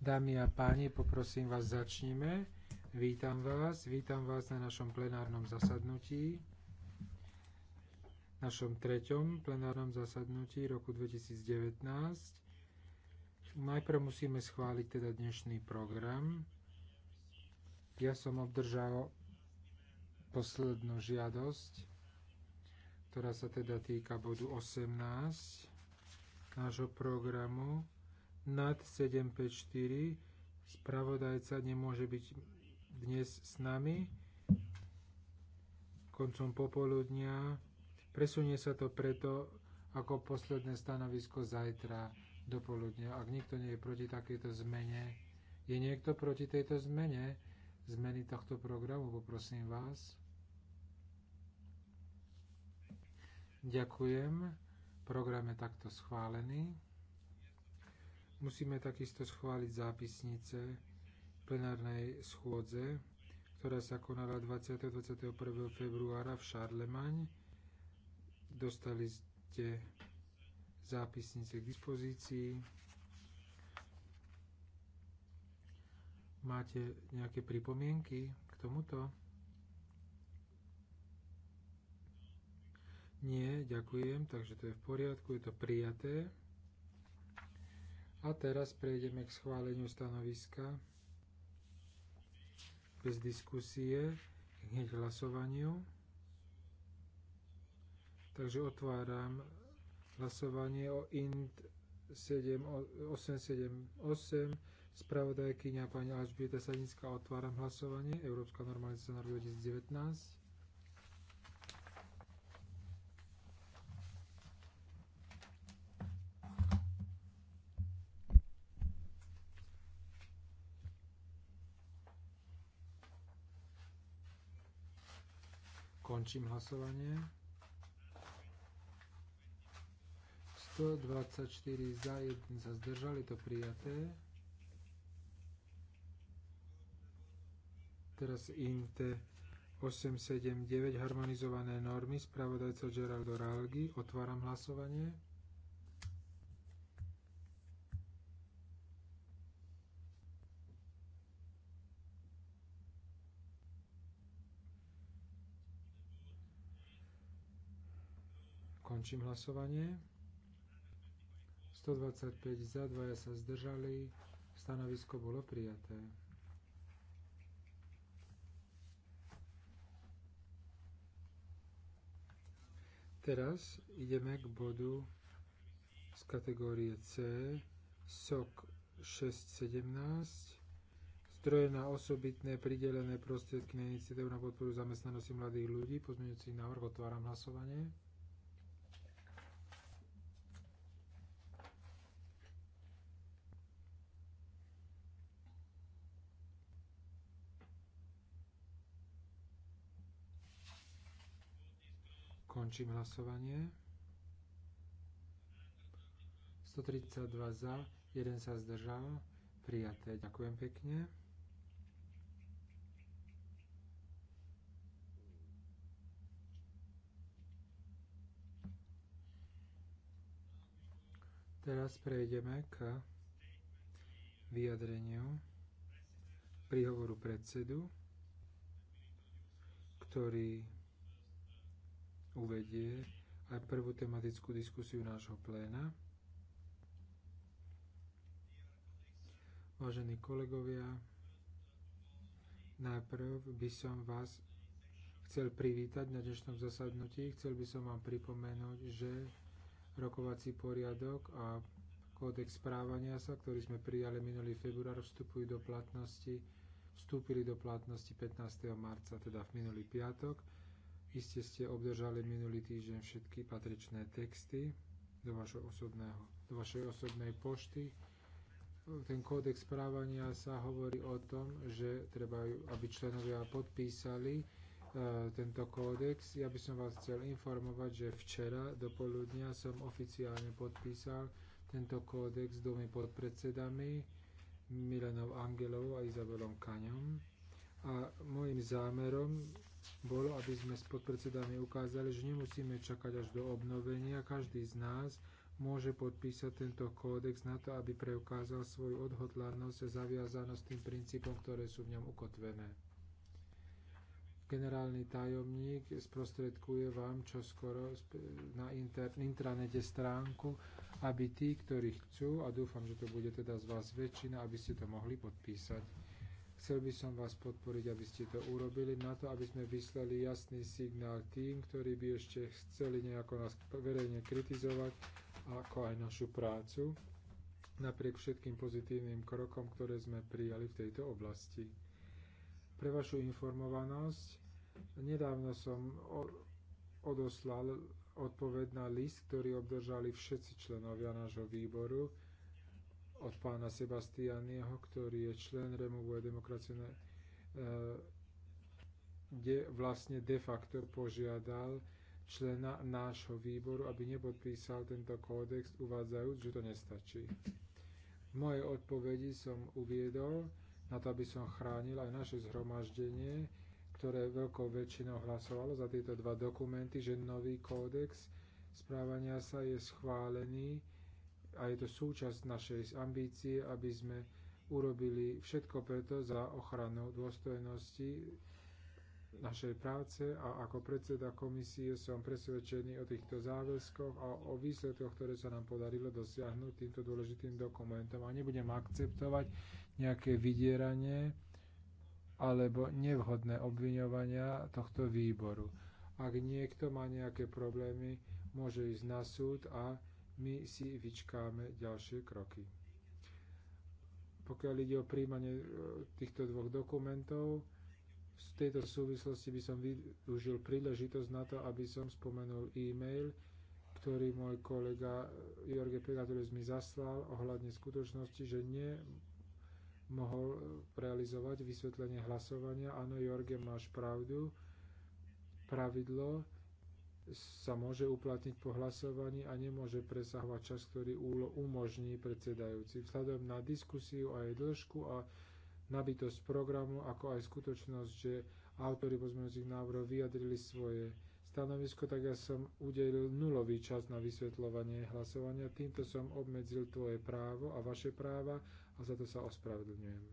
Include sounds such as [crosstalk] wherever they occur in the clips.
Dámy a páni, poprosím vás, začnime. Vítam vás, vítam vás na našom plenárnom zasadnutí, našom treťom plenárnom zasadnutí roku 2019. Najprv musíme schváliť teda dnešný program. Ja som obdržal poslednú žiadosť ktorá sa teda týka bodu 18 nášho programu. Nad 754 spravodajca nemôže byť dnes s nami. Koncom popoludnia presunie sa to preto ako posledné stanovisko zajtra do poludnia. Ak nikto nie je proti takejto zmene, je niekto proti tejto zmene? Zmeny tohto programu, poprosím vás. Ďakujem. Program je takto schválený. Musíme takisto schváliť zápisnice plenárnej schôdze, ktorá sa konala 20. 21. februára v Šarlemaň. Dostali ste zápisnice k dispozícii. Máte nejaké pripomienky k tomuto? Nie, ďakujem, takže to je v poriadku, je to prijaté. A teraz prejdeme k schváleniu stanoviska bez diskusie, hneď hlasovaniu. Takže otváram hlasovanie o INT 878. Spravodajkyňa pani Alžbieta Sadinská otváram hlasovanie. Európska normalizácia na 2019. Končím hlasovanie. 124 za, 1 sa zdržal, je to prijaté. Teraz INTE 879 harmonizované normy, spravodajca Geraldo Ralgi. Otváram hlasovanie. Končím hlasovanie. 125 za, dvaja sa zdržali. Stanovisko bolo prijaté. Teraz ideme k bodu z kategórie C, SOK 617, zdroje na osobitné pridelené prostriedky na iniciatívu na podporu zamestnanosti mladých ľudí. Pozmeňujúci návrh otváram hlasovanie. Končím hlasovanie. 132 za, 1 sa zdržal. Prijaté. Ďakujem pekne. Teraz prejdeme k vyjadreniu príhovoru predsedu, ktorý uvedie aj prvú tematickú diskusiu nášho pléna. Vážení kolegovia, najprv by som vás chcel privítať na dnešnom zasadnutí. Chcel by som vám pripomenúť, že rokovací poriadok a kódex správania sa, ktorý sme prijali minulý február, vstupujú do platnosti, vstúpili do platnosti 15. marca, teda v minulý piatok Iste ste obdržali minulý týždeň všetky patričné texty do, vašho osobného, do vašej osobnej pošty. Ten kódex správania sa hovorí o tom, že treba, aby členovia podpísali e, tento kódex. Ja by som vás chcel informovať, že včera do poludnia som oficiálne podpísal tento kódex dvomi podpredsedami Milenou Angelovou a Izabelom Kaňom. A môjim zámerom bolo, aby sme s podpredsedami ukázali, že nemusíme čakať až do obnovenia. Každý z nás môže podpísať tento kódex na to, aby preukázal svoju odhodlanosť a zaviazanosť tým princípom, ktoré sú v ňom ukotvené. Generálny tajomník sprostredkuje vám čoskoro na intranete stránku, aby tí, ktorí chcú, a dúfam, že to bude teda z vás väčšina, aby ste to mohli podpísať. Chcel by som vás podporiť, aby ste to urobili, na to, aby sme vyslali jasný signál tým, ktorí by ešte chceli nejako nás verejne kritizovať, ako aj našu prácu, napriek všetkým pozitívnym krokom, ktoré sme prijali v tejto oblasti. Pre vašu informovanosť, nedávno som odoslal odpoveď na list, ktorý obdržali všetci členovia nášho výboru, od pána Sebastianieho, ktorý je člen Removuje demokracie, eh, kde vlastne de facto požiadal člena nášho výboru, aby nepodpísal tento kódex, uvádzajúc, že to nestačí. V mojej odpovedi som uviedol, na to, aby som chránil aj naše zhromaždenie, ktoré veľkou väčšinou hlasovalo za tieto dva dokumenty, že nový kódex správania sa je schválený a je to súčasť našej ambície, aby sme urobili všetko preto za ochranu dôstojnosti našej práce a ako predseda komisie som presvedčený o týchto záväzkoch a o výsledkoch, ktoré sa nám podarilo dosiahnuť týmto dôležitým dokumentom. A nebudem akceptovať nejaké vydieranie alebo nevhodné obviňovania tohto výboru. Ak niekto má nejaké problémy, môže ísť na súd a my si vyčkáme ďalšie kroky. Pokiaľ ide o príjmanie e, týchto dvoch dokumentov, v tejto súvislosti by som využil príležitosť na to, aby som spomenul e-mail, ktorý môj kolega e, Jorge Pegatulis mi zaslal ohľadne skutočnosti, že nie mohol e, realizovať vysvetlenie hlasovania. Áno, Jorge, máš pravdu. Pravidlo sa môže uplatniť po hlasovaní a nemôže presahovať čas, ktorý umožní predsedajúci. Vzhľadom na diskusiu a jej dĺžku a nabitosť programu, ako aj skutočnosť, že autori pozmeňujúcich návrhov vyjadrili svoje stanovisko, tak ja som udelil nulový čas na vysvetľovanie hlasovania. Týmto som obmedzil tvoje právo a vaše práva a za to sa ospravedlňujem.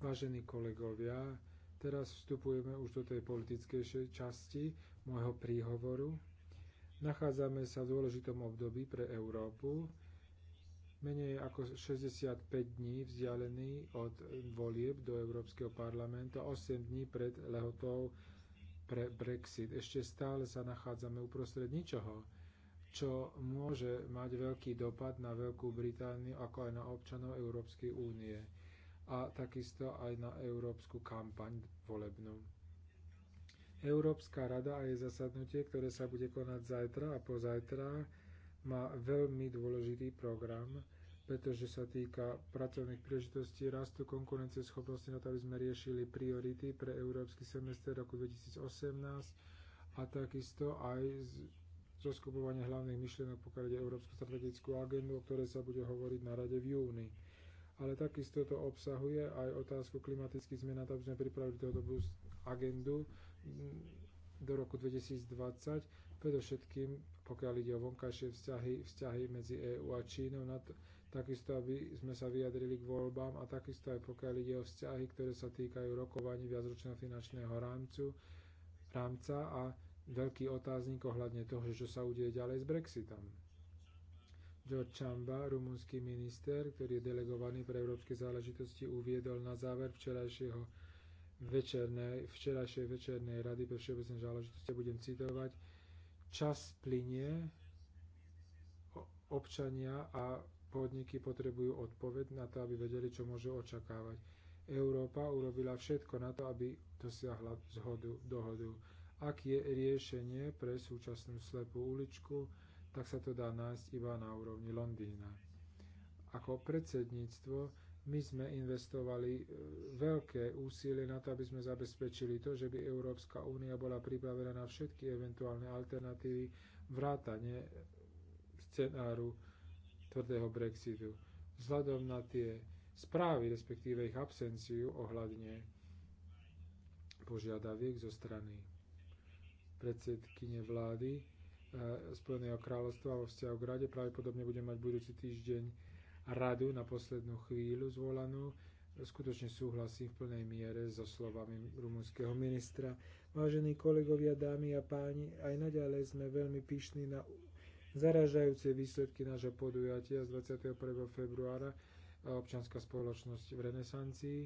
Vážení kolegovia, teraz vstupujeme už do tej politickejšej časti môjho príhovoru. Nachádzame sa v dôležitom období pre Európu, menej ako 65 dní vzdialený od volieb do Európskeho parlamentu a 8 dní pred lehotou pre Brexit. Ešte stále sa nachádzame uprostred ničoho, čo môže mať veľký dopad na Veľkú Britániu ako aj na občanov Európskej únie a takisto aj na európsku kampaň volebnú. Európska rada a jej zasadnutie, ktoré sa bude konať zajtra a pozajtra, má veľmi dôležitý program, pretože sa týka pracovných príležitostí, rastu konkurencieschopnosti, na to, aby sme riešili priority pre Európsky semester roku 2018 a takisto aj zoskupovanie hlavných myšlienok, pokiaľ ide Európsku strategickú agendu, o ktorej sa bude hovoriť na rade v júni ale takisto to obsahuje aj otázku klimatických zmien, aby sme pripravili dlhodobú agendu, do roku 2020, predovšetkým pokiaľ ide o vonkajšie vzťahy, vzťahy medzi EÚ a Čínou, na to, takisto aby sme sa vyjadrili k voľbám a takisto aj pokiaľ ide o vzťahy, ktoré sa týkajú rokovaní viacročného finančného rámcu, rámca a veľký otáznik ohľadne toho, čo sa udeje ďalej s Brexitom. George Chamba, rumunský minister, ktorý je delegovaný pre európske záležitosti, uviedol na záver včerajšieho večernej, včerajšej večernej rady pre všeobecné záležitosti, budem citovať, čas plinie, občania a podniky potrebujú odpoveď na to, aby vedeli, čo môžu očakávať. Európa urobila všetko na to, aby dosiahla zhodu, dohodu. Ak je riešenie pre súčasnú slepú uličku, tak sa to dá nájsť iba na úrovni Londýna. Ako predsedníctvo my sme investovali e, veľké úsilie na to, aby sme zabezpečili to, že by Európska únia bola pripravená na všetky eventuálne alternatívy vrátane scenáru tvrdého Brexitu. Vzhľadom na tie správy, respektíve ich absenciu ohľadne požiadaviek zo strany predsedkyne vlády e, Spojeného kráľovstva vo vzťahu k rade, pravdepodobne budeme mať budúci týždeň radu na poslednú chvíľu zvolanú. Skutočne súhlasím v plnej miere so slovami rumunského ministra. Vážení kolegovia, dámy a páni, aj naďalej sme veľmi pyšní na zaražajúce výsledky nášho podujatia z 21. februára občianská spoločnosť v renesancii.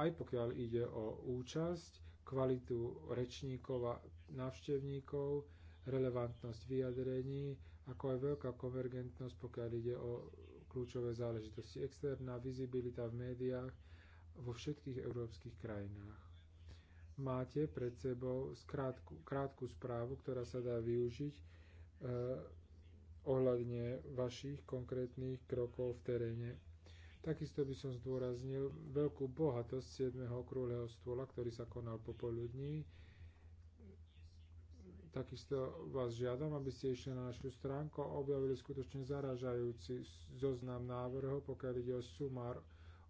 Aj pokiaľ ide o účasť, kvalitu rečníkov a návštevníkov, relevantnosť vyjadrení, ako aj veľká konvergentnosť, pokiaľ ide o kľúčové záležitosti. Externá vizibilita v médiách vo všetkých európskych krajinách. Máte pred sebou skrátku, krátku správu, ktorá sa dá využiť e, ohľadne vašich konkrétnych krokov v teréne. Takisto by som zdôraznil veľkú bohatosť 7. okrúhleho stôla, ktorý sa konal popoludní. Takisto vás žiadam, aby ste išli na našu stránku a objavili skutočne zaražajúci zoznam návrhov, pokiaľ ide o sumár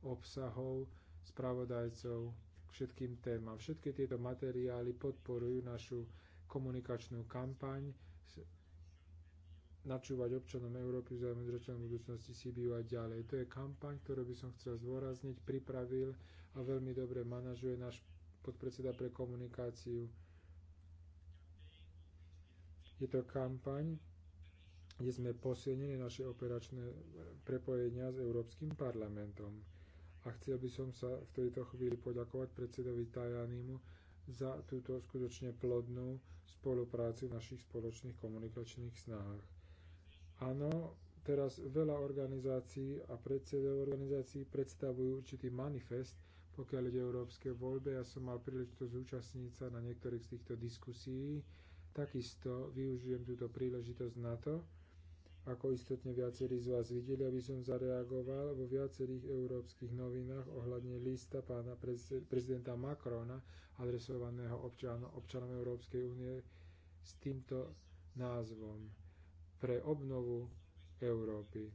obsahov spravodajcov k všetkým témam. Všetky tieto materiály podporujú našu komunikačnú kampaň načúvať občanom Európy v záujme budúcnosti Sibiu a ďalej. To je kampaň, ktorú by som chcel zdôrazniť, pripravil a veľmi dobre manažuje náš podpredseda pre komunikáciu je to kampaň, kde sme posilnili naše operačné prepojenia s Európskym parlamentom. A chcel by som sa v tejto chvíli poďakovať predsedovi Tajanimu za túto skutočne plodnú spoluprácu v našich spoločných komunikačných snahách. Áno, teraz veľa organizácií a predsedov organizácií predstavujú určitý manifest, pokiaľ ide o európske voľby. Ja som mal príležitosť zúčastniť sa na niektorých z týchto diskusí Takisto využijem túto príležitosť na to, ako istotne viacerí z vás videli, aby som zareagoval vo viacerých európskych novinách ohľadne lista pána prezidenta Macrona, adresovaného občanom, občanom Európskej únie s týmto názvom pre obnovu Európy.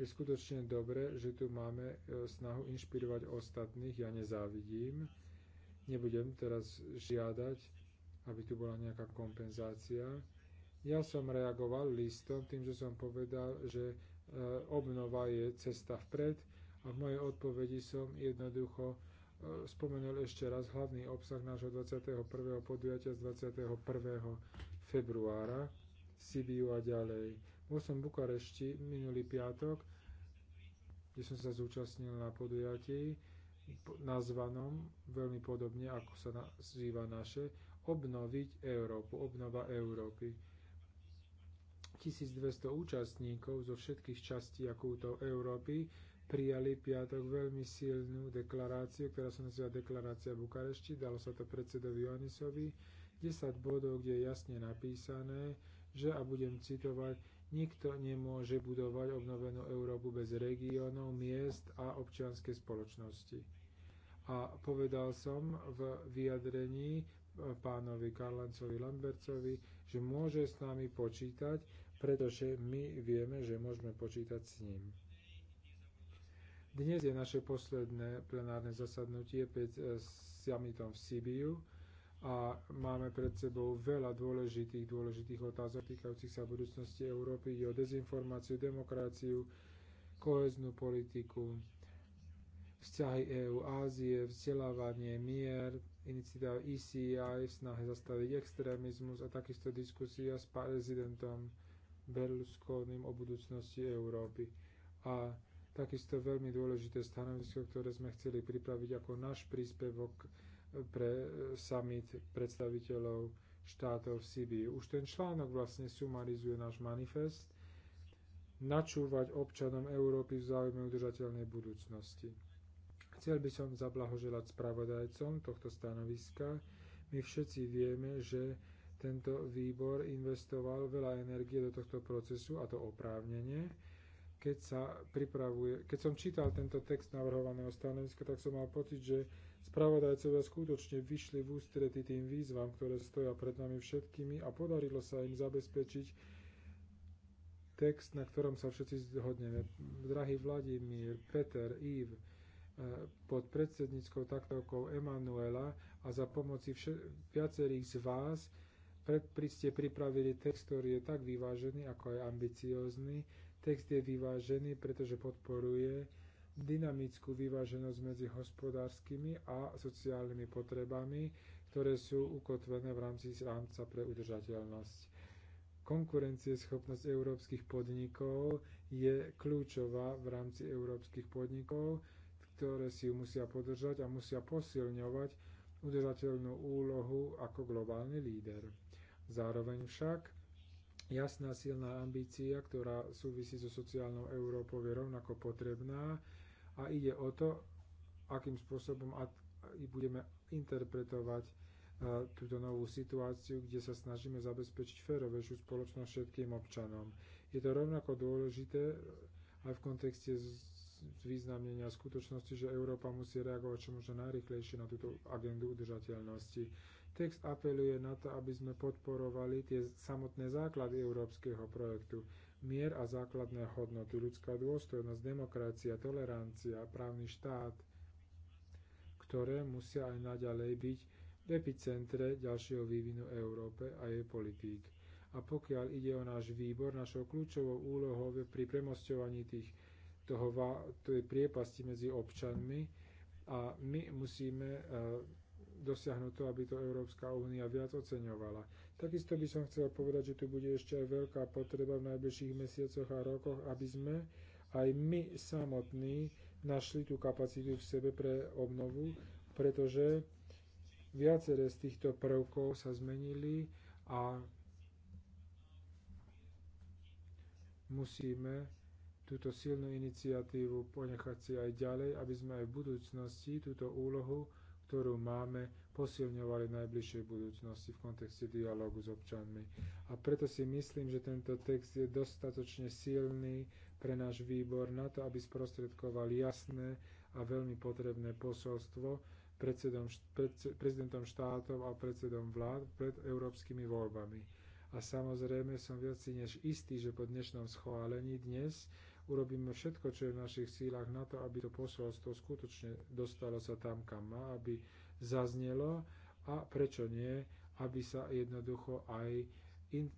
Je skutočne dobré, že tu máme e, snahu inšpirovať ostatných, ja nezávidím. Nebudem teraz žiadať aby tu bola nejaká kompenzácia. Ja som reagoval listom tým, že som povedal, že e, obnova je cesta vpred a v mojej odpovedi som jednoducho e, spomenul ešte raz hlavný obsah nášho 21. podujatia z 21. februára Sibiu a ďalej. Bol som v Bukarešti minulý piatok, kde som sa zúčastnil na podujatí nazvanom veľmi podobne, ako sa nazýva naše, obnoviť Európu, obnova Európy. 1200 účastníkov zo všetkých častí a kútov Európy prijali piatok veľmi silnú deklaráciu, ktorá sa nazýva Deklarácia Bukarešti, dalo sa to predsedovi Johannisovi, 10 bodov, kde je jasne napísané, že, a budem citovať, nikto nemôže budovať obnovenú Európu bez regiónov, miest a občianskej spoločnosti. A povedal som v vyjadrení, pánovi Karlancovi Lambercovi, že môže s nami počítať, pretože my vieme, že môžeme počítať s ním. Dnes je naše posledné plenárne zasadnutie pred eh, summitom v Sibiu a máme pred sebou veľa dôležitých, dôležitých otázok týkajúcich sa budúcnosti Európy. Ide o dezinformáciu, demokraciu, koheznú politiku, vzťahy EU, Ázie, vzdelávanie, mier, iniciatíva ECI v snahe zastaviť extrémizmus a takisto diskusia s prezidentom Berlusconim o budúcnosti Európy. A takisto veľmi dôležité stanovisko, ktoré sme chceli pripraviť ako náš príspevok pre summit predstaviteľov štátov v Sibii. Už ten článok vlastne sumarizuje náš manifest načúvať občanom Európy v záujme udržateľnej budúcnosti. Chcel by som zablahoželať spravodajcom tohto stanoviska. My všetci vieme, že tento výbor investoval veľa energie do tohto procesu, a to oprávnenie. Keď, sa pripravuje, keď som čítal tento text navrhovaného stanoviska, tak som mal pocit, že spravodajcovia skutočne vyšli v ústrety tým výzvam, ktoré stoja pred nami všetkými a podarilo sa im zabezpečiť text, na ktorom sa všetci zhodneme. Drahý Vladimír, Peter, Yves, pod predsedníckou taktovkou Emanuela a za pomoci viacerých z vás pri ste pripravili text, ktorý je tak vyvážený, ako aj ambiciózny. Text je vyvážený, pretože podporuje dynamickú vyváženosť medzi hospodárskymi a sociálnymi potrebami, ktoré sú ukotvené v rámci rámca pre udržateľnosť. Konkurencieschopnosť európskych podnikov je kľúčová v rámci európskych podnikov, ktoré si ju musia podržať a musia posilňovať udržateľnú úlohu ako globálny líder. Zároveň však jasná silná ambícia, ktorá súvisí so sociálnou Európou, je rovnako potrebná a ide o to, akým spôsobom budeme interpretovať e, túto novú situáciu, kde sa snažíme zabezpečiť férovejšiu spoločnosť všetkým občanom. Je to rovnako dôležité aj v kontexte zvýznamnenia skutočnosti, že Európa musí reagovať čo možno najrychlejšie na túto agendu udržateľnosti. Text apeluje na to, aby sme podporovali tie samotné základy európskeho projektu. Mier a základné hodnoty, ľudská dôstojnosť, demokracia, tolerancia, právny štát, ktoré musia aj naďalej byť v epicentre ďalšieho vývinu Európe a jej politík. A pokiaľ ide o náš výbor, našou kľúčovou úlohou pri premostovaní tých toho, tej priepasti medzi občanmi a my musíme e, dosiahnuť to, aby to Európska únia viac oceňovala. Takisto by som chcel povedať, že tu bude ešte aj veľká potreba v najbližších mesiacoch a rokoch, aby sme aj my samotní našli tú kapacitu v sebe pre obnovu, pretože viaceré z týchto prvkov sa zmenili a musíme túto silnú iniciatívu ponechať si aj ďalej, aby sme aj v budúcnosti túto úlohu, ktorú máme, posilňovali v najbližšej budúcnosti v kontexte dialógu s občanmi. A preto si myslím, že tento text je dostatočne silný pre náš výbor na to, aby sprostredkoval jasné a veľmi potrebné posolstvo predsedom, prezidentom štátov a predsedom vlád pred európskymi voľbami. A samozrejme som viac než istý, že po dnešnom schválení dnes urobíme všetko, čo je v našich sílach na to, aby to posolstvo skutočne dostalo sa tam, kam má, aby zaznelo a prečo nie, aby sa jednoducho aj in,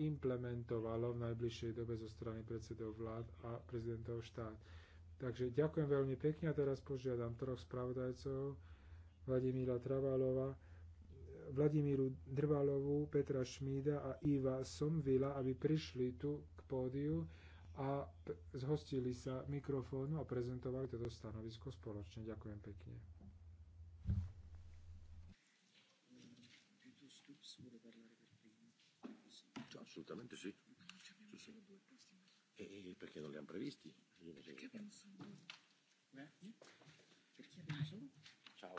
implementovalo v najbližšej dobe zo strany predsedov vlád a prezidentov štát. Takže ďakujem veľmi pekne a teraz požiadam troch spravodajcov Vladimíra Travalova, Vladimíru Drvalovu, Petra Šmída a Iva Somvila, aby prišli tu k pódiu a zhostili sa mikrofónu a prezentovali toto stanovisko spoločne. Ďakujem pekne. Assolutamente sì. sì, sì. E, e perché non li hanno previsti? Perché abbiamo solo due? Perché abbiamo solo? Ciao.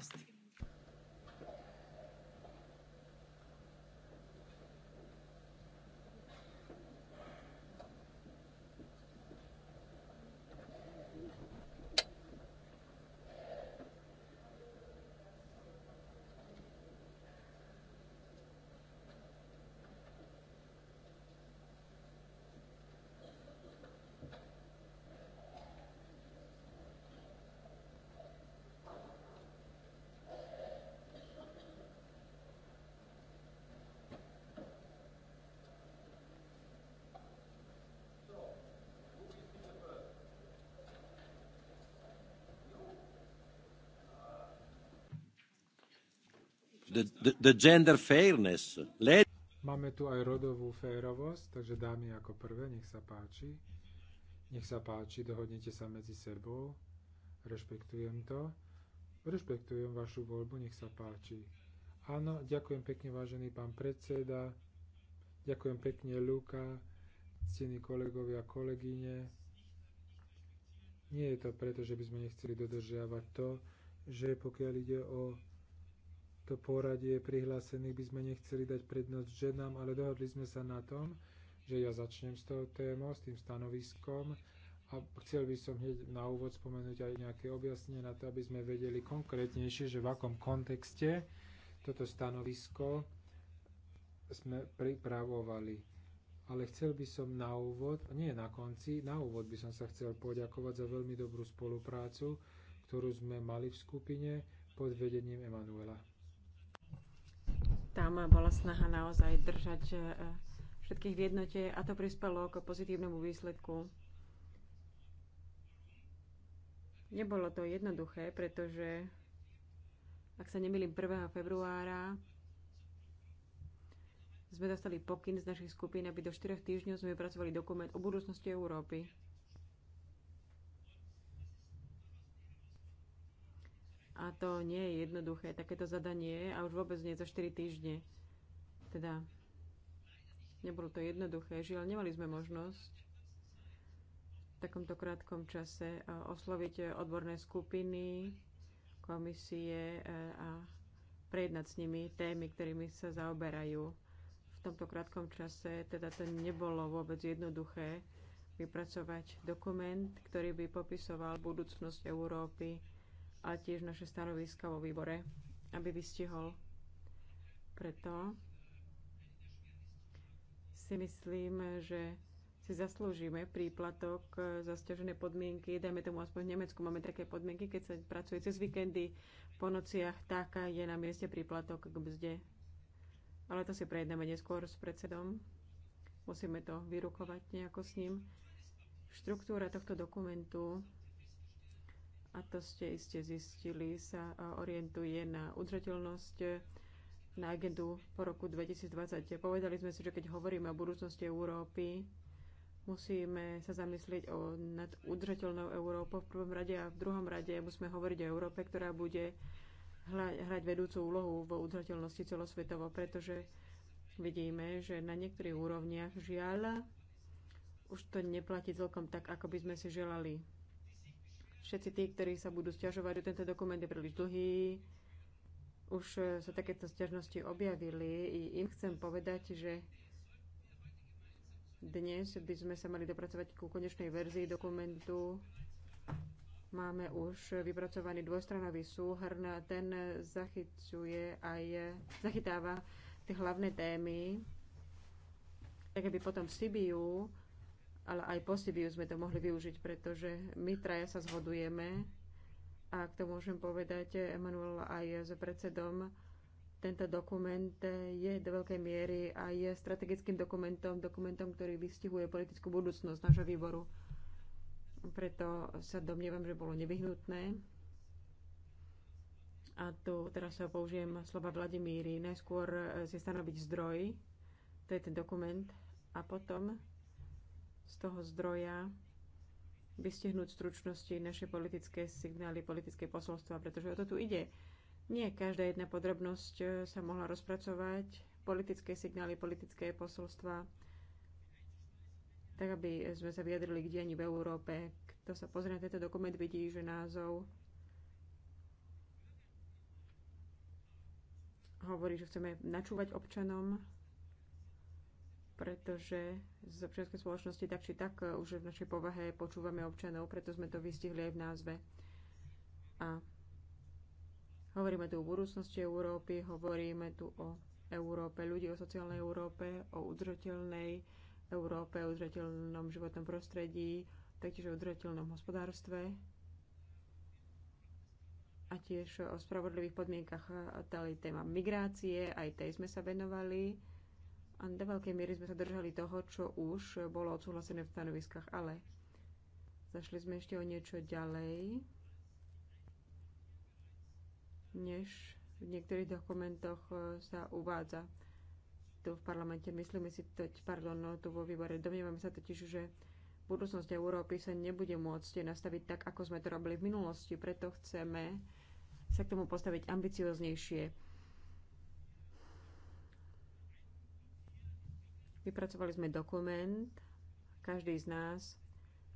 the, the, the gender fairness. Let... Máme tu aj rodovú férovosť, takže dámy ako prvé, nech sa páči. Nech sa páči, dohodnete sa medzi sebou. Rešpektujem to. Rešpektujem vašu voľbu, nech sa páči. Áno, ďakujem pekne, vážený pán predseda. Ďakujem pekne, Luka, ctení kolegovia, kolegyne. Nie je to preto, že by sme nechceli dodržiavať to, že pokiaľ ide o to poradie prihlásených by sme nechceli dať prednosť ženám, ale dohodli sme sa na tom, že ja začnem s tou témou, s tým stanoviskom a chcel by som hneď na úvod spomenúť aj nejaké objasnenie na to, aby sme vedeli konkrétnejšie, že v akom kontexte toto stanovisko sme pripravovali ale chcel by som na úvod, nie na konci, na úvod by som sa chcel poďakovať za veľmi dobrú spoluprácu, ktorú sme mali v skupine pod vedením Emanuela. Tam bola snaha naozaj držať e, všetkých v jednote a to prispelo k pozitívnemu výsledku. Nebolo to jednoduché, pretože, ak sa nemýlim, 1. februára sme dostali pokyn z našich skupín, aby do 4 týždňov sme vypracovali dokument o budúcnosti Európy. A to nie je jednoduché, takéto zadanie a už vôbec nie za 4 týždne. Teda nebolo to jednoduché, žiaľ nemali sme možnosť v takomto krátkom čase e, osloviť odborné skupiny, komisie e, a prejednať s nimi témy, ktorými sa zaoberajú. V tomto krátkom čase teda to nebolo vôbec jednoduché vypracovať dokument, ktorý by popisoval budúcnosť Európy a tiež naše stanoviska vo výbore, aby vystihol. Preto si myslím, že si zaslúžime príplatok za stiažené podmienky. Dajme tomu aspoň v Nemecku máme také podmienky, keď sa pracuje cez víkendy, po nociach, tak je na mieste príplatok k bzde. Ale to si prejedneme neskôr s predsedom. Musíme to vyrukovať nejako s ním. Štruktúra tohto dokumentu a to ste iste zistili, sa e, orientuje na udržateľnosť e, na agendu po roku 2020. Povedali sme si, že keď hovoríme o budúcnosti Európy, musíme sa zamyslieť o nad udržateľnou Európou v prvom rade a v druhom rade musíme hovoriť o Európe, ktorá bude hrať vedúcu úlohu vo udržateľnosti celosvetovo, pretože vidíme, že na niektorých úrovniach žiaľ už to neplatí celkom tak, ako by sme si želali. Všetci tí, ktorí sa budú stiažovať, že tento dokument je príliš dlhý, už e, sa takéto stiažnosti objavili. I im chcem povedať, že dnes by sme sa mali dopracovať ku konečnej verzii dokumentu. Máme už vypracovaný dvojstranový súhrn, ten zachycuje aj, zachytáva tie hlavné témy, tak aby potom v Sibiu ale aj po Sibiu sme to mohli využiť, pretože my traja sa zhodujeme a k to môžem povedať, Emanuel aj s predsedom, tento dokument je do veľkej miery a je strategickým dokumentom, dokumentom, ktorý vystihuje politickú budúcnosť nášho výboru. Preto sa domnievam, že bolo nevyhnutné. A tu teraz sa použijem slova Vladimíry. Najskôr si stanoviť zdroj, to je ten dokument, a potom z toho zdroja vystihnúť stručnosti naše politické signály, politické posolstva, pretože o to tu ide. Nie každá jedna podrobnosť eh, sa mohla rozpracovať, politické signály, politické posolstva, tak aby sme sa vyjadrili k dianí v Európe. Kto sa pozrie na tento dokument, vidí, že názov hovorí, že chceme načúvať občanom, pretože z občianskej spoločnosti tak či tak e, už v našej povahe počúvame občanov, preto sme to vystihli aj v názve. A hovoríme tu o budúcnosti Európy, hovoríme tu o Európe ľudí, o sociálnej Európe, o udržateľnej Európe, o udržateľnom životnom prostredí, taktiež o udržateľnom hospodárstve a tiež o spravodlivých podmienkach. tej téma migrácie, aj tej sme sa venovali a do veľkej miery sme sa držali toho, čo už bolo odsúhlasené v stanoviskách, ale zašli sme ešte o niečo ďalej, než v niektorých dokumentoch e, sa uvádza tu v parlamente. Myslíme si, to, pardon, no, tu vo výbore. Domnievame sa totiž, že budúcnosť Európy sa nebude môcť nastaviť tak, ako sme to robili v minulosti. Preto chceme sa k tomu postaviť ambicioznejšie Vypracovali sme dokument, každý z nás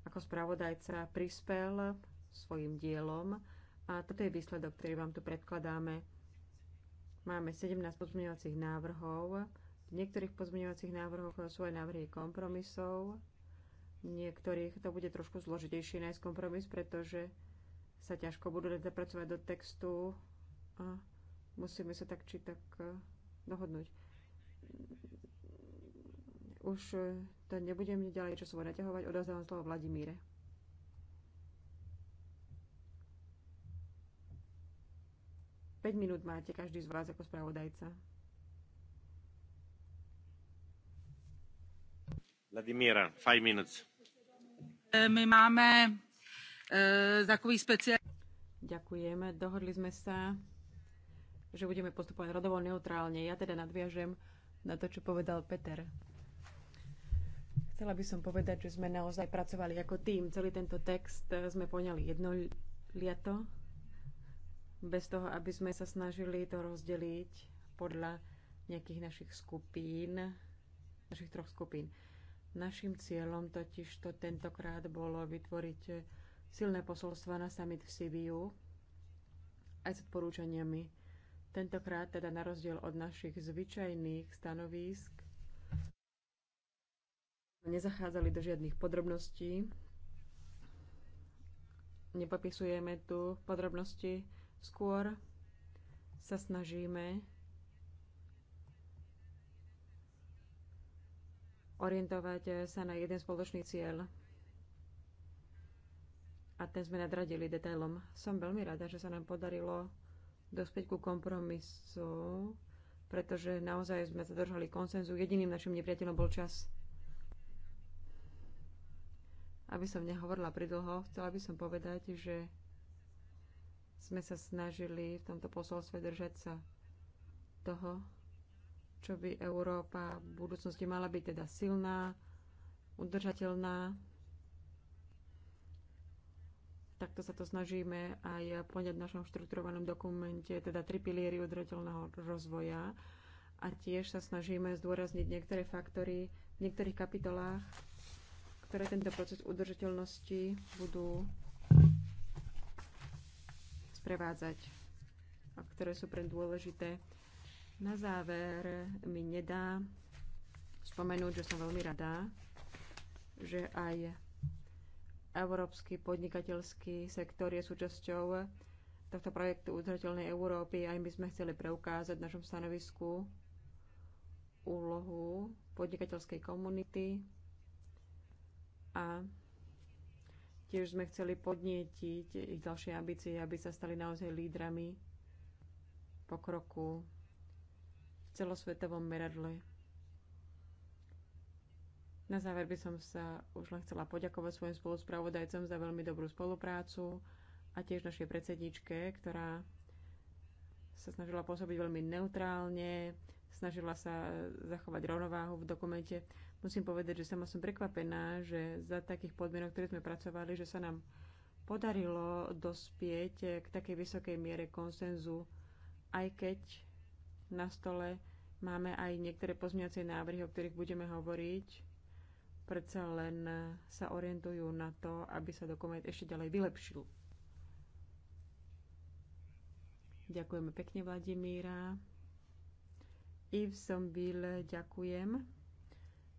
ako spravodajca prispel svojim dielom a toto je výsledok, ktorý vám tu predkladáme. Máme 17 pozmeňovacích návrhov. V niektorých pozmeňovacích návrhoch sú aj návrhy kompromisov. V niektorých to bude trošku zložitejšie nájsť kompromis, pretože sa ťažko budú dať zapracovať do textu a musíme sa tak či tak eh, dohodnúť. Už e, to nebudem ďalej časovo naťahovať, odovzdávam slovo Vladimíre. Päť minút máte každý z vás ako spravodajca. Vladimíra, 5 minút. E, my máme e, takový speciál... Ďakujeme. Dohodli sme sa, že budeme postupovať rodovo neutrálne. Ja teda nadviažem na to, čo povedal Peter. Chcela by som povedať, že sme naozaj pracovali ako tým. Celý tento text eh, sme poňali jedno liato, bez toho, aby sme sa snažili to rozdeliť podľa nejakých našich skupín, našich troch skupín. Našim cieľom totiž to tentokrát bolo vytvoriť eh, silné posolstva na summit v Sibiu aj s odporúčaniami. Tentokrát teda na rozdiel od našich zvyčajných stanovísk Nezachádzali do žiadnych podrobností. Nepopisujeme tu podrobnosti. Skôr sa snažíme orientovať sa na jeden spoločný cieľ. A ten sme nadradili detailom. Som veľmi rada, že sa nám podarilo dospieť ku kompromisu, pretože naozaj sme sa držali konsenzu. Jediným našim nepriateľom bol čas aby som nehovorila pridlho, chcela by som povedať, že sme sa snažili v tomto posolstve držať sa toho, čo by Európa v budúcnosti mala byť teda silná, udržateľná. Takto sa to snažíme aj poňať v našom štrukturovanom dokumente, teda tri piliery udržateľného rozvoja. A tiež sa snažíme zdôrazniť niektoré faktory v niektorých kapitolách, ktoré tento proces udržateľnosti budú sprevádzať a ktoré sú pre dôležité. Na záver mi nedá spomenúť, že som veľmi rada, že aj európsky podnikateľský sektor je súčasťou tohto projektu udržateľnej Európy. Aj my sme chceli preukázať v našom stanovisku úlohu podnikateľskej komunity a tiež sme chceli podnietiť ich ďalšie ambície, aby sa stali naozaj lídrami pokroku v celosvetovom meradle. Na záver by som sa už len chcela poďakovať svojim spoluspravodajcom za veľmi dobrú spoluprácu a tiež našej predsedničke, ktorá sa snažila pôsobiť veľmi neutrálne, snažila sa zachovať rovnováhu v dokumente Musím povedať, že sama som prekvapená, že za takých podmienok, ktoré sme pracovali, že sa nám podarilo dospieť k takej vysokej miere konsenzu, aj keď na stole máme aj niektoré pozmiacie návrhy, o ktorých budeme hovoriť, predsa len sa orientujú na to, aby sa dokument ešte ďalej vylepšil. Ďakujeme pekne, Vladimíra. Yves Sombile ďakujem.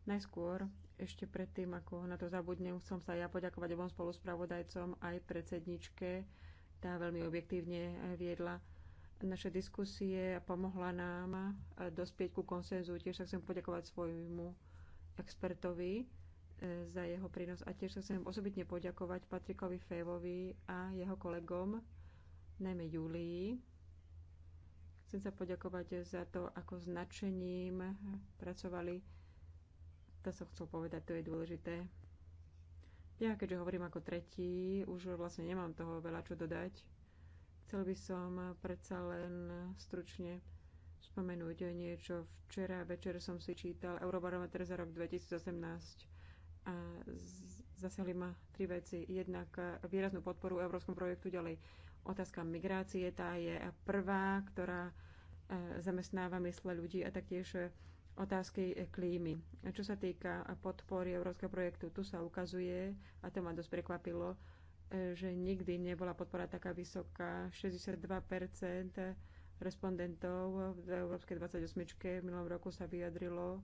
Najskôr, ešte predtým, ako na to zabudnem, chcem sa ja poďakovať obom spoluspravodajcom aj predsedničke. Tá veľmi objektívne viedla naše diskusie a pomohla nám dospieť ku konsenzu. Tiež sa chcem poďakovať svojmu expertovi eh, za jeho prínos a tiež sa chcem osobitne poďakovať Patrikovi Févovi a jeho kolegom, najmä Julii. Chcem sa poďakovať za to, ako značením pracovali to som chcel povedať, to je dôležité. Ja, keďže hovorím ako tretí, už vlastne nemám toho veľa čo dodať. Chcel by som predsa len stručne spomenúť niečo. Včera večer som si čítal Eurobarometer za rok 2018 a zasiahli ma tri veci. Jednak výraznú podporu európskom projektu, ďalej otázka migrácie, tá je prvá, ktorá e, zamestnáva mysle ľudí a taktiež otázky e, klímy. A čo sa týka podpory európskeho projektu, tu sa ukazuje, a to ma dosť prekvapilo, e, že nikdy nebola podpora taká vysoká. 62% respondentov v Európskej 28. v minulom roku sa vyjadrilo,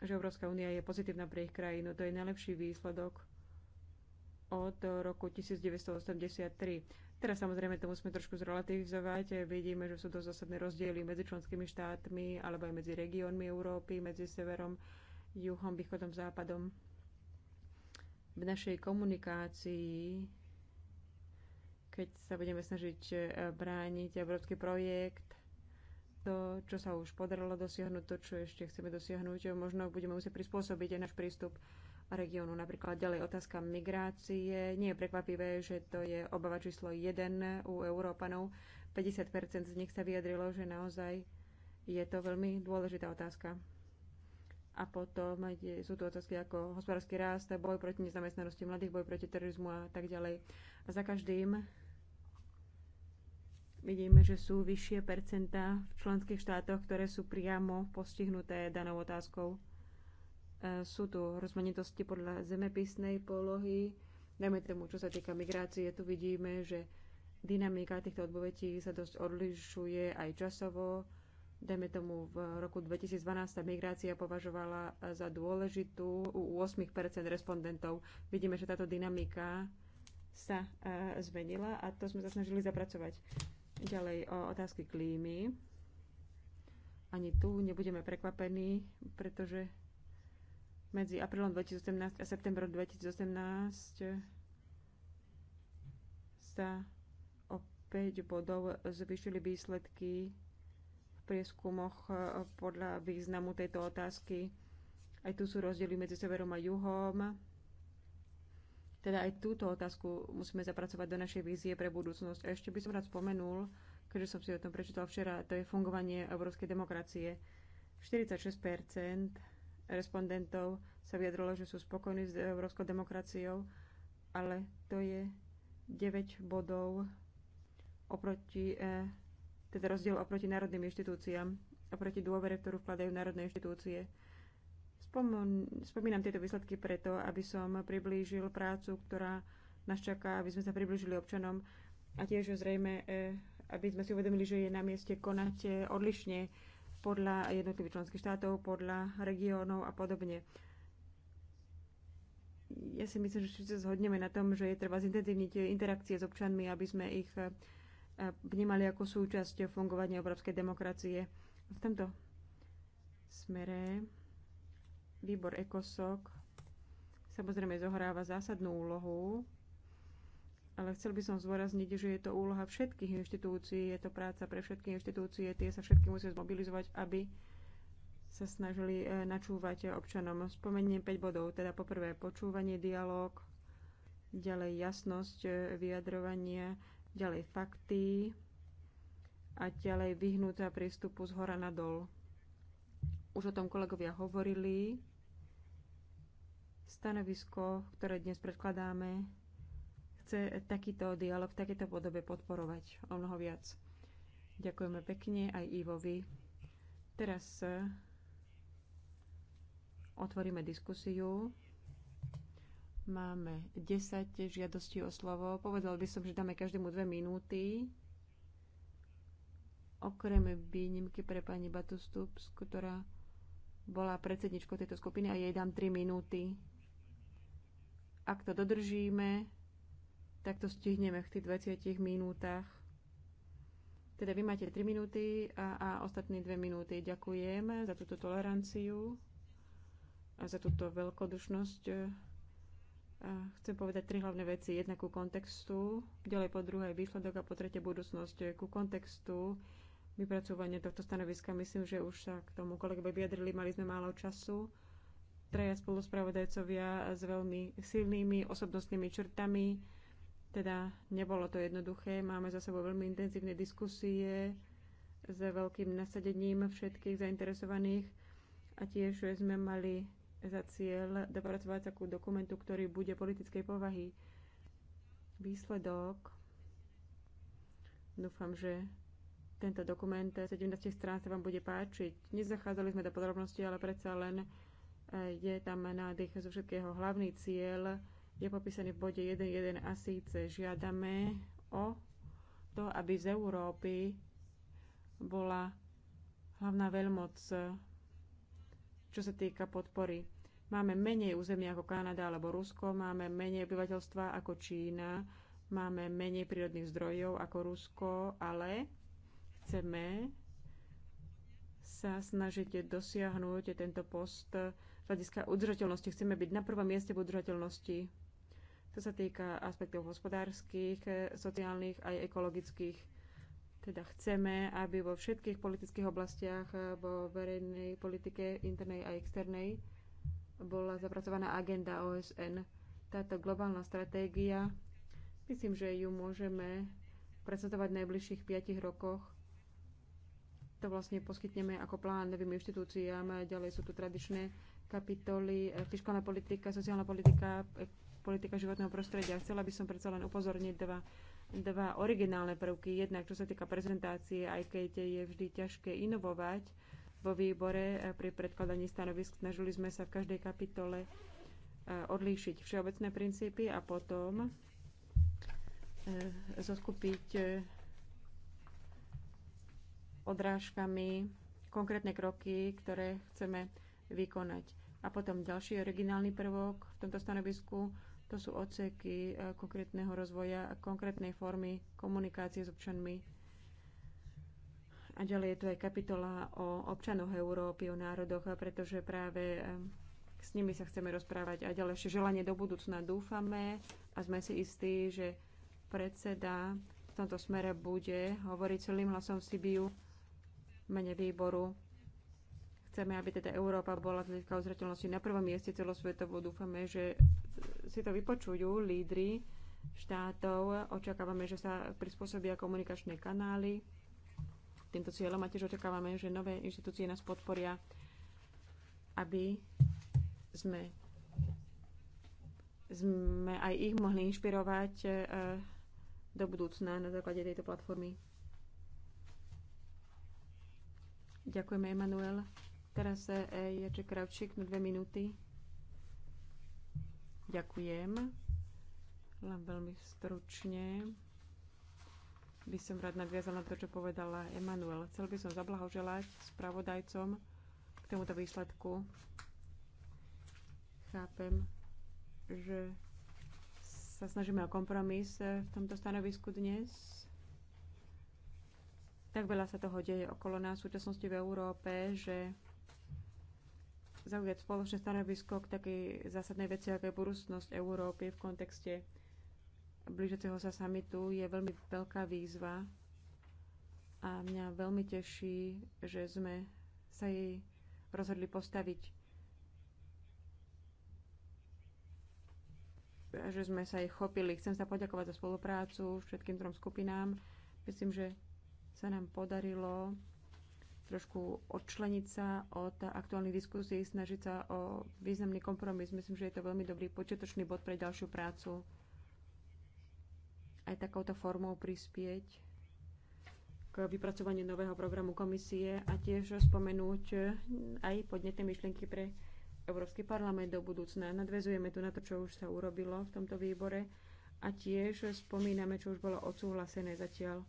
že Európska únia je pozitívna pre ich krajinu. To je najlepší výsledok od roku 1983. Teraz samozrejme to musíme trošku zrelativizovať. Vidíme, že sú to zásadné rozdiely medzi členskými štátmi alebo aj medzi regiónmi Európy, medzi severom, juhom, východom, západom. V našej komunikácii, keď sa budeme snažiť eh, brániť európsky projekt, to, čo sa už podarilo dosiahnuť, to, čo ešte chceme dosiahnuť, možno budeme musieť prispôsobiť aj náš prístup regiónu. Napríklad ďalej otázka migrácie. Nie je prekvapivé, že to je obava číslo 1 u Európanov. 50% z nich sa vyjadrilo, že naozaj je to veľmi dôležitá otázka. A potom sú tu otázky ako hospodársky rast, boj proti nezamestnanosti mladých, boj proti terorizmu a tak ďalej. A za každým Vidíme, že sú vyššie percentá v členských štátoch, ktoré sú priamo postihnuté danou otázkou. E, sú tu rozmanitosti podľa zemepisnej polohy, najmä tomu, čo sa týka migrácie. Tu vidíme, že dynamika týchto odpovedí sa dosť odlišuje aj časovo. Dajme tomu, v roku 2012 tá migrácia považovala za dôležitú u 8 respondentov. Vidíme, že táto dynamika sa e, zmenila a to sme sa snažili zapracovať. Ďalej o otázky klímy. Ani tu nebudeme prekvapení, pretože medzi aprílom 2018 a septembrom 2018 sa o 5 bodov zvýšili výsledky v prieskumoch e, podľa významu tejto otázky. Aj tu sú rozdiely medzi severom a juhom. Teda aj túto otázku musíme zapracovať do našej vízie pre budúcnosť. A ešte by som rád spomenul, keďže som si o tom prečítal včera, to je fungovanie európskej demokracie. 46 respondentov sa vyjadrilo, že sú spokojní s európskou demokraciou, ale to je 9 bodov oproti, e, teda rozdiel oproti národným inštitúciám, oproti dôvere, ktorú vkladajú národné inštitúcie. Spomínam tieto výsledky preto, aby som priblížil prácu, ktorá nás čaká, aby sme sa priblížili občanom a tiež zrejme, e, aby sme si uvedomili, že je na mieste konať e, odlišne podľa jednotlivých členských štátov, podľa regiónov a podobne. Ja si myslím, že všetci zhodneme na tom, že je treba zintenzívniť e, interakcie s občanmi, aby sme ich vnímali ako súčasť fungovania európskej demokracie. V tomto smere Výbor ECOSOC samozrejme zohráva zásadnú úlohu, ale chcel by som zdôrazniť, že je to úloha všetkých inštitúcií, je to práca pre všetky inštitúcie, tie sa všetky musia zmobilizovať, aby sa snažili e, načúvať občanom. Spomeniem 5 bodov, teda poprvé počúvanie, dialog, ďalej jasnosť e, vyjadrovania, ďalej fakty a ďalej vyhnutá prístupu z hora na dol. Už o tom kolegovia hovorili. Stanovisko, ktoré dnes predkladáme, chce takýto dialog v takéto podobe podporovať o mnoho viac. Ďakujeme pekne aj Ivovi. Teraz e, otvoríme diskusiu. Máme 10 žiadostí o slovo. Povedal by som, že dáme každému dve minúty. Okrem výnimky pre pani Batustups, ktorá bola predsedničkou tejto skupiny a jej dám 3 minúty. Ak to dodržíme, tak to stihneme v tých 20 minútach. Teda vy máte 3 minúty a, a ostatné 2 minúty. Ďakujem za túto toleranciu a za túto veľkodušnosť. A chcem povedať tri hlavné veci. Jedna ku kontextu, ďalej po druhé výsledok a po tretie budúcnosť. Ku kontextu vypracovanie tohto stanoviska. Myslím, že už sa k tomu kolegovi vyjadrili, mali sme málo času traja spoluspravodajcovia s veľmi silnými osobnostnými črtami. Teda nebolo to jednoduché. Máme za sebou veľmi intenzívne diskusie s veľkým nasadením všetkých zainteresovaných a tiež sme mali za cieľ dopracovať sa ku dokumentu, ktorý bude politickej povahy. Výsledok. Dúfam, že tento dokument 17 strán sa vám bude páčiť. Nezachádzali sme do podrobností, ale predsa len je tam nádych zo všetkého. Hlavný cieľ je popísaný v bode 1.1 a síce žiadame o to, aby z Európy bola hlavná veľmoc, čo sa týka podpory. Máme menej územia ako Kanada alebo Rusko, máme menej obyvateľstva ako Čína, máme menej prírodných zdrojov ako Rusko, ale chceme sa snažiť dosiahnuť tento post z hľadiska udržateľnosti. Chceme byť na prvom mieste v udržateľnosti. To sa týka aspektov hospodárskych, sociálnych aj ekologických. Teda chceme, aby vo všetkých politických oblastiach, vo verejnej politike, internej a externej, bola zapracovaná agenda OSN. Táto globálna stratégia, myslím, že ju môžeme prezentovať v najbližších 5 rokoch. To vlastne poskytneme ako plán novým inštitúciám. Ďalej sú tu tradičné kapitoly e, fiskálna politika, sociálna politika, e, politika životného prostredia. Chcela by som predsa len upozorniť dva, dva originálne prvky. Jednak, čo sa týka prezentácie, aj keď je vždy ťažké inovovať vo výbore e, pri predkladaní stanovisk, snažili sme sa v každej kapitole odlíšiť všeobecné princípy a potom zoskupiť odrážkami konkrétne kroky, ktoré chceme vykonať. A potom ďalší originálny prvok v tomto stanovisku, to sú odseky e, konkrétneho rozvoja a konkrétnej formy komunikácie s občanmi. A ďalej je tu aj kapitola o občanoch Európy, o národoch, pretože práve e, s nimi sa chceme rozprávať. A ďalej ešte želanie do budúcna dúfame a sme si istí, že predseda v tomto smere bude hovoriť celým hlasom Sibiu mene výboru Chceme, aby teda Európa bola z hľadiska uzrateľnosti na prvom mieste celosvetovo. Dúfame, že si to vypočujú lídry štátov. Očakávame, že sa prispôsobia komunikačné kanály týmto cieľom a tiež očakávame, že nové inštitúcie nás podporia, aby sme, sme aj ich mohli inšpirovať eh, do budúcna na základe tejto platformy. Ďakujeme, Emanuel. Teraz e, Jaček Kravčík na dve minúty. Ďakujem. Len veľmi stručne by som rád nadviazala na to, čo povedala Emanuel. Chcel by som zablahoželať spravodajcom k tomuto výsledku. Chápem, že sa snažíme o kompromis e, v tomto stanovisku dnes. Tak veľa sa toho deje okolo nás v súčasnosti v Európe, že zaujať spoločné stanovisko k takej zásadnej veci, ako je budúcnosť Európy v kontexte blížiaceho sa samitu, je veľmi veľká výzva a mňa veľmi teší, že sme sa jej rozhodli postaviť že sme sa ich chopili. Chcem sa poďakovať za spoluprácu všetkým trom skupinám. Myslím, že sa nám podarilo trošku odčleniť sa od aktuálnych diskusí, snažiť sa o významný kompromis. Myslím, že je to veľmi dobrý počiatočný bod pre ďalšiu prácu. Aj takouto formou prispieť k vypracovaniu nového programu komisie a tiež spomenúť aj podnetné myšlienky pre Európsky parlament do budúcna. Nadvezujeme tu na to, čo už sa urobilo v tomto výbore a tiež spomíname, čo už bolo odsúhlasené zatiaľ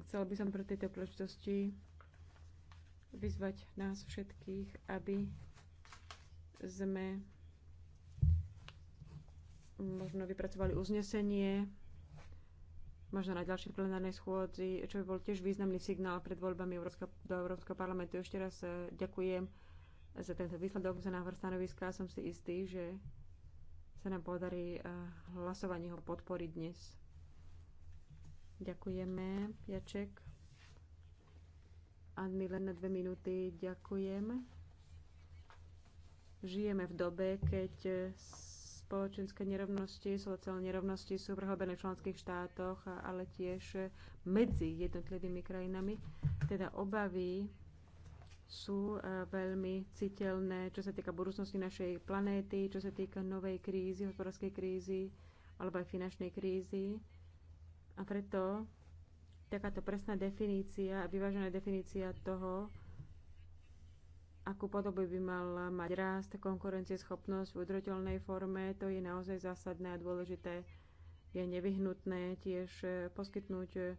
Chcela by som pre tejto príležitosti vyzvať nás všetkých, aby sme možno vypracovali uznesenie, možno na ďalšej plenárnej schôdzi, čo by bol tiež významný signál pred voľbami Európska, do Európskeho parlamentu. Ešte raz eh, ďakujem za tento výsledok, za návrh stanoviska. Som si istý, že sa nám podarí eh, hlasovanie ho podporiť dnes. Ďakujeme, Jaček. Admi, len na dve minúty. Ďakujem. Žijeme v dobe, keď spoločenské nerovnosti, sociálne nerovnosti sú vrhobené v členských štátoch, ale tiež medzi jednotlivými krajinami. Teda obavy sú eh, veľmi citeľné, čo sa týka budúcnosti našej planéty, čo sa týka novej krízy, hospodárskej krízy alebo aj finančnej krízy. A preto takáto presná definícia a vyvážená definícia toho, akú podobu by mal mať rast, konkurencieschopnosť v udržateľnej forme, to je naozaj zásadné a dôležité. Je nevyhnutné tiež eh, poskytnúť eh,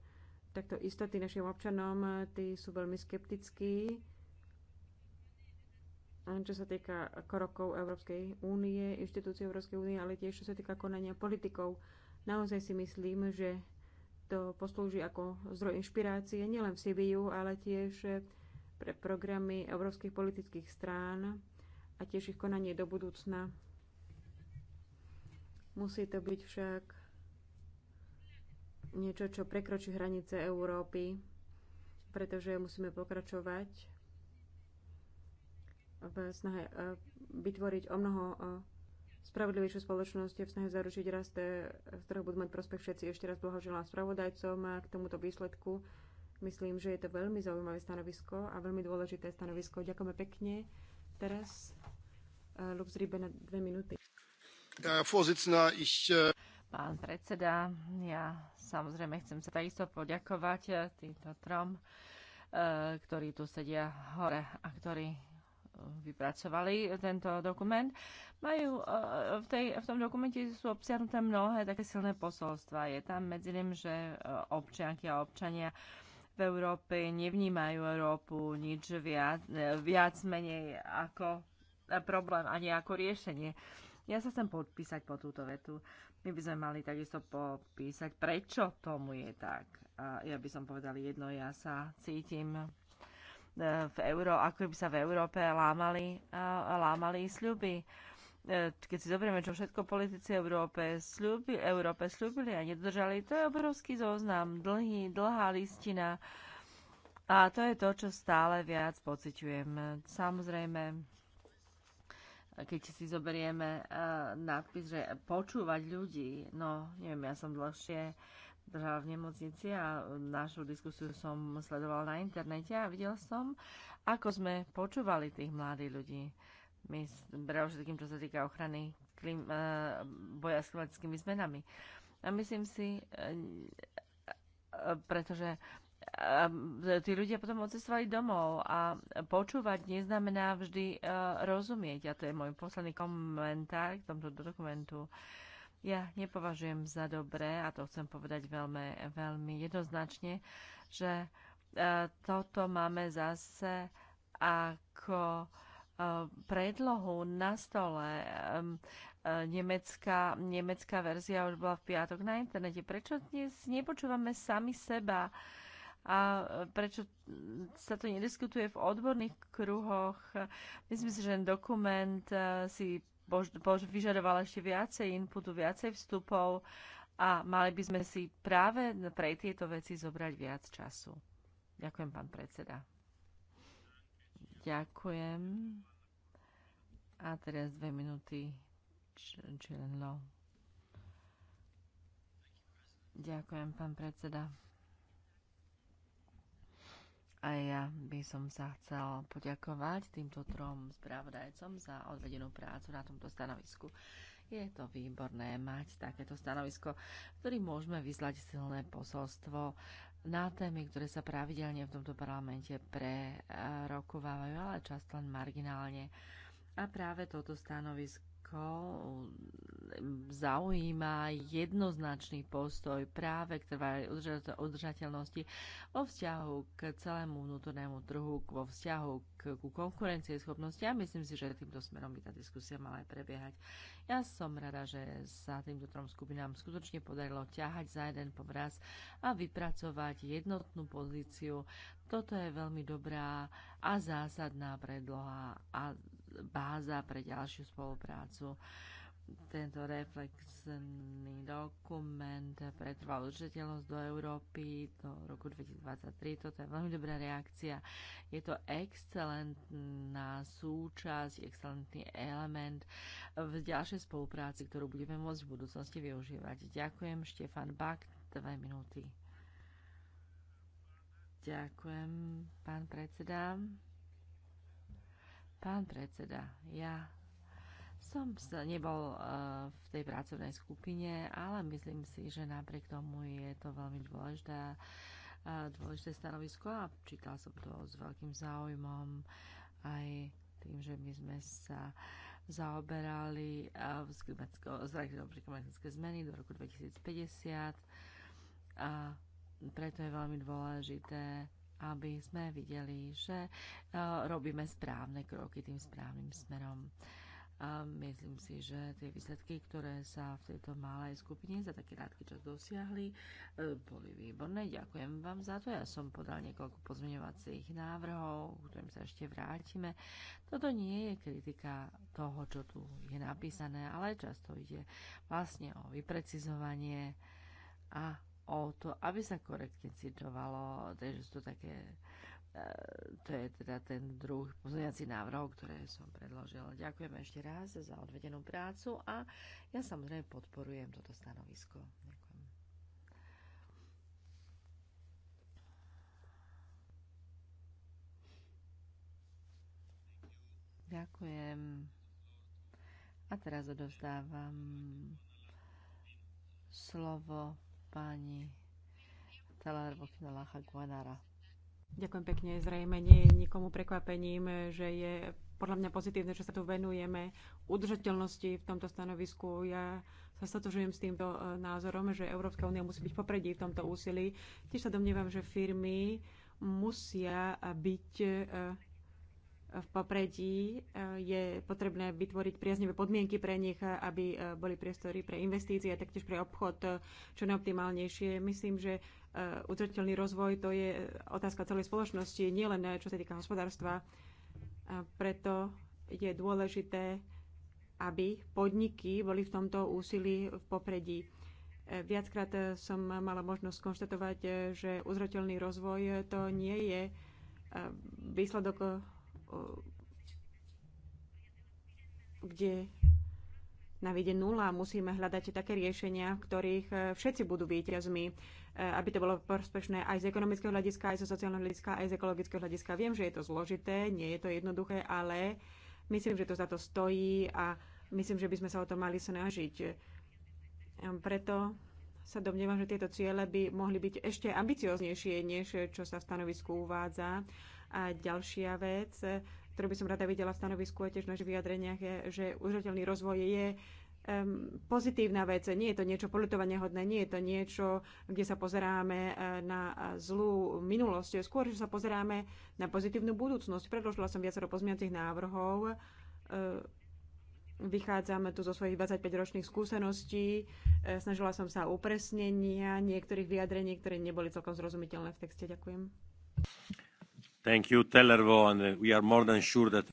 takto istoty našim občanom, tí sú veľmi skeptickí. Čo sa týka krokov Európskej únie, inštitúcií Európskej únie, ale tiež čo sa týka konania politikov, naozaj si myslím, že to poslúži ako zdroj inšpirácie nielen v Sibiu, ale tiež pre programy európskych politických strán a tiež ich konanie do budúcna. Musí to byť však niečo, čo prekročí hranice Európy, pretože musíme pokračovať v snahe eh, vytvoriť o mnoho eh, spravodlivejšiu spoločnosť v snahe zaručiť rast, z e, ktorého budú mať prospech všetci. Ešte raz blahoželám spravodajcom a k tomuto výsledku. Myslím, že je to veľmi zaujímavé stanovisko a veľmi dôležité stanovisko. Ďakujeme pekne. Teraz uh, Lux Ribe na dve minúty. E, Pán predseda, ja samozrejme chcem sa takisto poďakovať týmto trom, ktorí tu sedia hore a ktorí vypracovali tento dokument, majú e, v, tej, v tom dokumente sú obsiahnuté mnohé také silné posolstva. Je tam medzi tým, že e, občianky a občania v Európe nevnímajú Európu nič viac, e, viac menej ako problém ani ako riešenie. Ja sa chcem podpísať po túto vetu. My by sme mali takisto popísať, prečo tomu je tak. A ja by som povedal jedno, ja sa cítim E, v Euró, ako by sa v Európe lámali, e, lámali sľuby. E, keď si zoberieme, čo všetko politici Európe sľubi, Európe sľubili a nedržali, to je obrovský zoznam, dlhý, dlhá listina. A to je to, čo stále viac pociťujem. Samozrejme, keď si zoberieme uh, nadpis, že počúvať ľudí, no neviem, ja som dlhšie držala v nemocnici a našu diskusiu som sledovala na internete a videl som, ako sme počúvali tých mladých ľudí. My všetkým, čo sa týka ochrany klim, e, boja s klimatickými zmenami. A myslím si, e, e, pretože tí ľudia potom odcestovali domov a počúvať neznamená vždy rozumieť. A to je môj posledný komentár k tomto dokumentu. Ja nepovažujem za dobré, a to chcem povedať veľmi, veľmi jednoznačne, že e, toto máme zase ako e, predlohu na stole. E, nemecká, nemecká verzia už bola v piatok na internete. Prečo dnes nepočúvame sami seba? A prečo sa to nediskutuje v odborných kruhoch? Myslím si, že ten dokument si bož, bož vyžadoval ešte viacej inputu, viacej vstupov a mali by sme si práve pre tieto veci zobrať viac času. Ďakujem, pán predseda. Ďakujem. A teraz dve minúty. Ďakujem, pán predseda. A ja by som sa chcel poďakovať týmto trom správodajcom za odvedenú prácu na tomto stanovisku. Je to výborné mať takéto stanovisko, ktorým môžeme vyslať silné posolstvo na témy, ktoré sa pravidelne v tomto parlamente prerokovávajú, ale často len marginálne. A práve toto stanovisko rečníkov um, zaujíma jednoznačný postoj práve k trvalej udržateľnosti vo vzťahu k celému vnútornému trhu, vo vzťahu k, ku schopnosti a ja myslím si, že týmto smerom by tá diskusia mala aj prebiehať. Ja som rada, že sa týmto trom skupinám skutočne podarilo ťahať za jeden povraz a vypracovať jednotnú pozíciu. Toto je veľmi dobrá a zásadná predloha a báza pre ďalšiu spoluprácu. Tento reflexný dokument pre trvalú udržateľnosť do Európy do roku 2023, toto je veľmi dobrá reakcia. Je to excelentná súčasť, excelentný element v ďalšej spolupráci, ktorú budeme môcť v budúcnosti využívať. Ďakujem, Štefan Bak, dve minúty. Ďakujem, pán predseda. Pán predseda, ja som sa nebol eh, v tej pracovnej skupine, ale myslím si, že napriek tomu je to veľmi dôležité, eh, dôležité stanovisko a čítal som to s veľkým záujmom aj tým, že my sme sa zaoberali zraketom eh, pre klimatické zmeny do roku 2050 a preto je veľmi dôležité aby sme videli, že e, robíme správne kroky tým správnym smerom. A myslím si, že tie výsledky, ktoré sa v tejto malej skupine za taký krátky čas dosiahli, e, boli výborné. Ďakujem vám za to. Ja som podal niekoľko pozmeňovacích návrhov, ktorým sa ešte vrátime. Toto nie je kritika toho, čo tu je napísané, ale často ide vlastne o vyprecizovanie a o to, aby sa korektne citovalo, takže sú to také, e, to je teda ten druh pozmeňací návrh, ktoré som predložila. Ďakujem ešte raz za odvedenú prácu a ja samozrejme podporujem toto stanovisko. Ďakujem. Ďakujem. A teraz odovzdávam slovo pani Talar Bokinalacha Guanara. Ďakujem pekne. Zrejme nie je nikomu prekvapením, že je podľa mňa pozitívne, že sa tu venujeme udržateľnosti v tomto stanovisku. Ja sa stotožujem s týmto e, názorom, že Európska únia musí byť popredí v tomto úsilí. Tiež sa domnievam, že firmy musia byť e, v popredí. Eh, je potrebné vytvoriť priaznivé podmienky pre nich, eh, aby eh, boli priestory pre investície a taktiež pre obchod čo najoptimálnejšie. Myslím, že udržateľný rozvoj to je otázka celej spoločnosti, nielen čo sa týka hospodárstva. A preto je dôležité, aby podniky boli v tomto úsilí v popredí. Viackrát som mala možnosť konštatovať, že uzrateľný rozvoj to nie je výsledok E, kde na vide nula musíme hľadať také riešenia, v ktorých e, všetci budú víťazmi, e, aby to bolo prospešné aj z ekonomického hľadiska, aj zo sociálneho hľadiska, aj z ekologického hľadiska. Viem, že je to zložité, nie je to jednoduché, ale myslím, že to za to stojí a myslím, že by sme sa o to mali snažiť. Preto sa domnievam, že tieto ciele by mohli byť ešte ambicioznejšie, než čo sa v stanovisku uvádza. A ďalšia vec, ktorú by som rada videla v stanovisku a tiež v našich vyjadreniach, je, že užiteľný rozvoj je um, pozitívna vec. Nie je to niečo polutovania hodné, nie je to niečo, kde sa pozeráme e, na zlú minulosť. Skôr, že sa pozeráme na pozitívnu budúcnosť. Predložila som viacero pozmiacich návrhov. E, vychádzame tu zo svojich 25-ročných skúseností. E, snažila som sa o upresnenia niektorých vyjadrení, ktoré neboli celkom zrozumiteľné v texte. Ďakujem. Thank you, Tellervo, and uh, we are more than sure that...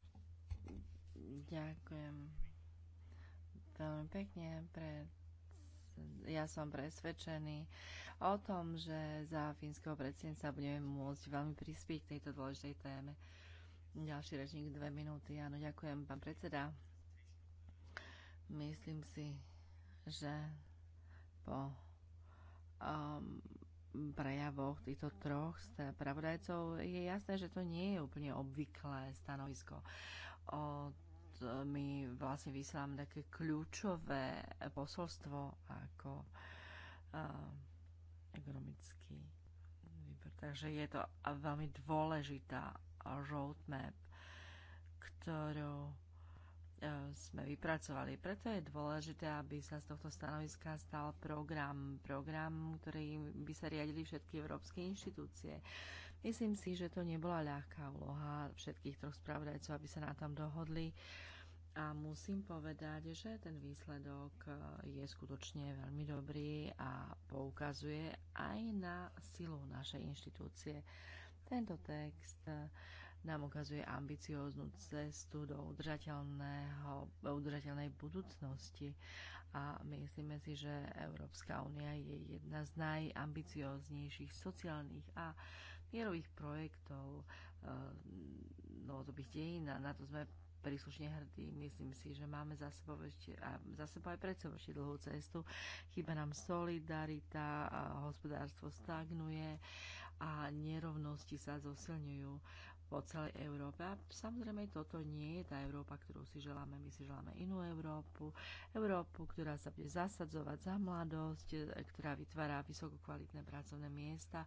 Ďakujem veľmi pekne. Pre... Ja som presvedčený o tom, že za fínskeho predsednica budeme môcť veľmi prispieť k tejto dôležitej téme. Ďalší rečník dve minúty. Áno, ďakujem, pán predseda. Myslím si, že po um, prejavoch týchto troch spravodajcov je jasné, že to nie je úplne obvyklé stanovisko. Od, my vlastne vysielame také kľúčové posolstvo ako uh, ekonomický výbor. Takže je to veľmi dôležitá roadmap, ktorú sme vypracovali. Preto je dôležité, aby sa z tohto stanoviska stal program, program, ktorý by sa riadili všetky európske inštitúcie. Myslím si, že to nebola ľahká úloha všetkých troch spravodajcov, aby sa na tom dohodli. A musím povedať, že ten výsledok e, je skutočne veľmi dobrý a poukazuje aj na silu našej inštitúcie. Tento text e, nám ukazuje ambicióznu cestu do udržateľného, udržateľnej budúcnosti a myslíme si, že Európska únia je jedna z najambicióznejších sociálnych a mierových projektov e, novodobých dejín a na to sme príslušne hrdí. Myslím si, že máme za sebou, ešte, a za sebou aj pred sebou ešte dlhú cestu. Chyba nám solidarita, hospodárstvo stagnuje a nerovnosti sa zosilňujú po celej Európe. A samozrejme, toto nie je tá Európa, ktorú si želáme. My si želáme inú Európu. Európu, ktorá sa bude zasadzovať za mladosť, ktorá vytvára vysokokvalitné pracovné miesta.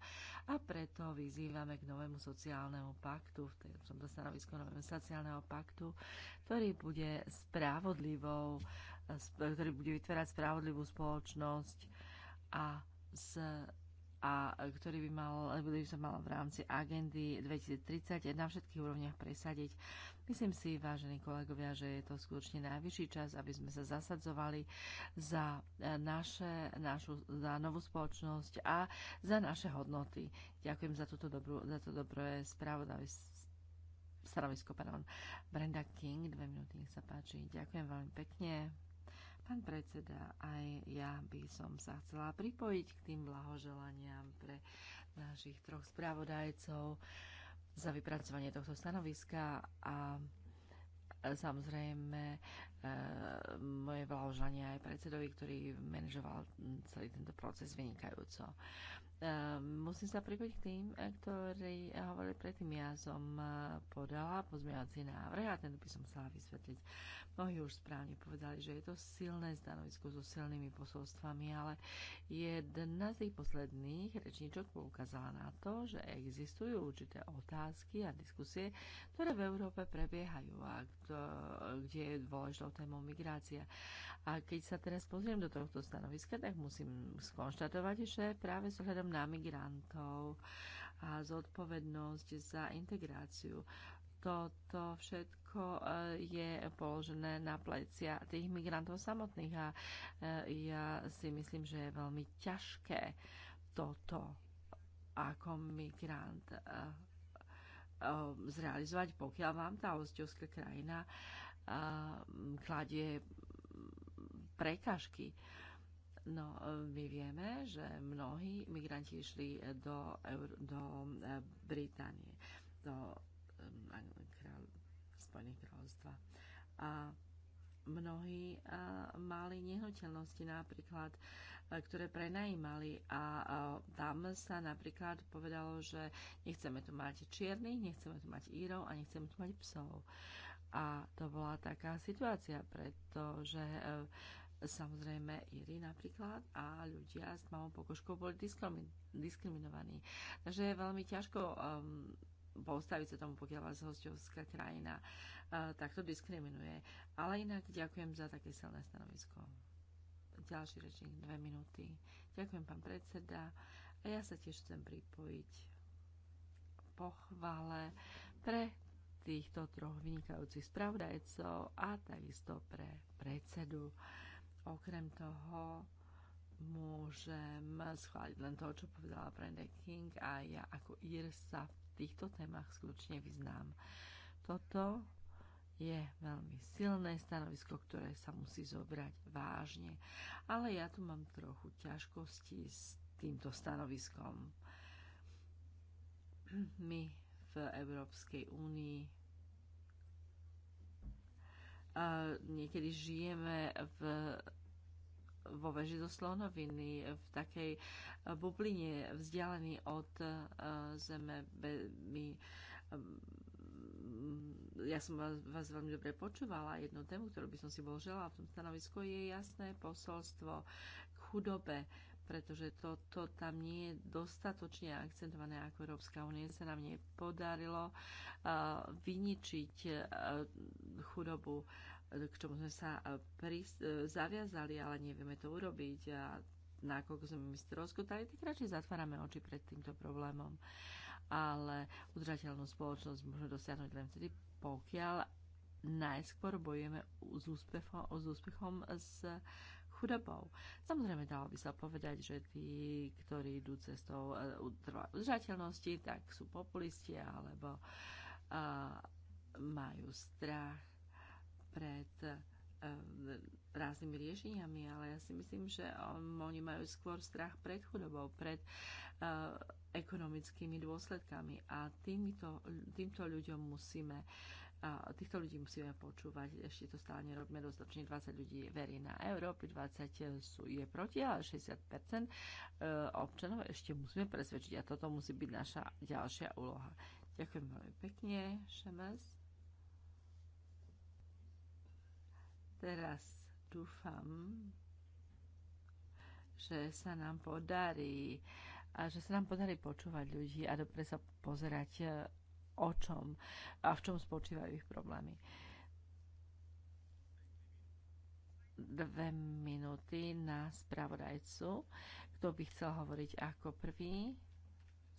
A preto vyzývame k novému sociálnemu paktu, v tom stanovisku novému sociálneho paktu, ktorý bude spravodlivou, ktorý bude vytvárať spravodlivú spoločnosť a s a ktorý by, mal, by sa mal v rámci agendy 2030 na všetkých úrovniach presadiť. Myslím si, vážení kolegovia, že je to skutočne najvyšší čas, aby sme sa zasadzovali za, e, naše, našu, za novú spoločnosť a za naše hodnoty. Ďakujem za, túto dobrú, za to dobré stanovisko. Pardon. Brenda King, dve minúty, nech sa páči. Ďakujem veľmi pekne. Pán predseda, aj ja by som sa chcela pripojiť k tým blahoželaniam pre našich troch správodajcov za vypracovanie tohto stanoviska a e, samozrejme e, moje blahoželanie aj predsedovi, ktorý manažoval celý tento proces vynikajúco. Ehm, musím sa pripojiť k tým, eh, ktorí eh, hovorili predtým. Ja som eh, podala pozmeňovací návrh a tento by som chcela vysvetliť. Mnohí už správne povedali, že je to silné stanovisko so silnými posolstvami, ale jedna z tých posledných rečníčok poukázala na to, že existujú určité otázky a diskusie, ktoré v Európe prebiehajú a kde je dôležitou témou migrácia. A keď sa teraz pozriem do tohto stanoviska, tak musím skonštatovať, že práve s ohľadom na migrantov a zodpovednosť za integráciu. Toto všetko eh, je položené na plecia tých migrantov samotných a eh, ja si myslím, že je veľmi ťažké toto ako migrant eh, zrealizovať, pokiaľ vám tá hostovská krajina kladie prekažky. No, my vieme, že mnohí migranti išli do, do eh, Británie, do eh, kráľ, Spojených kráľovstva. A mnohí eh, mali nehnuteľnosti napríklad, ktoré prenajímali a tam sa napríklad povedalo, že nechceme tu mať čiernych, nechceme tu mať írov a nechceme tu mať psov. A to bola taká situácia, pretože samozrejme Iri napríklad a ľudia s malou pokožkou boli diskriminovaní. Takže je veľmi ťažko um, postaviť sa tomu, pokiaľ vás hostovská krajina uh, takto diskriminuje. Ale inak ďakujem za také silné stanovisko. Ďalší rečník, dve minúty. Ďakujem, pán predseda. A ja sa tiež chcem pripojiť pochvale pre týchto troch vynikajúcich spravodajcov a takisto pre predsedu. Uh, Okrem toho môžem schváliť len to, čo povedala Brenda King a ja ako Ir sa v týchto témach skutočne vyznám. Toto je veľmi silné stanovisko, ktoré sa musí zobrať vážne, ale ja tu mám trochu ťažkosti s týmto stanoviskom. My v Európskej únii niekedy žijeme v vo veži do slonoviny, v takej eh, bubline vzdialený od eh, zeme. My, eh, ja som vás, vás veľmi dobre počúvala. Jednu tému, ktorú by som si bol želala v tom stanovisku, je jasné posolstvo k chudobe pretože toto to tam nie je dostatočne akcentované, ako Európska únie sa nám nepodarilo uh, vyničiť uh, chudobu, uh, k čomu sme sa uh, uh, zaviazali, ale nevieme to urobiť a nakoľko sme my rozkotali, tak radšej zatvárame oči pred týmto problémom. Ale udržateľnú spoločnosť môžeme dosiahnuť len vtedy, pokiaľ najskôr bojujeme s úspechom, s úspechom s chudobou. Samozrejme, dalo by sa povedať, že tí, ktorí idú cestou e, udržateľnosti, tak sú populisti alebo uh, majú strach pred e, ráznymi riešeniami, ale ja si myslím, že on, oni majú skôr strach pred chudobou, pred uh, ekonomickými dôsledkami a týmito, týmto ľuďom musíme a týchto ľudí musíme počúvať. Ešte to stále nerobíme dostatočne. 20 ľudí verí na Európy, 20 sú, je proti, ale 60% eh, občanov ešte musíme presvedčiť. A toto musí byť naša ďalšia úloha. Ďakujem veľmi pekne, Šemes. Teraz dúfam, že sa nám podarí a že sa nám podarí počúvať ľudí a dobre sa pozerať eh, o čom a v čom spočívajú ich problémy. Dve minúty na spravodajcu. Kto by chcel hovoriť ako prvý?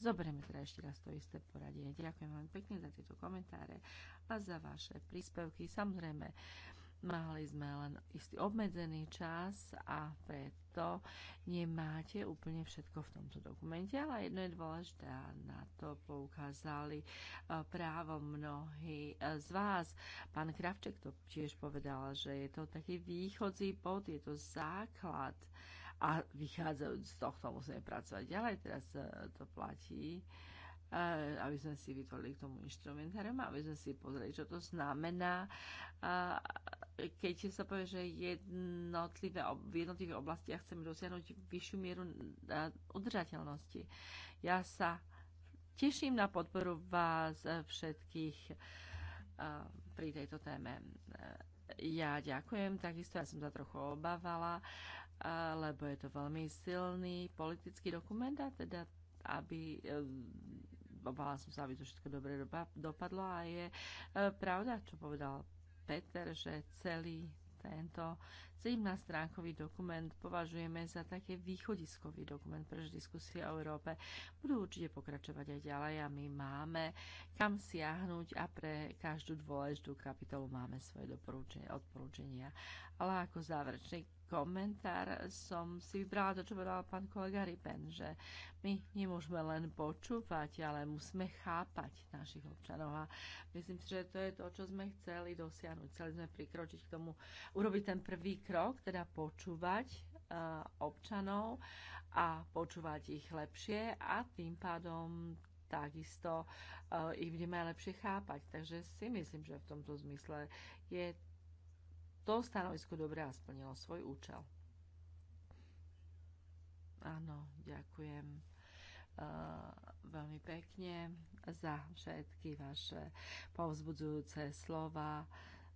Zoberieme teda ešte raz to isté poradie. Ďakujem vám pekne za tieto komentáre a za vaše príspevky. Samozrejme, Mali sme len istý obmedzený čas a preto nemáte úplne všetko v tomto dokumente, ale jedno je dôležité a na to poukázali e, právo mnohí e, z vás. Pán Kravček to tiež povedal, že je to taký východzí bod, je to základ a vychádzajúc z tohto musíme pracovať ďalej. Teraz e, to platí aby sme si vytvorili k tomu inštrumentárium, aby sme si pozreli, čo to znamená. Keď sa povie, že jednotlivé, v jednotlivých oblastiach chceme dosiahnuť vyššiu mieru udržateľnosti. Ja sa teším na podporu vás všetkých pri tejto téme. Ja ďakujem, takisto ja som sa trochu obávala, lebo je to veľmi silný politický dokument a teda aby obávala som sa, aby to všetko dobre dopadlo a je e, pravda, čo povedal Peter, že celý tento 17-stránkový dokument považujeme za také východiskový dokument pre diskusie o Európe. Budú určite pokračovať aj ďalej a my máme kam siahnuť a pre každú dôležitú kapitolu máme svoje odporúčania. Ale ako záverečný komentár som si vybrala to, čo povedal pán kolega Ripen, že my nemôžeme len počúvať, ale musíme chápať našich občanov. A myslím si, že to je to, čo sme chceli dosiahnuť. Chceli sme prikročiť k tomu, urobiť ten prvý krok, teda počúvať eh, občanov a počúvať ich lepšie a tým pádom takisto eh, ich budeme lepšie chápať. Takže si myslím, že v tomto zmysle je to stanovisko dobre a splnilo svoj účel. Áno, ďakujem uh, veľmi pekne za všetky vaše povzbudzujúce slova.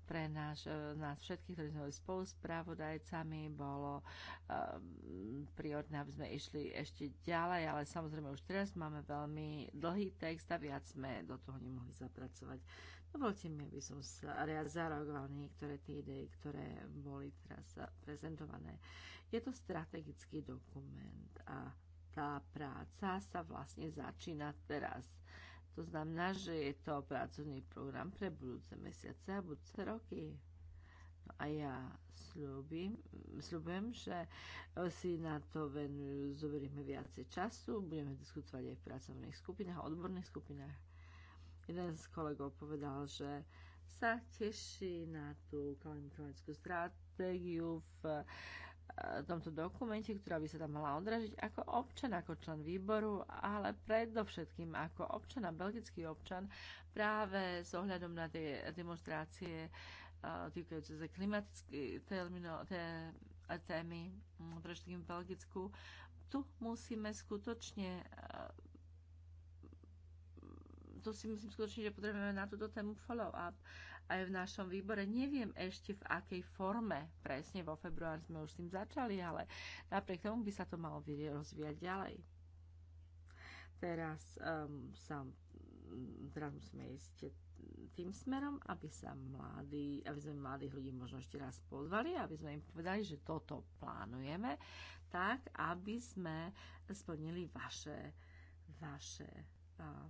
Pre náš, eh, nás všetkých, ktorí sme boli spolu s pravodajcami, bolo uh, eh, prírodné, aby sme išli ešte ďalej, ale samozrejme už teraz máme veľmi dlhý text a viac sme do toho nemohli zapracovať. Dovolte mi, aby som sa zareagoval niektoré tie idei, ktoré boli teraz prezentované. Je to strategický dokument a tá práca sa vlastne začína teraz. To znamená, že je to pracovný program pre budúce mesiace a budúce roky. No a ja slúbim, že si na to venujú, zoberieme viacej času, budeme diskutovať aj v pracovných skupinách, odborných skupinách Jeden z kolegov povedal, že sa teší na tú klimatickú stratégiu v e, tomto dokumente, ktorá by sa tam mala odražiť ako občan, ako člen výboru, ale predovšetkým ako občan a belgický občan práve s ohľadom na tie demonstrácie e, týkajúce sa klimatické témy, predovšetkým v Belgicku. Tu musíme skutočne e, to si myslím skutočne, že potrebujeme na túto tému follow-up aj v našom výbore. Neviem ešte v akej forme, presne vo februári sme už s tým začali, ale napriek tomu by sa to malo rozvíjať ďalej. Teraz, um, sa, mm, teraz musíme ísť tým smerom, aby, sa mladí, aby sme mladých ľudí možno ešte raz pozvali, aby sme im povedali, že toto plánujeme, tak aby sme splnili vaše, vaše uh,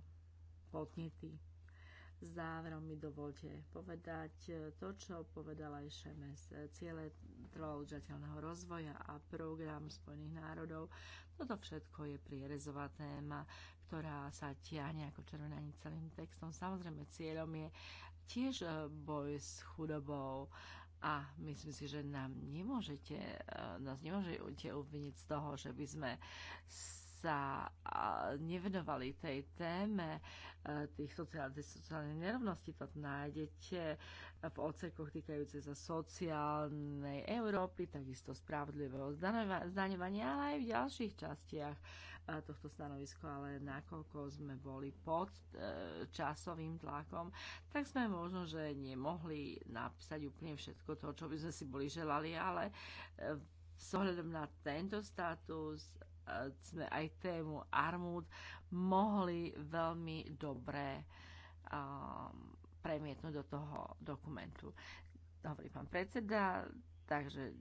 podnety. Záverom mi dovolte povedať e, to, čo povedala aj Šemes. E, ciele trvalodržateľného rozvoja a program Spojených národov. Toto všetko je prierezová téma, ktorá sa tiahne ako červená celým textom. Samozrejme, cieľom je tiež e, boj s chudobou, a myslím si, že nám nemôžete, nás nemôžete obviniť z toho, že by sme sa nevenovali tej téme e, tých sociálnych, sociálnej nerovnosti, to nájdete v ocekoch týkajúce sa sociálnej Európy, takisto spravodlivého zdaňovania, ale aj v ďalších častiach e, tohto stanovisko, ale nakoľko sme boli pod e, časovým tlakom, tak sme možno, že nemohli napísať úplne všetko to, čo by sme si boli želali, ale vzhľadom s ohľadom na tento status sme aj tému armúd mohli veľmi dobre um, premietnúť do toho dokumentu. Dobrý pán predseda, takže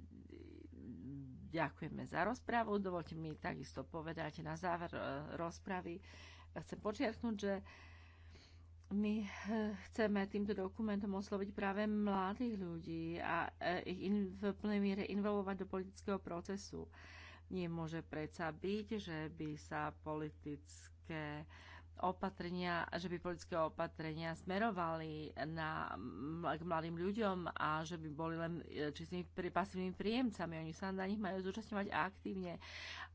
ďakujeme za rozprávu. Dovolte mi takisto povedať na záver uh, rozpravy. Chcem počiarknúť, že my uh, chceme týmto dokumentom osloviť práve mladých ľudí a uh, ich in, v plnej miere involovať do politického procesu. Nemôže predsa byť, že by sa politické opatrenia, že by politické opatrenia smerovali na, k mladým ľuďom a že by boli len e, čistými pasívnymi príjemcami. Oni sa na nich majú zúčastňovať aktívne,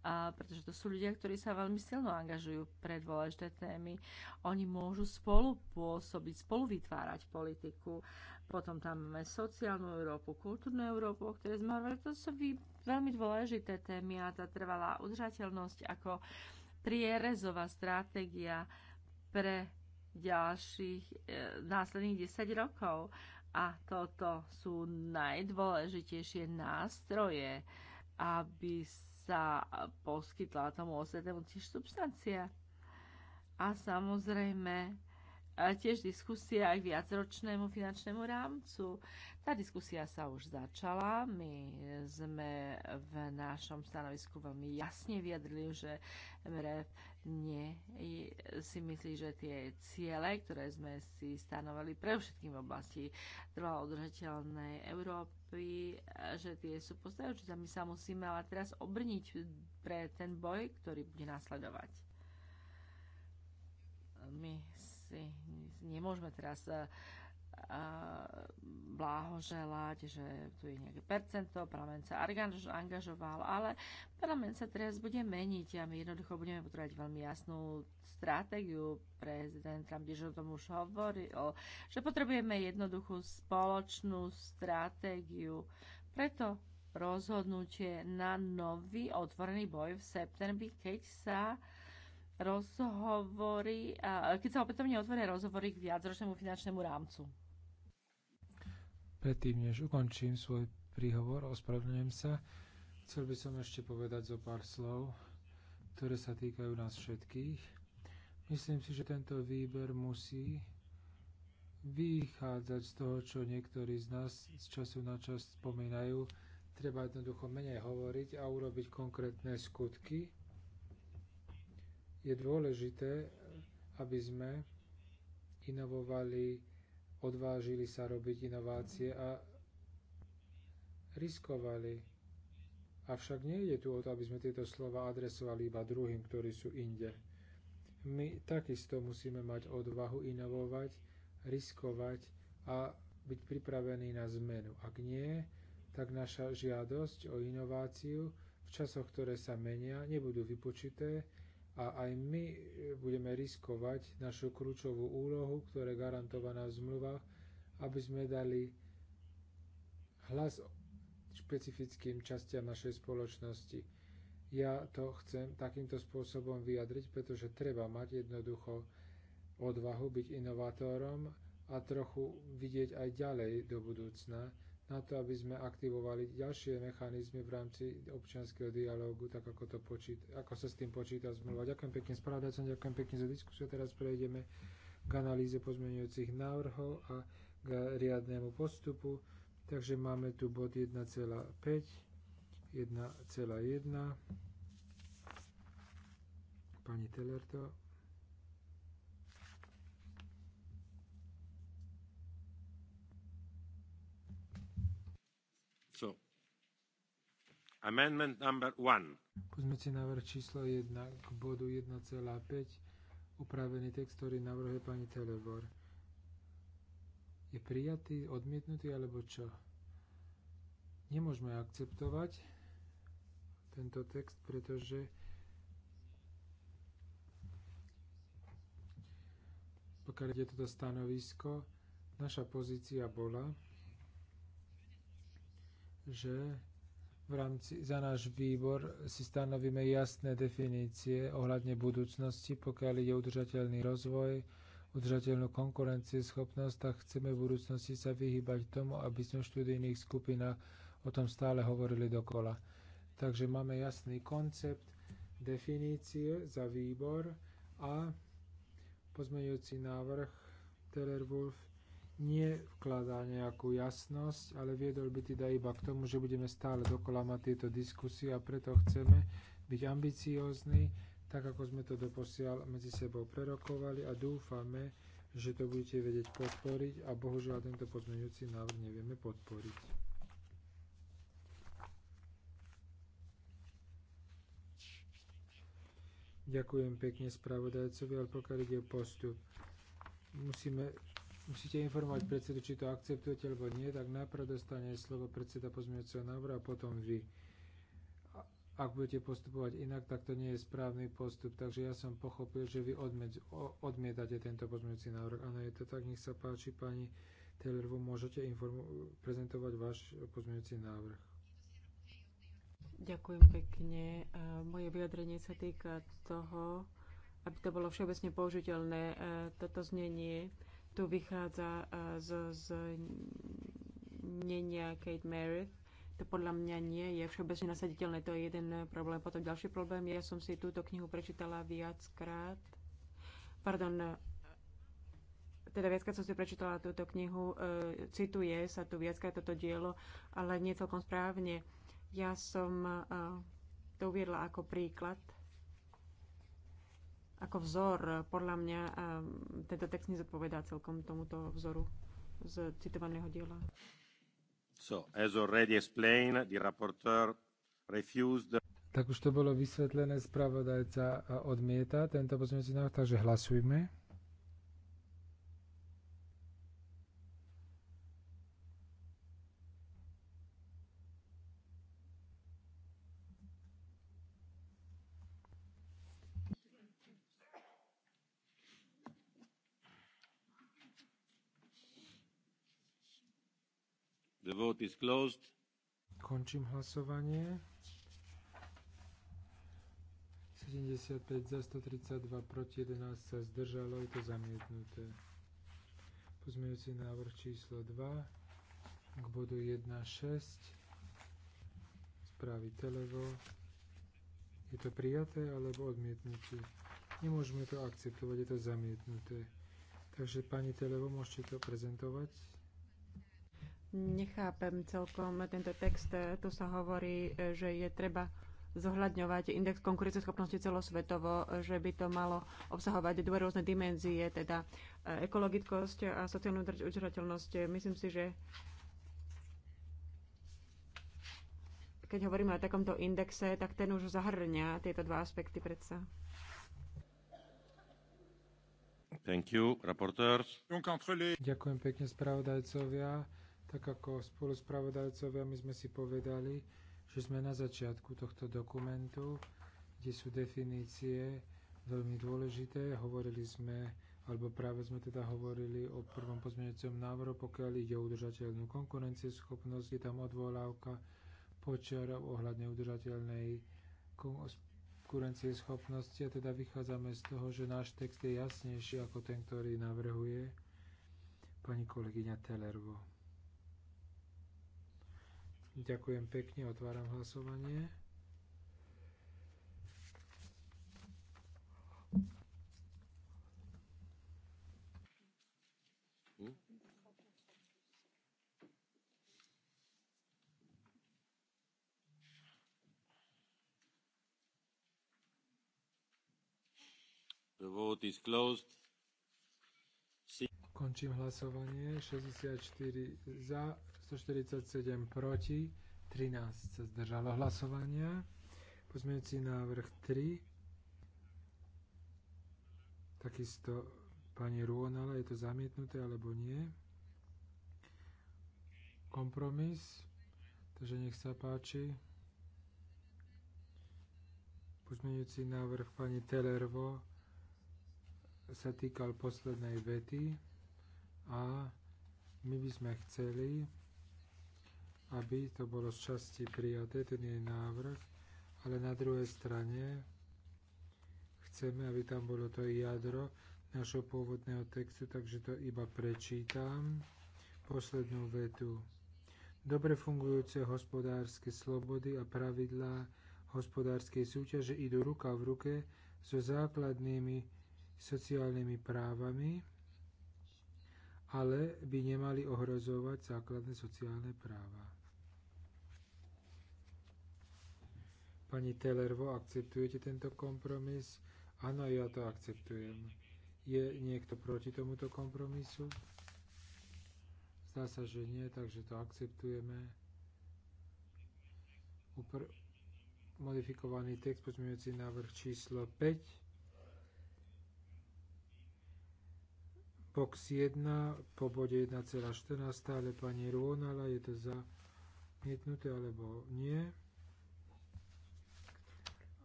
a, pretože to sú ľudia, ktorí sa veľmi silno angažujú pre dôležité témy. Oni môžu spolu pôsobiť, spolu vytvárať politiku. Potom tam máme sociálnu Európu, kultúrnu Európu, o ktorej sme hovorili. To sú veľmi dôležité témy a tá trvalá udržateľnosť ako Prierezová stratégia pre ďalších e, následných 10 rokov. A toto sú najdôležitejšie nástroje, aby sa poskytla tomu ostatnému tiež substancia. A samozrejme, tiež diskusia aj k viacročnému finančnému rámcu. Tá diskusia sa už začala. My sme v našom stanovisku veľmi jasne vyjadrili, že MRF nie si myslí, že tie ciele, ktoré sme si stanovali pre všetkým v oblasti trvalo udržateľnej Európy, že tie sú postačujúce. My sa musíme ale teraz obrniť pre ten boj, ktorý bude nasledovať. My si nemôžeme teraz a, a, bláhoželať, že tu je nejaké percento, parlament sa angažoval, ale parlament sa teraz bude meniť a my jednoducho budeme potrebovať veľmi jasnú stratégiu. Prezident Trump tiež o tom už hovoril, že potrebujeme jednoduchú spoločnú stratégiu. Preto rozhodnutie na nový otvorený boj v septembri, keď sa rozhovory, a keď sa opätovne otvoria rozhovory k viacročnému finančnému rámcu. Predtým, než ukončím svoj príhovor, ospravedlňujem sa, chcel by som ešte povedať zo pár slov, ktoré sa týkajú nás všetkých. Myslím si, že tento výber musí vychádzať z toho, čo niektorí z nás z času na čas spomínajú. Treba jednoducho menej hovoriť a urobiť konkrétne skutky je dôležité, aby sme inovovali, odvážili sa robiť inovácie a riskovali. Avšak nie je tu o to, aby sme tieto slova adresovali iba druhým, ktorí sú inde. My takisto musíme mať odvahu inovovať, riskovať a byť pripravení na zmenu. Ak nie, tak naša žiadosť o inováciu v časoch, ktoré sa menia, nebudú vypočité a aj my e, budeme riskovať našu kľúčovú úlohu, ktorá je garantovaná v zmluvách, aby sme dali hlas špecifickým častiam našej spoločnosti. Ja to chcem takýmto spôsobom vyjadriť, pretože treba mať jednoducho odvahu byť inovátorom a trochu vidieť aj ďalej do budúcna na to, aby sme aktivovali ďalšie mechanizmy v rámci občianskeho dialógu, tak ako, to počít, ako sa s tým počíta zmluva. Ďakujem pekne spravodajcom, ďakujem pekne za diskusiu. Teraz prejdeme k analýze pozmeňujúcich návrhov a k riadnému postupu. Takže máme tu bod 1,5, 1,1. Pani Telerto. Amendment number 1. Pozmite návrh číslo 1 k bodu 1,5, upravený text, ktorý navrhuje pani Televor. Je prijatý, odmietnutý alebo čo? Nemôžeme akceptovať tento text, pretože pokiaľ ide toto stanovisko, naša pozícia bola, že v rámci, za náš výbor si stanovíme jasné definície ohľadne budúcnosti, pokiaľ ide udržateľný rozvoj, udržateľnú konkurencieschopnosť, tak chceme v budúcnosti sa vyhybať tomu, aby sme v študijných skupinách o tom stále hovorili dokola. Takže máme jasný koncept, definície za výbor a pozmeňujúci návrh Wolf nevkladá nejakú jasnosť, ale viedol by teda iba k tomu, že budeme stále dokola mať tieto diskusie a preto chceme byť ambiciózni, tak ako sme to doposiaľ medzi sebou prerokovali a dúfame, že to budete vedieť podporiť a bohužiaľ tento pozmeňujúci návrh nevieme podporiť. Ďakujem pekne spravodajcovi, ale pokiaľ ide postup, musíme Musíte informovať predsedu, či to akceptujete alebo nie, tak najprv dostane slovo predseda pozmeňujúceho návrhu a potom vy. Ak budete postupovať inak, tak to nie je správny postup. Takže ja som pochopil, že vy odmietate tento pozmeňujúci návrh. Áno, je to tak, nech sa páči, pani Tellervo, môžete prezentovať váš pozmeňujúci návrh. Ďakujem pekne. Moje vyjadrenie sa týka toho, aby to bolo všeobecne použiteľné, toto znenie tu vychádza z, e, z nenia Kate Meredith. To podľa mňa nie je všeobecne nasaditeľné, to je jeden problém. Potom ďalší problém, ja som si túto knihu prečítala viackrát. Pardon, e, teda viackrát som si prečítala túto knihu, e, cituje sa tu viackrát toto dielo, ale nie celkom správne. Ja som to uviedla ako príklad ako vzor. Podľa mňa tento text nezodpovedá celkom tomuto vzoru z citovaného diela. So, as already explained, the rapporteur refused the... Tak už to bolo vysvetlené, spravodajca odmieta tento pozmeňujúci návrh, takže hlasujme. is closed. Končím hlasovanie. 75 za 132 proti 11 sa zdržalo, je to zamietnuté. Pozmejúci návrh číslo 2 k bodu 1.6 správy Televo. Je to prijaté alebo odmietnuté? Nemôžeme to akceptovať, je to zamietnuté. Takže pani Televo, môžete to prezentovať? Nechápem celkom tento text. Tu sa hovorí, že je treba zohľadňovať index konkurenceschopnosti celosvetovo, že by to malo obsahovať dve rôzne dimenzie, teda e, ekologickosť a sociálnu udržateľnosť. Myslím si, že keď hovoríme o takomto indexe, tak ten už zahrňa tieto dva aspekty predsa. Thank you, Ďakujem pekne spravodajcovia tak ako spoluspravodajcovia my sme si povedali, že sme na začiatku tohto dokumentu, kde sú definície veľmi dôležité. Hovorili sme, alebo práve sme teda hovorili o prvom pozmeňujúcom návrhu, pokiaľ ide o udržateľnú konkurencieschopnosť, je tam odvolávka počiarov ohľadne udržateľnej konkurencieschopnosti a teda vychádzame z toho, že náš text je jasnejší ako ten, ktorý navrhuje pani kolegyňa Tellervo. Ďakujem pekne, otváram hlasovanie. The vote is closed. Končím hlasovanie. 64 za, 147 proti, 13 sa zdržalo hlasovania. Pozmeňujúci návrh 3. Takisto pani Ruonala, je to zamietnuté alebo nie? Kompromis. Takže nech sa páči. Pozmeňujúci návrh pani Telervo sa týkal poslednej vety a my by sme chceli, aby to bolo z časti prijaté, ten jej návrh, ale na druhej strane chceme, aby tam bolo to jadro našho pôvodného textu, takže to iba prečítam. Poslednú vetu. Dobre fungujúce hospodárske slobody a pravidlá hospodárskej súťaže idú ruka v ruke so základnými sociálnymi právami, ale by nemali ohrozovať základné sociálne práva. Pani Tellervo, akceptujete tento kompromis? Áno, ja to akceptujem. Je niekto proti tomuto kompromisu? Zdá sa, že nie, takže to akceptujeme. Upr- modifikovaný text, pozmeňujúci návrh číslo 5. Box 1 po bode 1,14, ale pani Ruonala, je to zamietnuté alebo nie?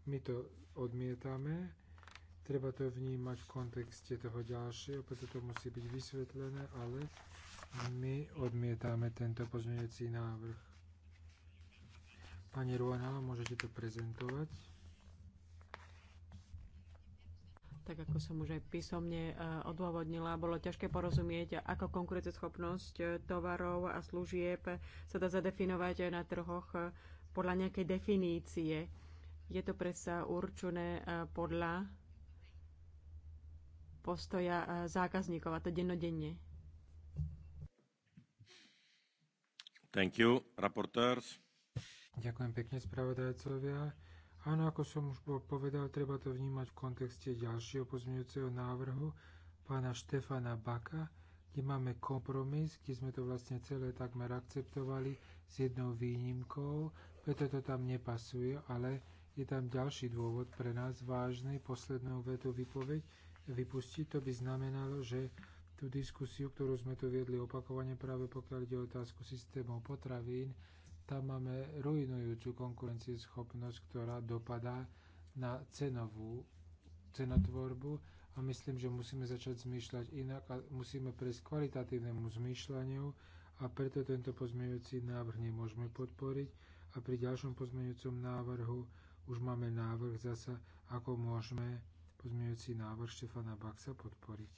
My to odmietame, treba to vnímať v kontexte toho ďalšieho, preto to musí byť vysvetlené, ale my odmietame tento pozmeňujúci návrh. Pani Ruana, môžete to prezentovať? tak ako som už aj písomne eh, odôvodnila, bolo ťažké porozumieť, ako konkurenceschopnosť eh, tovarov a služieb sa dá zadefinovať na trhoch eh, podľa nejakej definície. Je to predsa určené e, podľa postoja e, zákazníkov, a to dennodenne. Thank you, Ďakujem pekne spravodajcovia. Áno, ako som už povedal, treba to vnímať v kontexte ďalšieho pozmeňujúceho návrhu pána Štefana Baka, kde máme kompromis, kde sme to vlastne celé takmer akceptovali s jednou výnimkou, preto to tam nepasuje, ale je tam ďalší dôvod pre nás vážny, poslednú vetu vypoveď, vypustiť, to by znamenalo, že tú diskusiu, ktorú sme tu viedli opakovane práve pokiaľ ide o otázku systémov potravín, tam máme ruinujúcu konkurencieschopnosť, ktorá dopadá na cenovú cenotvorbu a myslím, že musíme začať zmýšľať inak a musíme prejsť k kvalitatívnemu zmýšľaniu a preto tento pozmeňujúci návrh nemôžeme podporiť a pri ďalšom pozmeňujúcom návrhu už máme návrh zase, ako môžeme pozmeňujúci návrh Štefana Baxa podporiť.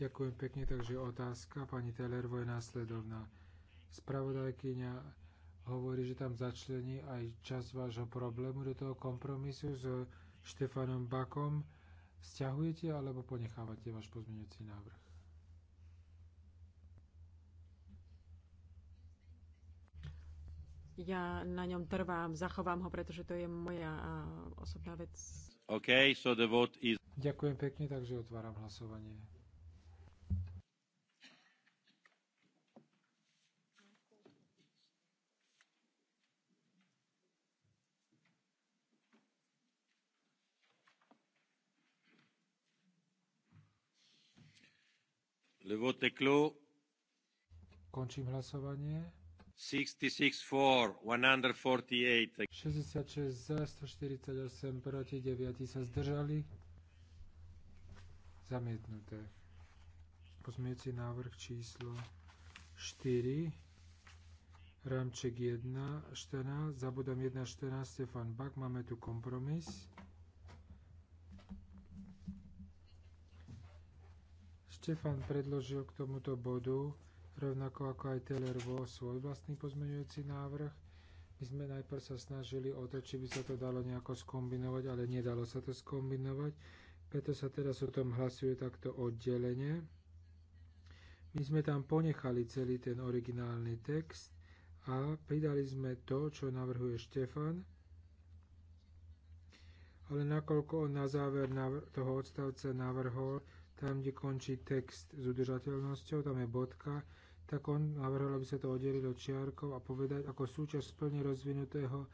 Ďakujem pekne, takže otázka pani Tellervo je následovná. Spravodajkyňa hovorí, že tam začlení aj čas vášho problému do toho kompromisu s Štefanom Bakom. Sťahujete alebo ponechávate váš pozmeňujúci návrh? Ja na ňom trvám, zachovám ho, pretože to je moja osobná vec. Okay, so the vote is... Ďakujem pekne, takže otváram hlasovanie. Le vote est clos. Končím hlasovanie. 66 za, 148 proti, 9 sa zdržali. Zamietnuté. Pozmieci návrh číslo 4. Ramček 1, 14, za bodom 1, 14, Stefan Bak, máme tu kompromis. Stefan predložil k tomuto bodu rovnako ako aj Taylor vo svoj vlastný pozmeňujúci návrh. My sme najprv sa snažili o to, či by sa to dalo nejako skombinovať, ale nedalo sa to skombinovať, preto sa teraz o tom hlasuje takto oddelenie. My sme tam ponechali celý ten originálny text a pridali sme to, čo navrhuje Štefan, ale nakoľko on na záver toho odstavca navrhol, tam, kde končí text s udržateľnosťou, tam je bodka, tak on navrhol, aby sa to oddelilo čiarkou a povedať ako súčasť plne rozvinutého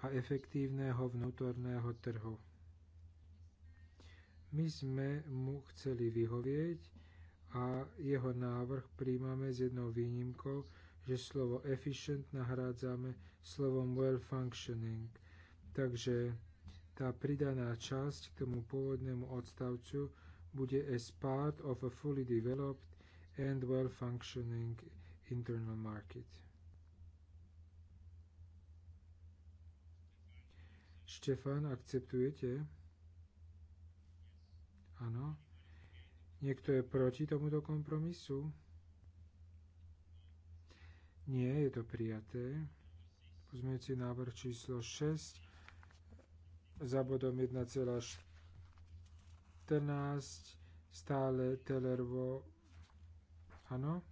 a efektívneho vnútorného trhu. My sme mu chceli vyhovieť a jeho návrh príjmame s jednou výnimkou, že slovo efficient nahrádzame slovom well functioning. Takže tá pridaná časť k tomu pôvodnému odstavcu bude as part of a fully developed and well-functioning internal market. Štefan, akceptujete? Áno. Niekto je proti tomuto kompromisu? Nie, je to prijaté. si návrh číslo 6 za bodom 1,14 stále Tellervo Áno.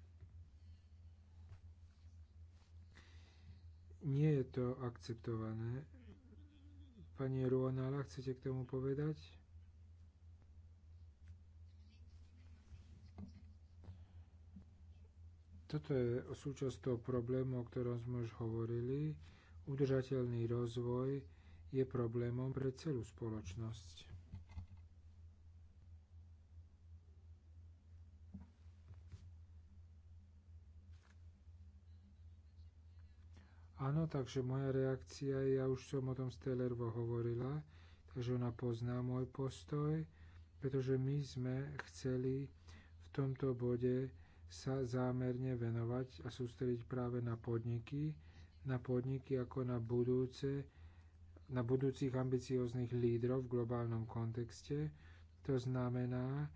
Nie je to akceptované. Pani Ruonala, chcete k tomu povedať? Toto je súčasť toho problému, o ktorom sme už hovorili. Udržateľný rozvoj je problémom pre celú spoločnosť. Áno, takže moja reakcia je, ja už som o tom s Tellervo hovorila, takže ona pozná môj postoj, pretože my sme chceli v tomto bode sa zámerne venovať a sústrediť práve na podniky, na podniky ako na budúce, na budúcich ambicióznych lídrov v globálnom kontexte. To znamená,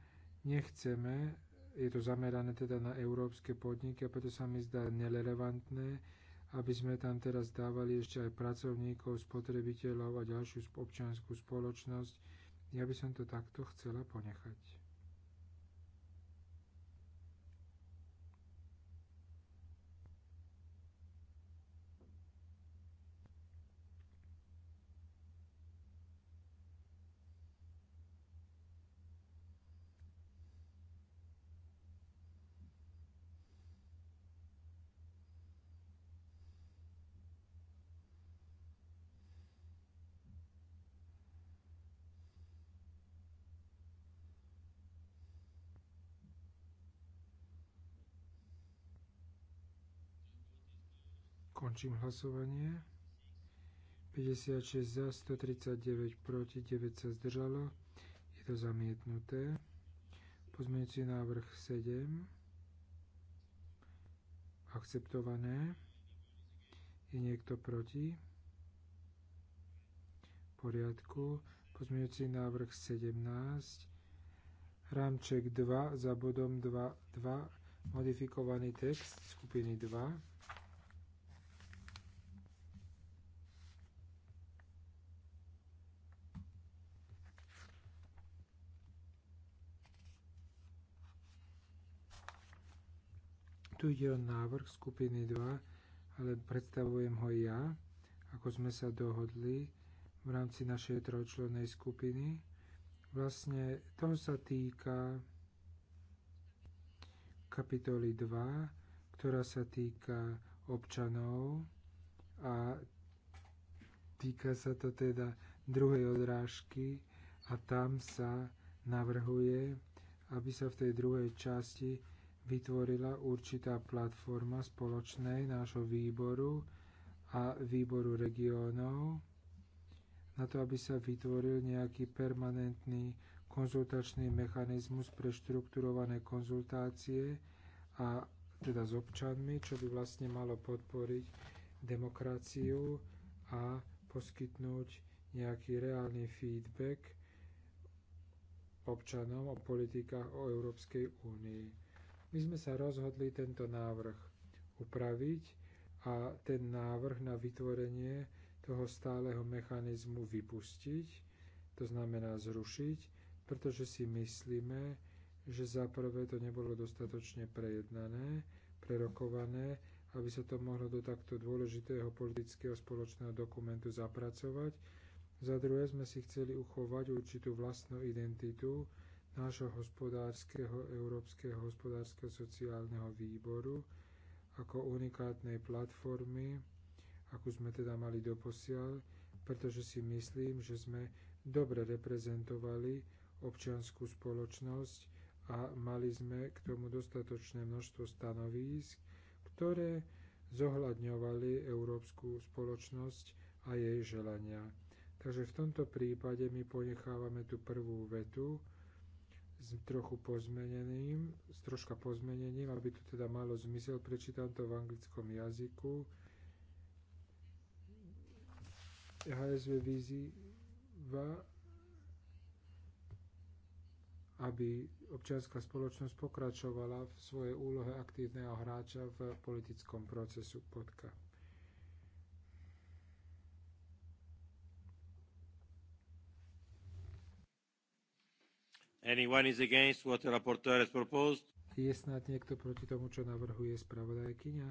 nechceme, je to zamerané teda na európske podniky a preto sa mi zdá nerelevantné, aby sme tam teraz dávali ešte aj pracovníkov, spotrebiteľov a ďalšiu občianskú spoločnosť. Ja by som to takto chcela ponechať. Končím hlasovanie. 56 za, 139 proti, 9 sa zdržalo. Je to zamietnuté. Pozmeňujúci návrh 7. Akceptované. Je niekto proti? V poriadku. Pozmeňujúci návrh 17. Rámček 2 za bodom 2, 2 modifikovaný text skupiny 2. Tu ide o návrh skupiny 2, ale predstavujem ho ja, ako sme sa dohodli v rámci našej trojčlennej skupiny. Vlastne to sa týka kapitoly 2, ktorá sa týka občanov a týka sa to teda druhej odrážky a tam sa navrhuje, aby sa v tej druhej časti vytvorila určitá platforma spoločnej nášho výboru a výboru regiónov na to, aby sa vytvoril nejaký permanentný konzultačný mechanizmus pre štrukturované konzultácie a teda s občanmi, čo by vlastne malo podporiť demokraciu a poskytnúť nejaký reálny feedback občanom o politikách o Európskej únii. My sme sa rozhodli tento návrh upraviť a ten návrh na vytvorenie toho stáleho mechanizmu vypustiť, to znamená zrušiť, pretože si myslíme, že za prvé to nebolo dostatočne prejednané, prerokované, aby sa to mohlo do takto dôležitého politického spoločného dokumentu zapracovať. Za druhé sme si chceli uchovať určitú vlastnú identitu, nášho hospodárskeho, Európskeho hospodárskeho sociálneho výboru ako unikátnej platformy, akú sme teda mali doposiaľ, pretože si myslím, že sme dobre reprezentovali občianskú spoločnosť a mali sme k tomu dostatočné množstvo stanovísk, ktoré zohľadňovali európsku spoločnosť a jej želania. Takže v tomto prípade my ponechávame tú prvú vetu, s trochu pozmeneným, s troška pozmenením, aby to teda malo zmysel. Prečítam to v anglickom jazyku. HSV vyzýva, aby občianská spoločnosť pokračovala v svojej úlohe aktívneho hráča v politickom procesu podka. Anyone is against what the rapporteur has proposed? Je snad niekto proti tomu, čo navrhuje spravodajkyňa?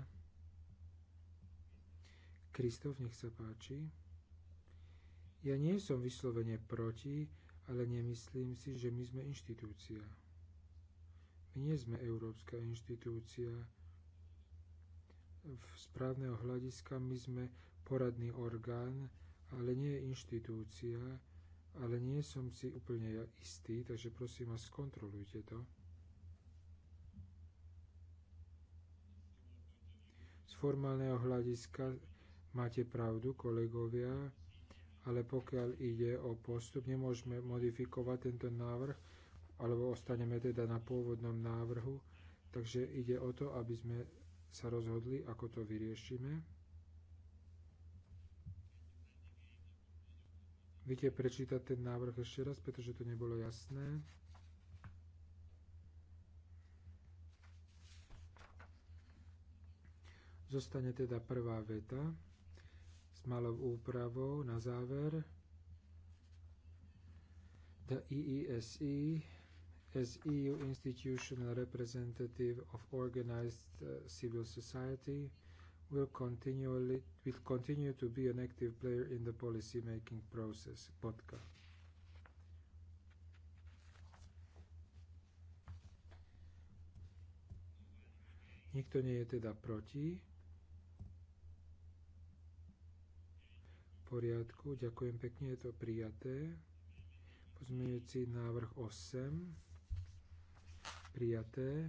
Kristof, nech sa páči. Ja nie som vyslovene proti, ale nemyslím si, že my sme inštitúcia. My nie sme európska inštitúcia. V správneho hľadiska my sme poradný orgán, ale nie inštitúcia, ale nie som si úplne istý, takže prosím vás, skontrolujte to. Z formálneho hľadiska máte pravdu, kolegovia, ale pokiaľ ide o postup, nemôžeme modifikovať tento návrh, alebo ostaneme teda na pôvodnom návrhu, takže ide o to, aby sme sa rozhodli, ako to vyriešime. Viete prečítať ten návrh ešte raz, pretože to nebolo jasné. Zostane teda prvá veta s malou úpravou na záver. The EESE as e EU e institutional representative of organized uh, civil society will continually will continue to be an active player in the policy making process. podka. Nikto nie je teda proti. V poriadku, ďakujem pekne, je to prijaté. Pozmeňujúci návrh 8. Prijaté.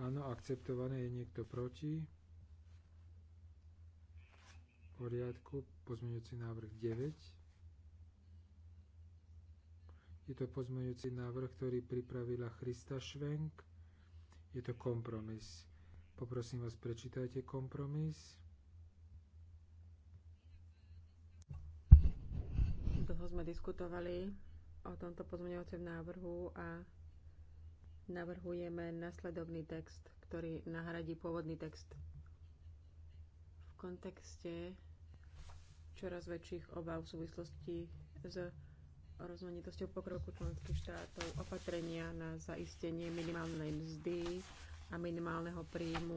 Áno, akceptované je niekto proti poriadku pozmeňujúci návrh 9. Je to pozmeňujúci návrh, ktorý pripravila Christa Švenk. Je to kompromis. Poprosím vás, prečítajte kompromis. Dlho sme diskutovali o tomto pozmeňovacom návrhu a navrhujeme nasledovný text, ktorý nahradí pôvodný text kontexte čoraz väčších obav v súvislosti s rozmanitosťou pokroku členských štátov, opatrenia na zaistenie minimálnej mzdy a minimálneho príjmu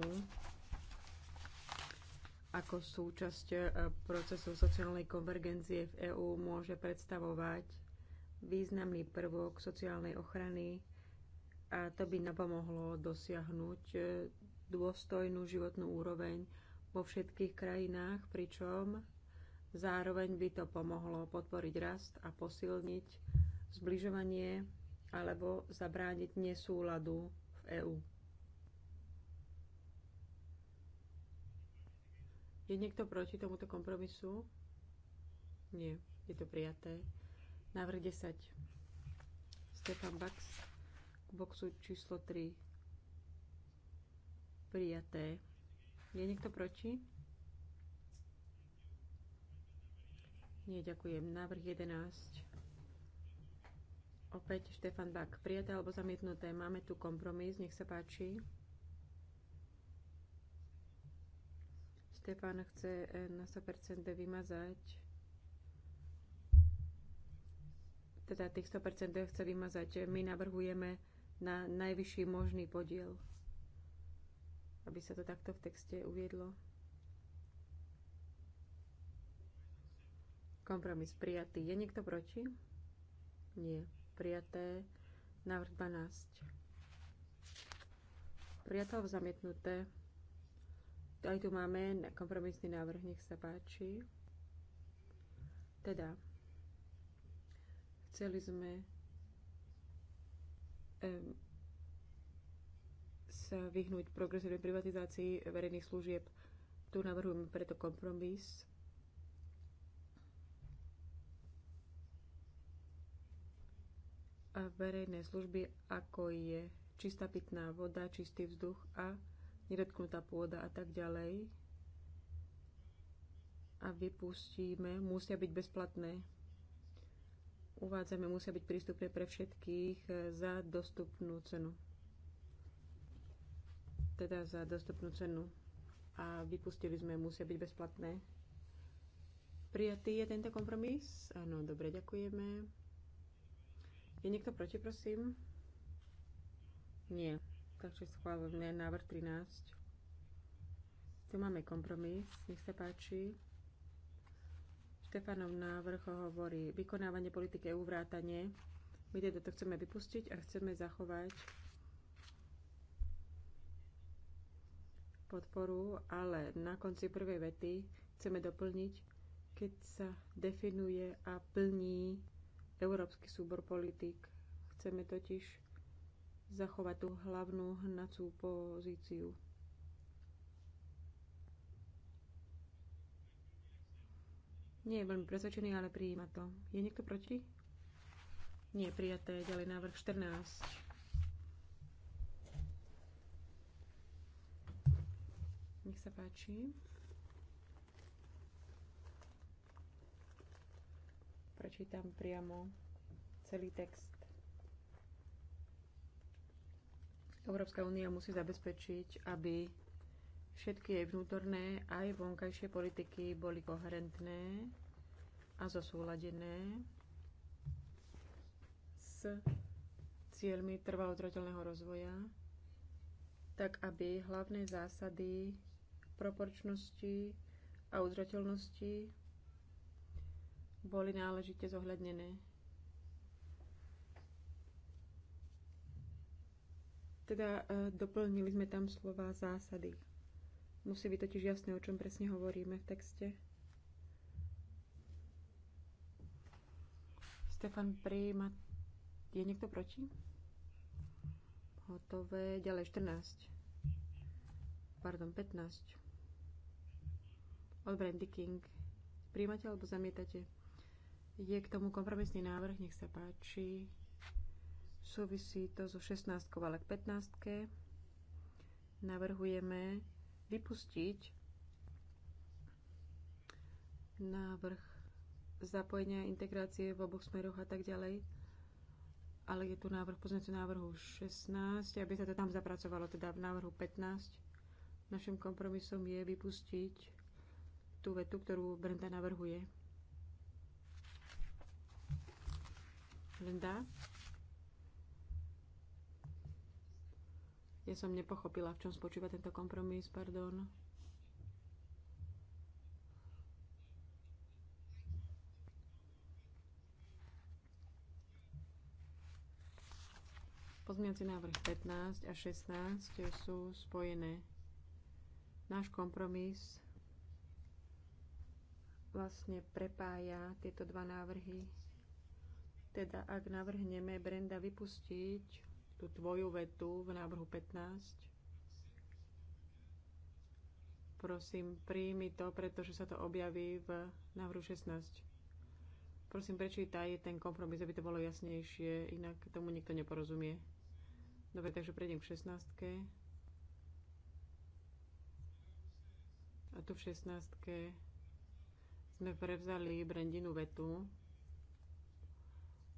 ako súčasť e, procesu sociálnej konvergencie v EÚ môže predstavovať významný prvok sociálnej ochrany a to by napomohlo dosiahnuť e, dôstojnú životnú úroveň vo všetkých krajinách, pričom zároveň by to pomohlo podporiť rast a posilniť zbližovanie alebo zabrániť nesúladu v EÚ. Je niekto proti tomuto kompromisu? Nie, je to prijaté. Návrh 10. Stefan Bax k boxu číslo 3. Prijaté. Je niekto proti? Nie, ďakujem. Návrh 11. Opäť Štefan Bak. Prijaté alebo zamietnuté. Máme tu kompromis. Nech sa páči. Štefan chce eh, na 100% vymazať. Teda tých 100% chce vymazať. My navrhujeme na najvyšší možný podiel aby sa to takto v texte uviedlo. Kompromis prijatý. Je niekto proti? Nie. Prijaté. Návrh 12. Prijatel zamietnuté. Aj tu máme kompromisný návrh, nech sa páči. Teda, chceli sme um, sa vyhnúť progresívnej privatizácii verejných služieb. Tu navrhujem preto kompromis. A verejné služby, ako je čistá pitná voda, čistý vzduch a nedotknutá pôda a tak ďalej. A vypustíme, musia byť bezplatné. Uvádzame, musia byť prístupné pre všetkých za dostupnú cenu teda za dostupnú cenu a vypustili sme, musia byť bezplatné. Prijatý je tento kompromis? Áno, dobre, ďakujeme. Je niekto proti, prosím? Nie. Takže schválené návrh 13. Tu máme kompromis, nech sa páči. Štefanov návrh hovorí vykonávanie politiky EU vrátanie. My teda to chceme vypustiť a chceme zachovať podporu, ale na konci prvej vety chceme doplniť, keď sa definuje a plní európsky súbor politik. Chceme totiž zachovať tú hlavnú hnacú pozíciu. Nie je veľmi presvedčený, ale prijíma to. Je niekto proti? Nie, prijaté. Ďalej návrh 14. Nech sa páči. Prečítam priamo celý text. Európska únia musí zabezpečiť, aby všetky jej vnútorné aj vonkajšie politiky boli koherentné a zosúladené s cieľmi trvalo rozvoja, tak aby hlavné zásady proporčnosti a udržateľnosti boli náležite zohľadnené. Teda e, doplnili sme tam slova zásady. Musí byť totiž jasné, o čom presne hovoríme v texte. Stefan prijíma. Je niekto proti? Hotové. Ďalej 14. Pardon, 15 od Brandy King. Príjmate alebo zamietate? Je k tomu kompromisný návrh, nech sa páči. Súvisí to so 16 ale k 15 navrhujeme vypustiť návrh zapojenia, integrácie v oboch smeroch a tak ďalej ale je tu návrh pozmeňujúceho návrhu 16, aby sa to tam zapracovalo, teda v návrhu 15. Našim kompromisom je vypustiť tú vetu, ktorú Brenda navrhuje. Brenda? Ja som nepochopila, v čom spočíva tento kompromis, pardon. Pozmiaci návrh 15 a 16 sú spojené. Náš kompromis vlastne prepája tieto dva návrhy. Teda ak navrhneme Brenda vypustiť tú tvoju vetu v návrhu 15, prosím, príjmi to, pretože sa to objaví v návrhu 16. Prosím, prečítaj ten kompromis, aby to bolo jasnejšie, inak tomu nikto neporozumie. Dobre, takže prejdem k 16. A tu v 16 sme prevzali Brandinu vetu,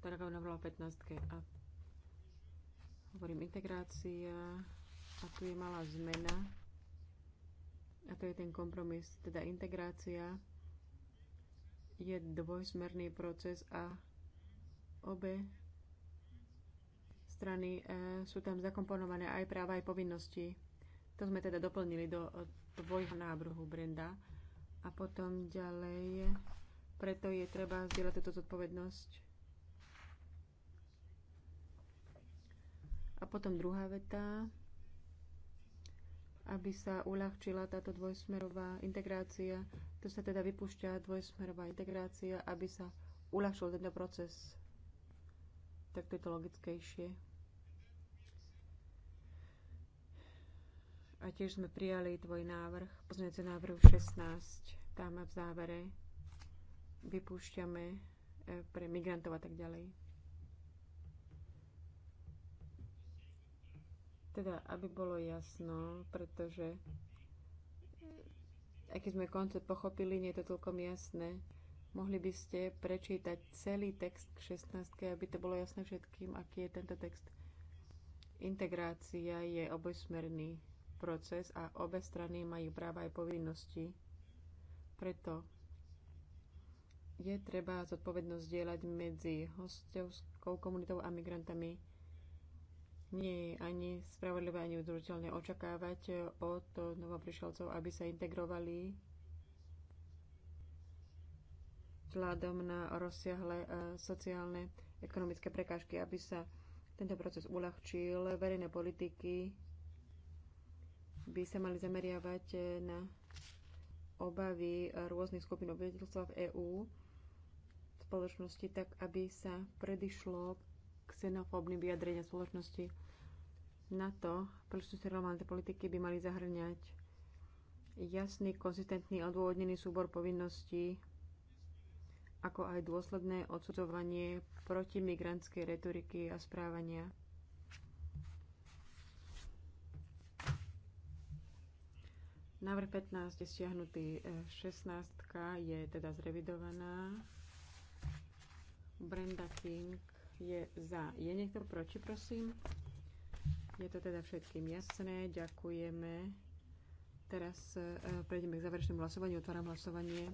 tak ako bola 15. A hovorím integrácia a tu je malá zmena a to je ten kompromis, teda integrácia je dvojsmerný proces a obe strany e, sú tam zakomponované aj práva, aj povinnosti. To sme teda doplnili do tvojho e, návrhu, Brenda a potom ďalej. Preto je treba zdieľať túto zodpovednosť. A potom druhá veta, aby sa uľahčila táto dvojsmerová integrácia. Tu sa teda vypúšťa dvojsmerová integrácia, aby sa uľahčil tento proces. Tak to je to logickejšie. A tiež sme prijali tvoj návrh, pozmeňujúci návrh 16, tam v závere vypúšťame e, pre migrantov a tak ďalej. Teda, aby bolo jasno, pretože e, keď sme koncept pochopili, nie je to celkom jasné. Mohli by ste prečítať celý text k 16, aby to bolo jasné všetkým, aký je tento text. Integrácia je obojsmerný proces a obe strany majú práva aj povinnosti. Preto je treba zodpovednosť dielať medzi hostovskou komunitou a migrantami. Nie je ani spravodlivé, ani udržateľné očakávať od novoprišelcov, aby sa integrovali vzhľadom na rozsiahle eh, sociálne ekonomické prekážky, aby sa tento proces uľahčil. Verejné politiky by sa mali zameriavať e, na obavy rôznych skupín obyvateľstva v EÚ v spoločnosti, tak aby sa predišlo xenofóbnym vyjadrenia spoločnosti. Na to príslušnosti relevantné politiky by mali zahrňať jasný, konzistentný a odôvodnený súbor povinností, ako aj dôsledné odsudzovanie protimigrantskej retoriky a správania Návrh 15 je stiahnutý, 16 e, je teda zrevidovaná. Brenda King je za. Je niekto proti, prosím? Je to teda všetkým jasné. Ďakujeme. Teraz e, prejdeme k záverečnému hlasovaniu. Otváram hlasovanie.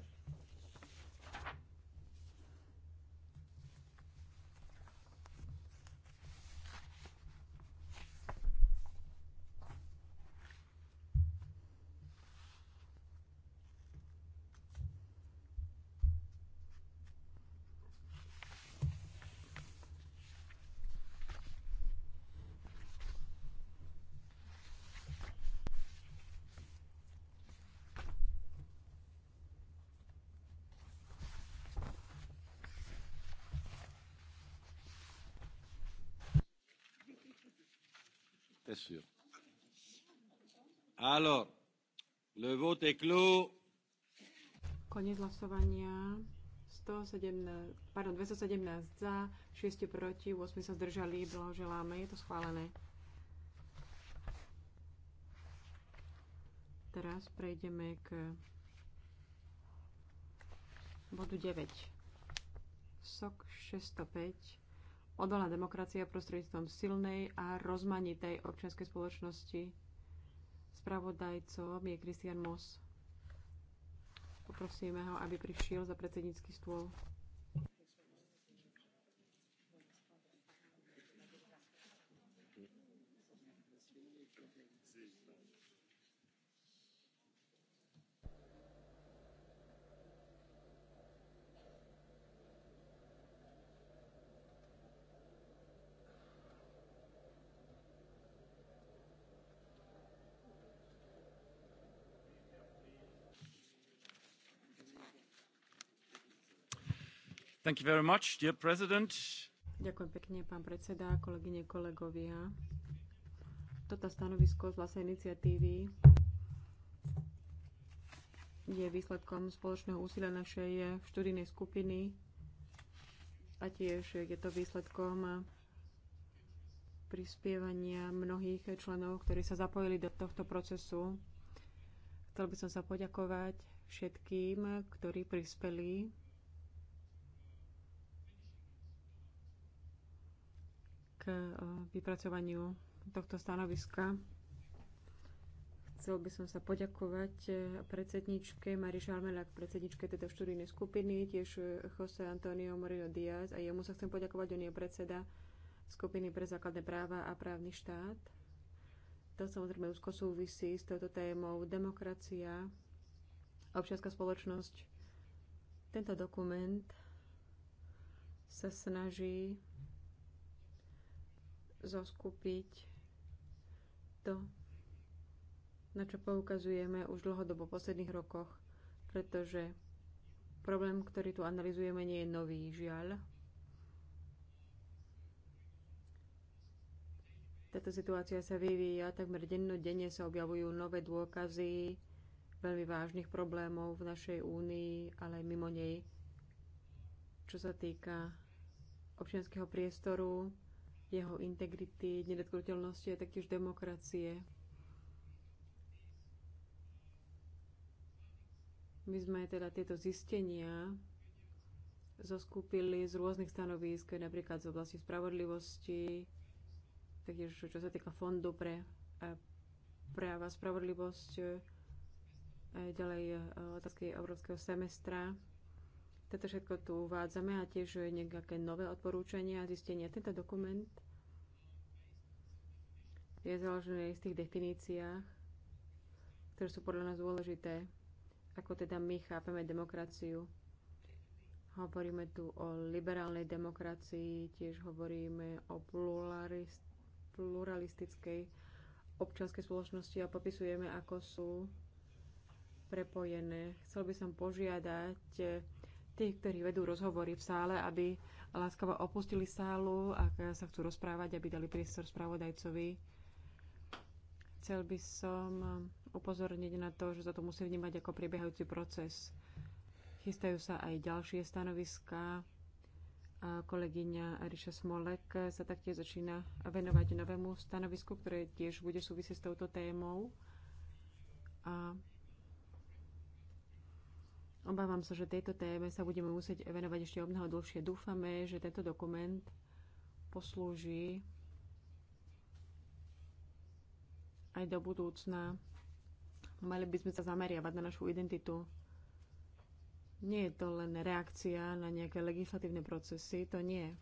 sûr. Alors, le vote est clos. Koniec hlasovania. 117, pardon, 217 za, 6 proti, 8 sa zdržali. Blahoželáme, je to schválené. Teraz prejdeme k bodu 9. SOK 605 odolná demokracia prostredníctvom silnej a rozmanitej občianskej spoločnosti. Spravodajcom je Christian Moss. Poprosíme ho, aby prišiel za predsednícky stôl. Ďakujem pekne, pán predseda, kolegyne, kolegovia. Toto stanovisko z vlastnej iniciatívy je výsledkom spoločného úsilia našej študijnej skupiny a tiež je to výsledkom prispievania mnohých členov, ktorí sa zapojili do tohto procesu. Chcel by som sa poďakovať všetkým, ktorí prispeli Eh, vypracovaniu tohto stanoviska. Chcel by som sa poďakovať eh, predsedničke Mari Šalmelák, predsedničke tejto študijnej skupiny, tiež eh, Jose Antonio Moreno Díaz a jemu sa chcem poďakovať, on je predseda skupiny pre základné práva a právny štát. To samozrejme úzko súvisí s touto témou demokracia, občianská spoločnosť. Tento dokument sa snaží zoskupiť to, na čo poukazujeme už dlhodobo v posledných rokoch, pretože problém, ktorý tu analizujeme, nie je nový, žiaľ. Táto situácia sa vyvíja, takmer dennodenne sa objavujú nové dôkazy veľmi vážnych problémov v našej únii, ale aj mimo nej, čo sa týka občianského priestoru, jeho integrity, nedotknutelnosti a taktiež demokracie. My sme teda tieto zistenia zoskúpili z rôznych stanovísk, napríklad z oblasti spravodlivosti, taktiež čo sa týka fondu pre eh, práva spravodlivosť, eh, ďalej eh, otázky európskeho semestra toto všetko tu uvádzame a tiež nejaké nové odporúčania a zistenia. Tento dokument je založený v tých definíciách, ktoré sú podľa nás dôležité, ako teda my chápeme demokraciu. Hovoríme tu o liberálnej demokracii, tiež hovoríme o pluralistickej občianskej spoločnosti a popisujeme, ako sú prepojené. Chcel by som požiadať tí, ktorí vedú rozhovory v sále, aby láskavo opustili sálu, ak sa chcú rozprávať, aby dali priestor spravodajcovi. Chcel by som upozorniť na to, že sa to musí vnímať ako prebiehajúci proces. Chystajú sa aj ďalšie stanoviská. kolegyňa Ariša Smolek sa taktiež začína venovať novému stanovisku, ktoré tiež bude súvisieť s touto témou. A Obávam sa, že tejto téme sa budeme musieť venovať ešte o mnoho dlhšie. Dúfame, že tento dokument poslúži aj do budúcna. Mali by sme sa zameriavať na našu identitu. Nie je to len reakcia na nejaké legislatívne procesy, to nie.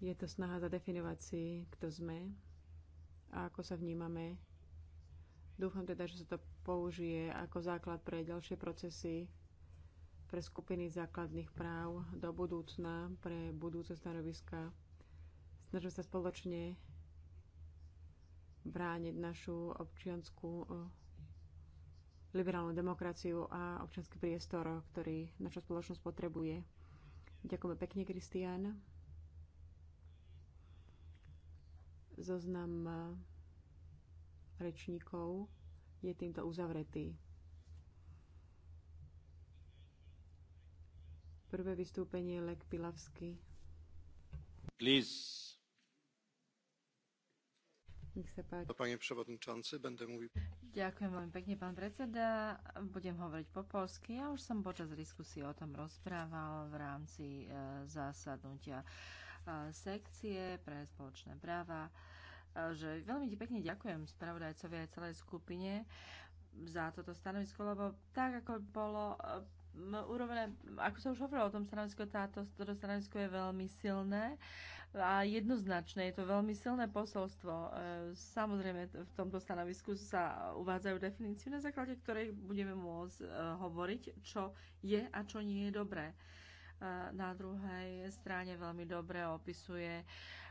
Je to snaha zadefinovať si, kto sme a ako sa vnímame. Dúfam teda, že sa to použije ako základ pre ďalšie procesy pre skupiny základných práv do budúcna, pre budúce stanoviska. Snažíme sa spoločne brániť našu občianskú eh, liberálnu demokraciu a občianský priestor, ktorý naša spoločnosť potrebuje. Ďakujeme pekne, Kristián. Zoznam eh, rečníkov je týmto uzavretý. Prvé vystúpenie Lek Pilavsky. Please. Nech sa páči. Pane przewodniczący, będę mówił. Ďakujem veľmi pekne, pán predseda. Budem hovoriť po polsky. Ja už som počas diskusie o tom rozprával v rámci e, zasadnutia e, sekcie pre spoločné práva. E, že veľmi ti pekne ďakujem spravodajcovi aj celej skupine za toto stanovisko, lebo tak, ako bolo urobené, ako sa už hovorilo o tom stanovisku, táto, toto stanovisko je veľmi silné a jednoznačné, je to veľmi silné posolstvo. E, samozrejme, v tomto stanovisku sa uvádzajú definíciu, na základe ktorej budeme môcť e, hovoriť, čo je a čo nie je dobré. E, na druhej strane veľmi dobre opisuje uh,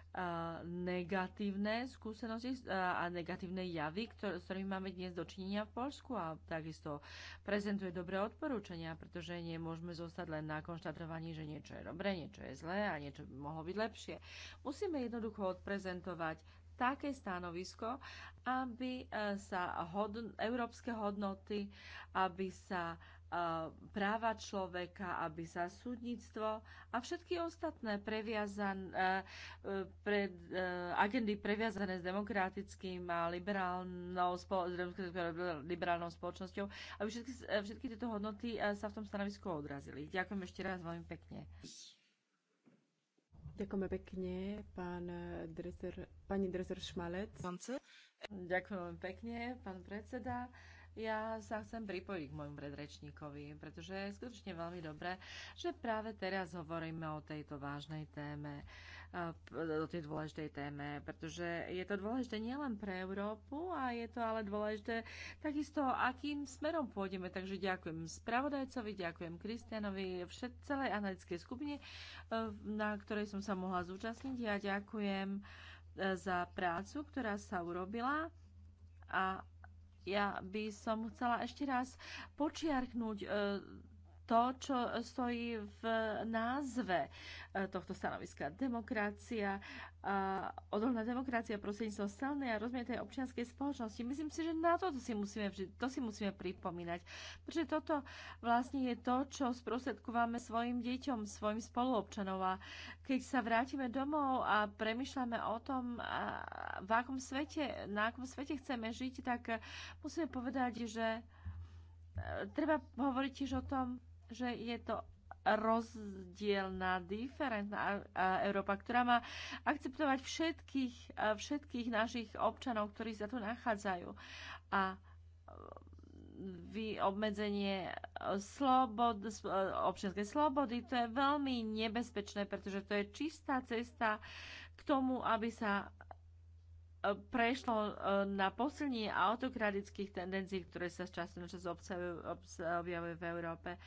negatívne skúsenosti a negatívne javy, ktor- s ktorými máme dnes dočinenia v Polsku a takisto prezentuje dobré odporúčania, pretože nemôžeme zostať len na konštatovaní, že niečo je dobré, niečo je zlé a niečo by mohlo byť lepšie. Musíme jednoducho odprezentovať také stanovisko, aby e, sa hodn- európske hodnoty, aby sa uh, práva človeka, aby sa súdnictvo a všetky ostatné previazan, e, e, pre, e, agendy previazané s demokratickým a liberálnou, liberálnou spoločnosťou, aby všetky, všetky tieto hodnoty sa v tom stanovisku odrazili. Ďakujem ešte raz veľmi pekne. Ďakujeme pekne, pán Drezer, pani Drezer Šmalec. Ďakujem pekne, pán predseda. Ja sa chcem pripojiť k môjmu predrečníkovi, pretože je skutočne veľmi dobré, že práve teraz hovoríme o tejto vážnej téme, o tej dôležitej téme, pretože je to dôležité nielen pre Európu a je to ale dôležité takisto, akým smerom pôjdeme. Takže ďakujem spravodajcovi, ďakujem Kristianovi, všet, celej analytickej skupine, e, na ktorej som sa mohla zúčastniť. Ja ďakujem e, za prácu, ktorá sa urobila a ja by som chcela ešte raz počiarknúť e, to, čo stojí v názve e, tohto stanoviska. Demokracia, odolná demokracia prostredníctvom silnej a rozmietej občianskej spoločnosti. Myslím si, že na toto si musíme, to si musíme pripomínať, pretože toto vlastne je to, čo sprostredkováme svojim deťom, svojim spoluobčanov a keď sa vrátime domov a premyšľame o tom, v akom svete, na akom svete chceme žiť, tak musíme povedať, že e, treba hovoriť tiež o tom, že je to rozdielna, diferentná Európa, ktorá má akceptovať všetkých, všetkých našich občanov, ktorí sa tu nachádzajú. A e, vy, obmedzenie e, slobod, e, občianskej slobody, to je veľmi nebezpečné, pretože to je čistá cesta k tomu, aby sa prešlo na posilnenie autokratických tendencií, ktoré sa z času na čas objavujú v Európe.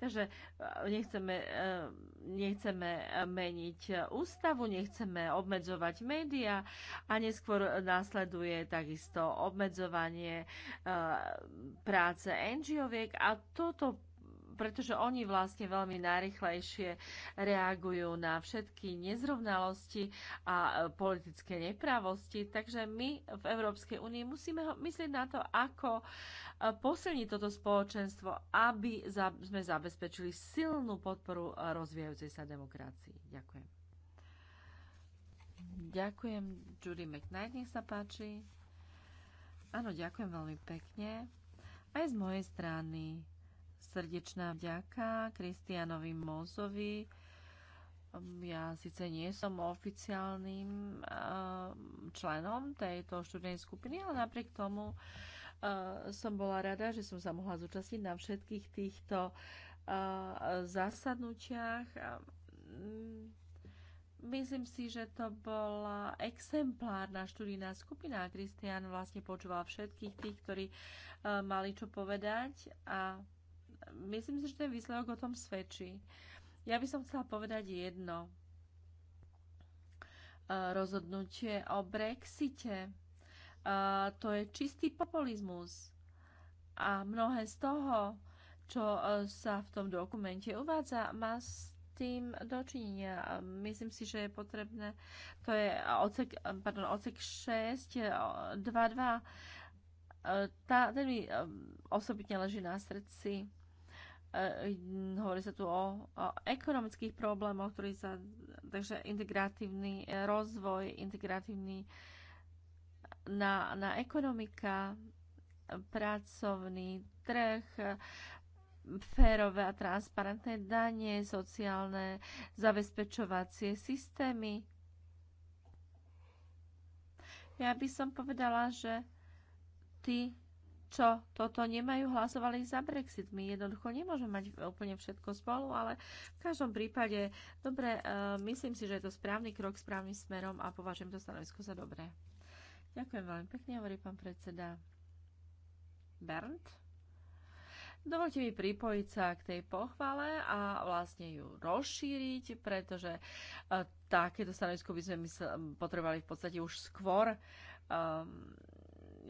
Takže e, nechceme, e, nechceme meniť ústavu, nechceme obmedzovať médiá a neskôr následuje takisto obmedzovanie e, práce NGO-viek a toto pretože oni vlastne veľmi najrychlejšie reagujú na všetky nezrovnalosti a e, politické nepravosti. Takže my v Európskej únii musíme myslieť na to, ako e, posilniť toto spoločenstvo, aby sme zabezpečili silnú podporu e, rozvíjajúcej sa demokracii. Ďakujem. Ďakujem, Judy McKnight, nech sa páči. Áno, ďakujem veľmi pekne. Aj z mojej strany Srdečná vďaka Kristianovi Mozovi. Ja síce nie som oficiálnym eh, členom tejto študnej skupiny, ale napriek tomu eh, som bola rada, že som sa mohla zúčastniť na všetkých týchto eh, zasadnutiach. Myslím si, že to bola exemplárna študijná skupina. Kristian vlastne počúval všetkých tých, ktorí mali čo povedať a myslím si, že ten výsledok o tom svedčí. Ja by som chcela povedať jedno. E, rozhodnutie o Brexite. E, to je čistý populizmus. A mnohé z toho, čo e, sa v tom dokumente uvádza, má s tým dočinenia. Myslím si, že je potrebné, to je odsek, pardon, ocek 6, 2, 2, tá, ten mi osobitne leží na srdci. Eh, hovorí sa tu o, o ekonomických problémoch, ktorý sa, takže integratívny eh, rozvoj, integratívny na, na ekonomika, pracovný trh, férové a transparentné danie, sociálne zabezpečovacie systémy. Ja by som povedala, že tí čo toto nemajú, hlasovali za Brexit. My jednoducho nemôžeme mať úplne všetko spolu, ale v každom prípade, dobre, uh, myslím si, že je to správny krok správnym smerom a považujem to stanovisko za dobré. Ďakujem veľmi pekne, hovorí pán predseda Bernd. Dovolte mi pripojiť sa k tej pochvale a vlastne ju rozšíriť, pretože uh, takéto stanovisko by sme potrebovali v podstate už skôr. Um,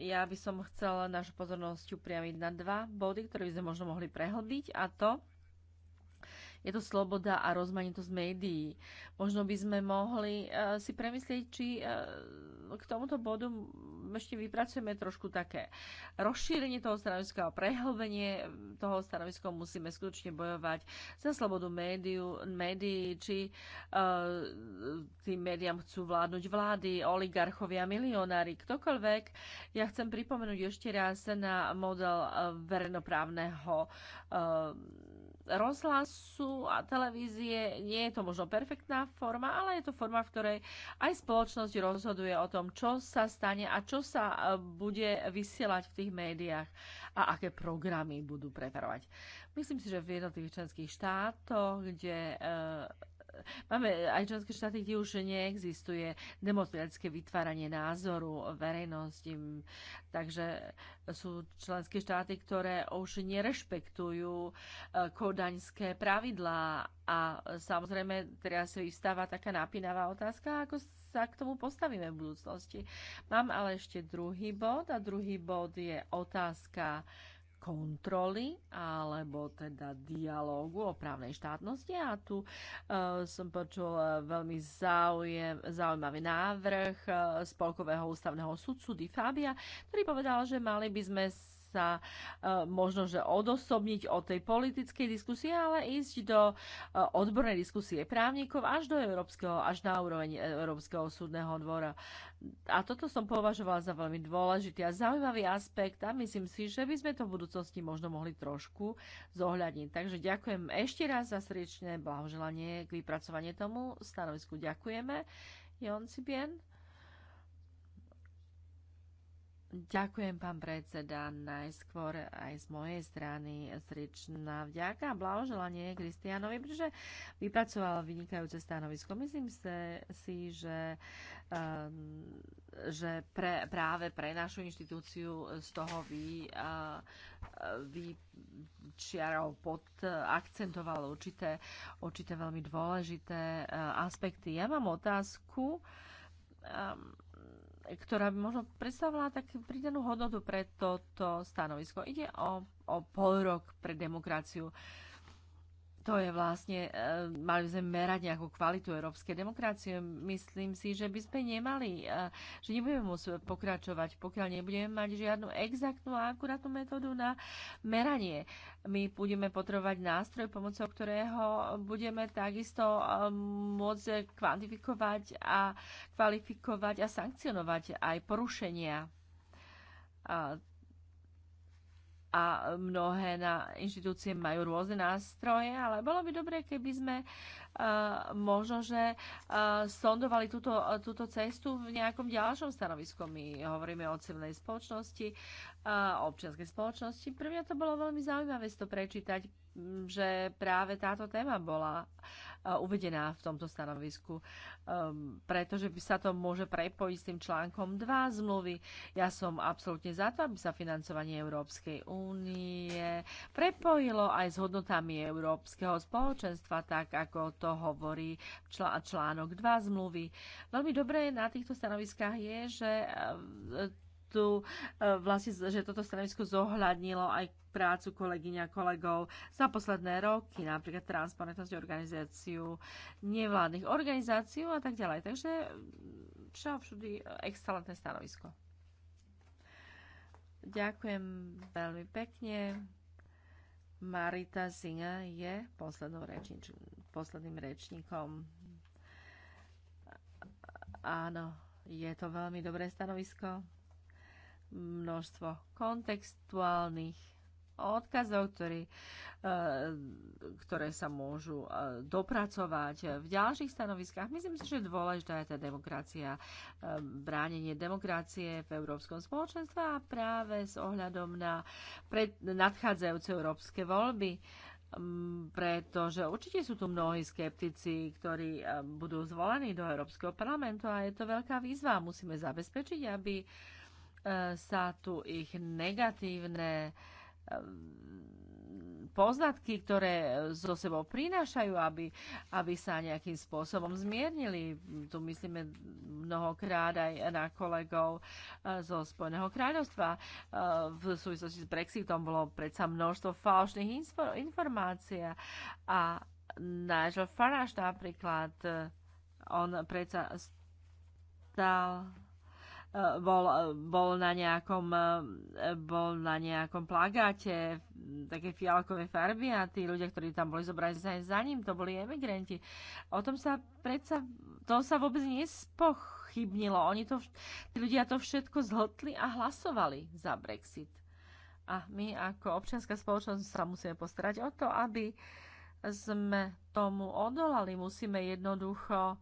ja by som chcela našu pozornosť upriamiť na dva body, ktoré by sme možno mohli prehlbiť a to je to sloboda a rozmanitosť médií. Možno by sme mohli uh, si premyslieť, či uh, k tomuto bodu ešte vypracujeme trošku také rozšírenie toho stanoviska a prehlbenie mm, toho stanoviska. Musíme skutočne bojovať za slobodu médiu, médií, či uh, tým médiám chcú vládnuť vlády, oligarchovia, milionári, ktokoľvek. Ja chcem pripomenúť ešte raz na model verejnoprávneho rozhlasu a televízie nie je to možno perfektná forma, ale je to forma, v ktorej aj spoločnosť rozhoduje o tom, čo sa stane a čo sa e, bude vysielať v tých médiách a aké programy budú preferovať. Myslím si, že v jednotlivých členských štátoch, kde e, máme aj členské štáty, kde už neexistuje demokratické vytváranie názoru verejnosti. Takže sú členské štáty, ktoré už nerešpektujú e, kodaňské pravidlá a samozrejme teraz sa vystáva taká napínavá otázka, ako sa k tomu postavíme v budúcnosti. Mám ale ešte druhý bod a druhý bod je otázka kontroly alebo teda dialógu o právnej štátnosti a tu uh, som počul veľmi záujem, zaujímavý návrh uh, Spolkového ústavného sudcu Di Fabia, ktorý povedal, že mali by sme sa e, možno, že odosobniť od tej politickej diskusie, ale ísť do e, odbornej diskusie právnikov až do európskeho, až na úroveň Európskeho súdneho dvora. A toto som považovala za veľmi dôležitý a zaujímavý aspekt a myslím si, že by sme to v budúcnosti možno mohli trošku zohľadniť. Takže ďakujem ešte raz za srdečné blahoželanie k vypracovanie tomu stanovisku. Ďakujeme. Jon Cibien. Ďakujem, pán predseda. Najskôr aj z mojej strany srdečná vďaka a blahoželanie Kristianovi, pretože vypracoval vynikajúce stanovisko. Myslím si, že, ehm, že pre, práve pre našu inštitúciu z toho vy, vyčiarov pod, akcentoval určité, určité veľmi dôležité e, aspekty. Ja mám otázku ehm, ktorá by možno predstavila takú pridanú hodnotu pre toto stanovisko. Ide o, o pol rok pre demokraciu. Uh, to je vlastne, e, mali by sme merať nejakú kvalitu európskej demokracie. Myslím si, že by sme nemali, e, že nebudeme môcť pokračovať, pokiaľ nebudeme mať žiadnu exaktnú a akurátnu metódu na meranie. My budeme potrebovať nástroj, pomocou ktorého budeme takisto e, môcť kvantifikovať a kvalifikovať a sankcionovať aj porušenia a mnohé na inštitúcie majú rôzne nástroje, ale bolo by dobre, keby sme uh, možno, že uh, sondovali túto, túto cestu v nejakom ďalšom stanovisku. My hovoríme o civilnej spoločnosti, uh, občianskej spoločnosti. Pre mňa to bolo veľmi zaujímavé si to prečítať, že práve táto téma bola e, uvedená v tomto stanovisku, e, pretože by sa to môže prepojiť s tým článkom 2 zmluvy. Ja som absolútne za to, aby sa financovanie Európskej únie prepojilo aj s hodnotami Európskeho spoločenstva, tak ako to hovorí článok 2 zmluvy. Veľmi dobré na týchto stanoviskách je, že e, tu vlastne, že toto stanovisko zohľadnilo aj prácu kolegyň a kolegov za posledné roky, napríklad transparentnosť organizáciu nevládnych organizácií a tak ďalej. Takže čo všudy excelentné stanovisko. Ďakujem veľmi pekne. Marita Zinga je rečnič posledným rečníkom. Áno, je to veľmi dobré stanovisko. Množstvo kontextuálnych odkazov, ktorý, e, ktoré sa môžu e, dopracovať v ďalších stanoviskách. Myslím si, že dôležitá je tá demokracia, e, bránenie demokracie v Európskom spoločenstve a práve s ohľadom na pred, nadchádzajúce európske voľby pretože určite sú tu mnohí skeptici, ktorí budú zvolení do Európskeho parlamentu a je to veľká výzva. Musíme zabezpečiť, aby sa tu ich negatívne uh, poznatky, ktoré zo sebou prinášajú, aby, aby sa nejakým spôsobom zmiernili. Tu myslíme mnohokrát aj na kolegov eh, zo Spojeného kráľovstva. Eh, v súvislosti s Brexitom bolo predsa množstvo falošných informácií a Nigel Farage napríklad, eh, on predsa stal bol, bol, na nejakom, bol na nejakom plagáte také fialkové farby a tí ľudia, ktorí tam boli zobrazení aj za ním, to boli emigranti. O tom sa predsa, to sa vôbec nespochybnilo. Oni to, tí ľudia to všetko zhotli a hlasovali za Brexit. A my ako občianská spoločnosť sa musíme postarať o to, aby sme tomu odolali. Musíme jednoducho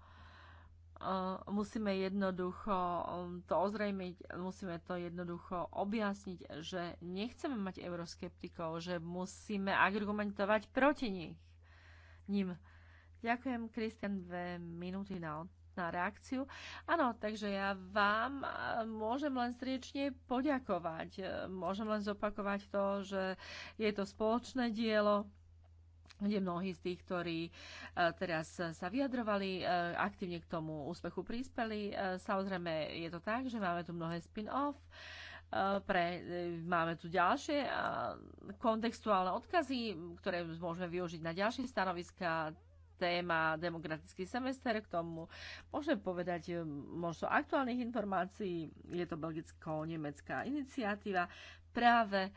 Eh, musíme jednoducho mm, to ozrejmiť, musíme to jednoducho objasniť, že nechceme mať euroskeptikov, že musíme argumentovať proti nich. Ním. Ďakujem, Kristian, dve minúty na na reakciu. Áno, takže ja vám eh, môžem len striečne poďakovať. Eh, môžem len zopakovať to, že je to spoločné dielo, kde mnohí z tých, ktorí e, teraz sa vyjadrovali, e, aktívne k tomu úspechu prispeli. E, samozrejme je to tak, že máme tu mnohé spin-off, pre, máme tu ďalšie kontextuálne odkazy, ktoré môžeme využiť na ďalšie stanoviska, téma demokratický semester k tomu. Môžem povedať možno aktuálnych informácií. Je to belgicko-nemecká iniciatíva práve uh,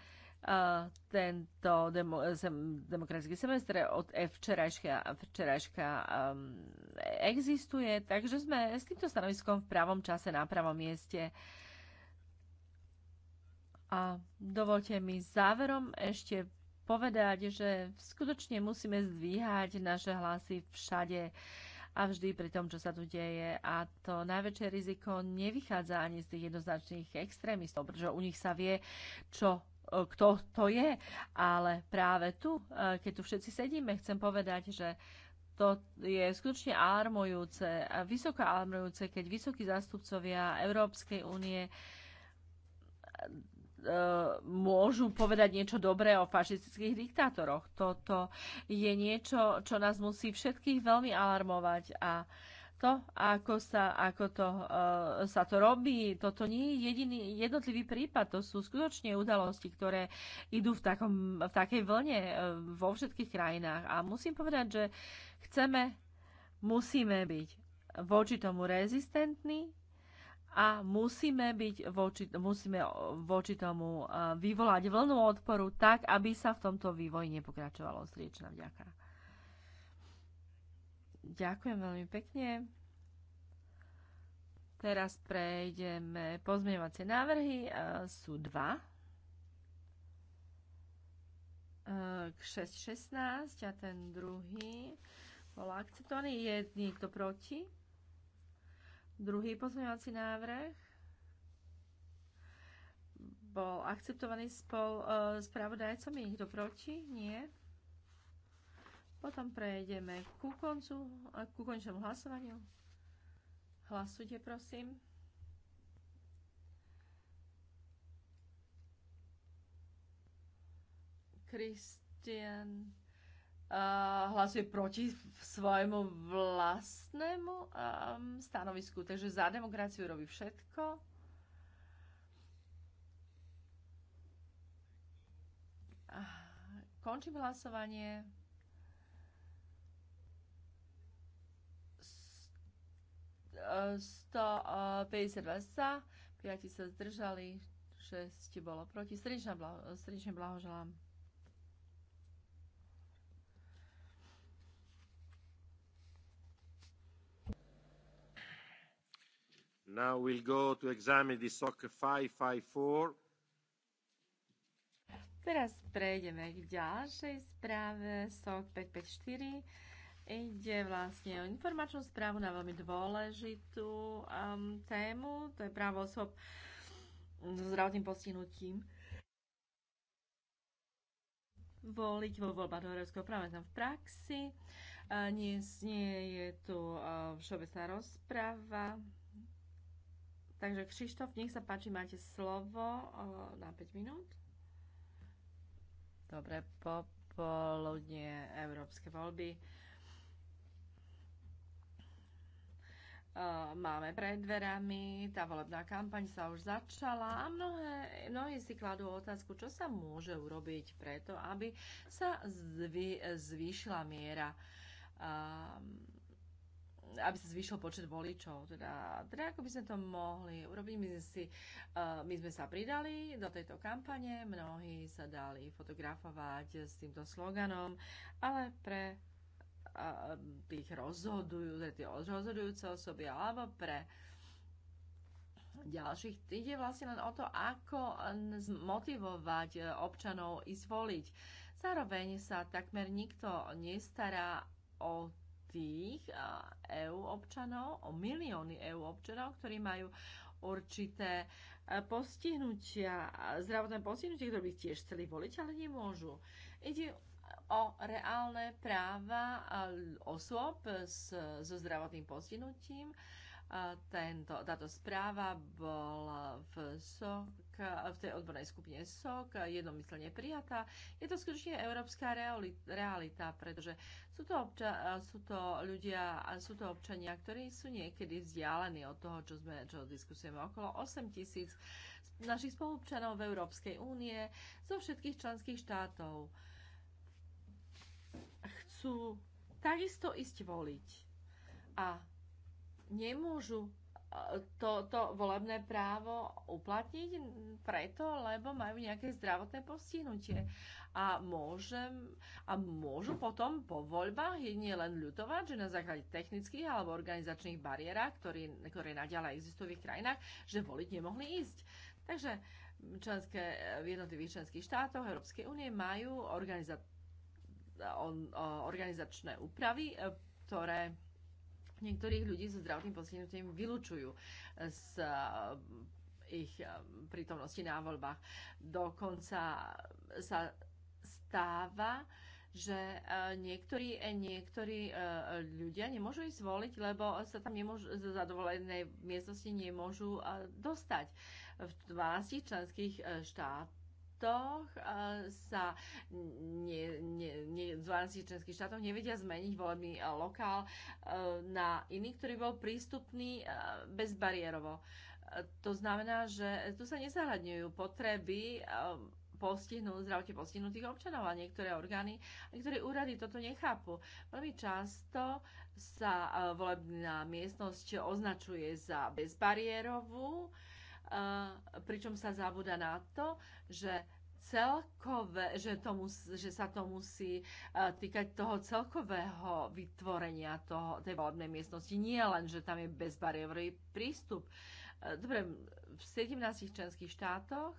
tento demo, sem, demokratický semestr od včerajška, včerajška um, existuje, takže sme s týmto stanoviskom v pravom čase na pravom mieste. A dovolte mi záverom ešte povedať, že skutočne musíme zdvíhať naše hlasy všade a vždy pri tom, čo sa tu deje. A to najväčšie riziko nevychádza ani z tých jednoznačných extrémistov, pretože u nich sa vie, čo E, kto to je. Ale práve tu, e, keď tu všetci sedíme, chcem povedať, že to je skutočne alarmujúce, vysoko alarmujúce, keď vysokí zástupcovia Európskej únie e, môžu povedať niečo dobré o fašistických diktátoroch. Toto je niečo, čo nás musí všetkých veľmi alarmovať a uh, to, ako, sa, ako to, uh, sa to robí, toto nie je jediný jednotlivý prípad, to sú skutočne udalosti, ktoré idú v, takom, v takej vlne uh, vo všetkých krajinách. A musím povedať, že chceme, musíme byť voči tomu rezistentní a musíme, byť voči, musíme voči tomu uh, vyvolať vlnu odporu tak, aby sa v tomto vývoji nepokračovalo. Sriečna vďaka. Ďakujem veľmi pekne. Teraz prejdeme pozmievacie návrhy. E, sú dva. E, k 6.16 a ten druhý bol akceptovaný. Je niekto proti? Druhý pozmeňovací návrh bol akceptovaný spol, e, spravodajcom. Je niekto proti? Nie. Potom prejdeme ku koncu, ku končnému hlasovaniu. Hlasujte, prosím. Kristian uh, hlasuje proti svojmu vlastnému um, stanovisku, takže za demokraciu robí všetko. Končím hlasovanie. 152 za, 5 sa zdržali, 6 bolo proti. Srdečne, blaho, srdečne blahoželám. Now we'll go to examine the SOC 554. Teraz prejdeme k ďalšej správe SOC 554 Ide vlastne o informačnú správu na veľmi dôležitú um, tému, to je právo osob so zdravotným postihnutím voliť vo voľbách do Európskeho parlamentu v praxi. Uh, nie, nie je tu uh, všeobecná rozprava. Takže Krištof, nech sa páči, máte slovo uh, na 5 minút. Dobre, popoludne európske voľby Eh, máme pred dverami, tá volebná kampaň sa už začala a mnohé, mnohí si kladú otázku, čo sa môže urobiť preto, aby sa zvy, zvýšila miera um, aby sa zvýšil počet voličov. Teda, teda ako by sme to mohli urobiť? My sme, si, uh, my sme sa pridali do tejto kampane, mnohí sa dali fotografovať s týmto sloganom, ale pre tých rozhodujú, tie rozhodujúce osoby alebo pre ďalších. Ide vlastne len o to, ako zmotivovať občanov ísť voliť. Zároveň sa takmer nikto nestará o tých EU občanov, o milióny EU občanov, ktorí majú určité e, postihnutia, zdravotné postihnutie, ktoré by tiež chceli voliť, ale nemôžu. Ide o reálne práva osôb s, so zdravotným postihnutím. Tento, táto správa bola v SOK, v tej odbornej skupine SOK jednomyselne prijatá. Je to skutočne európska realita, pretože sú to, obča, sú to ľudia, sú to občania, ktorí sú niekedy vzdialení od toho, čo, sme, čo diskusujeme. Okolo 8 tisíc našich spolupčanov v Európskej únie zo všetkých členských štátov chcú takisto ísť voliť. A nemôžu e, to, to volebné právo uplatniť preto, lebo majú nejaké zdravotné postihnutie. A, môžem, a môžu potom po voľbách jedine len ľutovať, že na základe technických alebo organizačných bariérach, ktorý, ktoré naďalej existujú v ich krajinách, že voliť nemohli ísť. Takže členské, v jednotlivých členských štátoch Európskej únie majú organizat organizačné úpravy, e, ktoré niektorých ľudí so zdravotným postihnutím vylúčujú z e, ich e, prítomnosti na voľbách. Dokonca sa stáva, že niektorí, niektorí ľudia nemôžu ísť voliť, lebo sa tam nemôžu, z zadovolenej miestnosti nemôžu dostať. V 12 členských štát, štátoch eh, sa nie, nie, nie, 12 členských štátoch nevedia zmeniť volebný eh, lokál eh, na iný, ktorý bol prístupný bezbariérovo. To znamená, že tu sa nezahľadňujú potreby postihnú, zdravotne postihnutých občanov a niektoré orgány a niektoré úrady toto nechápu. Veľmi často sa volebná miestnosť označuje za bezbariérovú, Eh, pričom sa zabúda na to, že celkové, že, to mus, že sa to musí eh, týkať toho celkového vytvorenia toho, tej volebnej miestnosti. Nie len, že tam je bezbariérový prístup. Eh, dobre, v 17 členských štátoch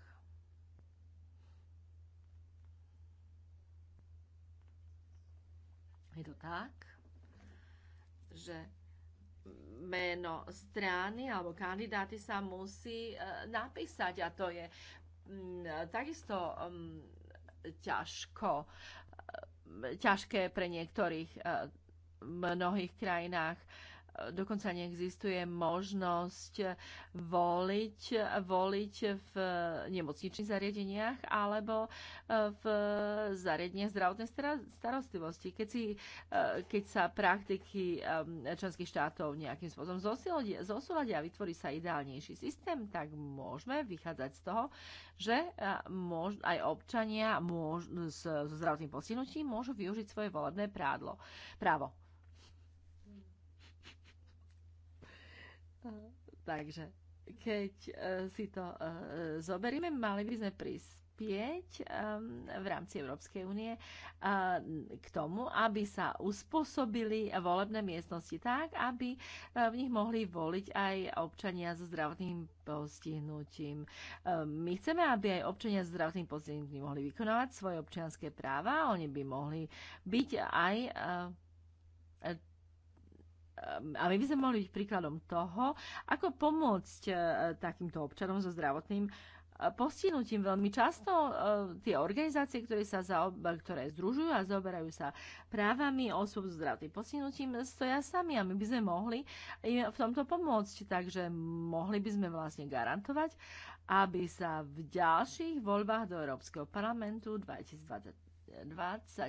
je to tak, že meno strany alebo kandidáty sa musí e, napísať a to je mm, takisto mm, ťažko, e, ťažké pre niektorých v e, mnohých krajinách dokonca neexistuje možnosť voliť, voliť v nemocničných zariadeniach alebo e, v zariadeniach zdravotnej starostlivosti. Keď, si, e, keď sa praktiky e, členských štátov nejakým spôsobom zosúľadia a vytvorí sa ideálnejší systém, tak môžeme vychádzať z toho, že aj občania môž, s, so zdravotným postihnutím môžu využiť svoje volebné prádlo, právo. Takže keď e, si to e, zoberieme, mali by sme prispieť e, v rámci Európskej únie k tomu, aby sa uspôsobili volebné miestnosti tak, aby v nich mohli voliť aj občania so zdravotným postihnutím. My chceme, aby aj občania so zdravotným postihnutím mohli vykonávať svoje občianské práva, oni by mohli byť aj Ehm, a my by sme mohli byť príkladom toho, ako pomôcť e, takýmto občanom so zdravotným e, postihnutím. Veľmi často e, tie organizácie, ktoré, sa zaober, ktoré združujú a zaoberajú sa právami osôb so zdravotným postihnutím, stoja sami a my by sme mohli im v tomto pomôcť. Takže mohli by sme vlastne garantovať, aby sa v ďalších voľbách do Európskeho parlamentu 2020. 24,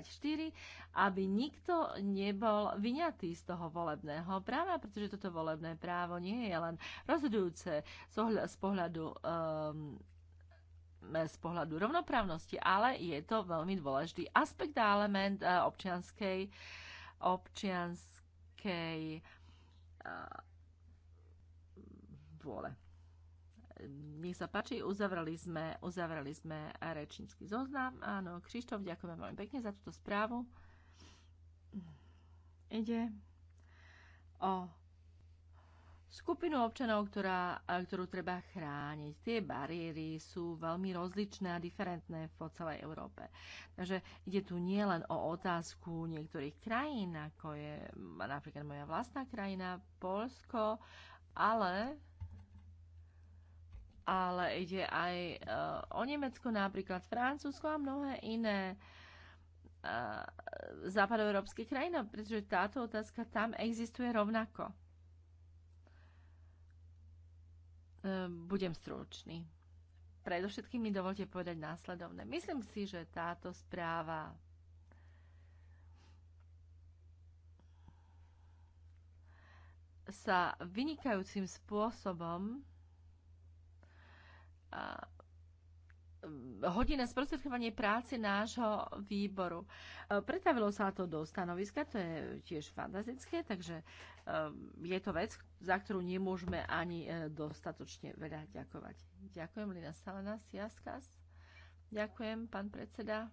aby nikto nebol vyňatý z toho volebného práva, pretože toto volebné právo nie je len rozhodujúce z pohľadu um, z pohľadu rovnoprávnosti, ale je to veľmi dôležitý aspekt a element uh, občianskej, občianskej uh, vôle nech sa páči, uzavrali sme, uzavrali sme rečnícky zoznam. Áno, Krištof, ďakujeme veľmi pekne za túto správu. Ide o skupinu občanov, ktorá, ktorú treba chrániť. Tie bariéry sú veľmi rozličné a diferentné po celej Európe. Takže ide tu nielen o otázku niektorých krajín, ako je napríklad moja vlastná krajina, Polsko, ale ale ide aj eh, o Nemecko, napríklad Francúzsko a mnohé iné eh, západoeurópske krajiny, pretože táto otázka tam existuje rovnako. Eh, budem stručný. Predovšetkým mi dovolte povedať následovné. Myslím si, že táto správa sa vynikajúcim spôsobom hodina sprostredkovanie práce nášho výboru. E, pretavilo sa to do stanoviska, to je tiež fantastické, takže e, je to vec, za ktorú nemôžeme ani e, dostatočne veľa ďakovať. Ďakujem, Lina Salena, Siaskas. Ďakujem, pán predseda.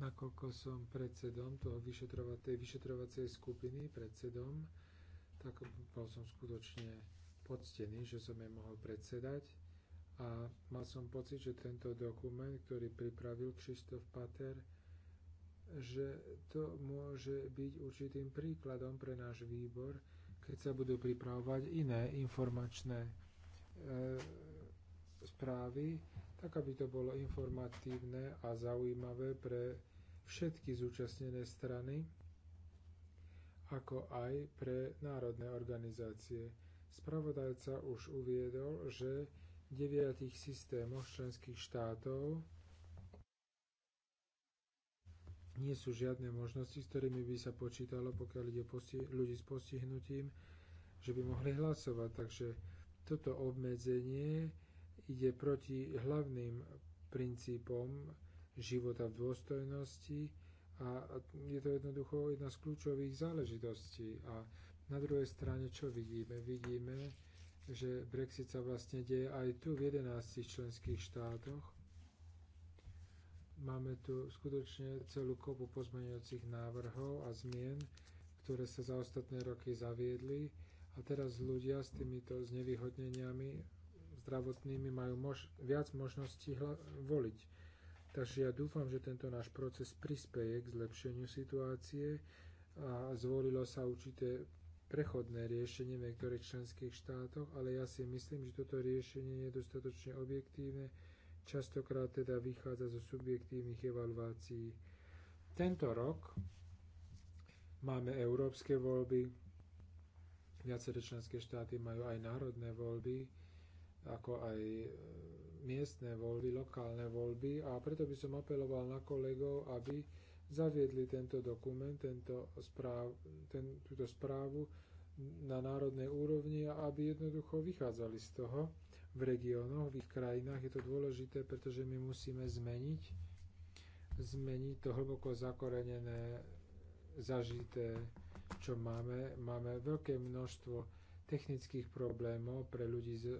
Nakoľko som predsedom toho vyšetrovacej, vyšetrovacej skupiny, predsedom, tak bol som skutočne poctený, že som jej mohol predsedať a mal som pocit, že tento dokument, ktorý pripravil Kristof Pater, že to môže byť určitým príkladom pre náš výbor, keď sa budú pripravovať iné informačné e, správy, tak aby to bolo informatívne a zaujímavé pre všetky zúčastnené strany ako aj pre národné organizácie. Spravodajca už uviedol, že v deviatých systémoch členských štátov nie sú žiadne možnosti, s ktorými by sa počítalo, pokiaľ ide ľudí s postihnutím, že by mohli hlasovať. Takže toto obmedzenie ide proti hlavným princípom života v dôstojnosti, a je to jednoducho jedna z kľúčových záležitostí. A na druhej strane, čo vidíme? Vidíme, že Brexit sa vlastne deje aj tu v 11 členských štátoch. Máme tu skutočne celú kopu pozmeňujúcich návrhov a zmien, ktoré sa za ostatné roky zaviedli. A teraz ľudia s týmito znevýhodneniami zdravotnými majú mož- viac možností voliť Takže ja dúfam, že tento náš proces prispeje k zlepšeniu situácie a zvolilo sa určité prechodné riešenie v niektorých členských štátoch, ale ja si myslím, že toto riešenie je dostatočne objektívne, častokrát teda vychádza zo subjektívnych evaluácií. Tento rok máme európske voľby, viaceré členské štáty majú aj národné voľby, ako aj miestne voľby, lokálne voľby a preto by som apeloval na kolegov, aby zaviedli tento dokument, tento správ, ten, túto správu na národnej úrovni a aby jednoducho vychádzali z toho v regiónoch, v ich krajinách. Je to dôležité, pretože my musíme zmeniť, zmeniť to hlboko zakorenené, zažité, čo máme. Máme veľké množstvo technických problémov pre ľudí s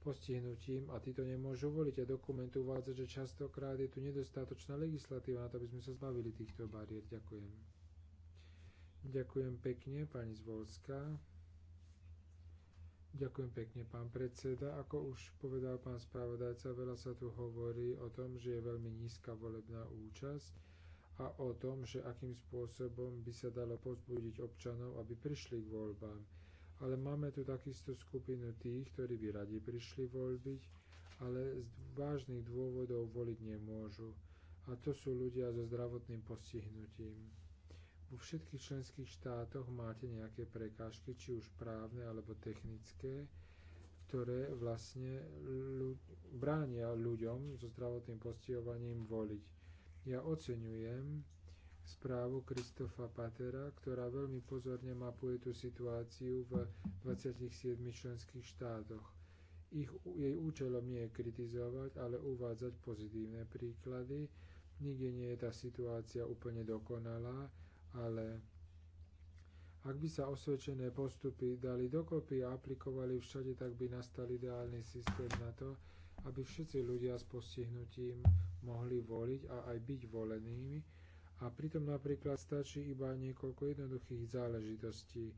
postihnutím a títo nemôžu voliť. A dokument uvádza, že častokrát je tu nedostatočná legislatíva na to, aby sme sa zbavili týchto bariér. Ďakujem. Ďakujem pekne, pani Zvolská. Ďakujem pekne, pán predseda. Ako už povedal pán spravodajca, veľa sa tu hovorí o tom, že je veľmi nízka volebná účasť a o tom, že akým spôsobom by sa dalo pozbudiť občanov, aby prišli k voľbám ale máme tu takisto skupinu tých, ktorí by radi prišli voľbiť, ale z vážnych dôvodov voliť nemôžu. A to sú ľudia so zdravotným postihnutím. Vo všetkých členských štátoch máte nejaké prekážky, či už právne alebo technické, ktoré vlastne ľud- bránia ľuďom so zdravotným postihovaním voliť. Ja oceňujem, správu Kristofa Patera, ktorá veľmi pozorne mapuje tú situáciu v 27 členských štátoch. Ich, jej účelom nie je kritizovať, ale uvádzať pozitívne príklady. Nikde nie je tá situácia úplne dokonalá, ale ak by sa osvedčené postupy dali dokopy a aplikovali všade, tak by nastal ideálny systém na to, aby všetci ľudia s postihnutím mohli voliť a aj byť volenými, a pritom napríklad stačí iba niekoľko jednoduchých záležitostí,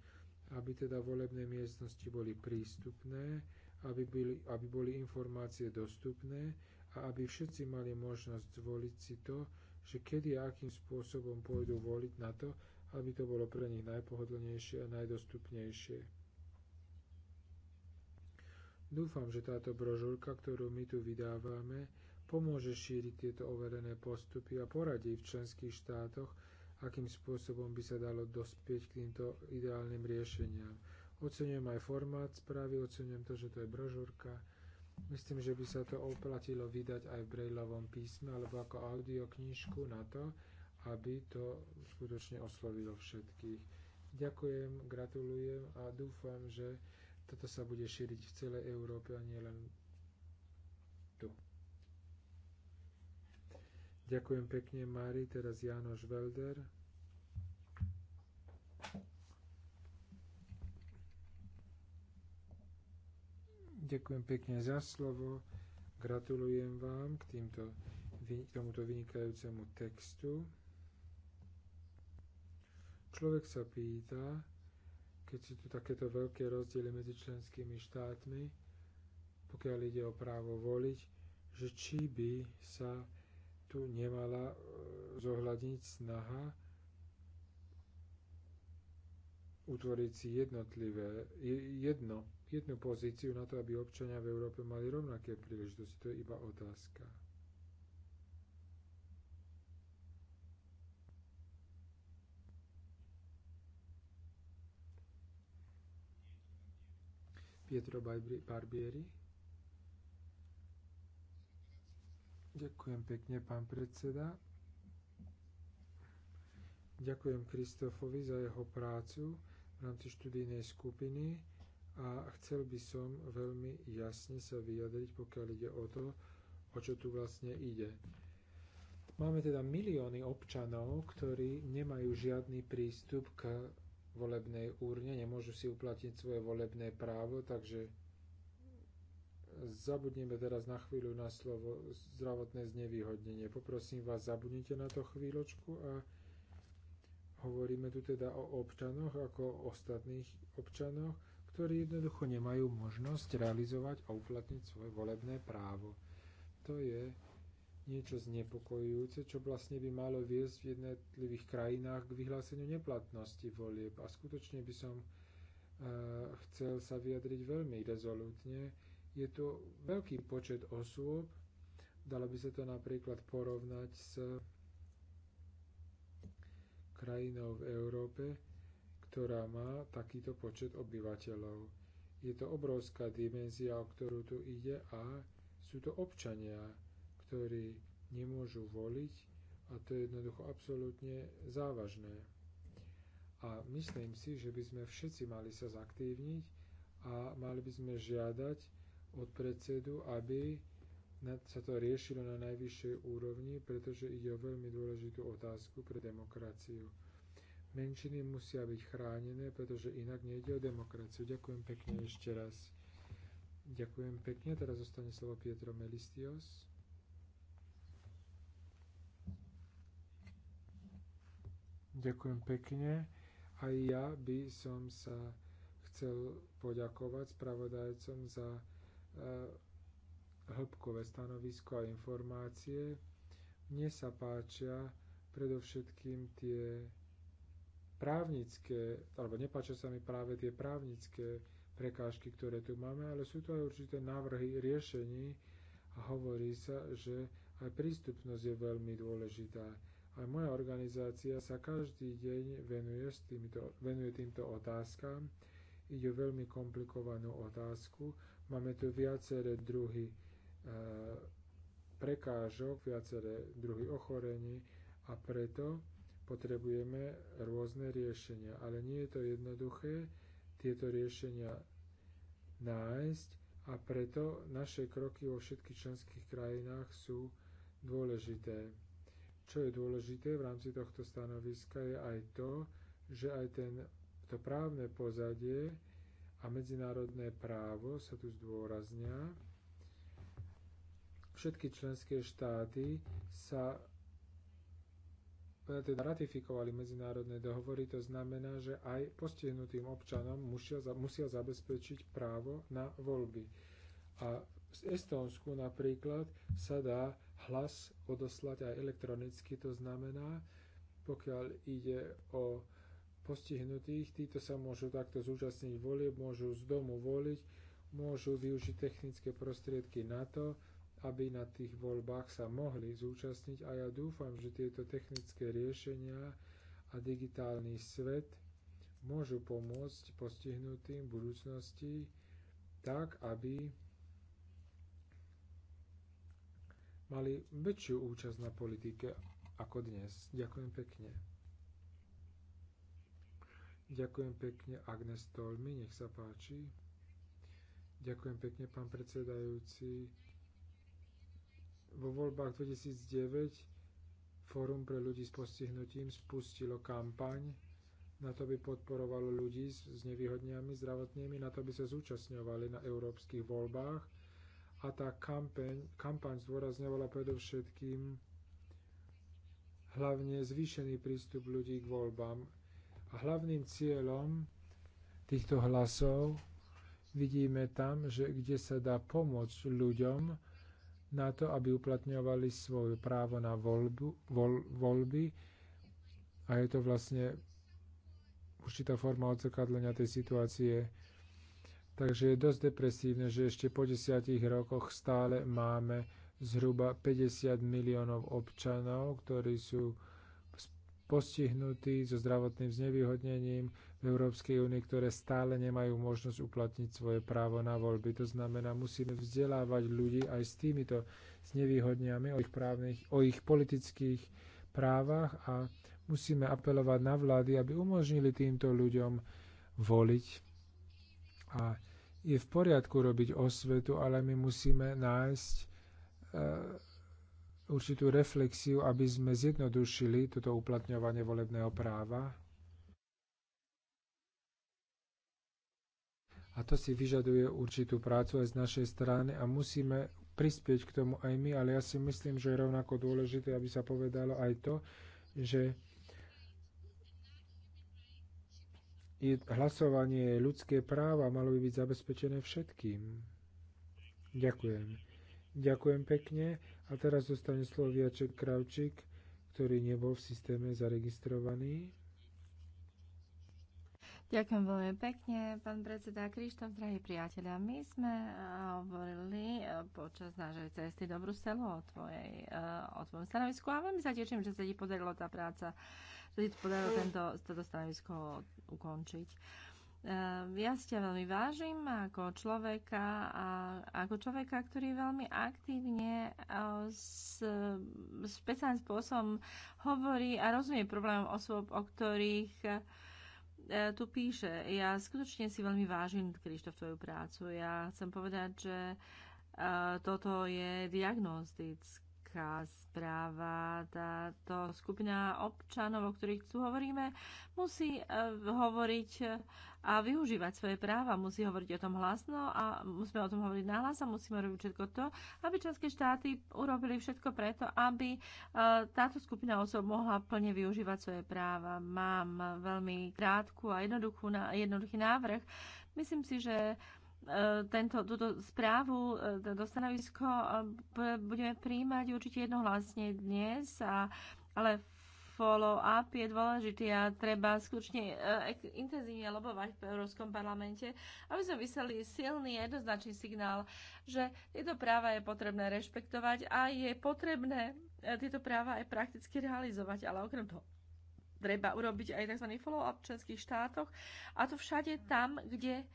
aby teda volebné miestnosti boli prístupné, aby boli, aby boli informácie dostupné a aby všetci mali možnosť zvoliť si to, že kedy a akým spôsobom pôjdu voliť na to, aby to bolo pre nich najpohodlnejšie a najdostupnejšie. Dúfam, že táto brožúrka, ktorú my tu vydávame, pomôže šíriť tieto overené postupy a poradí v členských štátoch, akým spôsobom by sa dalo dospieť k týmto ideálnym riešeniam. Oceňujem aj formát správy, oceňujem to, že to je brožúrka. Myslím, že by sa to oplatilo vydať aj v brejlovom písme alebo ako audioknižku na to, aby to skutočne oslovilo všetkých. Ďakujem, gratulujem a dúfam, že toto sa bude šíriť v celej Európe a nielen Ďakujem pekne, Mári. Teraz Jánoš Velder. Ďakujem pekne za slovo. Gratulujem vám k, týmto, k tomuto vynikajúcemu textu. Človek sa pýta, keď sú tu takéto veľké rozdiely medzi členskými štátmi, pokiaľ ide o právo voliť, že či by sa tu nemala e, zohľadniť snaha utvoriť si jednotlivé, jedno, jednu pozíciu na to, aby občania v Európe mali rovnaké príležitosti. To je iba otázka. Pietro Barbieri. Ďakujem pekne, pán predseda. Ďakujem Kristofovi za jeho prácu v rámci študijnej skupiny a chcel by som veľmi jasne sa vyjadriť, pokiaľ ide o to, o čo tu vlastne ide. Máme teda milióny občanov, ktorí nemajú žiadny prístup k volebnej úrne, nemôžu si uplatniť svoje volebné právo, takže zabudneme teraz na chvíľu na slovo zdravotné znevýhodnenie. Poprosím vás, zabudnite na to chvíľočku a hovoríme tu teda o občanoch ako o ostatných občanoch, ktorí jednoducho nemajú možnosť realizovať a uplatniť svoje volebné právo. To je niečo znepokojujúce, čo vlastne by malo viesť v jednotlivých krajinách k vyhláseniu neplatnosti volieb. A skutočne by som eh, chcel sa vyjadriť veľmi rezolútne, je tu veľký počet osôb, dalo by sa to napríklad porovnať s krajinou v Európe, ktorá má takýto počet obyvateľov. Je to obrovská dimenzia, o ktorú tu ide a sú to občania, ktorí nemôžu voliť a to je jednoducho absolútne závažné. A myslím si, že by sme všetci mali sa zaktívniť a mali by sme žiadať, od predsedu, aby sa to riešilo na najvyššej úrovni, pretože ide o veľmi dôležitú otázku pre demokraciu. Menšiny musia byť chránené, pretože inak nejde o demokraciu. Ďakujem pekne ešte raz. Ďakujem pekne. Teraz zostane slovo Pietro Melistios. Ďakujem pekne. Aj ja by som sa chcel poďakovať spravodajcom za E, hĺbkové stanovisko a informácie. Mne sa páčia predovšetkým tie právnické, alebo nepáčia sa mi práve tie právnické prekážky, ktoré tu máme, ale sú to aj určité návrhy riešení a hovorí sa, že aj prístupnosť je veľmi dôležitá. Aj moja organizácia sa každý deň venuje, s týmto, venuje týmto otázkam. Ide o veľmi komplikovanú otázku Máme tu viaceré druhy e, prekážok, viaceré druhy ochorení a preto potrebujeme rôzne riešenia. Ale nie je to jednoduché tieto riešenia nájsť a preto naše kroky vo všetkých členských krajinách sú dôležité. Čo je dôležité v rámci tohto stanoviska je aj to, že aj ten, to právne pozadie a medzinárodné právo sa tu zdôraznia. Všetky členské štáty sa e, teda ratifikovali medzinárodné dohovory, to znamená, že aj postihnutým občanom musia, musia zabezpečiť právo na voľby. A v Estónsku napríklad sa dá hlas odoslať aj elektronicky, to znamená, pokiaľ ide o postihnutých, títo sa môžu takto zúčastniť volieb, môžu z domu voliť, môžu využiť technické prostriedky na to, aby na tých voľbách sa mohli zúčastniť a ja dúfam, že tieto technické riešenia a digitálny svet môžu pomôcť postihnutým v budúcnosti tak, aby mali väčšiu účasť na politike ako dnes. Ďakujem pekne. Ďakujem pekne Agnes Tolmi, nech sa páči. Ďakujem pekne, pán predsedajúci. Vo voľbách 2009 Fórum pre ľudí s postihnutím spustilo kampaň na to by podporovalo ľudí s nevýhodniami zdravotnými, na to by sa zúčastňovali na európskych voľbách. A tá kampaň, kampaň zdôrazňovala predovšetkým hlavne zvýšený prístup ľudí k voľbám a hlavným cieľom týchto hlasov vidíme tam, že kde sa dá pomôcť ľuďom na to, aby uplatňovali svoje právo na voľbu, voľ, voľby a je to vlastne určitá forma odzrkadlenia tej situácie. Takže je dosť depresívne, že ešte po desiatich rokoch stále máme zhruba 50 miliónov občanov, ktorí sú postihnutí so zdravotným znevýhodnením v Európskej únii, ktoré stále nemajú možnosť uplatniť svoje právo na voľby. To znamená, musíme vzdelávať ľudí aj s týmito znevýhodniami o ich, právnych, o ich politických právach a musíme apelovať na vlády, aby umožnili týmto ľuďom voliť. A je v poriadku robiť osvetu, ale my musíme nájsť e, určitú reflexiu, aby sme zjednodušili toto uplatňovanie volebného práva. A to si vyžaduje určitú prácu aj z našej strany a musíme prispieť k tomu aj my, ale ja si myslím, že je rovnako dôležité, aby sa povedalo aj to, že hlasovanie je ľudské práva, malo by byť zabezpečené všetkým. Ďakujem. Ďakujem pekne. A teraz zostane slovo Viaček Kravčík, ktorý nebol v systéme zaregistrovaný. Ďakujem veľmi pekne, pán predseda Krištof, drahí priateľa. My sme eh, hovorili eh, počas našej cesty do Bruselu o, tvojej, eh, o tvojom stanovisku a veľmi sa teším, že sa ti podarilo tá práca, že ti podarilo tento, toto stanovisko ukončiť. E, ja si ťa veľmi vážim ako človeka a ako človeka, ktorý veľmi aktívne e, s špeciálnym spôsobom hovorí a rozumie problémom osôb, o ktorých e, tu píše. Ja skutočne si veľmi vážim, Krištof, tvoju prácu. Ja chcem povedať, že toto je diagnostické taká správa, táto skupina občanov, o ktorých tu hovoríme, musí e, hovoriť e, a využívať svoje práva. Musí hovoriť o tom hlasno a musíme o tom hovoriť nahlas a musíme robiť všetko to, aby členské štáty urobili všetko preto, aby e, táto skupina osob mohla plne využívať svoje práva. Mám veľmi krátku a jednoduchú, jednoduchý návrh. Myslím si, že E, tento, túto správu, e, toto stanovisko e, budeme príjmať určite jednohlasne dnes, a, ale follow-up je dôležitý a treba skutočne intenzívne lobovať v Európskom parlamente, aby sme vyslali silný jednoznačný signál, že tieto práva je potrebné rešpektovať a je potrebné tieto práva aj prakticky realizovať, ale okrem toho treba urobiť aj tzv. follow-up v členských štátoch a to všade tam, kde uh,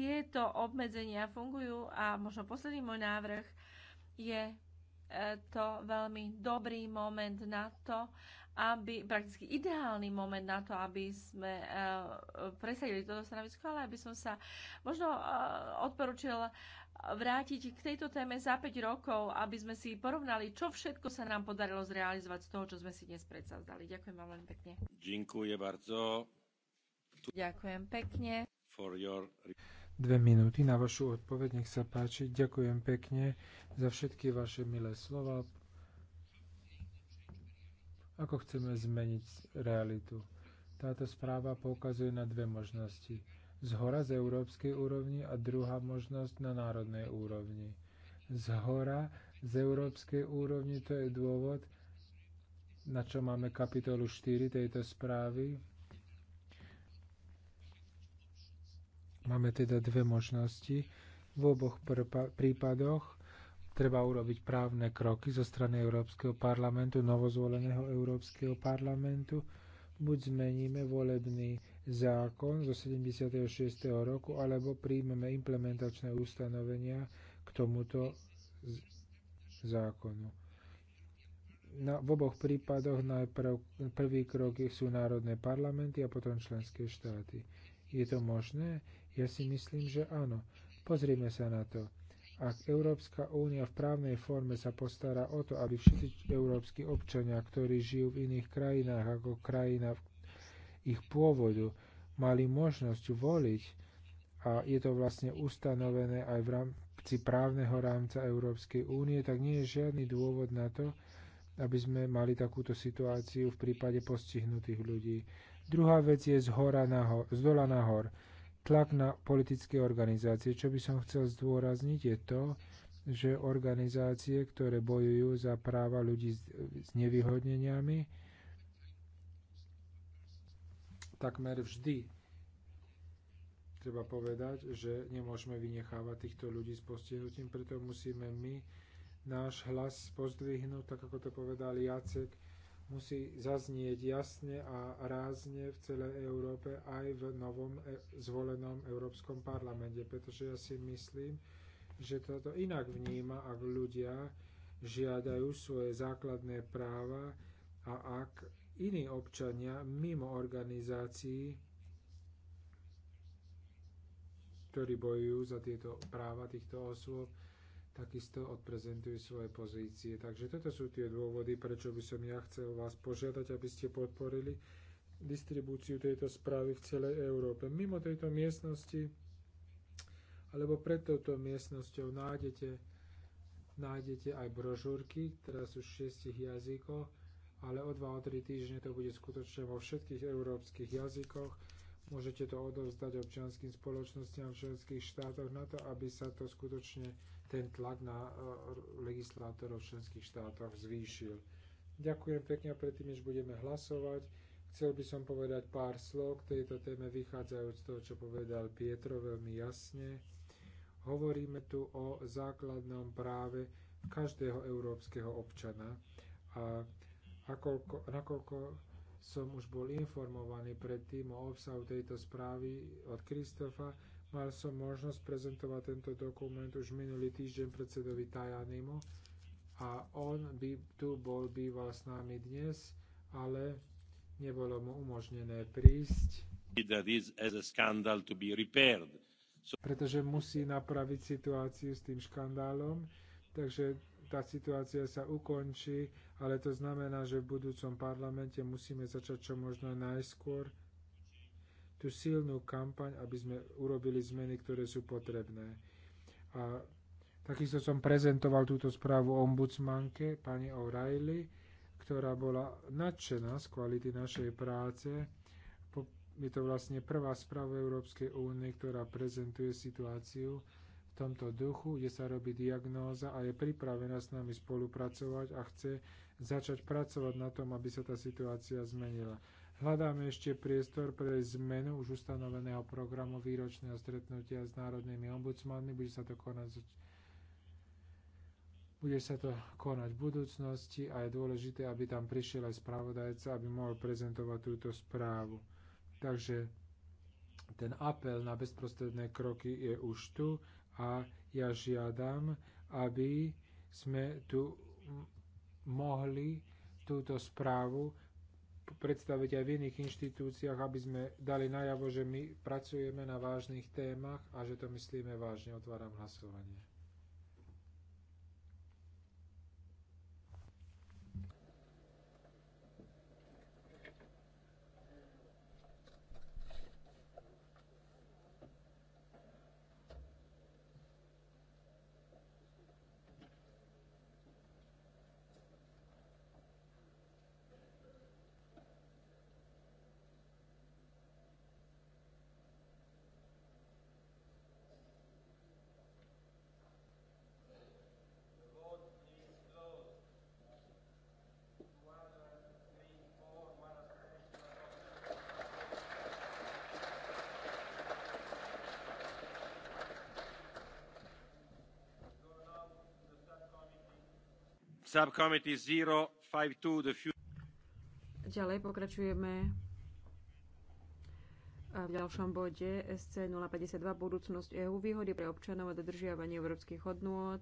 tieto obmedzenia fungujú a možno posledný môj návrh je e, to veľmi dobrý moment na to, aby, prakticky ideálny moment na to, aby sme uh, presadili toto stanovisko, ale aby som sa možno uh, odporučil vrátiť k tejto téme za 5 rokov, aby sme si porovnali, čo všetko sa nám podarilo zrealizovať z toho, čo sme si dnes predsazdali. Ďakujem vám veľmi pekne. Ďakujem bardzo. Ďakujem pekne. For your dve minúty na vašu odpoveď. Nech sa páči. Ďakujem pekne za všetky vaše milé slova. Ako chceme zmeniť realitu? Táto správa poukazuje na dve možnosti. Z hora z európskej úrovni a druhá možnosť na národnej úrovni. Z hora z európskej úrovni to je dôvod, na čo máme kapitolu 4 tejto správy, Máme teda dve možnosti. V oboch prípadoch treba urobiť právne kroky zo strany Európskeho parlamentu, novozvoleného Európskeho parlamentu. Buď zmeníme volebný zákon zo 76. roku, alebo príjmeme implementačné ustanovenia k tomuto zákonu. Na, v oboch prípadoch najprv prvý krok sú národné parlamenty a potom členské štáty. Je to možné? Ja si myslím, že áno. Pozrime sa na to. Ak Európska únia v právnej forme sa postará o to, aby všetci európski občania, ktorí žijú v iných krajinách ako krajina ich pôvodu, mali možnosť voliť, a je to vlastne ustanovené aj v rámci právneho rámca Európskej únie, tak nie je žiadny dôvod na to, aby sme mali takúto situáciu v prípade postihnutých ľudí. Druhá vec je z, hora nahor, z dola nahor tlak na politické organizácie. Čo by som chcel zdôrazniť je to, že organizácie, ktoré bojujú za práva ľudí s nevyhodneniami, takmer vždy treba povedať, že nemôžeme vynechávať týchto ľudí s postihnutím, preto musíme my náš hlas pozdvihnúť, tak ako to povedal Jacek, musí zaznieť jasne a rázne v celej Európe aj v novom e, zvolenom Európskom parlamente, pretože ja si myslím, že toto inak vníma, ak ľudia žiadajú svoje základné práva a ak iní občania mimo organizácií, ktorí bojujú za tieto práva týchto osôb, takisto odprezentujú svoje pozície. Takže toto sú tie dôvody, prečo by som ja chcel vás požiadať, aby ste podporili distribúciu tejto správy v celej Európe. Mimo tejto miestnosti, alebo pred touto miestnosťou nájdete, nájdete aj brožúrky, teraz sú v šiestich jazykoch, ale o 2-3 týždne to bude skutočne vo všetkých európskych jazykoch. Môžete to odovzdať občianským spoločnostiam v členských štátoch na to, aby sa to skutočne ten tlak na e, legislátorov v členských štátoch zvýšil. Ďakujem pekne a predtým, než budeme hlasovať, chcel by som povedať pár slov k tejto téme, vychádzajúc z toho, čo povedal Pietro veľmi jasne. Hovoríme tu o základnom práve každého európskeho občana a akoľko, nakoľko som už bol informovaný predtým o obsahu tejto správy od Kristofa, Mal som možnosť prezentovať tento dokument už minulý týždeň predsedovi Tajanimu a on by tu bol býval s nami dnes, ale nebolo mu umožnené prísť. Pretože musí napraviť situáciu s tým škandálom, takže tá situácia sa ukončí, ale to znamená, že v budúcom parlamente musíme začať čo možno najskôr tú silnú kampaň, aby sme urobili zmeny, ktoré sú potrebné. A takisto som prezentoval túto správu ombudsmanke, pani O'Reilly, ktorá bola nadšená z kvality našej práce. Je to vlastne prvá správa Európskej únie, ktorá prezentuje situáciu v tomto duchu, kde sa robí diagnóza a je pripravená s nami spolupracovať a chce začať pracovať na tom, aby sa tá situácia zmenila. Hľadáme ešte priestor pre zmenu už ustanoveného programu výročného stretnutia s národnými ombudsmanmi. Bude sa to konať bude sa to konať v budúcnosti a je dôležité, aby tam prišiel aj spravodajca, aby mohol prezentovať túto správu. Takže ten apel na bezprostredné kroky je už tu a ja žiadam, aby sme tu mohli túto správu predstaviť aj v iných inštitúciách, aby sme dali najavo, že my pracujeme na vážnych témach a že to myslíme vážne. Otváram hlasovanie. Ďalej pokračujeme a v ďalšom bode SC 052 budúcnosť EÚ výhody pre občanov a dodržiavanie európskych hodnôt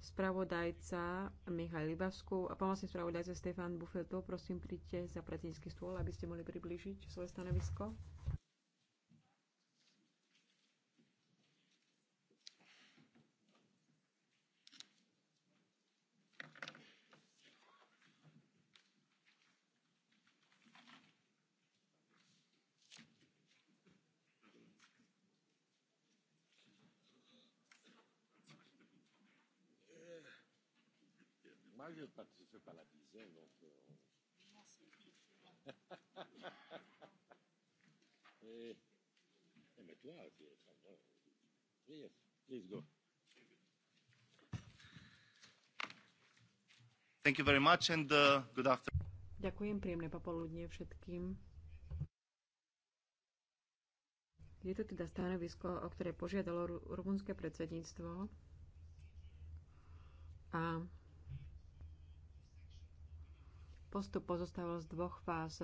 spravodajca Michal Libasku. a pomocný spravodajca Stefan Bufeto. Prosím, príďte za predsednícky stôl, aby ste mohli priblížiť svoje stanovisko. Eh, please go. Thank you very much and uh, good afternoon. Ďakujem, príjemné popoludne všetkým. Je to teda stanovisko, o ktoré požiadalo rumunské predsedníctvo. A postup pozostával z dvoch fáz.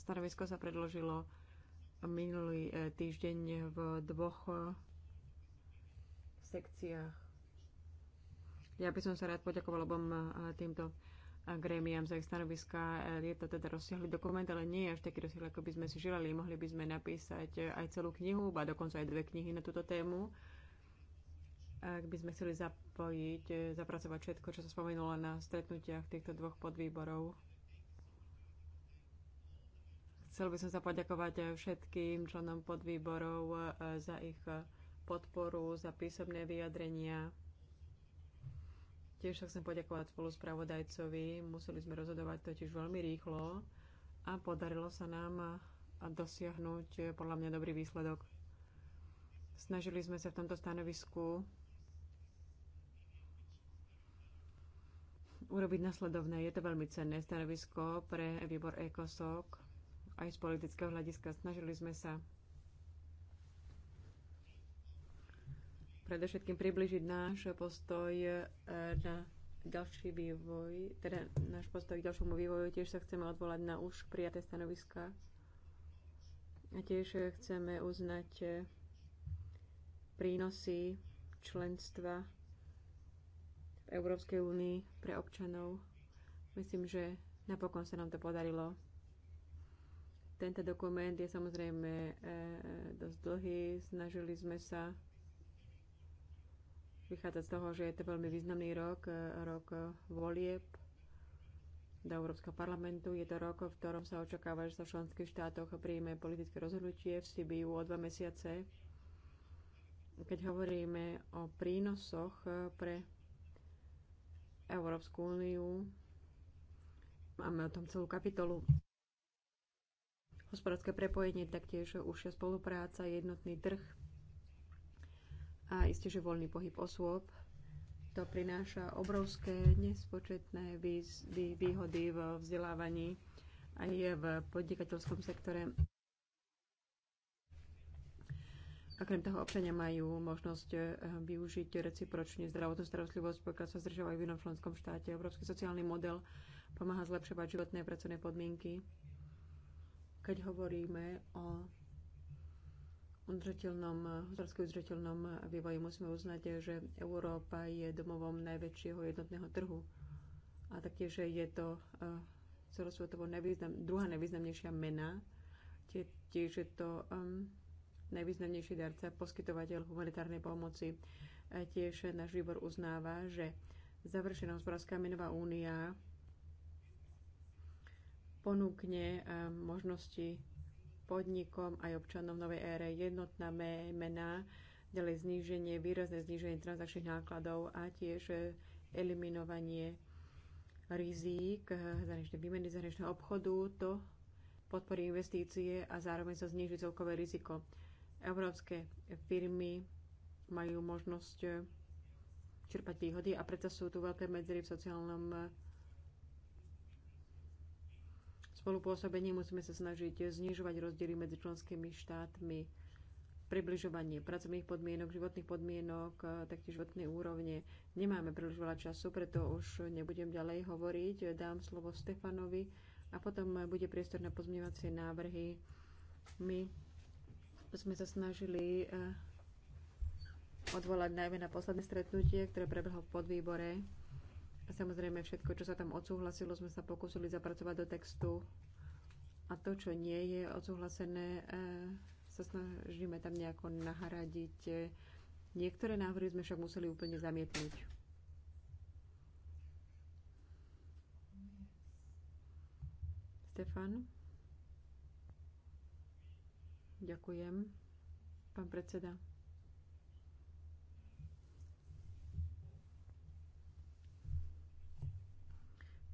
Stanovisko sa predložilo minulý e, týždeň v dvoch e, sekciách. Ja by som sa rád poďakoval obom e, týmto grémiám za ich stanoviska. Je to teda rozsiahly dokument, ale nie je až taký rozsiahly, ako by sme si želali. Mohli by sme napísať aj celú knihu, a dokonca aj dve knihy na túto tému. Ak by sme chceli zapojiť, zapracovať všetko, čo sa spomenulo na stretnutiach týchto dvoch podvýborov Chcel by som sa poďakovať eh, všetkým členom podvýborov eh, za ich eh, podporu, za písomné vyjadrenia. Tiež sa chcem poďakovať spoluspravodajcovi. Museli sme rozhodovať totiž veľmi rýchlo a podarilo sa nám dosiahnuť podľa mňa dobrý výsledok. Snažili sme sa v tomto stanovisku urobiť nasledovné. Je to veľmi cenné stanovisko pre výbor ECOSOC aj z politického hľadiska. Snažili sme sa predovšetkým približiť náš postoj e, na ďalší vývoj, teda náš postoj k ďalšomu vývoju. Tiež sa chceme odvolať na už prijaté stanoviska a tiež chceme uznať e, prínosy členstva v Európskej únii pre občanov. Myslím, že napokon sa nám to podarilo. Tento dokument je samozrejme e, e, dosť dlhý. Snažili sme sa vychádzať z toho, že je to veľmi významný rok, e, rok volieb do Európskeho parlamentu. Je to rok, v ktorom sa očakáva, že sa v členských štátoch príjme politické rozhodnutie v Sibiu o dva mesiace. Keď hovoríme o prínosoch pre Európsku úniu, máme o tom celú kapitolu hospodárske prepojenie, taktiež užšia spolupráca, jednotný trh a isté, že voľný pohyb osôb. To prináša obrovské nespočetné výhody v vzdelávaní aj v podnikateľskom sektore. Okrem toho občania majú možnosť eh, využiť recipročne zdravotnú starostlivosť, pokiaľ sa zdržovajú v inom členskom štáte. Európsky sociálny model pomáha zlepšovať životné a pracovné podmienky keď hovoríme o udržateľnom, hospodársky udržateľnom vývoji, musíme uznať, že Európa je domovom najväčšieho jednotného trhu. A taktiež je to eh, celosvetovo nevýznam, druhá najvýznamnejšia mena, tiež je to um, najvýznamnejší darca, poskytovateľ humanitárnej pomoci. A tiež náš výbor uznáva, že završená hospodárska menová únia ponúkne eh, možnosti podnikom aj občanom novej ére jednotná mená, ďalej zníženie, výrazné zníženie transakčných nákladov a tiež eh, eliminovanie rizík eh, zahraničnej výmeny, zahraničného obchodu. To podporí investície a zároveň sa zniží celkové riziko. Európske firmy majú možnosť čerpať výhody a preto sú tu veľké medzery v sociálnom spolupôsobení musíme sa snažiť znižovať rozdiely medzi členskými štátmi, približovanie pracovných podmienok, životných podmienok, e, taktiež životnej úrovne. Nemáme príliš veľa času, preto už nebudem ďalej hovoriť. Dám slovo Stefanovi a potom bude priestor na pozmievacie návrhy. My sme sa snažili e, odvolať najmä na posledné stretnutie, ktoré prebehlo v podvýbore a samozrejme všetko, čo sa tam odsúhlasilo, sme sa pokúsili zapracovať do textu. A to, čo nie je odsúhlasené, e, sa snažíme tam nejako nahradiť. Niektoré návrhy sme však museli úplne zamietnúť. Stefan? Ďakujem. Pán predseda.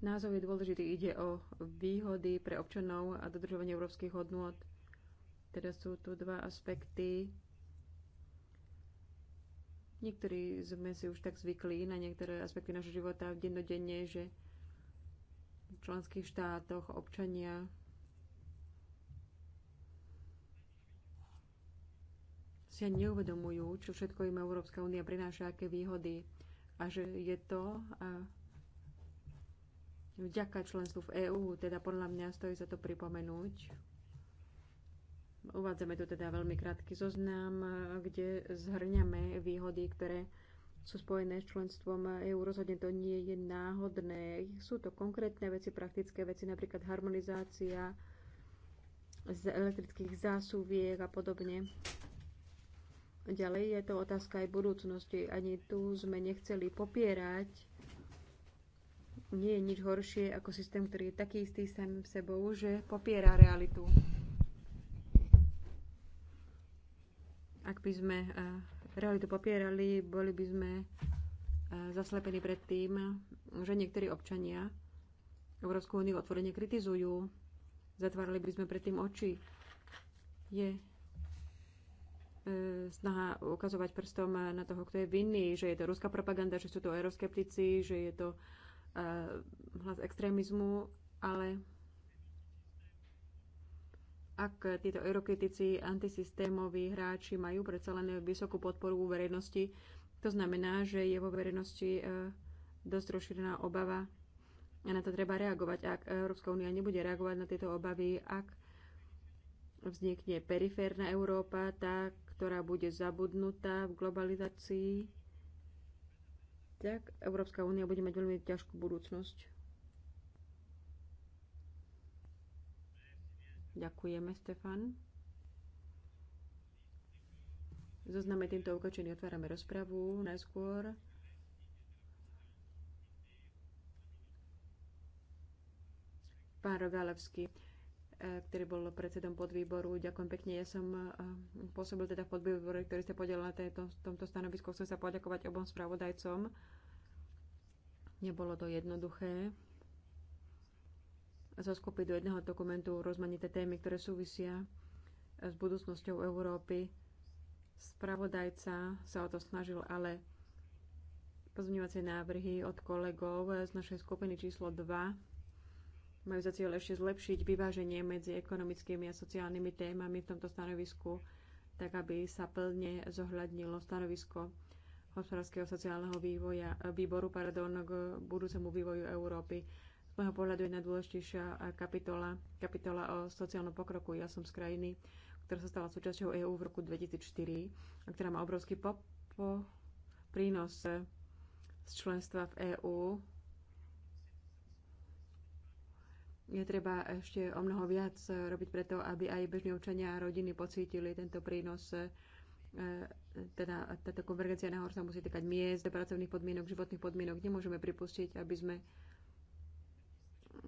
Názov je dôležitý. Ide o výhody pre občanov a dodržovanie európskych hodnôt. Teda sú tu dva aspekty. Niektorí sme si už tak zvykli na niektoré aspekty našho života v dennodenne, že v členských štátoch občania si ani neuvedomujú, čo všetko im Európska únia prináša, aké výhody a že je to vďaka členstvu v EÚ, teda podľa mňa stojí za to pripomenúť. Uvádzame tu teda veľmi krátky zoznam, kde zhrňame výhody, ktoré sú spojené s členstvom EÚ. Rozhodne to nie je náhodné. Sú to konkrétne veci, praktické veci, napríklad harmonizácia z elektrických zásuviek a podobne. Ďalej je to otázka aj budúcnosti. Ani tu sme nechceli popierať nie je nič horšie ako systém, ktorý je taký istý sám sebou, že popiera realitu. Ak by sme eh, realitu popierali, boli by sme eh, zaslepení pred tým, že niektorí občania Európsku úniu otvorene kritizujú. Zatvárali by sme predtým oči. Je eh, snaha ukazovať prstom na toho, kto je vinný, že je to ruská propaganda, že sú to euroskeptici, že je to uh, hlas extrémizmu, ale ak títo eurokritici, antisystémoví hráči majú predsa len vysokú podporu u verejnosti, to znamená, že je vo verejnosti e, dosť rozšírená obava a na to treba reagovať. Ak Európska únia nebude reagovať na tieto obavy, ak vznikne periférna Európa, tá, ktorá bude zabudnutá v globalizácii, tak Európska únia bude mať veľmi ťažkú budúcnosť. Ďakujeme, Stefan. Zozname týmto ukončený otvárame rozpravu. Najskôr pán Rogálevský. Eh, ktorý bol predsedom podvýboru. Ďakujem pekne. Ja som eh, pôsobil teda v podvýbore, ktorý ste podielali na tejto, tomto stanovisku. Chcem sa poďakovať obom spravodajcom. Nebolo to jednoduché zoskupiť do jedného dokumentu rozmanité témy, ktoré súvisia eh, s budúcnosťou Európy. Spravodajca sa o to snažil, ale pozmeňovacie návrhy od kolegov z našej skupiny číslo 2 majú za cieľ ešte zlepšiť vyváženie medzi ekonomickými a sociálnymi témami v tomto stanovisku, tak aby sa plne zohľadnilo stanovisko hospodárskeho sociálneho vývoja, výboru pardon, k budúcemu vývoju Európy. Z môjho pohľadu je najdôležitejšia kapitola, kapitola o sociálnom pokroku. Ja som z krajiny, ktorá sa stala súčasťou EÚ v roku 2004 a ktorá má obrovský po prínos z členstva v EÚ je treba ešte o mnoho viac robiť preto, aby aj bežní občania a rodiny pocítili tento prínos. E, teda táto konvergencia nahor sa musí týkať miest, pracovných podmienok, životných podmienok. Nemôžeme pripustiť, aby sme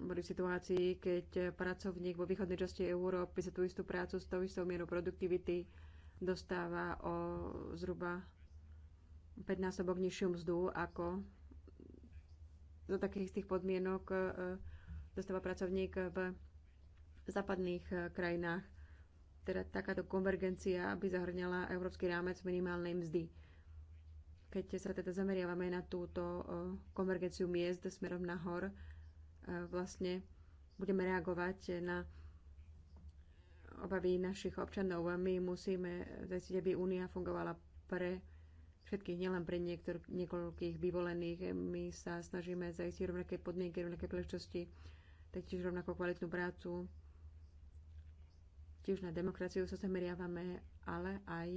boli v situácii, keď pracovník vo východnej časti Európy za tú istú prácu s tou istou mierou produktivity dostáva o zhruba 5-násobok nižšiu mzdu ako za takých tých podmienok e, dostáva pracovník v západných eh, krajinách. Teda takáto konvergencia by zahrňala európsky rámec minimálnej mzdy. Keď sa teda zameriavame na túto eh, konvergenciu miest smerom nahor, eh, vlastne budeme reagovať na obavy našich občanov. My musíme zajistiť, aby Únia fungovala pre všetkých, nielen pre niekoľkých vyvolených. My sa snažíme zajistiť rovnaké podmienky, rovnaké príležitosti taktiež rovnako kvalitnú prácu. Tiež na demokraciu sa zameriavame, ale aj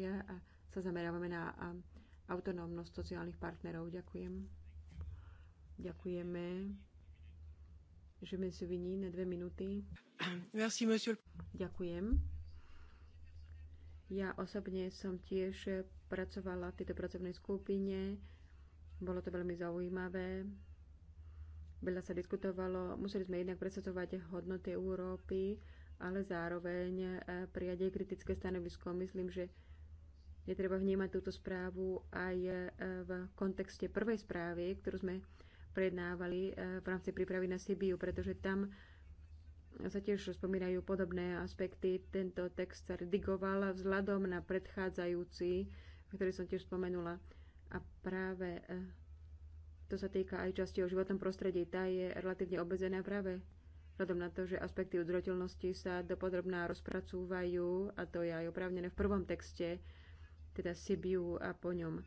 sa zameriavame na autonómnosť sociálnych partnerov. Ďakujem. Ďakujeme. Je me souviens na dve minúty. Merci, monsieur. Ďakujem. Ja osobne som tiež pracovala v tejto pracovnej skupine. Bolo to veľmi zaujímavé. Veľa sa diskutovalo, museli sme jednak presadzovať hodnoty Európy, ale zároveň eh, prijať aj kritické stanovisko. Myslím, že je treba vnímať túto správu aj eh, v kontexte prvej správy, ktorú sme prednávali eh, v rámci prípravy na Sibiu, pretože tam sa tiež spomínajú podobné aspekty. Tento text sa redigoval vzhľadom na predchádzajúci, ktorý som tiež spomenula. A práve to sa týka aj časti o životnom prostredí. Tá je relatívne obmedzená práve vzhľadom na to, že aspekty udržateľnosti sa dopodrobná rozpracúvajú, a to je aj oprávnené v prvom texte, teda Sibiu a po ňom.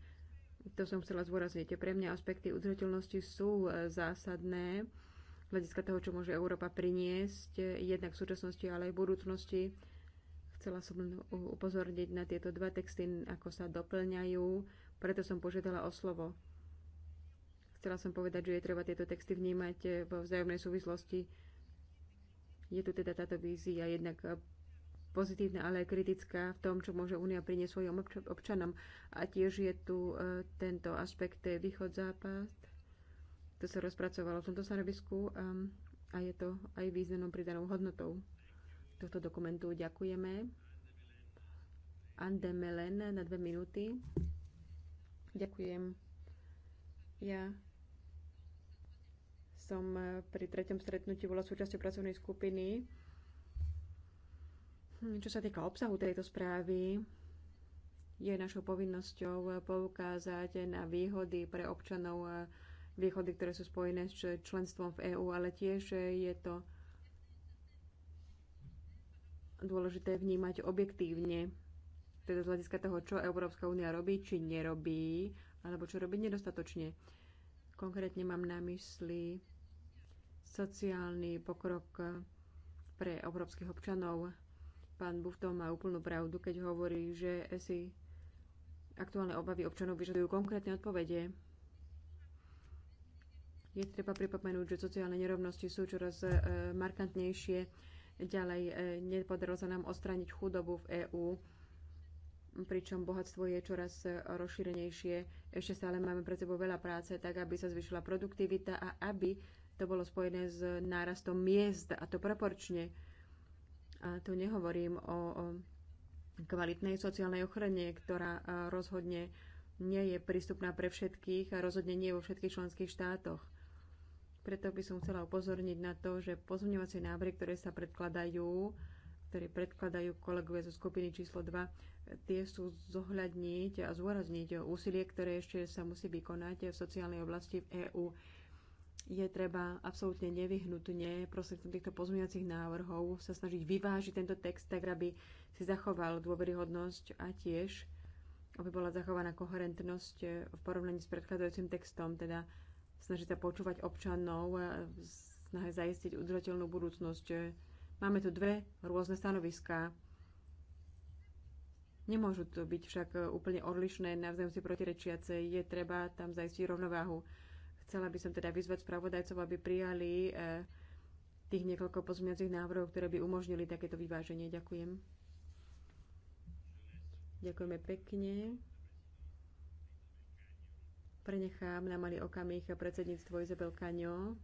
To som chcela zvorazniť. Pre mňa aspekty udržateľnosti sú e, zásadné hľadiska toho, čo môže Európa priniesť, jednak v súčasnosti, ale aj v budúcnosti. Chcela som upozorniť na tieto dva texty, ako sa doplňajú, preto som požiadala o slovo. Chcela som povedať, že je treba tieto texty vnímať eh, vo vzájomnej súvislosti. Je tu teda táto vízia jednak eh, pozitívna, ale aj kritická v tom, čo môže Únia priniesť svojim občanom. A tiež je tu eh, tento aspekt východ-západ. To sa rozpracovalo v tomto stanovisku ehm, a je to aj významnou pridanou hodnotou tohto dokumentu. Ďakujeme. Ande Melen na dve minúty. Ďakujem. Ja som eh, pri treťom stretnutí bola súčasťou pracovnej skupiny. Hm, čo sa týka obsahu tejto správy, je našou povinnosťou eh, poukázať na výhody pre občanov, eh, výhody, ktoré sú spojené s členstvom v EÚ, ale tiež je to dôležité vnímať objektívne, teda z hľadiska toho, čo Európska únia robí, či nerobí, alebo čo robí nedostatočne. Konkrétne mám na mysli sociálny pokrok eh, pre európskych občanov. Pán Bufto má úplnú pravdu, keď hovorí, že si aktuálne obavy občanov vyžadujú konkrétne odpovede. Je treba pripomenúť, že sociálne nerovnosti sú čoraz eh, markantnejšie. Ďalej eh, nepodarilo sa nám odstrániť chudobu v EÚ, pričom bohatstvo je čoraz rozšírenejšie. Ešte stále máme pred sebou veľa práce, tak aby sa zvyšila produktivita a aby to bolo spojené s nárastom miest a to proporčne. A tu nehovorím o, o kvalitnej sociálnej ochrane, ktorá rozhodne nie je prístupná pre všetkých a rozhodne nie vo všetkých členských štátoch. Preto by som chcela upozorniť na to, že pozorňovacie návrhy, ktoré sa predkladajú, ktoré predkladajú kolegovia zo skupiny číslo 2, tie sú zohľadniť a zúrazniť úsilie, ktoré ešte sa musí vykonať v sociálnej oblasti v EÚ je treba absolútne nevyhnutne prostredníctvom týchto pozmeňovacích návrhov sa snažiť vyvážiť tento text tak, aby si zachoval dôveryhodnosť a tiež, aby bola zachovaná koherentnosť v porovnaní s predchádzajúcim textom, teda snažiť sa počúvať občanov, a e, snahe zaistiť udržateľnú budúcnosť. Máme tu dve rôzne stanoviská. Nemôžu to byť však úplne odlišné, navzájom si protirečiace. Je treba tam zaistiť rovnováhu. Chcela by som teda vyzvať spravodajcov, aby prijali eh, tých niekoľko pozmeňacích návrhov, ktoré by umožnili takéto vyváženie. Ďakujem. Ďakujeme pekne. Prenechám na malý okamih predsedníctvo Izabel Kaňo.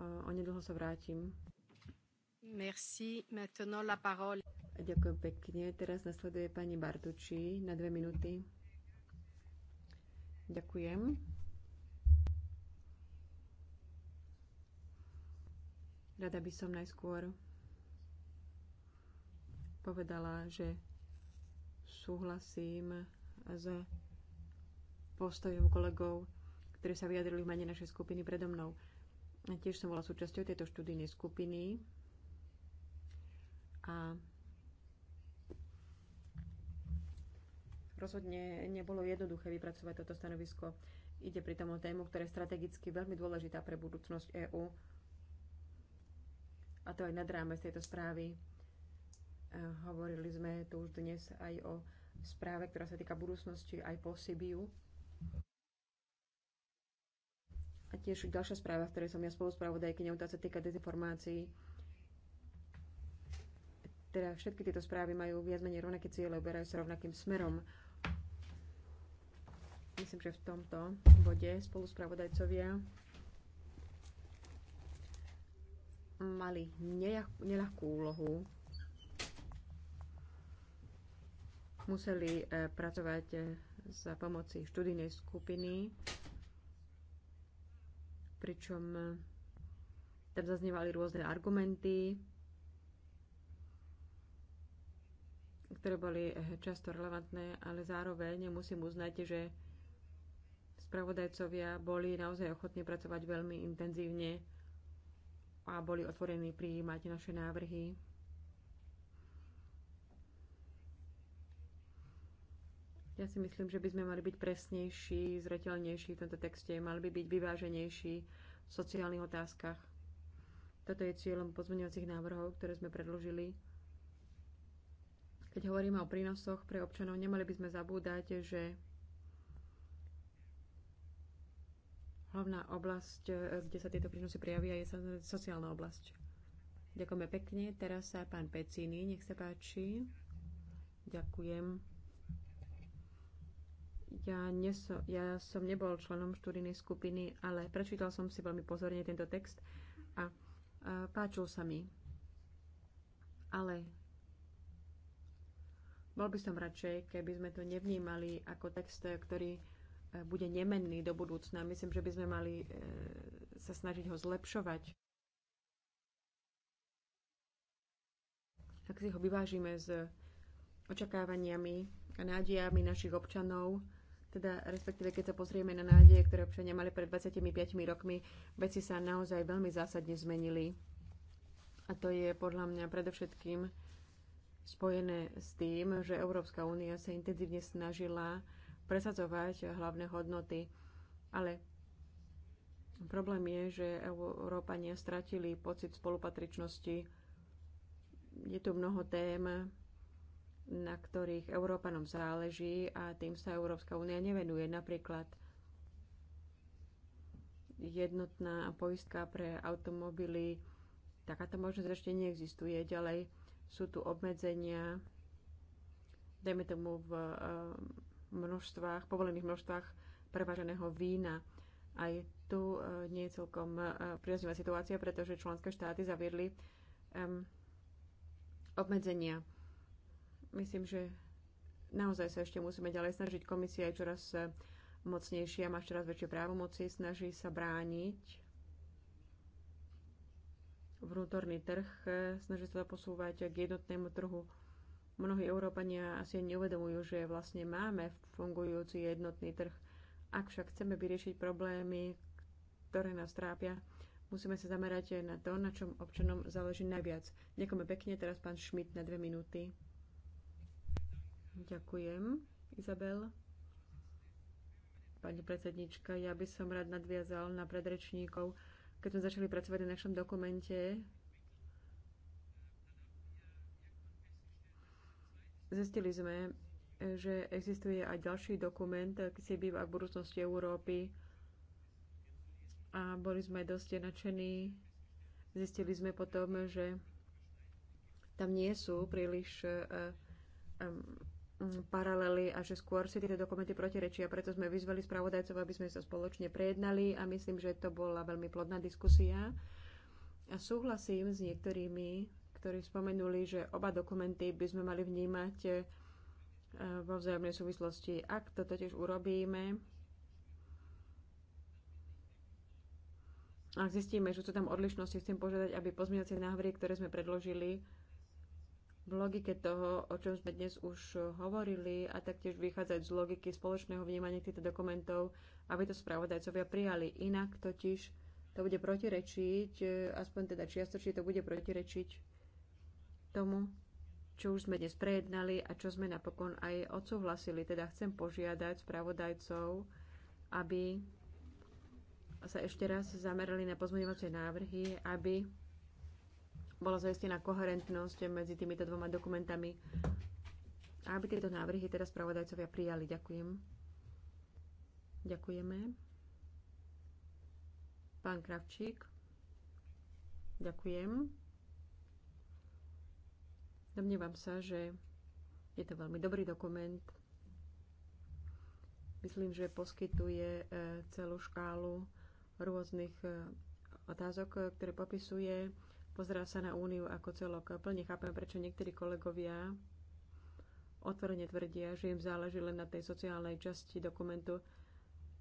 O nedlho sa vrátim. Merci. Maintenant la parole. Ďakujem pekne. Teraz nasleduje pani Bartuči na dve minúty. Ďakujem. Rada by som najskôr povedala, že súhlasím s postojom kolegov, ktorí sa vyjadrili v mene našej skupiny predo mnou. Tiež som bola súčasťou tejto študijnej skupiny a Rozhodne nebolo jednoduché vypracovať toto stanovisko. Ide pritom o tému, ktorá je strategicky veľmi dôležitá pre budúcnosť EÚ. A to aj nad rámec tejto správy. E, hovorili sme tu už dnes aj o správe, ktorá sa týka budúcnosti aj po Sibiu. A tiež ďalšia správa, v ktorej som ja spoluspravodajkyňou, tá sa týka dezinformácií. Teda všetky tieto správy majú viac menej rovnaké cieľe, uberajú sa rovnakým smerom. Myslím, že v tomto bode spoluspravodajcovia mali neľahkú úlohu. Museli eh, pracovať eh, za pomoci študijnej skupiny, pričom eh, tam zaznievali rôzne argumenty, ktoré boli často relevantné, ale zároveň musím uznať, že spravodajcovia boli naozaj ochotní pracovať veľmi intenzívne a boli otvorení prijímať naše návrhy. Ja si myslím, že by sme mali byť presnejší, zretelnejší v tomto texte, mali by byť vyváženejší v sociálnych otázkach. Toto je cieľom pozmeňovacích návrhov, ktoré sme predložili. Keď hovoríme o prínosoch pre občanov, nemali by sme zabúdať, že Hlavná oblasť, e, kde sa tieto prínosy prijavia, je sociálna oblasť. Ďakujeme pekne. Teraz sa pán Pecini, nech sa páči. Ďakujem. Ja, neso, ja som nebol členom štúdijnej skupiny, ale prečítal som si veľmi pozorne tento text a, a e, páčil sa mi. Ale bol by som radšej, keby sme to nevnímali ako text, ktorý E, bude nemenný do budúcna. Myslím, že by sme mali e, sa snažiť ho zlepšovať. Ak si ho vyvážime s očakávaniami a nádejami našich občanov, teda respektíve keď sa pozrieme na nádeje, ktoré občania mali pred 25 rokmi, veci sa naozaj veľmi zásadne zmenili. A to je podľa mňa predovšetkým spojené s tým, že Európska únia sa intenzívne snažila presadzovať hlavné hodnoty. Ale problém je, že Európania stratili pocit spolupatričnosti. Je tu mnoho tém, na ktorých Európanom záleží a tým sa Európska únia nevenuje. Napríklad jednotná poistka pre automobily. Takáto možnosť ešte neexistuje. Ďalej sú tu obmedzenia, dajme tomu v množstvách, povolených množstvách prevaženého vína. Aj tu eh, nie je celkom eh, priaznivá situácia, pretože členské štáty zaviedli um, obmedzenia. Myslím, že naozaj sa ešte musíme ďalej snažiť. Komisia je čoraz eh, mocnejšia, má čoraz väčšie právomoci, snaží sa brániť vnútorný trh, snaží sa posúvať k jednotnému trhu Mnohí Európania asi neuvedomujú, že vlastne máme fungujúci jednotný trh. Ak však chceme vyriešiť problémy, ktoré nás trápia, musíme sa zamerať na to, na čom občanom záleží najviac. Ďakujeme pekne, teraz pán Schmidt na dve minúty. Ďakujem, Izabel. Pani predsednička, ja by som rád nadviazal na predrečníkov. Keď sme začali pracovať na našom dokumente, Zistili sme, že existuje aj ďalší dokument si býva v budúcnosti Európy a boli sme dosť nadšení. Zistili sme potom, že tam nie sú príliš e, e, paralely a že skôr si tieto dokumenty protirečia. Preto sme vyzvali spravodajcov, aby sme sa spoločne prejednali a myslím, že to bola veľmi plodná diskusia. A súhlasím s niektorými ktorí spomenuli, že oba dokumenty by sme mali vnímať eh, vo vzájomnej súvislosti. Ak to totiž urobíme, ak zistíme, že sú tam odlišnosti, chcem požiadať, aby pozmeňovacie návrhy, ktoré sme predložili, v logike toho, o čom sme dnes už hovorili a taktiež vychádzať z logiky spoločného vnímania týchto dokumentov, aby to spravodajcovia prijali. Inak totiž to bude protirečiť, eh, aspoň teda čiastočne to bude protirečiť tomu, čo už sme dnes prejednali a čo sme napokon aj odsúhlasili. Teda chcem požiadať spravodajcov, aby sa ešte raz zamerali na pozmeňovacie návrhy, aby bola zaistená koherentnosť medzi týmito dvoma dokumentami a aby tieto návrhy teraz spravodajcovia prijali. Ďakujem. Ďakujeme. Pán Kravčík. Ďakujem. Domnievam sa, že je to veľmi dobrý dokument. Myslím, že poskytuje e, celú škálu rôznych e, otázok, e, ktoré popisuje. Pozerá sa na úniu ako celok. Plne chápem, prečo niektorí kolegovia otvorene tvrdia, že im záleží len na tej sociálnej časti dokumentu.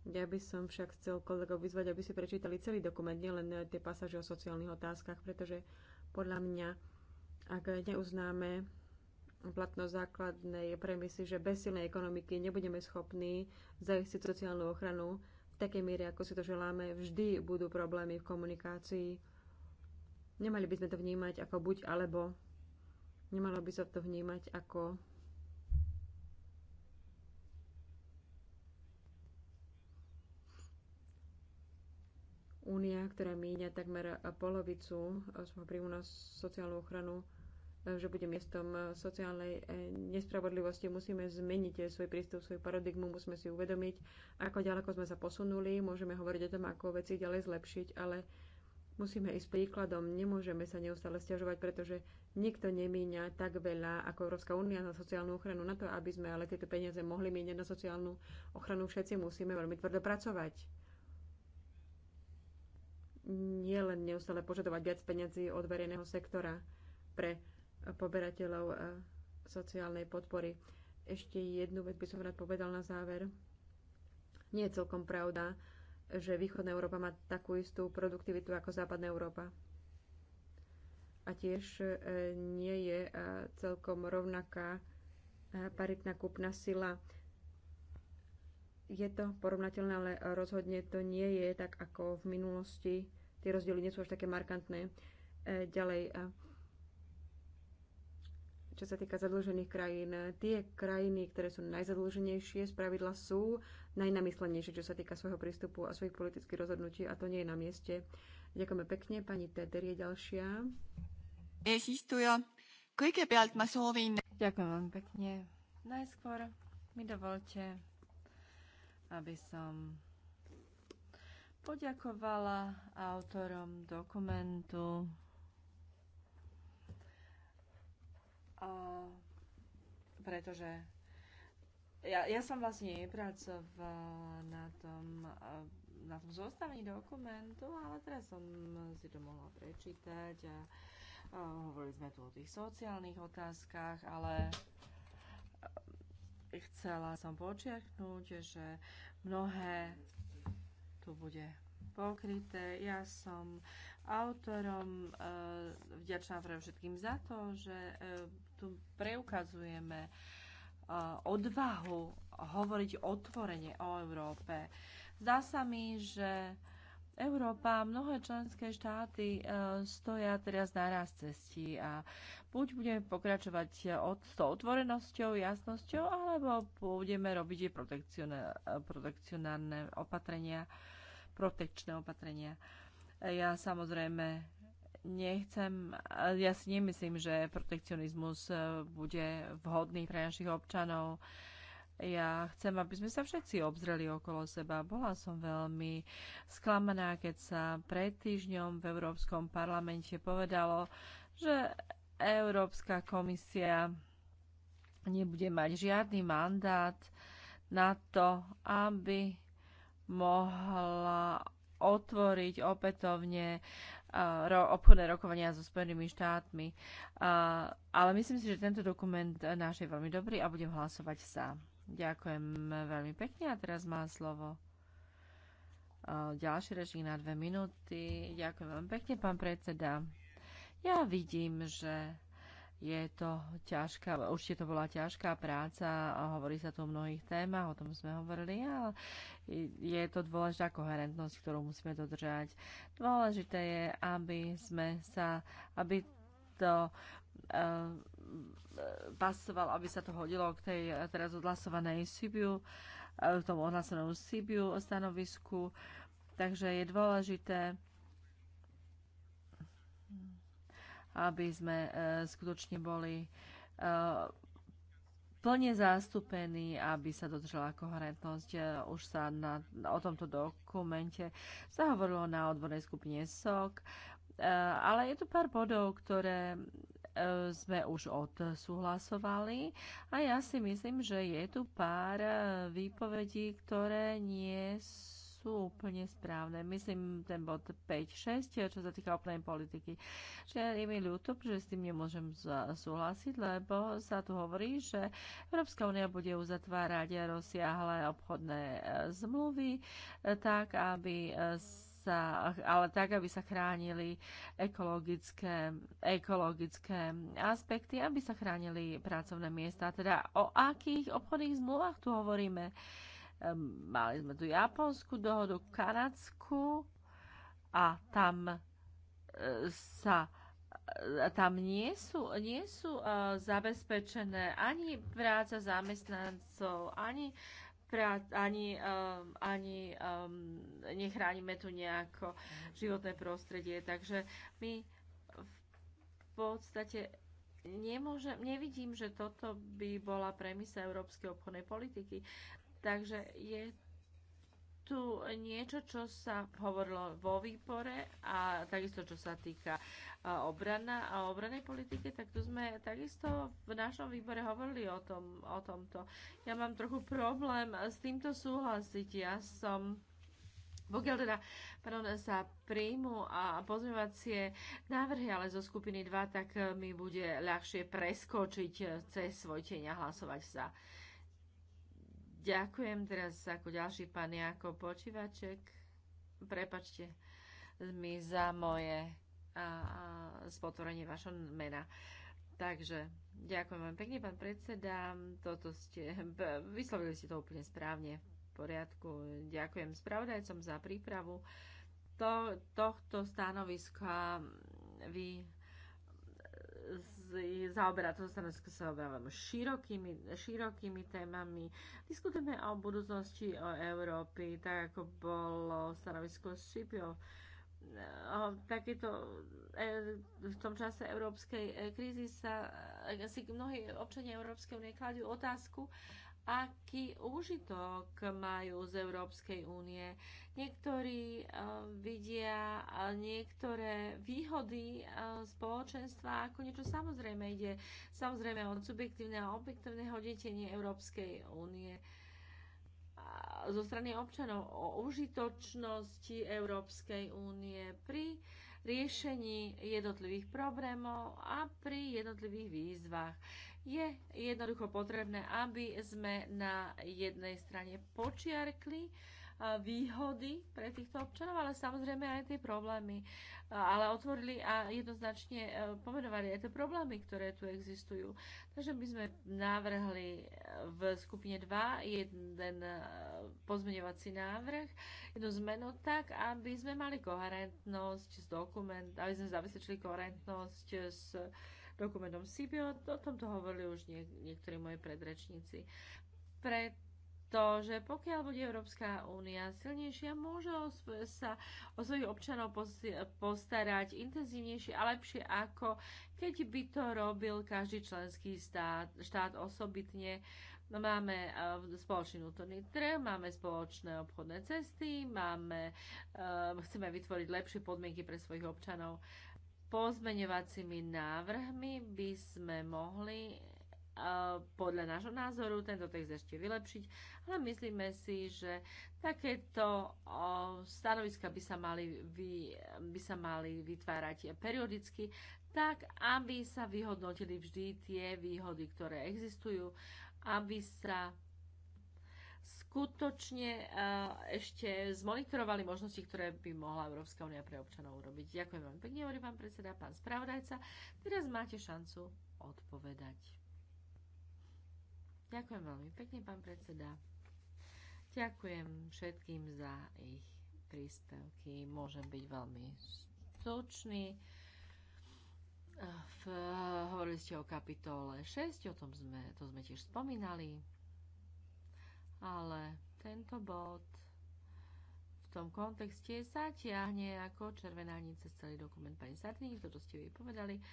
Ja by som však chcel kolegov vyzvať, aby si prečítali celý dokument, nielen tie pasáže o sociálnych otázkach, pretože podľa mňa ak neuznáme platnosť základnej premisy, že bez silnej ekonomiky nebudeme schopní zajistiť sociálnu ochranu v takej miere, ako si to želáme, vždy budú problémy v komunikácii. Nemali by sme to vnímať ako buď alebo. Nemalo by sa to vnímať ako Únia, ktorá míňa takmer polovicu svojho príjmu na sociálnu ochranu, eh, že bude miestom sociálnej eh, nespravodlivosti. Musíme zmeniť eh, svoj prístup, svoju paradigmu, musíme si uvedomiť, ako ďaleko sme sa posunuli, môžeme hovoriť o tom, ako veci ďalej zlepšiť, ale musíme ísť príkladom, nemôžeme sa neustále stiažovať, pretože nikto nemíňa tak veľa ako Európska únia na sociálnu ochranu. Na to, aby sme ale tieto peniaze mohli míňať na sociálnu ochranu, všetci musíme veľmi tvrdo pracovať nielen neustále požadovať viac peniazy od verejného sektora pre poberateľov eh, sociálnej podpory. Ešte jednu vec by som rád povedal na záver. Nie je celkom pravda, že východná Európa má takú istú produktivitu ako západná Európa. A tiež eh, nie je eh, celkom rovnaká paritná kúpna sila je to porovnateľné, ale rozhodne to nie je tak ako v minulosti. Tie rozdiely nie sú až také markantné. E, ďalej, čo sa týka zadlžených krajín, tie krajiny, ktoré sú najzadlženejšie, spravidla sú najnamyslenejšie, čo sa týka svojho prístupu a svojich politických rozhodnutí a to nie je na mieste. Ďakujeme pekne. Pani Teder je ďalšia. Ďakujem vám pekne. Najskôr mi dovolte aby som poďakovala autorom dokumentu a pretože ja, ja som vlastne nepracovala na tom, eh, na tom zostavení dokumentu, ale teraz som si to mohla prečítať a, a hovorili sme tu o tých sociálnych otázkach, ale Chcela som počiarknúť, že mnohé tu bude pokryté. Ja som autorom e, vďačná pre všetkým za to, že e, tu preukazujeme e, odvahu hovoriť otvorene o Európe. Zdá sa mi, že Európa, mnohé členské štáty e, stoja teraz na raz cestí a buď budeme pokračovať od, s tou otvorenosťou, jasnosťou, alebo budeme robiť e, protekcionárne opatrenia, protekčné opatrenia. E, ja samozrejme nechcem, ja si nemyslím, že protekcionizmus bude vhodný pre našich občanov ja chcem, aby sme sa všetci obzreli okolo seba. Bola som veľmi sklamaná, keď sa pred týždňom v Európskom parlamente povedalo, že Európska komisia nebude mať žiadny mandát na to, aby mohla otvoriť opätovne obchodné rokovania so Spojenými štátmi. Ale myslím si, že tento dokument náš je veľmi dobrý a budem hlasovať sám. Ďakujem veľmi pekne a teraz má slovo e, ďalší režim na dve minúty. Ďakujem veľmi pekne, pán predseda. Ja vidím, že je to ťažká, určite to bola ťažká práca, a hovorí sa tu o mnohých témach, o tom sme hovorili, ale je to dôležitá koherentnosť, ktorú musíme dodržať. Dôležité je, aby sme sa, aby to uh, pasoval, aby sa to hodilo k tej eh, teraz odhlasovanej Sibiu, k eh, tomu odhlasovanému Sibiu o stanovisku. Takže je dôležité, aby sme eh, skutočne boli plne zastúpení, aby sa dodržala koherentnosť. Už sa na, o tomto dokumente sa hovorilo na odbornej skupine SOK, ale je tu pár bodov, ktoré sme už odsúhlasovali a ja si myslím, že je tu pár e, výpovedí, ktoré nie sú úplne správne. Myslím ten bod 5-6, e, čo sa týka obnej politiky. Čiže je mi ľúto, že s tým nemôžem súhlasiť, lebo sa tu hovorí, že Európska únia bude uzatvárať rozsiahle obchodné e, zmluvy tak, aby sa, ale tak, aby sa chránili ekologické, ekologické aspekty, aby sa chránili pracovné miesta. Teda o akých obchodných zmluvách tu hovoríme? Ehm, mali sme tu japonskú dohodu, kanadskú a tam e, sa e, tam nie sú, nie sú uh, zabezpečené ani práca zamestnancov, ani prác, ani, um, ani um, nechránime tu nejako životné prostredie. Takže my v podstate nemôžem, nevidím, že toto by bola premisa európskej obchodnej politiky. Takže je tu niečo, čo sa hovorilo vo výpore a takisto, čo sa týka obrana a obranej politike, tak tu sme takisto v našom výbore hovorili o, tom, o tomto. Ja mám trochu problém s týmto súhlasiť. Ja som pokiaľ teda pardon, sa príjmu a pozmievacie návrhy, ale zo skupiny 2, tak mi bude ľahšie preskočiť cez svoj tieň a hlasovať sa. Ďakujem teraz ako ďalší pán Jako Počívaček. Prepačte mi za moje a, a, spotvorenie vašho mena. Takže ďakujem vám pekne, pán predseda. Toto ste, vyslovili ste to úplne správne v poriadku. Ďakujem spravodajcom za prípravu to, tohto stanoviska. Vy zaoberá, toto stanovisko sa zaoberáme širokými, širokými témami. Diskutujeme o budúcnosti o Európy, tak ako bolo stanovisko Scipio. Takéto, e, v tom čase európskej e, krízy sa e, si mnohí občania Európskej únie kladú otázku, aký úžitok majú z Európskej únie. Niektorí uh, vidia uh, niektoré výhody uh, spoločenstva ako niečo samozrejme ide samozrejme o subjektívne a objektívne hodnotenie Európskej únie zo strany občanov o užitočnosti Európskej únie pri riešení jednotlivých problémov a pri jednotlivých výzvach je jednoducho potrebné, aby sme na jednej strane počiarkli e, výhody pre týchto občanov, ale samozrejme aj tie problémy. E, ale otvorili a jednoznačne e, pomenovali aj tie problémy, ktoré tu existujú. Takže my sme navrhli v skupine 2 jeden pozmeňovací návrh, jednu zmenu tak, aby sme mali koherentnosť s dokument, aby sme zabezpečili koherentnosť s dokumentom SIPI. O, tom tomto hovorili už nie, niektorí moji predrečníci. Pretože pokiaľ bude Európska únia silnejšia, môže o sa o svojich občanov postarať intenzívnejšie a lepšie, ako keď by to robil každý členský stát, štát osobitne. No máme e, spoločný vnútorný trh, máme spoločné obchodné cesty, máme, e, chceme vytvoriť lepšie podmienky pre svojich občanov pozmeňovacími návrhmi by sme mohli e, podľa nášho názoru tento text ešte vylepšiť, ale myslíme si, že takéto stanoviska by sa mali, vy, by sa mali vytvárať periodicky, tak aby sa vyhodnotili vždy tie výhody, ktoré existujú, aby sa skutočne eh, ešte zmonitorovali možnosti, ktoré by mohla Európska únia pre občanov urobiť. Ďakujem veľmi pekne, hovorí pán predseda, pán spravodajca. Teraz máte šancu odpovedať. Ďakujem veľmi pekne, pán predseda. Ďakujem všetkým za ich príspevky. Môžem byť veľmi stručný. Eh, v, hovorili ste o kapitole 6, o tom sme, to sme tiež spomínali ale tento bod v tom kontexte sa tiahne ako červená nič cez celý dokument pani Sartini, toto ste jej povedali,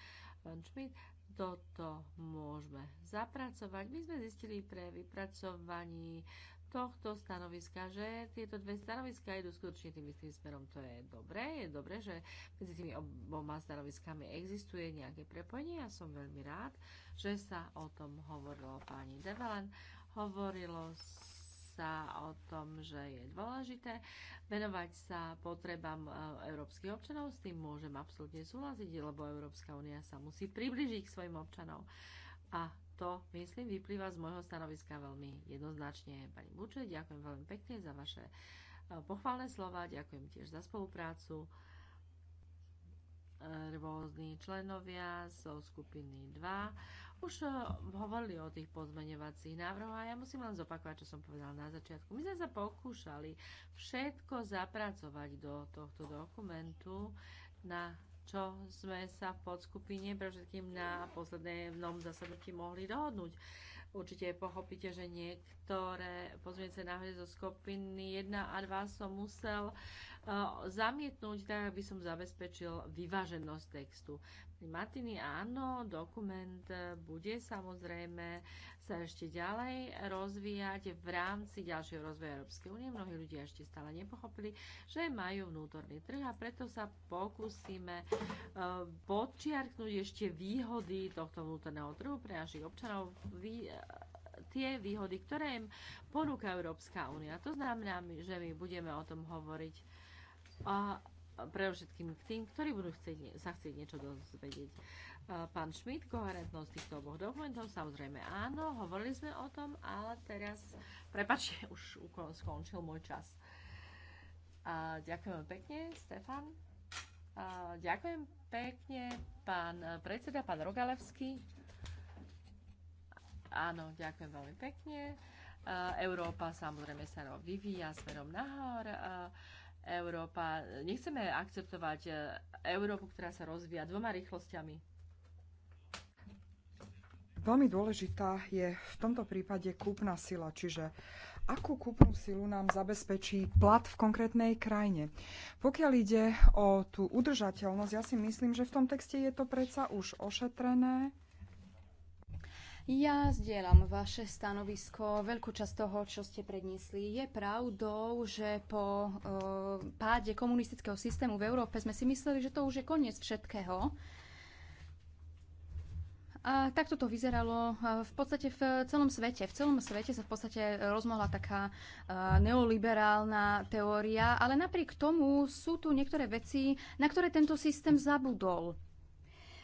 pán Schmidt, toto môžeme zapracovať. My sme zistili pre vypracovaní tohto stanoviska, že tieto dve stanoviska idú skutočne tým istým smerom. To je dobré, je dobré, že medzi tými oboma stanoviskami existuje nejaké prepojenie. Ja som veľmi rád, že sa o tom hovorilo pani Develan Hovorilo sa o tom, že je dôležité venovať sa potrebám e, európskych občanov. S tým môžem absolútne súhlasiť, lebo Európska únia sa musí približiť k svojim občanom. A to, myslím, vyplýva z môjho stanoviska veľmi jednoznačne. Pani Buče, ďakujem veľmi pekne za vaše e, pochválne slova, ďakujem tiež za spoluprácu e, rôzni členovia zo skupiny 2 už eh, hovorili o tých pozmeňovacích návrhoch a ja musím len zopakovať, čo som povedala na začiatku. My sme sa pokúšali všetko zapracovať do tohto dokumentu, na čo sme sa v podskupine, pre všetkým na poslednom zasadnutí mohli dohodnúť. Určite pochopíte, že niektoré pozmeňujúce návrhy zo skupiny 1 a 2 som musel uh, zamietnúť, tak aby som zabezpečil vyváženosť textu. Martiny, áno, dokument bude samozrejme sa ešte ďalej rozvíjať v rámci ďalšieho rozvoja Európskej únie. Mnohí ľudia ešte stále nepochopili, že majú vnútorný trh a preto sa pokúsime e, podčiarknúť ešte výhody tohto vnútorného trhu pre našich občanov. Vy, e, tie výhody, ktoré im ponúka Európska únia. To znamená, že my budeme o tom hovoriť a pre všetkým k tým, ktorí budú chcieť, sa chcieť niečo dozvedieť. Pán Šmit, koherentnosť týchto oboch dokumentov, samozrejme áno, hovorili sme o tom, ale teraz, prepačte, [laughs] už skončil môj čas. A ďakujem pekne, Stefan. A ďakujem pekne, pán predseda, pán Rogalevský. Áno, ďakujem veľmi pekne. Európa samozrejme sa vyvíja smerom nahor. Európa, nechceme akceptovať e, Európu, ktorá sa rozvíja dvoma rýchlosťami. Veľmi dôležitá je v tomto prípade kúpna sila, čiže akú kúpnu silu nám zabezpečí plat v konkrétnej krajine. Pokiaľ ide o tú udržateľnosť, ja si myslím, že v tom texte je to predsa už ošetrené ja zdieľam vaše stanovisko. Veľkú časť toho, čo ste predniesli, je pravdou, že po e, páde komunistického systému v Európe sme si mysleli, že to už je koniec všetkého. A takto to vyzeralo eh, v podstate v celom svete. V celom svete sa v podstate rozmohla taká eh, neoliberálna teória, ale napriek tomu sú tu niektoré veci, na ktoré tento systém zabudol.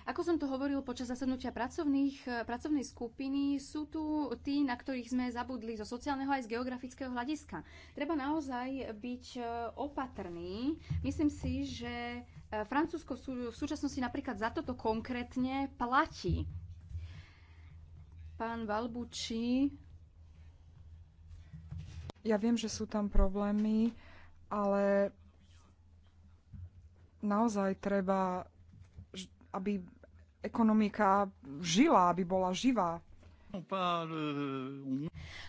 Ako som to hovoril počas zasadnutia pracovných, eh, pracovnej skupiny, sú tu tí, na ktorých sme zabudli zo sociálneho aj z geografického hľadiska. Treba naozaj byť eh, opatrný. Myslím si, že eh, Francúzsko v súčasnosti napríklad za toto konkrétne platí. Pán Valbuči. Ja viem, že sú tam problémy, ale naozaj treba, aby ekonomika žila, aby bola živá. Euh,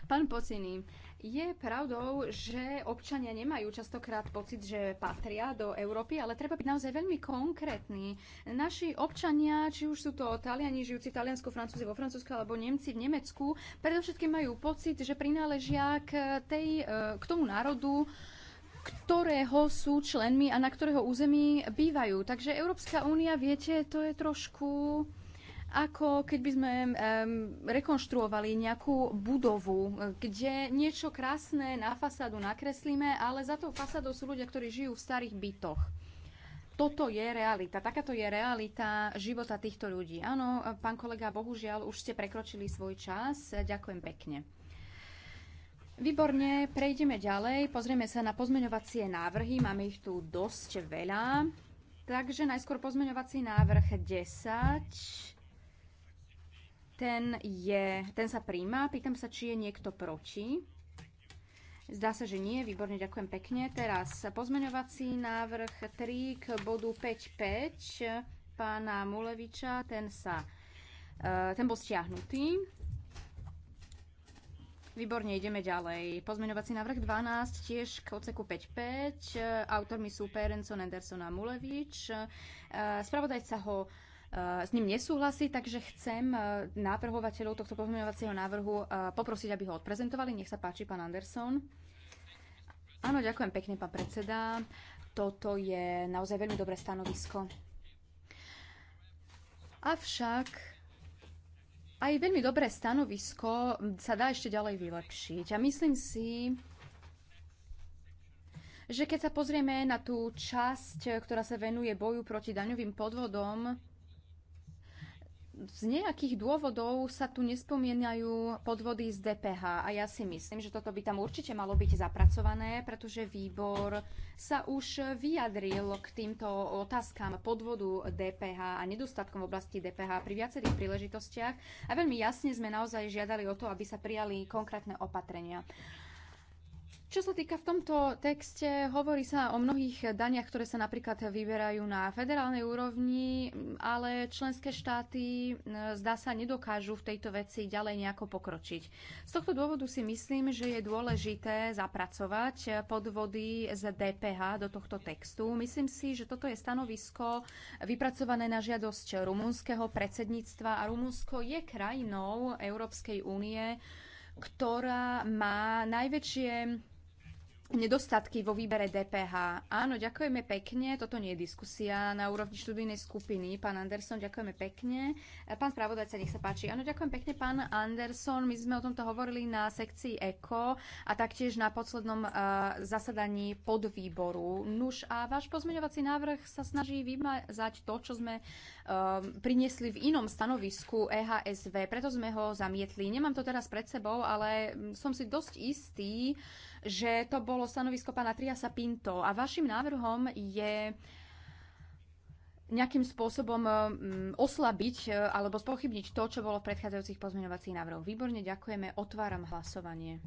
Pán Pociny, je pravdou, že občania nemajú častokrát pocit, že patria do Európy, ale treba byť naozaj veľmi konkrétny. Naši občania, či už sú to Taliani žijúci v Taliansku, Francúzi vo Francúzsku alebo Nemci v Nemecku, predovšetkým majú pocit, že prináležia k, tej, eh, k tomu národu, ktorého sú členmi a na ktorého území bývajú. Takže Európska únia, viete, to je trošku ako keď by sme um, rekonštruovali nejakú budovu, kde niečo krásne na fasádu nakreslíme, ale za tou fasádou sú ľudia, ktorí žijú v starých bytoch. Toto je realita, takáto je realita života týchto ľudí. Áno, pán kolega, bohužiaľ, už ste prekročili svoj čas. Ďakujem pekne. Výborne, prejdeme ďalej, pozrieme sa na pozmeňovacie návrhy, máme ich tu dosť veľa. Takže najskôr pozmeňovací návrh 10. Ten, je, ten sa príjma, pýtam sa, či je niekto proti. Zdá sa, že nie, výborne, ďakujem pekne. Teraz pozmeňovací návrh 3 k bodu 5.5 pána Muleviča, ten sa eh, ten bol stiahnutý. Výborne, ideme ďalej. Pozmeňovací návrh 12, tiež k odseku 5.5. Autormi sú Perenson, Anderson a Mulevič. E, spravodajca ho e, s ním nesúhlasí, takže chcem e, návrhovateľov tohto pozmeňovacieho návrhu poprosiť, aby ho odprezentovali. Nech sa páči, pán Anderson. Áno, ďakujem pekne, pán predseda. Toto je naozaj veľmi dobré stanovisko. Avšak aj veľmi dobré stanovisko sa dá ešte ďalej vylepšiť. A myslím si, že keď sa pozrieme na tú časť, ktorá sa venuje boju proti daňovým podvodom, z nejakých dôvodov sa tu nespomínajú podvody z DPH a ja si myslím, že toto by tam určite malo byť zapracované, pretože výbor sa už vyjadril k týmto otázkam podvodu DPH a nedostatkom v oblasti DPH pri viacerých príležitostiach a veľmi jasne sme naozaj žiadali o to, aby sa prijali konkrétne opatrenia. Čo sa týka v tomto texte, hovorí sa o mnohých daniach, ktoré sa napríklad vyberajú na federálnej úrovni, ale členské štáty zdá sa nedokážu v tejto veci ďalej nejako pokročiť. Z tohto dôvodu si myslím, že je dôležité zapracovať podvody z DPH do tohto textu. Myslím si, že toto je stanovisko vypracované na žiadosť rumunského predsedníctva a Rumunsko je krajinou Európskej únie, ktorá má najväčšie nedostatky vo výbere DPH. Áno, ďakujeme pekne. Toto nie je diskusia na úrovni študijnej skupiny. Pán Anderson, ďakujeme pekne. Pán spravodajca, nech sa páči. Áno, ďakujem pekne, pán Anderson. My sme o tomto hovorili na sekcii ECO a taktiež na poslednom uh, zasadaní podvýboru. Nuž a váš pozmeňovací návrh sa snaží vymazať to, čo sme priniesli v inom stanovisku EHSV. Preto sme ho zamietli. Nemám to teraz pred sebou, ale som si dosť istý, že to bolo stanovisko pána Triasa Pinto a vašim návrhom je nejakým spôsobom mm, oslabiť e, alebo spochybniť to, čo bolo v predchádzajúcich pozmeňovacích návrhoch. Výborne, ďakujeme. Otváram hlasovanie.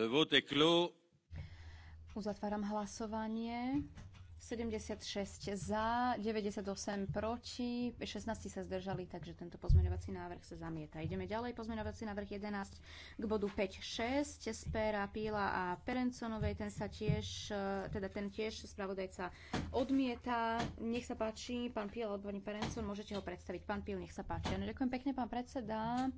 Le vote est clos. Uzatváram hlasovanie. 76 za, 98 proti, 16 sa zdržali, takže tento pozmeňovací návrh sa zamieta. Ideme ďalej, pozmeňovací návrh 11 k bodu 5.6. Spera Píla a Perenconovej, ten sa tiež, teda ten tiež spravodajca odmieta. Nech sa páči, pán píla alebo pani Perencon, môžete ho predstaviť. Pán Píl, nech sa páči. ďakujem pekne, pán predseda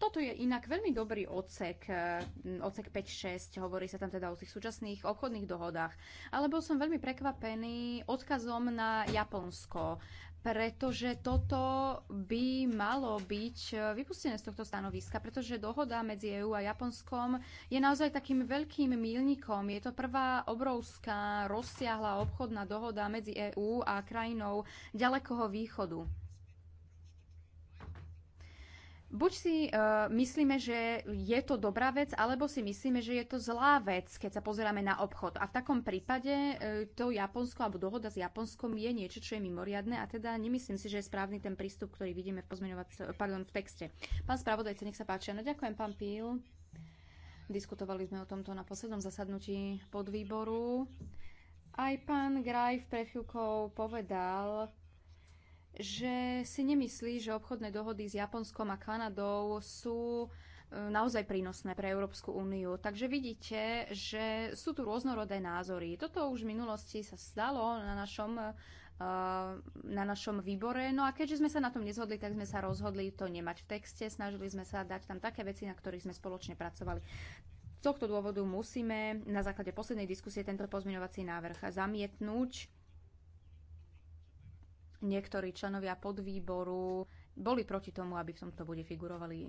toto je inak veľmi dobrý odsek, e, odsek 5.6, hovorí sa tam teda o tých súčasných obchodných dohodách. Ale bol som veľmi prekvapený odkazom na Japonsko, pretože toto by malo byť e, vypustené z tohto stanoviska, pretože dohoda medzi EÚ a Japonskom je naozaj takým veľkým milníkom. Je to prvá obrovská rozsiahla obchodná dohoda medzi EÚ a krajinou ďalekoho východu. Buď si uh, myslíme, že je to dobrá vec, alebo si myslíme, že je to zlá vec, keď sa pozeráme na obchod. A v takom prípade uh, to Japonsko alebo dohoda s Japonskom je niečo, čo je mimoriadne a teda nemyslím si, že je správny ten prístup, ktorý vidíme v, pardon, v texte. Pán spravodajca, nech sa páči. No ďakujem, pán Píl. Diskutovali sme o tomto na poslednom zasadnutí podvýboru. Aj pán Grajf pre chvíľkou povedal, že si nemyslí, že obchodné dohody s Japonskom a Kanadou sú e, naozaj prínosné pre Európsku úniu. Takže vidíte, že sú tu rôznorodé názory. Toto už v minulosti sa stalo na našom e, na našom výbore. No a keďže sme sa na tom nezhodli, tak sme sa rozhodli to nemať v texte. Snažili sme sa dať tam také veci, na ktorých sme spoločne pracovali. Z tohto dôvodu musíme na základe poslednej diskusie tento pozmeňovací návrh zamietnúť Niektorí členovia podvýboru boli proti tomu, aby v tomto bode figurovali e,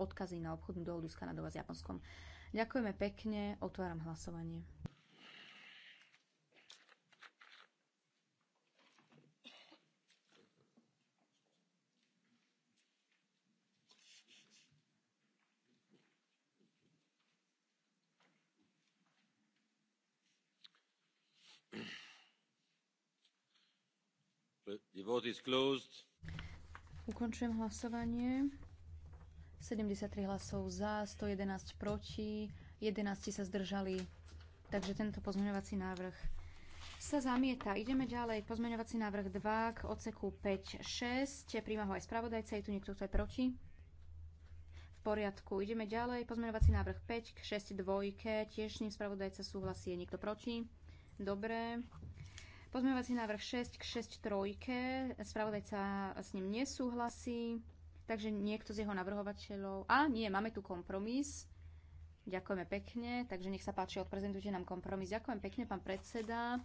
odkazy na obchodnú dohodu s Kanadou a s Japonskom. Ďakujeme pekne, otváram hlasovanie. Ukončujem hlasovanie. 73 hlasov za, 111 proti, 11 sa zdržali. Takže tento pozmeňovací návrh sa zamieta. Ideme ďalej. Pozmeňovací návrh 2 k odseku 5, 6. Príjma ho aj spravodajca. Je tu niekto, kto je proti? V poriadku. Ideme ďalej. Pozmeňovací návrh 5 k 6, 2. Tiež s ním spravodajca súhlasí. Je niekto proti? Dobre. Pozmeňovací návrh 6 k 6 trojke. Spravodajca s ním nesúhlasí. Takže niekto z jeho navrhovateľov... A nie, máme tu kompromis. Ďakujeme pekne. Takže nech sa páči, odprezentujte nám kompromis. Ďakujem pekne, pán predseda.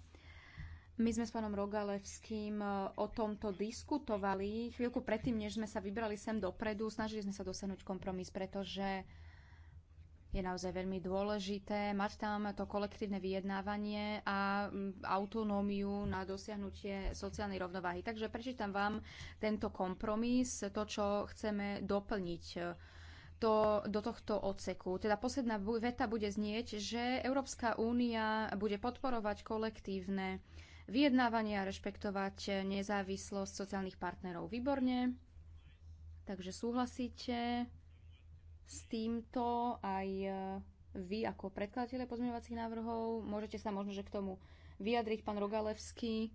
My sme s pánom Rogalevským e, o tomto diskutovali chvíľku predtým, než sme sa vybrali sem dopredu. Snažili sme sa dosiahnuť kompromis, pretože je naozaj veľmi dôležité mať tam to kolektívne vyjednávanie a mm, autonómiu na dosiahnutie sociálnej rovnováhy. Takže prečítam vám tento kompromis, to, čo chceme doplniť e, to, do tohto odseku. Teda posledná veta bude znieť, že Európska únia bude podporovať kolektívne vyjednávanie a rešpektovať nezávislosť sociálnych partnerov. Výborne. Takže súhlasíte. S týmto aj e, vy ako predkladateľe pozmeňovacích návrhov môžete sa možno, že k tomu vyjadriť, pán Rogalevský.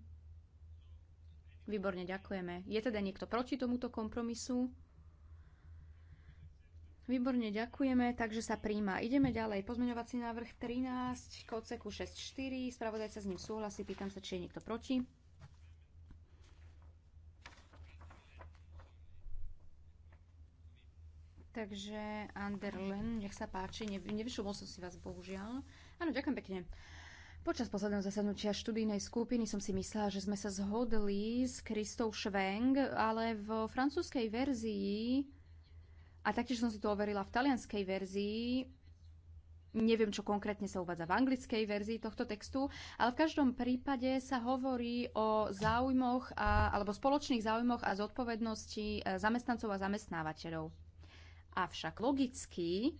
Výborne, ďakujeme. Je teda niekto proti tomuto kompromisu? Výborne, ďakujeme, takže sa príjma. Ideme ďalej. Pozmeňovací návrh 13 k 6.4. Spravodajca s ním súhlasí. Pýtam sa, či je niekto proti. Takže Anderlen, nech sa páči, ne, nevyšumol som si vás bohužiaľ. Áno, ďakujem pekne. Počas posledného zasadnutia študijnej skupiny som si myslela, že sme sa zhodli s Kristou Schweng, ale v francúzskej verzii a taktiež som si to overila v talianskej verzii, neviem, čo konkrétne sa uvádza v anglickej verzii tohto textu, ale v každom prípade sa hovorí o záujmoch a, alebo spoločných záujmoch a zodpovednosti e, zamestnancov a zamestnávateľov. Avšak logicky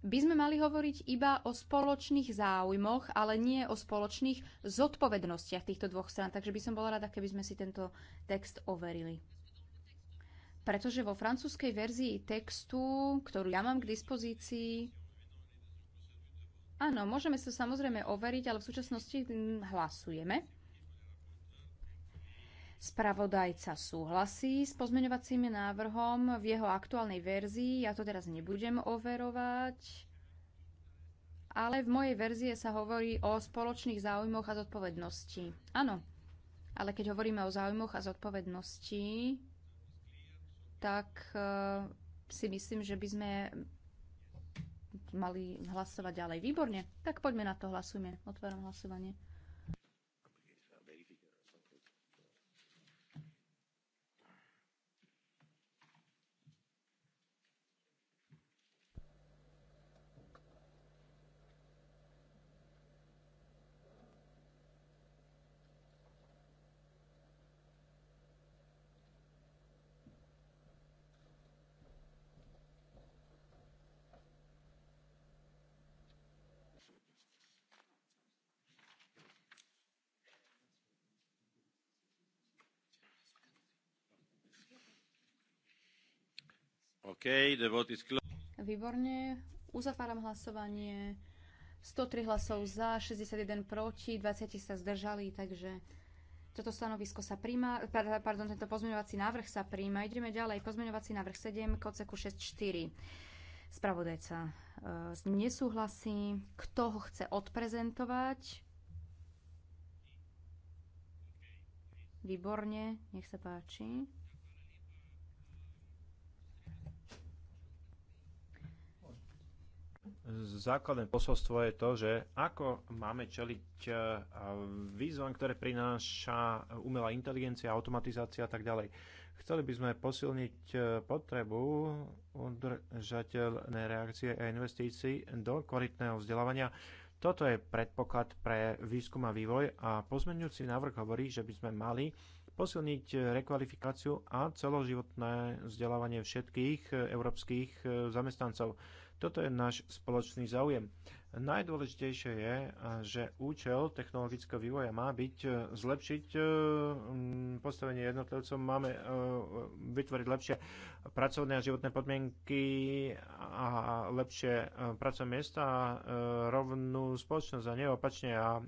by sme mali hovoriť iba o spoločných záujmoch, ale nie o spoločných zodpovednostiach týchto dvoch strán. Takže by som bola rada, keby sme si tento text overili. Pretože vo francúzskej verzii textu, ktorú ja mám k dispozícii, áno, môžeme sa samozrejme overiť, ale v súčasnosti hm, hlasujeme. Spravodajca súhlasí s pozmeňovacím návrhom v jeho aktuálnej verzii. Ja to teraz nebudem overovať, ale v mojej verzie sa hovorí o spoločných záujmoch a zodpovednosti. Áno, ale keď hovoríme o záujmoch a zodpovednosti, tak uh, si myslím, že by sme mali hlasovať ďalej. Výborne, tak poďme na to, hlasujme. Otváram hlasovanie. the vote is closed. Výborne. Uzatváram hlasovanie. 103 hlasov za, 61 proti, 20 sa zdržali, takže toto stanovisko sa príjma, pardon, tento pozmeňovací návrh sa príjma. Ideme ďalej. Pozmeňovací návrh 7 k odseku 6.4. Spravodajca e, nesúhlasí. Kto ho chce odprezentovať? Výborne, nech sa páči. základné posolstvo je to, že ako máme čeliť e, výzvam, ktoré prináša umelá inteligencia, automatizácia a tak ďalej. Chceli by sme posilniť e, potrebu udržateľnej reakcie a investícií do kvalitného vzdelávania. Toto je predpoklad pre výskum a vývoj a pozmeňujúci návrh hovorí, že by sme mali posilniť rekvalifikáciu a celoživotné vzdelávanie všetkých e, európskych zamestnancov toto je náš spoločný záujem. Najdôležitejšie je, že účel technologického vývoja má byť e, zlepšiť e, postavenie jednotlivcov, máme e, vytvoriť lepšie pracovné a životné podmienky a lepšie pracovné miesta a rovnú spoločnosť a neopačne a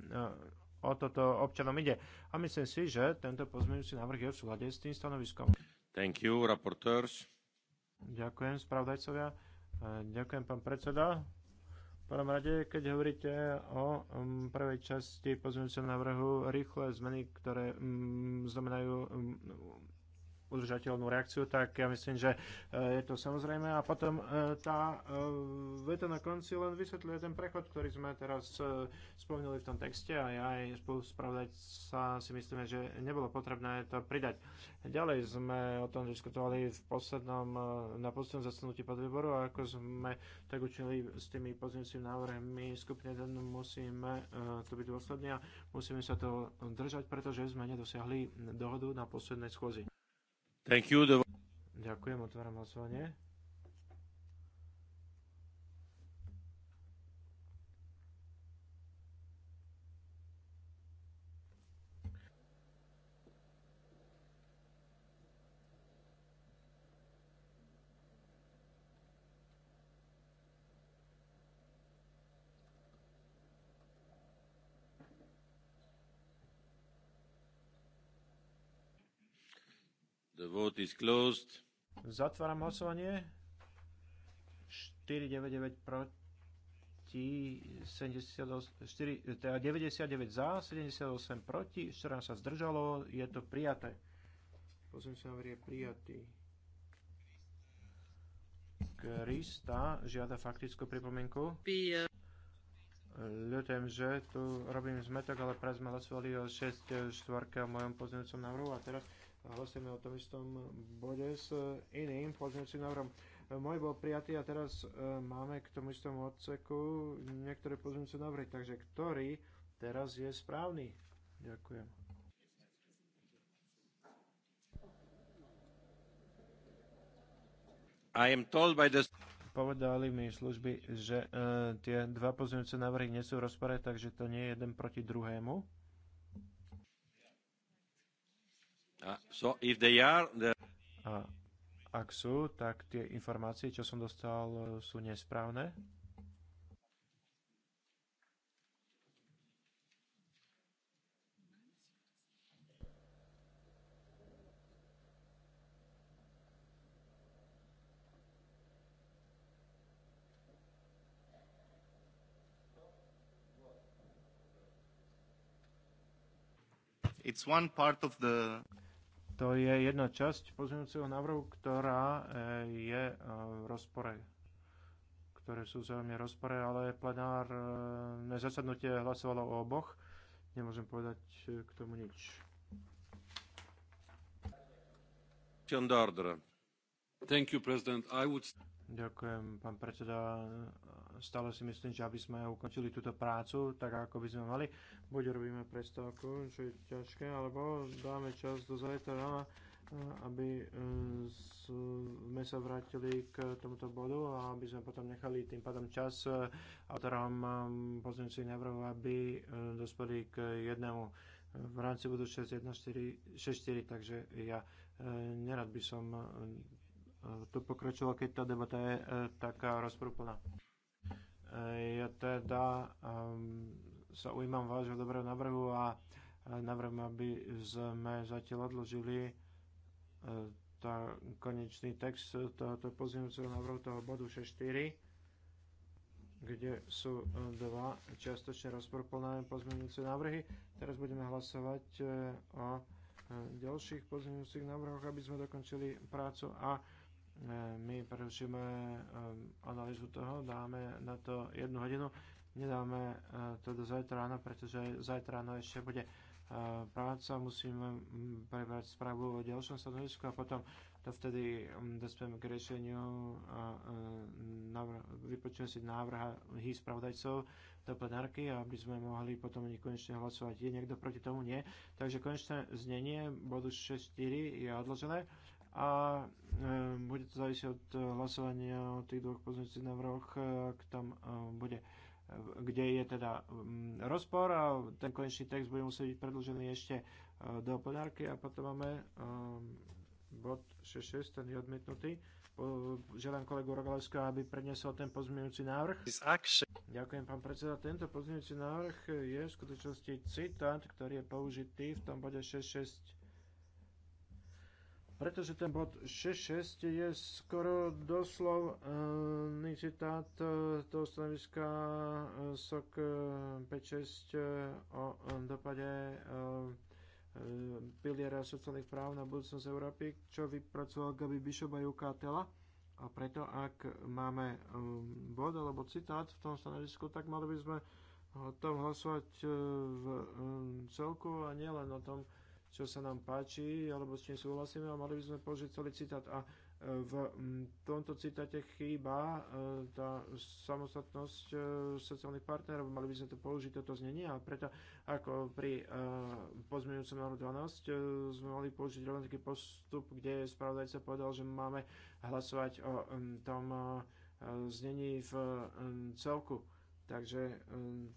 o toto občanom ide. A myslím si, že tento pozmeňujúci návrh je v súlade s tým stanoviskom. Thank you, Ďakujem, spravodajcovia. Ďakujem, pán predseda. V prvom rade, keď hovoríte o mm, prvej časti pozmeňujúceho návrhu, rýchle zmeny, ktoré mm, znamenajú mm, udržateľnú reakciu, tak ja myslím, že eh, je to samozrejme. A potom eh, tá eh, veta na konci len vysvetľuje ten prechod, ktorý sme teraz spomínali v tom texte a ja aj spolu spravdať sa si myslíme, že nebolo potrebné to pridať. Ďalej sme o tom diskutovali v poslednom, na poslednom zastanutí podvýboru a ako sme tak učili s tými pozemnými návrhmi skupne, ten musíme to byť dôsledný a musíme sa to držať, pretože sme nedosiahli dohodu na poslednej schôzi. Ďakujem, otváram hlasovanie. Vote is closed. Zatváram hlasovanie. 499 proti, 78, 4, 99 za, 78 proti, 14 sa zdržalo, je to prijaté. Pozriem sa, je prijatý. Krista žiada faktickú pripomienku. Ľutujem, že tu robím zmetok, ale práve sme hlasovali o 6 štvorke v mojom pozmeňujúcom návrhu a teraz hlasujeme o tom istom bode s iným pozmeňujúcim návrhom. Môj bol prijatý a teraz e, máme k tomu istému odseku niektoré pozmeňujúce návrhy, takže ktorý teraz je správny? Ďakujem. I am told by the... Povedali mi služby, že uh, tie dva pozmeňujúce návrhy nie sú v rozpore, takže to nie je jeden proti druhému. A ak sú, tak tie informácie, čo som dostal, sú nesprávne? It's one part of the to je jedna časť pozmeňujúceho návrhu, ktorá eh, je eh, v rozpore ktoré sú zaujímavé rozpore, ale plenárne zasadnutie hlasovalo o oboch. Nemôžem povedať eh, k tomu nič. Thank you, President. I would... Ďakujem, pán predseda. Stále si myslím, že aby sme ukončili túto prácu, tak ako by sme mali, buď robíme prestávku, čo je ťažké, alebo dáme čas do zajtra, aby sme sa vrátili k tomuto bodu a aby sme potom nechali tým pádom čas autorom pozemcových návrhu, aby dospeli k jednému v rámci bodu 6.1.6.4, takže ja nerad by som E, to pokračovalo, keď tá debata je e, taká rozprúplná. E, ja teda sa ujímam vášho dobrého návrhu a návrhom, aby sme zatiaľ odložili tá konečný text tohoto pozemcov návrhu toho bodu 64, kde sú dva čiastočne rozporplné pozmeňujúce návrhy. Teraz budeme hlasovať o ďalších pozmeňujúcich návrhoch, aby sme dokončili prácu a E, my prerušíme e, analýzu toho, dáme na to jednu hodinu, nedáme e, to do zajtra ráno, pretože zajtra ráno ešte bude práca, musíme prebrať správu o ďalšom stanovisku a potom vtedy dospieme k riešeniu a vypočujeme si návrhy spravodajcov do plenárky, aby sme mohli potom o konečne hlasovať. Je niekto proti tomu? Nie. Takže konečné znenie bodu 6.4 je odložené a e, bude to závisieť od e, hlasovania o tých dvoch pozmeňujúcich návrhoch, e, ak tam bude kde je teda rozpor a ten konečný text bude musieť byť predlžený ešte do plenárky a potom máme bod 6.6, ten je odmietnutý. Želám kolegu Rogalevského, aby prednesol ten pozmeňujúci návrh. Ďakujem, pán predseda. Tento pozmeňujúci návrh je v skutočnosti citát, ktorý je použitý v tom bode 6.6 pretože ten bod 6.6 je skoro doslovný citát e, toho stanoviska e, SOK 5.6 e, o dopade piliera sociálnych práv na budúcnosť Európy, čo vypracoval Gabi Bishop a Juka Tela. A preto, ak máme bod alebo citát v tom stanovisku, tak mali by sme o tom hlasovať v celku a nielen o tom, čo sa nám páči, alebo s čím súhlasíme a mali by sme použiť celý citát. A e, v tomto citáte chýba e, tá samostatnosť e, sociálnych partnerov. Mali by sme to použiť, toto znenie a preto ako pri pozmeňujúcom návrhu 12 sme mali použiť len taký postup, kde spravodajca povedal, že máme hlasovať o tom znení v celku. Takže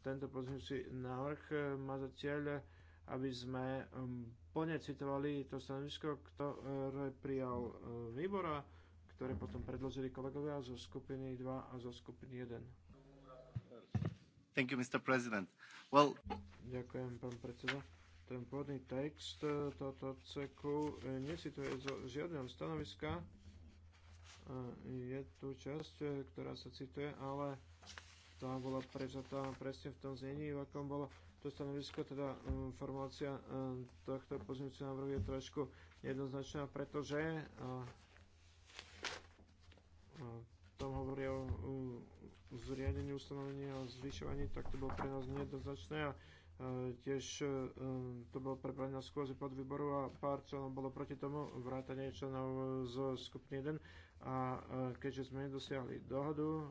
tento pozmeňujúci návrh má za cieľ, aby sme plne citovali to stanovisko, ktoré prijal e, výbora, ktoré potom predložili kolegovia zo skupiny 2 a zo skupiny 1. Thank you, Mr. President. Well... Ďakujem, pán predseda. Ten pôvodný text e, tohoto ceku e, nesituje zo žiadneho stanoviska. Je tu časť, ktorá sa cituje, ale tá bola prežatá presne v tom znení, v akom bolo to stanovisko, teda e, formulácia e, tohto pozmeňujúceho návrhu je trošku jednoznačná, pretože e, tam hovorí o zriadení ustanovenia a zvyšovaní, tak to bolo pre nás nejednoznačné a tiež to bolo prebrané na skôzi pod výboru a pár členov bolo proti tomu, vrátanie členov z skupiny 1 a keďže sme nedosiahli dohodu,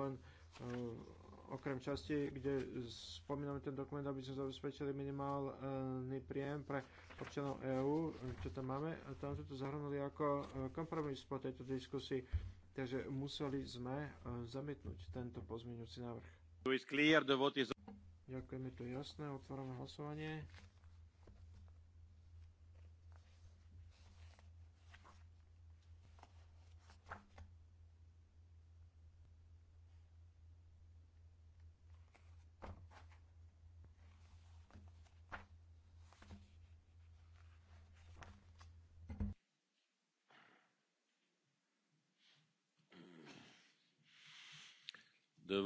len okrem časti, kde spomíname ten dokument, aby sme zabezpečili minimálny príjem pre občanov EÚ, čo tam máme, a tam sme to zahrnuli ako e, kompromis po tejto diskusii. Takže museli sme e, zamietnúť tento pozmeňujúci návrh. Ďakujem, je to jasné, otvorené hlasovanie.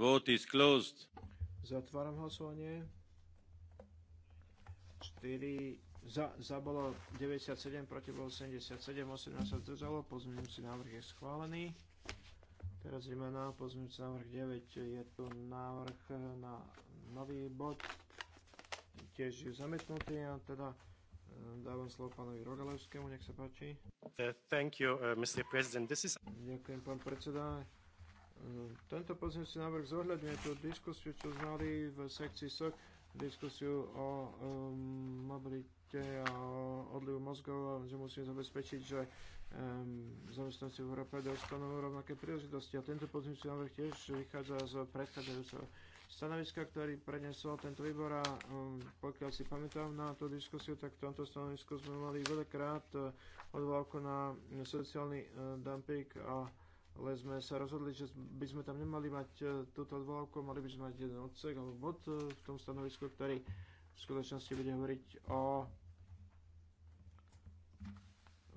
Vote is closed. Zatváram hlasovanie. 4 za, za bolo 97, proti bolo 77, 18 sa zdržalo, pozmeňujúci návrh je schválený. Teraz ideme na pozmeňujúci návrh 9, je tu návrh na nový bod, tiež je zametnutý a teda eh, dávam slovo pánovi Rogalevskému, nech sa páči. Uh, thank you, uh, Mr. President. This is... Ďakujem, pán predseda. Tento pozemný návrh zohľadňuje tú diskusiu, čo sme mali v sekcii SOK, diskusiu o um, mobilite a o odlivu mozgov, že musíme zabezpečiť, že um, zamestnanci v Európe dostanú rovnaké príležitosti. A tento pozemný návrh tiež vychádza z predchádzajúceho stanoviska, ktorý prenesol tento výbor a um, pokiaľ si pamätám na tú diskusiu, tak v tomto stanovisku sme mali veľakrát uh, odvolávku na sociálny uh, dumping a ale sme sa rozhodli, že by sme tam nemali mať e, túto odvolávku, mali by sme mať jeden odsek alebo bod e, v tom stanovisku, ktorý v skutočnosti bude hovoriť o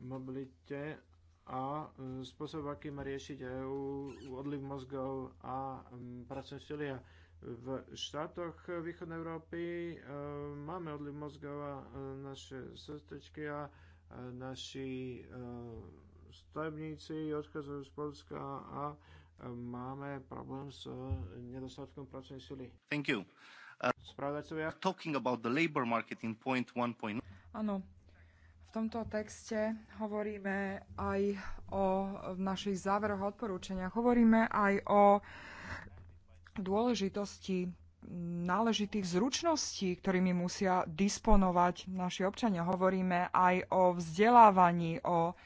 mobilite a e, spôsob, akým riešiť EU odliv mozgov a pracovné sily. V štátoch východnej Európy máme odliv mozgov a naše sestričky a naši stavebníci odchádzajú z Polska a máme problém s eh, nedostatkom pracovnej sily. Thank you. Uh, Talking about the labor market in point 1.0. Áno, v tomto texte hovoríme aj o našich záveroch a odporúčaniach. Hovoríme aj o dôležitosti náležitých zručností, ktorými musia disponovať naši občania. Hovoríme aj o vzdelávaní, o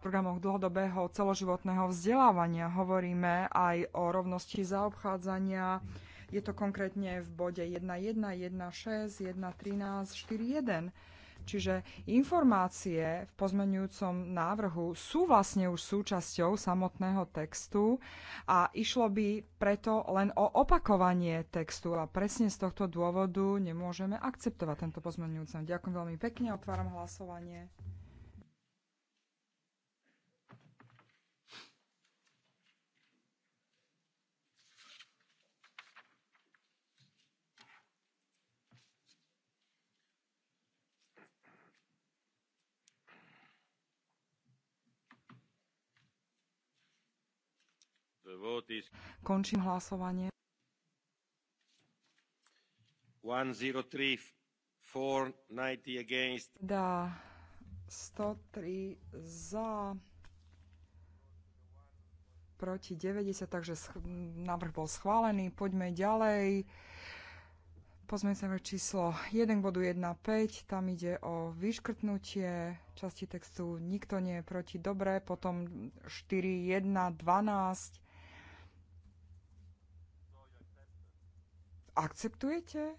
programoch dlhodobého celoživotného vzdelávania. Hovoríme aj o rovnosti zaobchádzania. Je to konkrétne v bode 1.1, 1.6, 1.13, 4.1. Čiže informácie v pozmenujúcom návrhu sú vlastne už súčasťou samotného textu a išlo by preto len o opakovanie textu a presne z tohto dôvodu nemôžeme akceptovať tento pozmenujúci. Ďakujem veľmi pekne, otváram hlasovanie. Končím hlasovanie. 103 against. Dá 103 za proti 90, takže návrh bol schválený. Poďme ďalej. Pozme sa číslo 1 bodu 1.5. Tam ide o vyškrtnutie časti textu. Nikto nie je proti. Dobre. Potom 4.1.12. Akceptujete?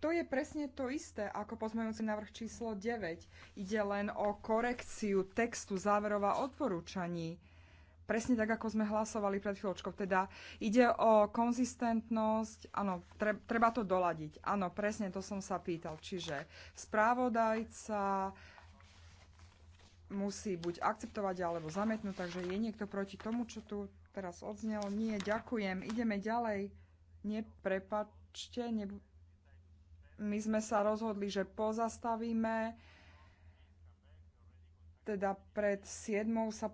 To je presne to isté ako pozmeňujúci návrh číslo 9. Ide len o korekciu textu záverov a odporúčaní. Presne tak, ako sme hlasovali pred chvíľočkou. Teda ide o konzistentnosť, áno, treba to doladiť. Áno, presne to som sa pýtal. Čiže správodajca musí buď akceptovať alebo zametnúť, takže je niekto proti tomu, čo tu teraz odznelo. Nie, ďakujem. Ideme ďalej neprepačte, ne... my sme sa rozhodli, že pozastavíme, teda pred 7 sa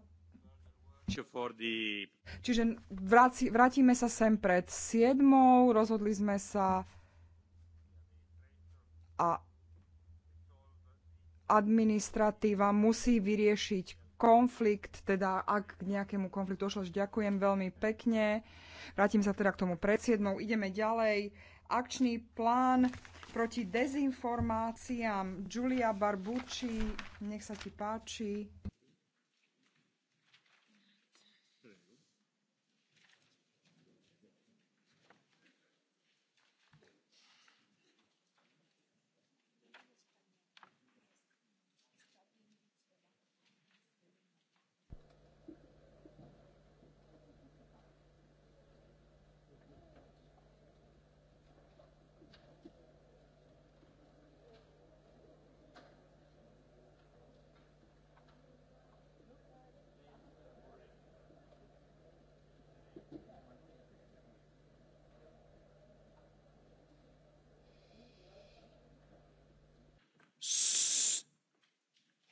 Čiže vráci, vrátime sa sem pred 7, rozhodli sme sa a administratíva musí vyriešiť konflikt, teda ak k nejakému konfliktu došlo, ďakujem veľmi pekne. Vrátim sa teda k tomu pred Ideme ďalej. Akčný plán proti dezinformáciám. Julia Barbucci, nech sa ti páči.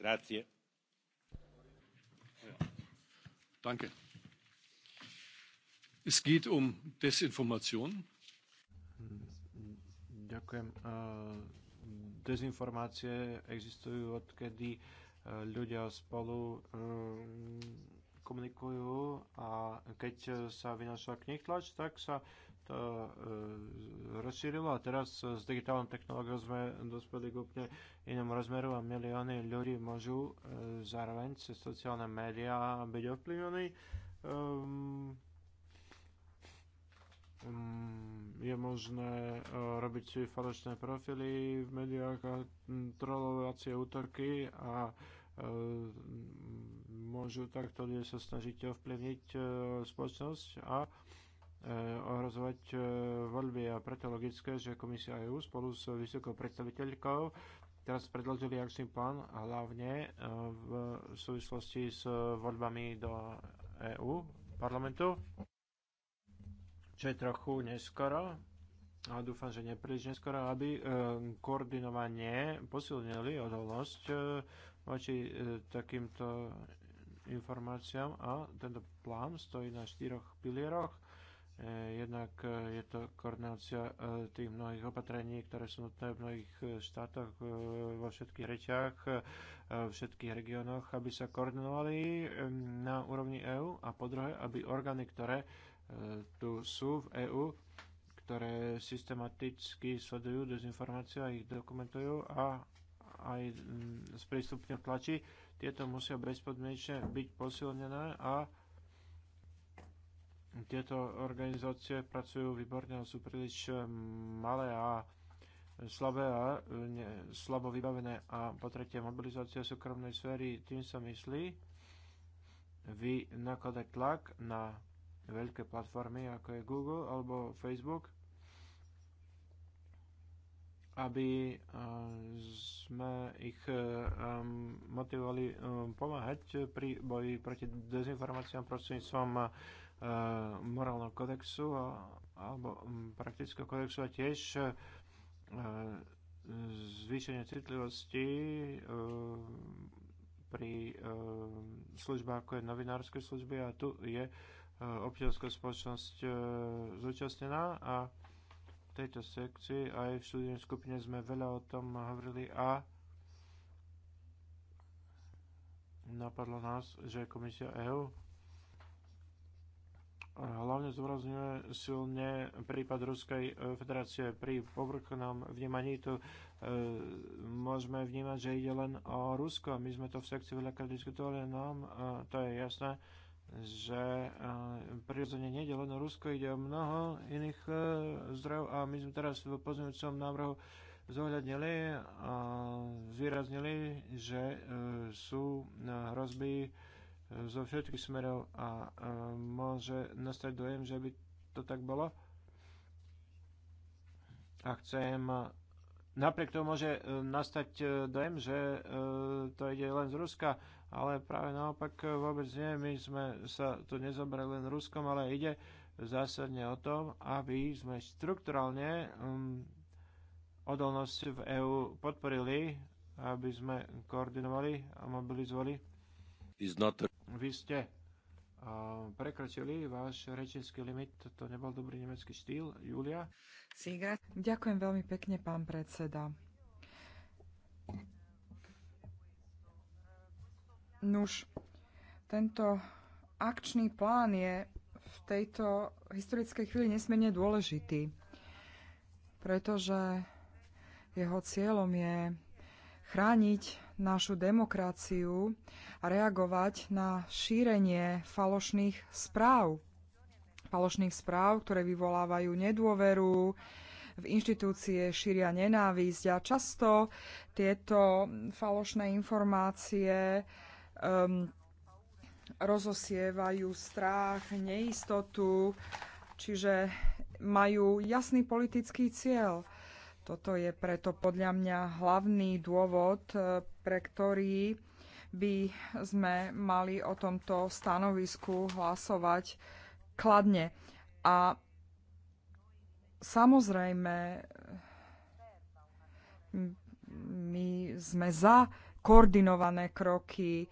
grazie. Danke. Es geht um Desinformation. Ďakujem. Dezinformácie existujú, odkedy ľudia spolu komunikujú a keď sa vynašla knih tlač, tak sa uh, to e, rozšírilo a teraz e, s digitálnou technológiou sme dospeli k úplne inému rozmeru a milióny ľudí môžu e, zároveň cez sociálne médiá byť ovplyvnení. Um, ehm, ehm, je možné robiť si falošné profily v médiách a trolovacie útorky a môžu takto ľudia sa snažiť ovplyvniť spoločnosť a Eh, ohrozovať eh, voľby a preto logické, že Komisia EU spolu s vysokou predstaviteľkou teraz predložili akčný plán hlavne eh, v súvislosti s voľbami do EU parlamentu, čo je trochu neskoro, a dúfam, že nepríliš neskoro, aby koordinovanie posilnili odolnosť voči takýmto informáciám a tento plán stojí na štyroch pilieroch Eh, jednak eh, je to koordinácia eh, tých mnohých opatrení, ktoré sú nutné v mnohých štátoch, vo všetkých reťach, všetkých regiónoch, aby sa koordinovali na úrovni EÚ a po druhé, aby orgány, ktoré tu sú v EÚ, ktoré systematicky sledujú dezinformáciu a ich dokumentujú a aj mm, sprístupňujú tlači. Tieto musia bezpodmienečne byť posilnené a tieto organizácie pracujú výborne a sú príliš eh, malé a slabé a eh, ne, slabo vybavené. A po tretie, mobilizácia súkromnej sféry, tým sa myslí vy nakladať tlak na veľké platformy ako je Google alebo Facebook, aby eh, sme ich motivovali pomáhať pri boji proti dezinformáciám prostredníctvom Eh, morálneho kodexu a, alebo mm, praktického kodexu a tiež eh, zvýšenie citlivosti eh, pri službách ako je novinárskej služby a tu je občianská spoločnosť zúčastnená a v tejto sekcii aj v študijnej skupine sme veľa o tom hovorili a napadlo nás, že komisia EU hlavne zúrazňuje silne prípad Ruskej e, federácie. Pri povrchnom vnímaní tu e, môžeme vnímať, že ide len o Rusko. My sme to v sekcii veľakrát diskutovali, nám no, e, to je jasné, že e, prirodzene nejde len o Rusko, ide o mnoho iných e, zdrojov a my sme teraz v pozmeňujúcom návrhu zohľadnili a zvýraznili, že e, sú e, hrozby e, zo všetkých smerov a môže nastať dojem, že by to tak bolo. A chcem, napriek tomu môže e, nastať e, dojem, že e, to ide len z Ruska, ale práve naopak vôbec nie. My sme sa tu nezobrali len Ruskom, ale ide zásadne o tom, aby sme strukturálne odolnosť v EÚ podporili, aby sme koordinovali a mobilizovali. Is not vy ste prekročili váš rečenský limit. To nebol dobrý nemecký štýl. Julia? Ďakujem veľmi pekne, pán predseda. Nuž, tento akčný plán je v tejto historickej chvíli nesmierne dôležitý, pretože jeho cieľom je chrániť našu demokraciu a reagovať na šírenie falošných správ. Falošných správ, ktoré vyvolávajú nedôveru, v inštitúcie šíria nenávisť a často tieto falošné informácie um, rozosievajú strach, neistotu, čiže majú jasný politický cieľ toto je preto podľa mňa hlavný dôvod, e, pre ktorý by sme mali o tomto stanovisku hlasovať kladne. A samozrejme, my sme za koordinované kroky,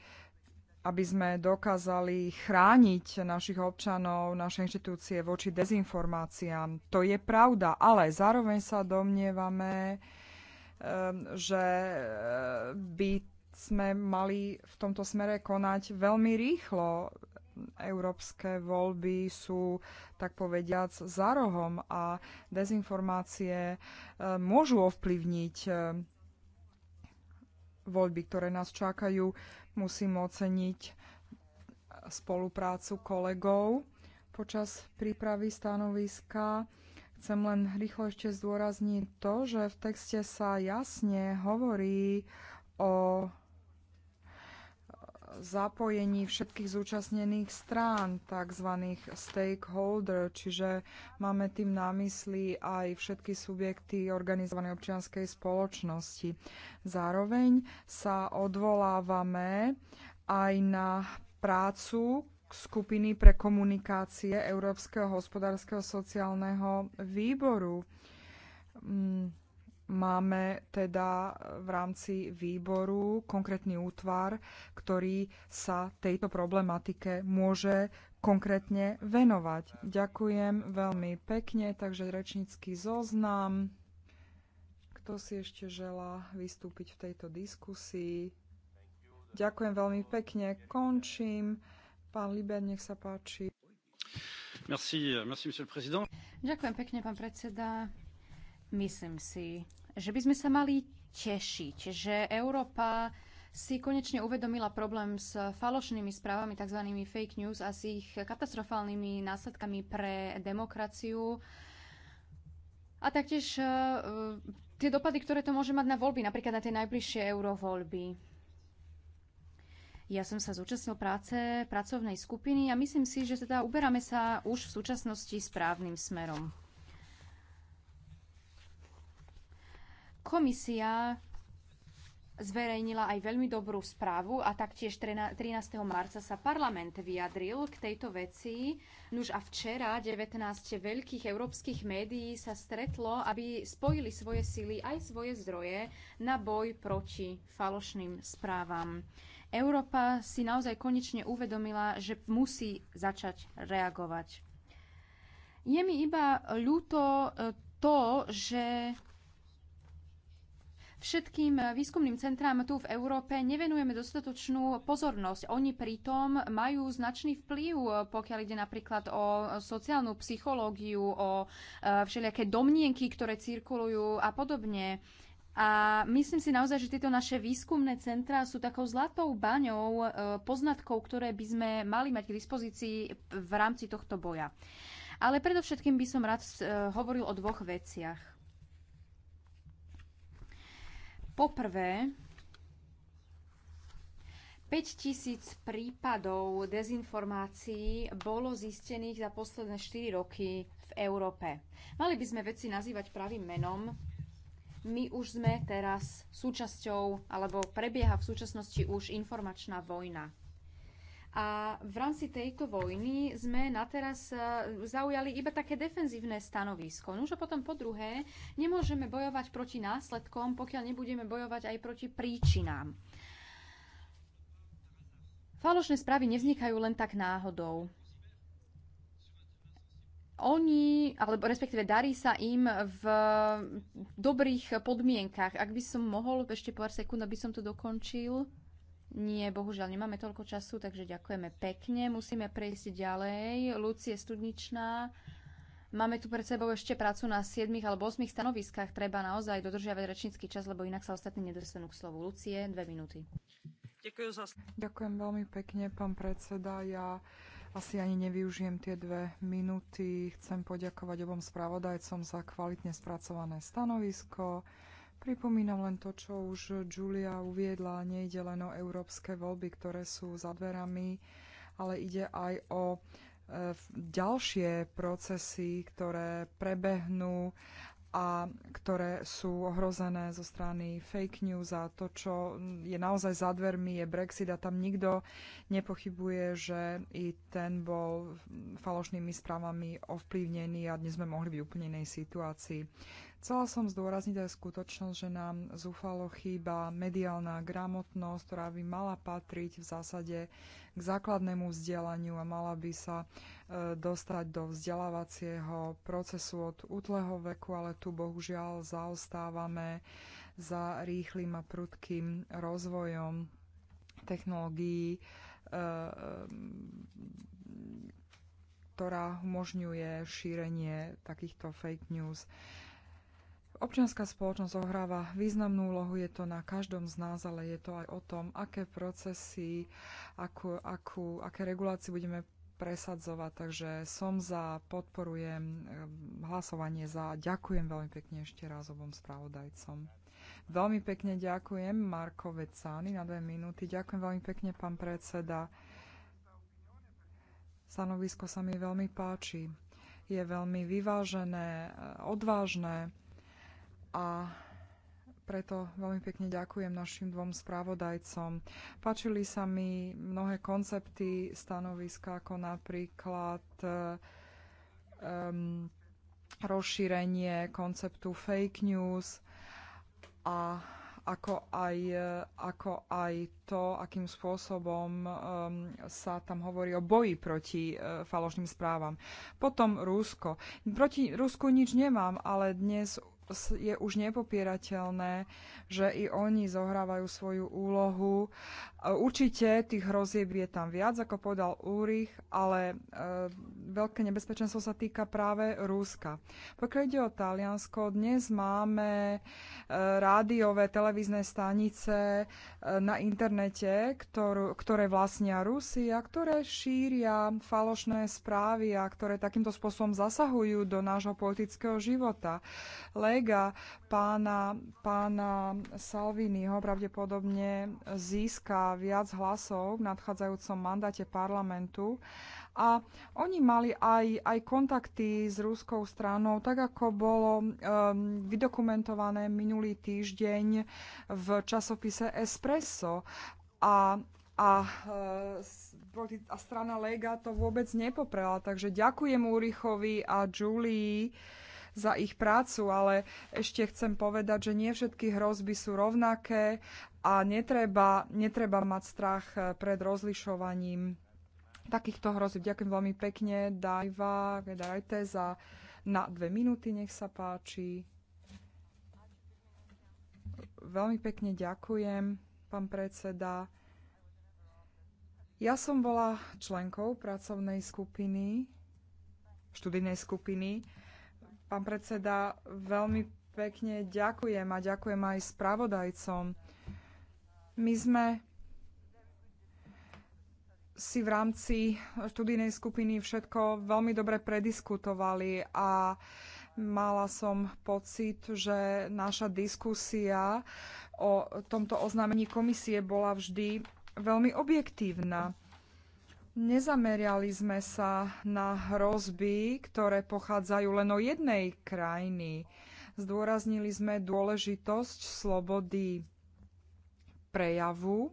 aby sme dokázali chrániť našich občanov, naše inštitúcie voči dezinformáciám. To je pravda, ale zároveň sa domnievame, ehm, že eh, by sme mali v tomto smere konať veľmi rýchlo. Európske voľby sú, tak povediac, za rohom a dezinformácie eh, môžu ovplyvniť eh, voľby, ktoré nás čakajú. Musím oceniť spoluprácu kolegov počas prípravy stanoviska. Chcem len rýchlo ešte zdôrazniť to, že v texte sa jasne hovorí o zapojení všetkých zúčastnených strán, tzv. stakeholder, čiže máme tým na mysli aj všetky subjekty organizovanej občianskej spoločnosti. Zároveň sa odvolávame aj na prácu skupiny pre komunikácie Európskeho hospodárskeho sociálneho výboru. Mm Máme teda v rámci výboru konkrétny útvar, ktorý sa tejto problematike môže konkrétne venovať. Ďakujem veľmi pekne, takže rečnícky zoznam. Kto si ešte želá vystúpiť v tejto diskusii? Ďakujem veľmi pekne. Končím. Pán Liber, nech sa páči. Merci, merci, Ďakujem pekne, pán predseda. Myslím si, že by sme sa mali tešiť, že Európa si konečne uvedomila problém s falošnými správami, tzv. fake news a s ich katastrofálnymi následkami pre demokraciu. A taktiež uh, tie dopady, ktoré to môže mať na voľby, napríklad na tie najbližšie eurovoľby. Ja som sa zúčastnil práce pracovnej skupiny a myslím si, že teda uberáme sa už v súčasnosti správnym smerom. Komisia zverejnila aj veľmi dobrú správu a taktiež 13. marca sa parlament vyjadril k tejto veci. Nuž a včera 19 veľkých európskych médií sa stretlo, aby spojili svoje sily aj svoje zdroje na boj proti falošným správam. Európa si naozaj konečne uvedomila, že musí začať reagovať. Je mi iba ľúto e, to, že Všetkým eh, výskumným centrám tu v Európe nevenujeme dostatočnú pozornosť. Oni pritom majú značný vplyv, eh, pokiaľ ide napríklad o eh, sociálnu psychológiu, o všelijaké domnienky, ktoré cirkulujú a podobne. A myslím si naozaj, že tieto naše výskumné centra sú takou zlatou baňou poznatkov, ktoré by sme mali mať k dispozícii v rámci tohto boja. Ale predovšetkým by som rád hovoril o dvoch veciach. Poprvé, 5000 prípadov dezinformácií bolo zistených za posledné 4 roky v Európe. Mali by sme veci nazývať pravým menom. My už sme teraz súčasťou, alebo prebieha v súčasnosti už informačná vojna. A v rámci tejto vojny sme na teraz e, zaujali iba také defenzívne stanovisko. No a potom po druhé, nemôžeme bojovať proti následkom, pokiaľ nebudeme bojovať aj proti príčinám. Falošné správy nevznikajú len tak náhodou oni, alebo respektíve darí sa im v dobrých podmienkach. Ak by som mohol, ešte pár sekúnd, aby som to dokončil. Nie, bohužiaľ nemáme toľko času, takže ďakujeme pekne. Musíme prejsť ďalej. Lucie Studničná. Máme tu pred sebou ešte prácu na 7 alebo 8 stanoviskách. Treba naozaj dodržiavať rečnícky čas, lebo inak sa ostatní nedostanú k slovu. Lucie, dve minúty. Ďakujem, za... Ďakujem veľmi pekne, pán predseda. Ja asi ani nevyužijem tie dve minúty. Chcem poďakovať obom spravodajcom za kvalitne spracované stanovisko. Pripomínam len to, čo už Julia uviedla. Nejde len o európske voľby, ktoré sú za dverami, ale ide aj o e, ďalšie procesy, ktoré prebehnú a ktoré sú ohrozené zo strany fake news a to, čo je naozaj za dvermi, je Brexit a tam nikto nepochybuje, že i ten bol falošnými správami ovplyvnený a dnes sme mohli byť úplne inej situácii. Chcela som zdôrazniť aj skutočnosť, že nám zúfalo chýba mediálna gramotnosť, ktorá by mala patriť v zásade k základnému vzdelaniu a mala by sa e, dostať do vzdelávacieho procesu od útleho veku, ale tu bohužiaľ zaostávame za rýchlým a prudkým rozvojom technológií, e, e ktorá umožňuje šírenie takýchto fake news. Občianská spoločnosť zohráva významnú úlohu, je to na každom z nás, ale je to aj o tom, aké procesy, akú, akú, aké regulácie budeme presadzovať. Takže som za, podporujem eh, hlasovanie za. Ďakujem veľmi pekne ešte raz obom spravodajcom. Veľmi pekne ďakujem Marko Vecány na dve minúty. Ďakujem veľmi pekne, pán predseda. Stanovisko sa mi veľmi páči. Je veľmi vyvážené, eh, odvážne a preto veľmi pekne ďakujem našim dvom správodajcom. Pačili sa mi mnohé koncepty stanoviska, ako napríklad um, rozšírenie konceptu fake news a ako aj, ako aj to, akým spôsobom um, sa tam hovorí o boji proti uh, falošným správam. Potom Rusko. Proti Rusku nič nemám, ale dnes je už nepopierateľné, že i oni zohrávajú svoju úlohu Určite tých hrozieb je tam viac, ako povedal Úrich, ale e, veľké nebezpečenstvo sa týka práve Rúska. Pokiaľ ide o Taliansko, dnes máme e, rádiové, televízne stanice e, na internete, ktorú, ktoré vlastnia Rusia, a ktoré šíria falošné správy a ktoré takýmto spôsobom zasahujú do nášho politického života. Lega pána, pána Salviniho pravdepodobne získa viac hlasov v nadchádzajúcom mandáte parlamentu. A oni mali aj, aj kontakty s rúskou stranou, tak ako bolo um, vydokumentované minulý týždeň v časopise Espresso. A a, uh, a strana Lega to vôbec nepoprela. Takže ďakujem Úrichovi a Julii za ich prácu, ale ešte chcem povedať, že nie všetky hrozby sú rovnaké a netreba, netreba mať strach eh, pred rozlišovaním takýchto hrozieb. Ďakujem veľmi pekne, Dajva, dajte za na dve minúty, nech sa páči. Veľmi pekne ďakujem, pán predseda. Ja som bola členkou pracovnej skupiny, študijnej skupiny. Pán predseda, veľmi pekne ďakujem a ďakujem aj spravodajcom my sme si v rámci študijnej skupiny všetko veľmi dobre prediskutovali a mala som pocit, že naša diskusia o tomto oznámení komisie bola vždy veľmi objektívna. Nezameriali sme sa na hrozby, ktoré pochádzajú len o jednej krajiny. Zdôraznili sme dôležitosť slobody prejavu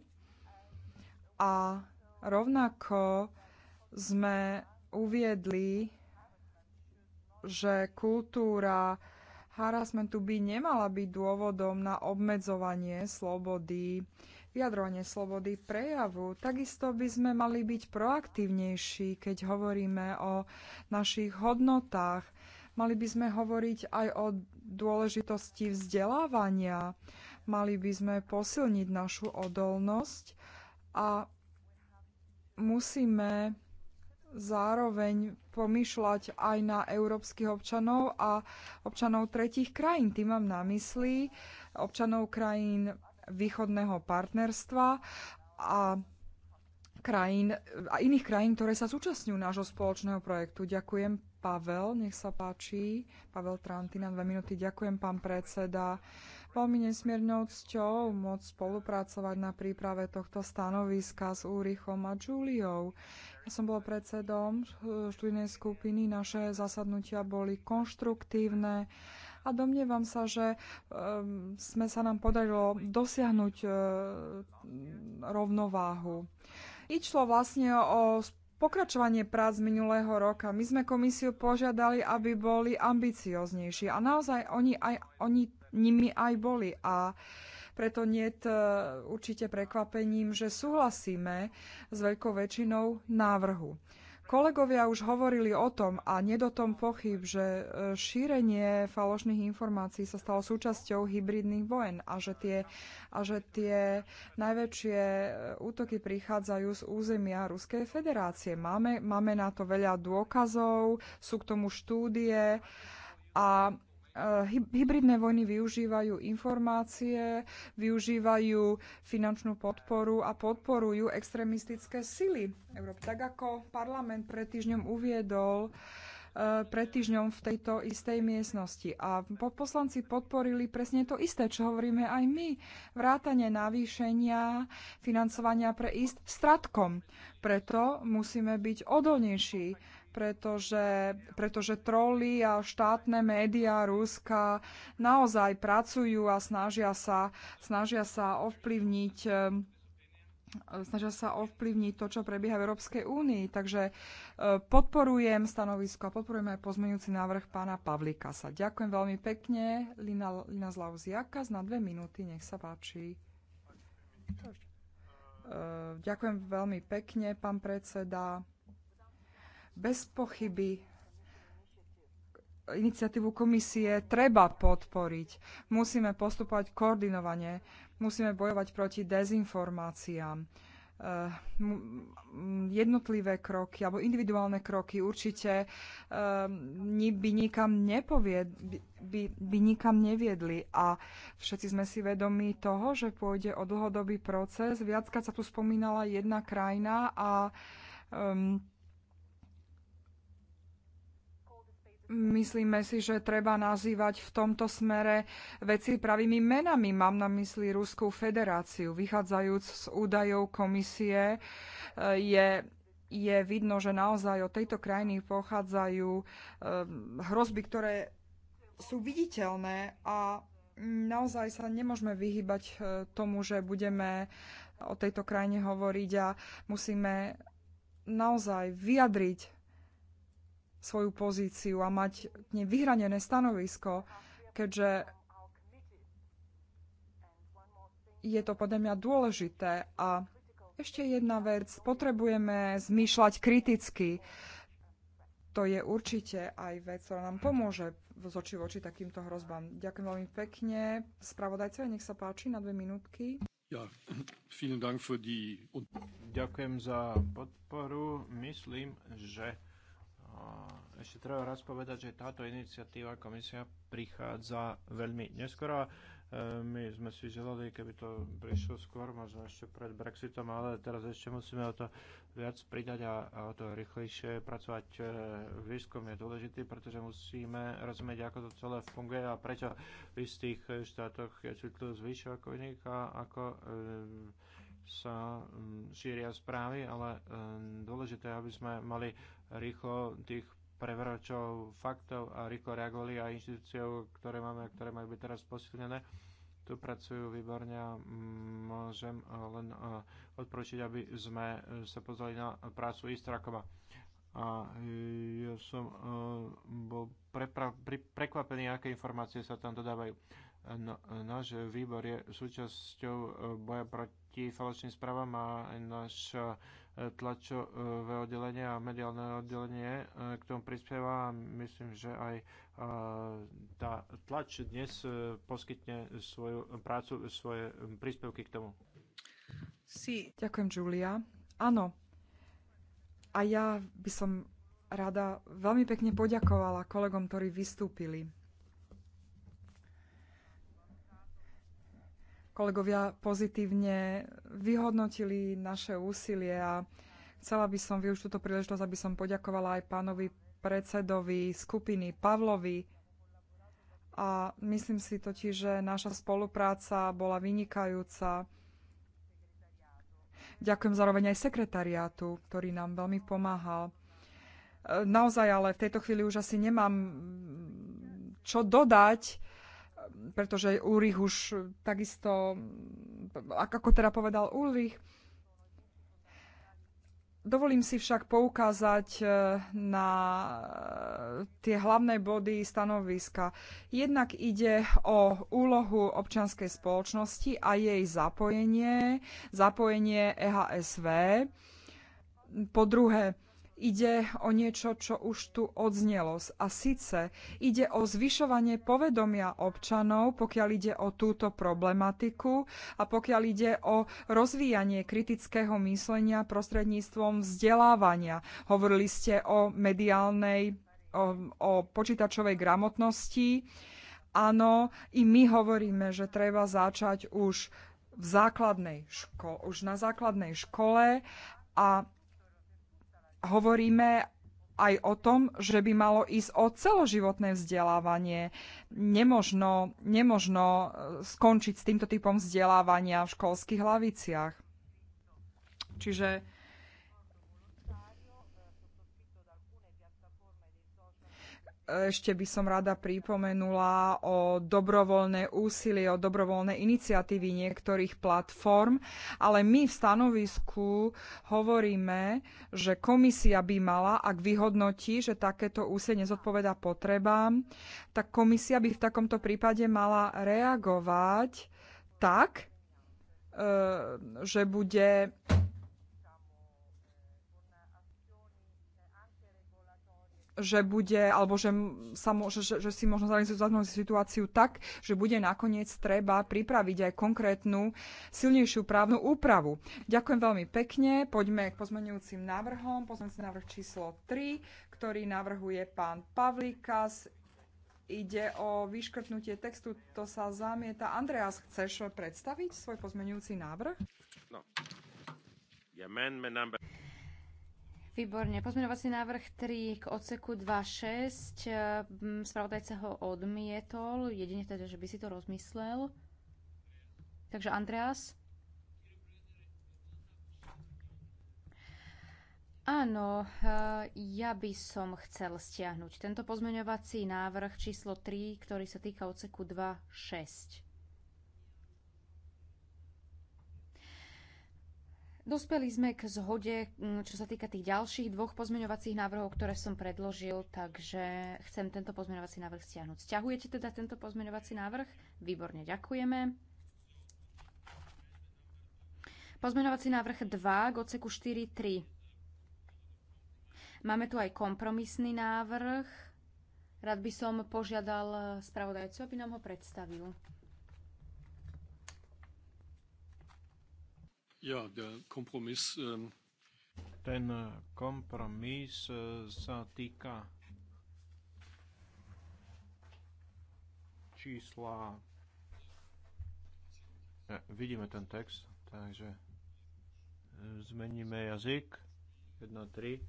a rovnako sme uviedli, že kultúra harasmentu by nemala byť dôvodom na obmedzovanie slobody, vyjadrovanie slobody prejavu. Takisto by sme mali byť proaktívnejší, keď hovoríme o našich hodnotách. Mali by sme hovoriť aj o dôležitosti vzdelávania, mali by sme posilniť našu odolnosť a musíme zároveň pomýšľať aj na európskych občanov a občanov tretich krajín. Tým mám na mysli občanov krajín východného partnerstva a krajín a iných krajín, ktoré sa zúčastňujú nášho spoločného projektu. Ďakujem Pavel, nech sa páči. Pavel Trantina, dve minúty. Ďakujem, pán predseda. Veľmi nesmiernou cťou môcť spolupracovať na príprave tohto stanoviska s Úrichom a Juliou. Ja som bol predsedom študijnej skupiny, naše zasadnutia boli konštruktívne a domnievam sa, že ehm, sme sa nám podarilo dosiahnuť um, rovnováhu. Išlo vlastne o pokračovanie prác minulého roka. My sme komisiu požiadali, aby boli ambicioznejší a naozaj oni, aj, oni nimi aj boli. A preto nie je určite prekvapením, že súhlasíme s veľkou väčšinou návrhu. Kolegovia už hovorili o tom a nedotom pochyb, že e, šírenie falošných informácií sa stalo súčasťou hybridných vojen a že tie, a že tie najväčšie e, útoky prichádzajú z územia Ruskej federácie. Máme, máme na to veľa dôkazov, sú k tomu štúdie a Eh, hybridné vojny využívajú informácie, využívajú finančnú podporu a podporujú extrémistické sily Európy. Tak ako parlament pred týždňom uviedol, eh, pred týždňom v tejto istej miestnosti. A poslanci podporili presne to isté, čo hovoríme aj my. Vrátanie navýšenia financovania pre ist stratkom. Preto musíme byť odolnejší pretože, pretože troly a štátne médiá Ruska naozaj pracujú a snažia sa, snažia sa ovplyvniť eh, snažia sa ovplyvniť to, čo prebieha v Európskej únii. Takže eh, podporujem stanovisko a podporujem aj pozmeňujúci návrh pána Pavlikasa. Ďakujem veľmi pekne. Lina, Lina Zlauziaka, na dve minúty. Nech sa páči. Eh, ďakujem veľmi pekne, pán predseda. Bez pochyby iniciatívu komisie treba podporiť. Musíme postupovať koordinovane, musíme bojovať proti dezinformáciám. Eh, jednotlivé kroky alebo individuálne kroky určite eh, by nikam, nepovied, by, by nikam neviedli. A všetci sme si vedomi toho, že pôjde o dlhodobý proces. Viackrát sa tu spomínala jedna krajina a um, Myslíme si, že treba nazývať v tomto smere veci pravými menami. Mám na mysli Ruskú federáciu. Vychádzajúc z údajov komisie, e, je, je vidno, že naozaj od tejto krajiny pochádzajú e, hrozby, ktoré sú viditeľné a mm, naozaj sa nemôžeme vyhybať e, tomu, že budeme o tejto krajine hovoriť a musíme naozaj vyjadriť svoju pozíciu a mať vyhranené stanovisko, keďže je to podľa mňa dôležité. A ešte jedna vec, potrebujeme zmýšľať kriticky. To je určite aj vec, ktorá nám pomôže z oči voči takýmto hrozbám. Ďakujem veľmi pekne. Spravodajca, nech sa páči na dve minútky. Ja, vielen Dank für die... Ďakujem za podporu. Myslím, že ešte treba raz povedať, že táto iniciatíva komisia prichádza veľmi neskoro. E, my sme si želali, keby to prišlo skôr, možno ešte pred Brexitom, ale teraz ešte musíme o to viac pridať a, a o to rýchlejšie pracovať. E, výskum je dôležitý, pretože musíme rozumieť, ako to celé funguje a prečo v istých štátoch je citlivosť vyššia ako iných a ako e, sa šíria správy, ale dôležité, aby sme mali rýchlo tých prevračov faktov a rýchlo reagovali a inštitúciou, ktoré máme a ktoré majú byť teraz posilnené. Tu pracujú výborne a môžem len e, odporúčiť, aby sme e, sa pozvali na prácu Istrakova. A e, ja som bol prekvapený, aké informácie sa tam dodávajú. No, náš výbor je súčasťou boja proti falošným správam a náš tlačové oddelenie a mediálne oddelenie e, k tomu prispieva. Myslím, že aj e, tá tlač dnes e, poskytne svoju prácu, svoje príspevky k tomu. Si, Ďakujem, Julia. Áno. A ja by som rada veľmi pekne poďakovala kolegom, ktorí vystúpili. kolegovia pozitívne vyhodnotili naše úsilie a chcela by som využiť túto príležitosť, aby som poďakovala aj pánovi predsedovi skupiny Pavlovi. A myslím si totiž, že naša spolupráca bola vynikajúca. Ďakujem zároveň aj sekretariátu, ktorý nám veľmi pomáhal. Naozaj ale v tejto chvíli už asi nemám čo dodať pretože Ulrich už eh, takisto, ako teda povedal Ulrich, Dovolím si však poukázať eh, na eh, tie hlavné body stanoviska. Jednak ide o úlohu občianskej spoločnosti a jej zapojenie, zapojenie EHSV. Po druhé, ide o niečo, čo už tu odznelo. A síce ide o zvyšovanie povedomia občanov, pokiaľ ide o túto problematiku a pokiaľ ide o rozvíjanie kritického myslenia prostredníctvom vzdelávania. Hovorili ste o mediálnej, o, o počítačovej gramotnosti. Áno, i my hovoríme, že treba začať už v základnej škole, už na základnej škole a hovoríme aj o tom, že by malo ísť o celoživotné vzdelávanie. Nemožno, nemožno e, skončiť s týmto typom vzdelávania v školských laviciach. Čiže ešte by som rada pripomenula o dobrovoľné úsilie, o dobrovoľné iniciatívy niektorých platform, ale my v stanovisku hovoríme, že komisia by mala, ak vyhodnotí, že takéto úsilie nezodpoveda potrebám, tak komisia by v takomto prípade mala reagovať tak, e, že bude že bude, alebo že, sa môže, že, že si možno zorganizovať situáciu tak, že bude nakoniec treba pripraviť aj konkrétnu silnejšiu právnu úpravu. Ďakujem veľmi pekne. Poďme k pozmenujúcim návrhom. Pozmenujúci návrh číslo 3, ktorý navrhuje pán Pavlikas. Ide o vyškrtnutie textu, to sa zamieta. Andreas, chceš predstaviť svoj pozmenujúci návrh? No. The amendment number... Výborne. Pozmeňovací návrh 3 k odseku 2.6. E, spravodajca ho odmietol, jedine teda, že by si to rozmyslel. Takže Andreas? Áno, e, ja by som chcel stiahnuť tento pozmeňovací návrh číslo 3, ktorý sa týka odseku 2.6. Dospeli sme k zhode, mm, čo sa týka tých ďalších dvoch pozmeňovacích návrhov, ktoré som predložil, takže chcem tento pozmeňovací návrh stiahnuť. Sťahujete teda tento pozmeňovací návrh? Výborne, ďakujeme. Pozmeňovací návrh 2 k odseku 4.3. Máme tu aj kompromisný návrh. Rád by som požiadal spravodajcu, aby nám ho predstavil. Ja, der Kompromiss. Ähm... Ten äh, kompromis äh, sa týka čísla. Ja, e, vidíme ten text, takže e, zmeníme jazyk. 1, 3.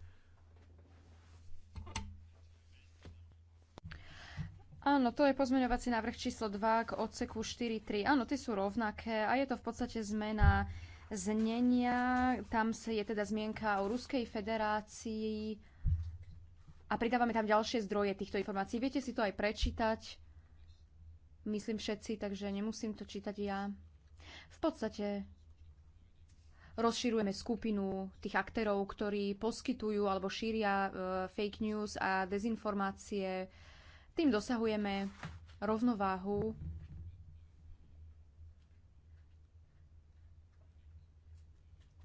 Áno, to je pozmeňovací návrh číslo 2 k odseku 4.3. Áno, tie sú rovnaké a je to v podstate zmena znenia. Tam je teda zmienka o Ruskej federácii a pridávame tam ďalšie zdroje týchto informácií. Viete si to aj prečítať, myslím všetci, takže nemusím to čítať ja. V podstate rozširujeme skupinu tých aktérov, ktorí poskytujú alebo šíria e, fake news a dezinformácie. Tým dosahujeme rovnováhu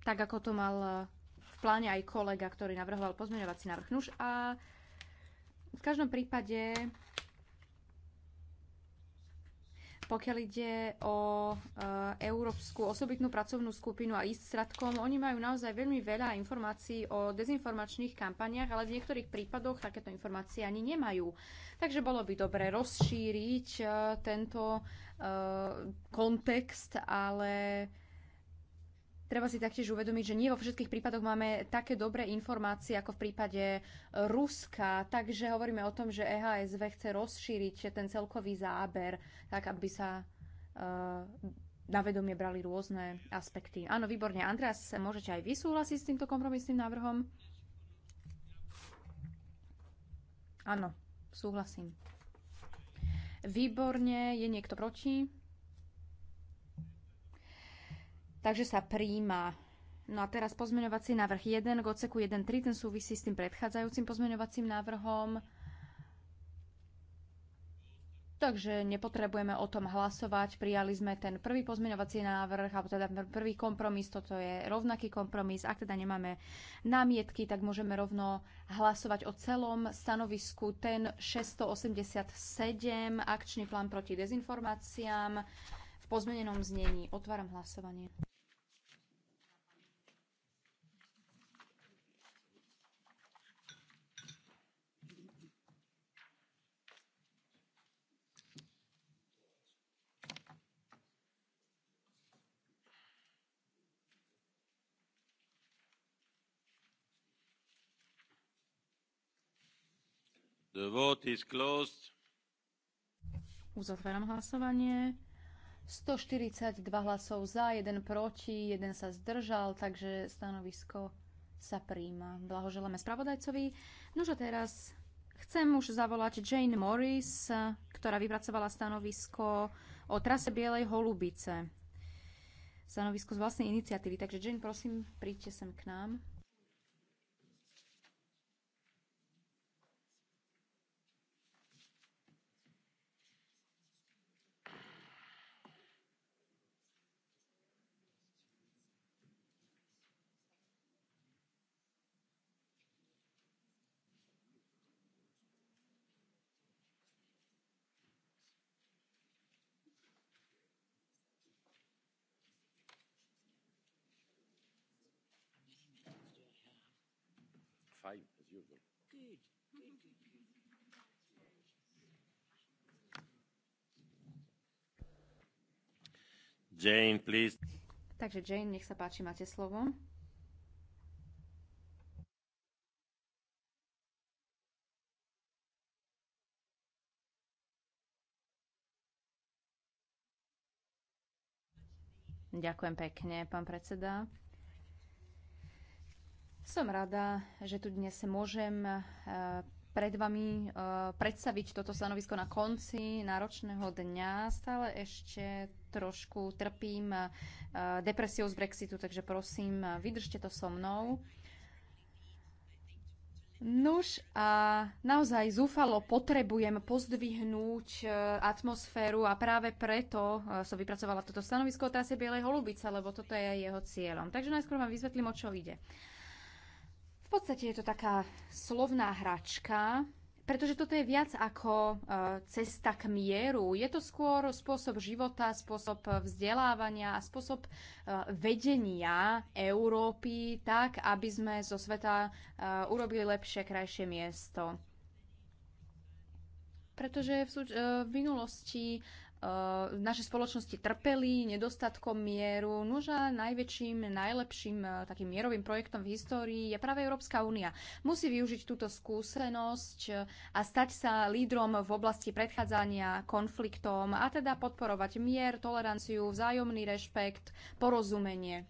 tak ako to mal e, v pláne aj kolega, ktorý navrhoval pozmeňovací návrh. Nuž a v každom prípade, pokiaľ ide o e, Európsku osobitnú pracovnú skupinu a Istratkom, oni majú naozaj veľmi veľa informácií o dezinformačných kampaniach, ale v niektorých prípadoch takéto informácie ani nemajú. Takže bolo by dobre rozšíriť e, tento kontext, ale Treba si taktiež uvedomiť, že nie vo všetkých prípadoch máme také dobré informácie ako v prípade Ruska, takže hovoríme o tom, že EHSV chce rozšíriť ten celkový záber, tak aby sa uh, na vedomie brali rôzne aspekty. Áno, výborne. Andreas, môžete aj vysúhlasiť s týmto kompromisným návrhom? Áno, súhlasím. Výborne. Je niekto proti? Takže sa príjma. No a teraz pozmeňovací návrh 1 k odseku 1.3, ten súvisí s tým predchádzajúcim pozmeňovacím návrhom. Takže nepotrebujeme o tom hlasovať. Prijali sme ten prvý pozmeňovací návrh, alebo teda prvý kompromis, toto je rovnaký kompromis. Ak teda nemáme námietky, tak môžeme rovno hlasovať o celom stanovisku ten 687, akčný plán proti dezinformáciám v pozmenenom znení. Otváram hlasovanie. The vote is closed. Uzatváram hlasovanie. 142 hlasov za, 1 proti, 1 sa zdržal, takže stanovisko sa príjma. Blahoželáme spravodajcovi. No a teraz chcem už zavolať Jane Morris, ktorá vypracovala stanovisko o trase Bielej holubice. Stanovisko z vlastnej iniciatívy. Takže Jane, prosím, príďte sem k nám. Good. Good, good, good. Jane, please. Takže Jane, nech sa páči, máte slovo. Ďakujem pekne, pán predseda. Som rada, že tu dnes môžem e, pred vami e, predstaviť toto stanovisko na konci náročného dňa. Stále ešte trošku trpím e, depresiou z Brexitu, takže prosím, vydržte to so mnou. Nuž a naozaj zúfalo potrebujem pozdvihnúť atmosféru a práve preto som vypracovala toto stanovisko o trase Bielej holubice, lebo toto je jeho cieľom. Takže najskôr vám vysvetlím, o čo ide. V podstate je to taká slovná hračka, pretože toto je viac ako e, cesta k mieru. Je to skôr spôsob života, spôsob vzdelávania a spôsob e, vedenia Európy tak, aby sme zo sveta e, urobili lepšie, krajšie miesto. Pretože v, v minulosti naše spoločnosti trpeli nedostatkom mieru. Nuža najväčším, najlepším e, takým mierovým projektom v histórii je práve Európska únia. Musí využiť túto skúsenosť e, a stať sa lídrom v oblasti predchádzania konfliktom a teda podporovať mier, toleranciu, vzájomný rešpekt, porozumenie.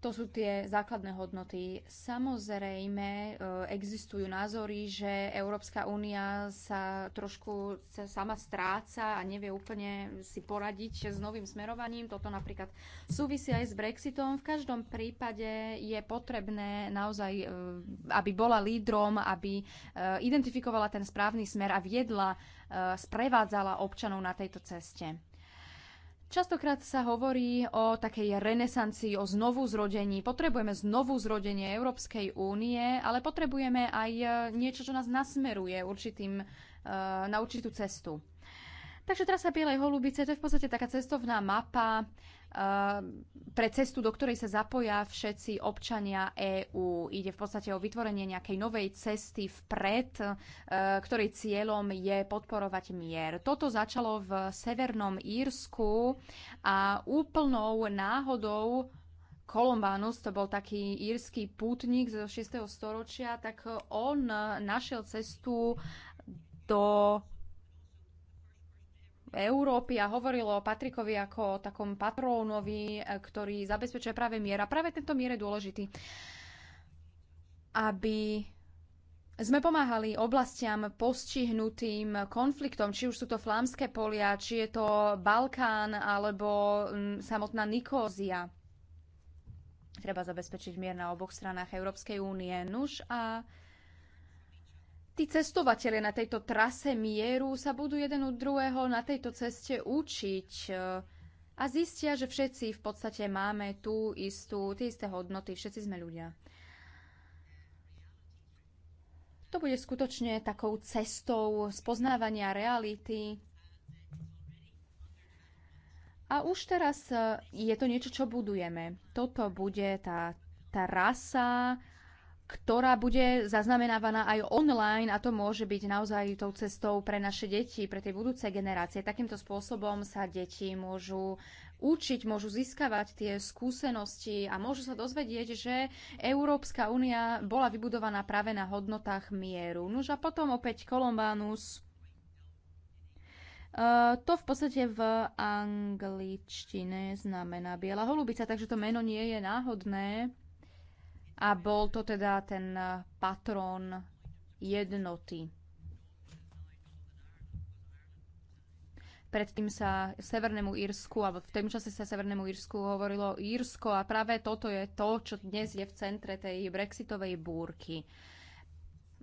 To sú tie základné hodnoty. Samozrejme, e, existujú názory, že Európska únia sa trošku sama stráca a nevie úplne si poradiť s novým smerovaním. Toto napríklad súvisí aj s Brexitom. V každom prípade je potrebné naozaj, e, aby bola lídrom, aby e, identifikovala ten správny smer a viedla, sprevádzala občanov na tejto ceste. Častokrát sa hovorí o takej renesancii, o znovu zrodení. Potrebujeme znovu zrodenie Európskej únie, ale potrebujeme aj e, niečo, čo nás nasmeruje určitým, e, na určitú cestu. Takže trasa Bielej holubice to je v podstate taká cestovná mapa pre cestu, do ktorej sa zapoja všetci občania EÚ. Ide v podstate o vytvorenie nejakej novej cesty vpred, e, ktorej cieľom je podporovať mier. Toto začalo v Severnom Írsku a úplnou náhodou Kolumbánus, to bol taký írsky pútnik zo 6. storočia, tak on našiel cestu do Európy a hovorilo o Patrikovi ako o takom patrónovi, e, ktorý zabezpečuje práve mier a Práve tento mier je dôležitý, aby sme pomáhali oblastiam postihnutým konfliktom, či už sú to flámske polia, či je to Balkán alebo samotná Nikózia. Treba zabezpečiť mier na oboch stranách Európskej únie. Nuž a tí cestovatelia na tejto trase mieru sa budú jeden od druhého na tejto ceste učiť e, a zistia, že všetci v podstate máme tú istú, tie isté hodnoty, všetci sme ľudia. To bude skutočne takou cestou spoznávania reality. A už teraz e, je to niečo, čo budujeme. Toto bude tá trasa, ktorá bude zaznamenávaná aj online a to môže byť naozaj tou cestou pre naše deti, pre tie budúce generácie. Takýmto spôsobom sa deti môžu učiť, môžu získavať tie skúsenosti a môžu sa dozvedieť, že Európska únia bola vybudovaná práve na hodnotách mieru. Nož a potom opäť Kolombánus. Uh, to v podstate v angličtine znamená biela holubica, takže to meno nie je náhodné a bol to teda ten eh, patrón jednoty. Predtým sa Severnému Írsku, alebo v tom čase sa Severnému Írsku hovorilo Írsko a práve toto je to, čo dnes je v centre tej brexitovej búrky.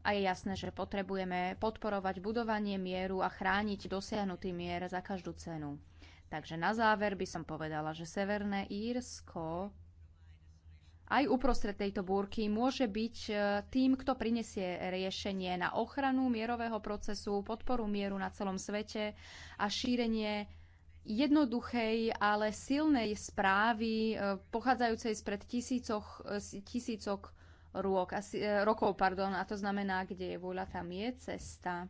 A je jasné, že potrebujeme podporovať budovanie mieru a chrániť dosiahnutý mier za každú cenu. Takže na záver by som povedala, že Severné Írsko aj uprostred tejto búrky môže byť e, tým, kto prinesie riešenie na ochranu mierového procesu, podporu mieru na celom svete a šírenie jednoduchej, ale silnej správy e, pochádzajúcej spred tisícoch, e, tisícok rôk, asi, rokov. Pardon, a to znamená, kde je vôľa, tam je cesta.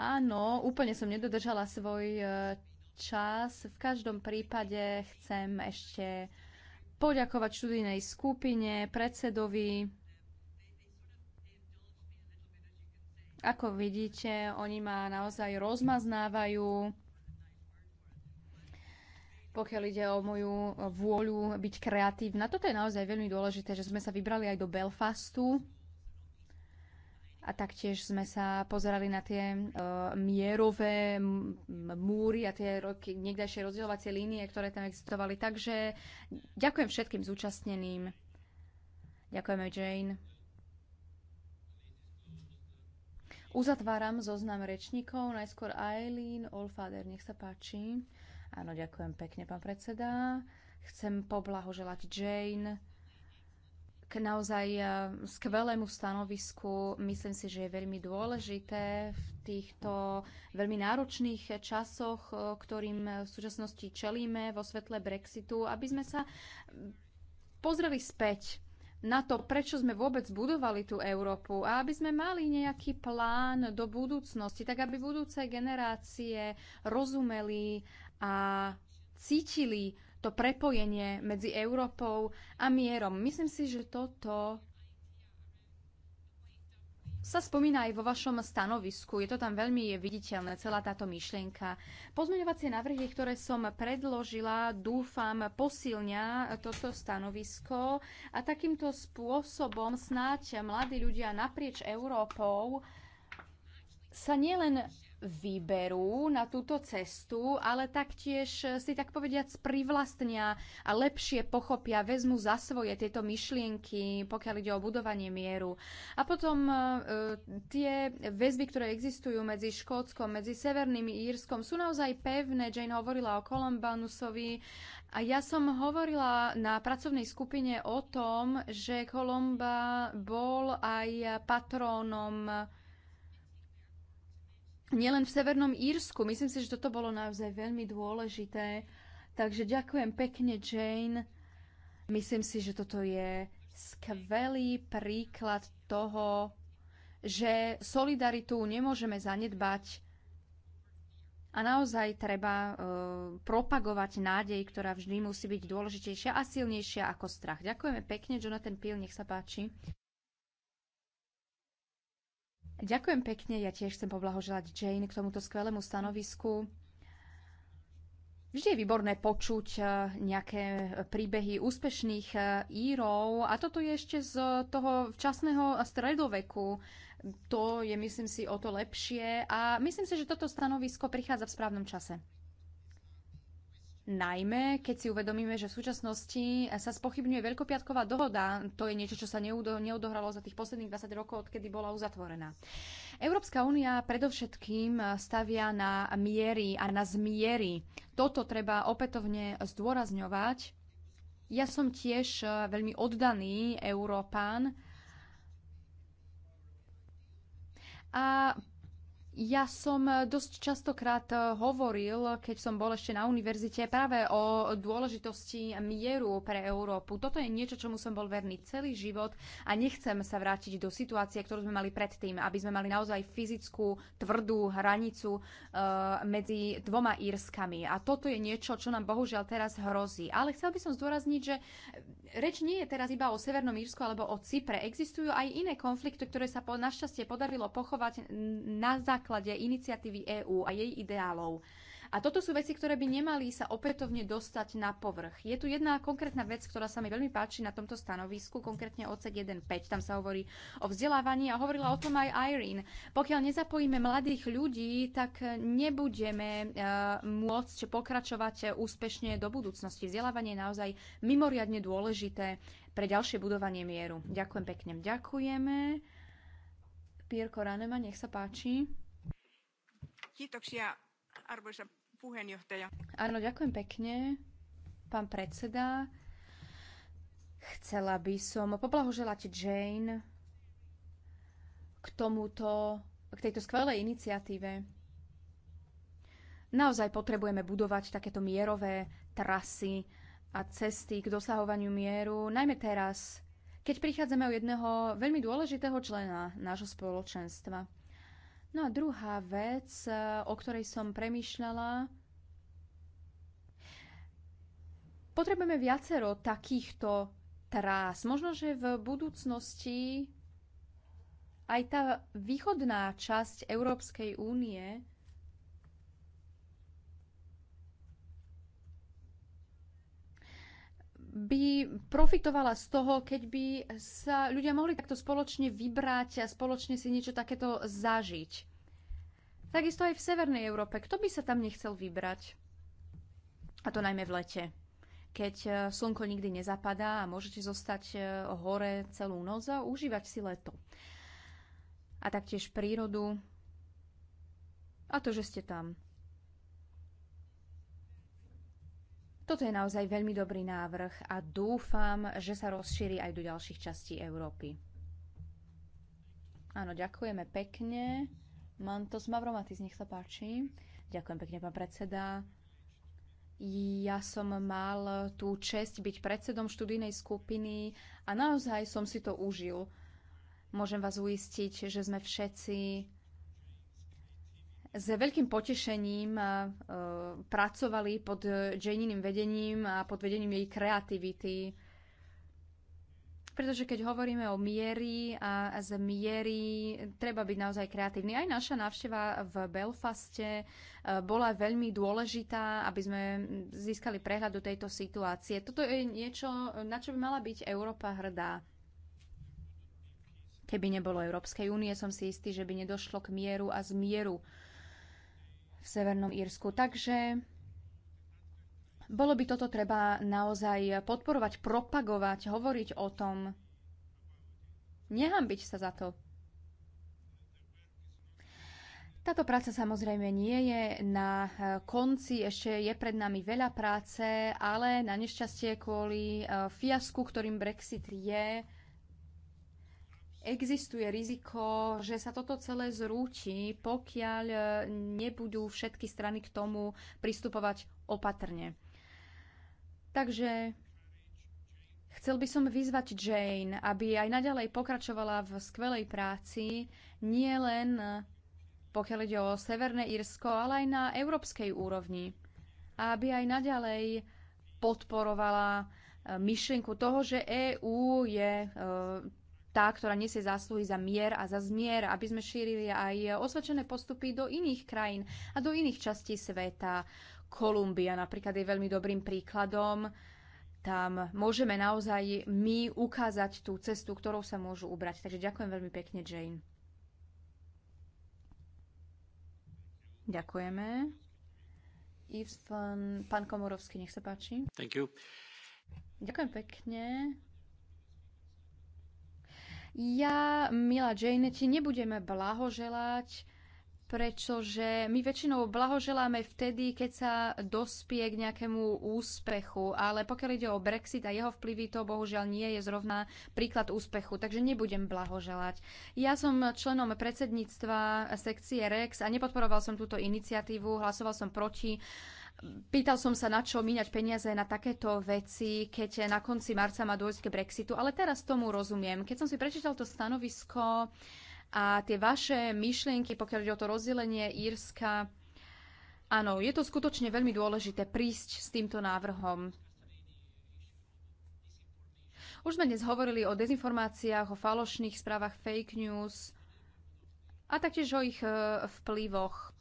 Áno, úplne som nedodržala svoj čas. V každom prípade chcem ešte poďakovať študijnej skupine, predsedovi. Ako vidíte, oni ma naozaj rozmaznávajú pokiaľ ide o moju vôľu byť kreatívna. Toto je naozaj veľmi dôležité, že sme sa vybrali aj do Belfastu. A taktiež sme sa pozerali na tie uh, mierové múry a tie roky, niekdajšie rozdielovacie línie, ktoré tam existovali. Takže ďakujem všetkým zúčastneným. Ďakujeme, Jane. Uzatváram zoznam rečníkov. Najskôr Eileen Olfader, nech sa páči. Áno, ďakujem pekne, pán predseda. Chcem poblahoželať Jane k naozaj e, skvelému stanovisku. Myslím si, že je veľmi dôležité v týchto veľmi náročných časoch, e, ktorým v súčasnosti čelíme vo svetle Brexitu, aby sme sa pozreli späť na to, prečo sme vôbec budovali tú Európu a aby sme mali nejaký plán do budúcnosti, tak aby budúce generácie rozumeli a cítili to prepojenie medzi Európou a mierom. Myslím si, že toto sa spomína aj vo vašom stanovisku. Je to tam veľmi viditeľné, celá táto myšlienka. Pozmeňovacie návrhy, ktoré som predložila, dúfam, posilňa toto stanovisko a takýmto spôsobom snáď mladí ľudia naprieč Európou sa nielen vyberú na túto cestu, ale taktiež eh, si tak povediať privlastnia a lepšie pochopia, vezmu za svoje tieto myšlienky, pokiaľ ide o budovanie mieru. A potom eh, eh, tie väzby, ktoré existujú medzi Škótskom, medzi Severným Írskom, sú naozaj pevné. Jane hovorila o Kolombanusovi. a ja som hovorila na pracovnej skupine o tom, že kolomba bol aj patrónom nielen v Severnom Írsku. Myslím si, že toto bolo naozaj veľmi dôležité. Takže ďakujem pekne, Jane. Myslím si, že toto je skvelý príklad toho, že solidaritu nemôžeme zanedbať a naozaj treba e, propagovať nádej, ktorá vždy musí byť dôležitejšia a silnejšia ako strach. Ďakujeme pekne, Jonathan Peel, nech sa páči. Ďakujem pekne, ja tiež chcem poblahoželať Jane k tomuto skvelému stanovisku. Vždy je výborné počuť e, nejaké príbehy úspešných e, írov a toto je ešte z toho včasného stredoveku. To je, myslím si, o to lepšie a myslím si, že toto stanovisko prichádza v správnom čase. Najmä, keď si uvedomíme, že v súčasnosti sa spochybňuje Veľkopiatková dohoda, to je niečo, čo sa neudo- neudohralo za tých posledných 20 rokov, odkedy bola uzatvorená. Európska únia predovšetkým stavia na miery a na zmiery. Toto treba opätovne zdôrazňovať. Ja som tiež e, veľmi oddaný Európán, a ja som eh, dosť častokrát eh, hovoril, keď som bol ešte na univerzite, práve o dôležitosti mieru pre Európu. Toto je niečo, čomu som bol verný celý život a nechcem sa vrátiť do situácie, ktorú sme mali predtým, aby sme mali naozaj fyzickú, tvrdú hranicu e, medzi dvoma Írskami. A toto je niečo, čo nám bohužiaľ teraz hrozí. Ale chcel by som zdôrazniť, že reč nie je teraz iba o Severnom Írsku alebo o Cypre. Existujú aj iné konflikty, ktoré sa po, našťastie podarilo pochovať na základ základe iniciatívy EÚ a jej ideálov. A toto sú veci, ktoré by nemali sa opätovne dostať na povrch. Je tu jedna konkrétna vec, ktorá sa mi veľmi páči na tomto stanovisku, konkrétne odsek 1.5. Tam sa hovorí o vzdelávaní a hovorila o tom aj Irene. Pokiaľ nezapojíme mladých ľudí, tak nebudeme uh, môcť pokračovať úspešne do budúcnosti. Vzdelávanie je naozaj mimoriadne dôležité pre ďalšie budovanie mieru. Ďakujem pekne. Ďakujeme. Pierko Ranema, nech sa páči. Kiitoksia, arvoisa puheenjohtaja. Áno, ďakujem pekne, pán predseda. Chcela by som poblahoželať Jane k tomuto, k tejto skvelej iniciatíve. Naozaj potrebujeme budovať takéto mierové trasy a cesty k dosahovaniu mieru, najmä teraz, keď prichádzame o jedného veľmi dôležitého člena nášho spoločenstva. No a druhá vec, e, o ktorej som premyšľala, potrebujeme viacero takýchto trás. Možno, že v budúcnosti aj tá východná časť Európskej únie by profitovala z toho, keď by sa ľudia mohli takto spoločne vybrať a spoločne si niečo takéto zažiť. Takisto aj v Severnej Európe. Kto by sa tam nechcel vybrať? A to najmä v lete, keď e, slnko nikdy nezapadá a môžete zostať e, hore celú noc a užívať si leto. A taktiež prírodu a to, že ste tam. Toto je naozaj veľmi dobrý návrh a dúfam, že sa rozšíri aj do ďalších častí Európy. Áno, ďakujeme pekne. Mantos Mavromatis, nech sa páči. Ďakujem pekne, pán predseda. Ja som mal tú čest byť predsedom študijnej skupiny a naozaj som si to užil. Môžem vás uistiť, že sme všetci s veľkým potešením e, pracovali pod e, Janeiným vedením a pod vedením jej kreativity. Pretože keď hovoríme o miery a z miery, treba byť naozaj kreatívny. Aj naša návšteva v Belfaste e, bola veľmi dôležitá, aby sme získali prehľad do tejto situácie. Toto je niečo, na čo by mala byť Európa hrdá. Keby nebolo Európskej únie, som si istý, že by nedošlo k mieru a zmieru v Severnom Írsku. Takže bolo by toto treba naozaj podporovať, propagovať, hovoriť o tom. Nehambiť sa za to. Táto práca samozrejme nie je na konci, ešte je pred nami veľa práce, ale na nešťastie kvôli eh, fiasku, ktorým Brexit je, existuje riziko, že sa toto celé zrúti, pokiaľ e, nebudú všetky strany k tomu pristupovať opatrne. Takže chcel by som vyzvať Jane, aby aj naďalej pokračovala v skvelej práci, nie len e, pokiaľ ide o Severné Írsko, ale aj na európskej úrovni. A Aby aj naďalej podporovala e, myšlienku toho, že EÚ je tá, ktorá nesie zásluhy za mier a za zmier, aby sme šírili aj osvedčené postupy do iných krajín a do iných častí sveta. Kolumbia napríklad je veľmi dobrým príkladom. Tam môžeme naozaj my ukázať tú cestu, ktorou sa môžu ubrať. Takže ďakujem veľmi pekne, Jane. Ďakujeme. Yves, pán, Komorovský, nech sa páči. Thank you. Ďakujem pekne. Ja, milá Jane, ti nebudeme blahoželať, pretože my väčšinou blahoželáme vtedy, keď sa dospie k nejakému úspechu, ale pokiaľ ide o Brexit a jeho vplyvy, to bohužiaľ nie je zrovna príklad úspechu, takže nebudem blahoželať. Ja som členom predsedníctva sekcie REX a nepodporoval som túto iniciatívu, hlasoval som proti uh, Pýtal som sa, na čo míňať peniaze na takéto veci, keď na konci marca má dôjsť k Brexitu, ale teraz tomu rozumiem. Keď som si prečítal to stanovisko a tie vaše myšlienky, pokiaľ ide o to rozdelenie Írska, áno, je to skutočne veľmi dôležité prísť s týmto návrhom. Už sme dnes hovorili o dezinformáciách, o falošných správach fake news a taktiež o ich e, vplyvoch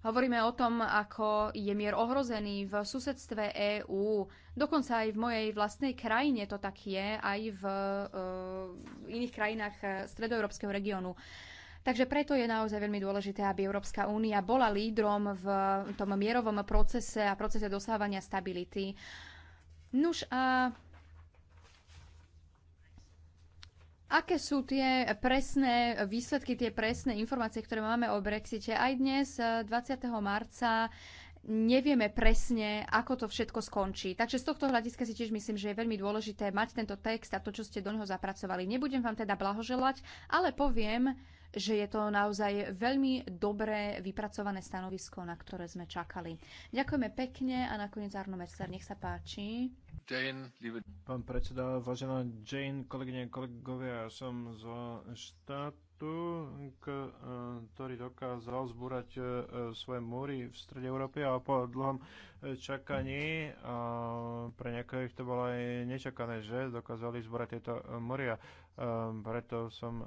Hovoríme o tom, ako je mier ohrozený v susedstve EÚ. Dokonca aj v mojej vlastnej krajine to tak je, aj v uh, iných krajinách eh, stredoeurópskeho regiónu. Takže preto je naozaj veľmi dôležité, aby Európska únia bola lídrom v tom mierovom procese a procese dosávania stability. Nuž a uh, Aké sú tie presné výsledky, tie presné informácie, ktoré máme o Brexite? Aj dnes, 20. Eh, marca, nevieme presne, ako to všetko skončí. Takže z tohto hľadiska si tiež myslím, že je veľmi dôležité mať tento text a to, čo ste do neho zapracovali. Nebudem vám teda blahoželať, ale poviem, že je to naozaj veľmi dobré vypracované stanovisko, na ktoré sme čakali. Ďakujeme pekne a nakoniec Arno Mercer, nech sa páči. Jane, liebe... Pán predseda, vážená Jane, kolegyne, kolegovia, ja som zo štátu, e, ktorý dokázal zbúrať e, svoje múry v strede Európy a po dlhom e, čakaní, a pre niektorých to bolo aj nečakané, že dokázali zbúrať tieto múry a Ehm, preto som ehm,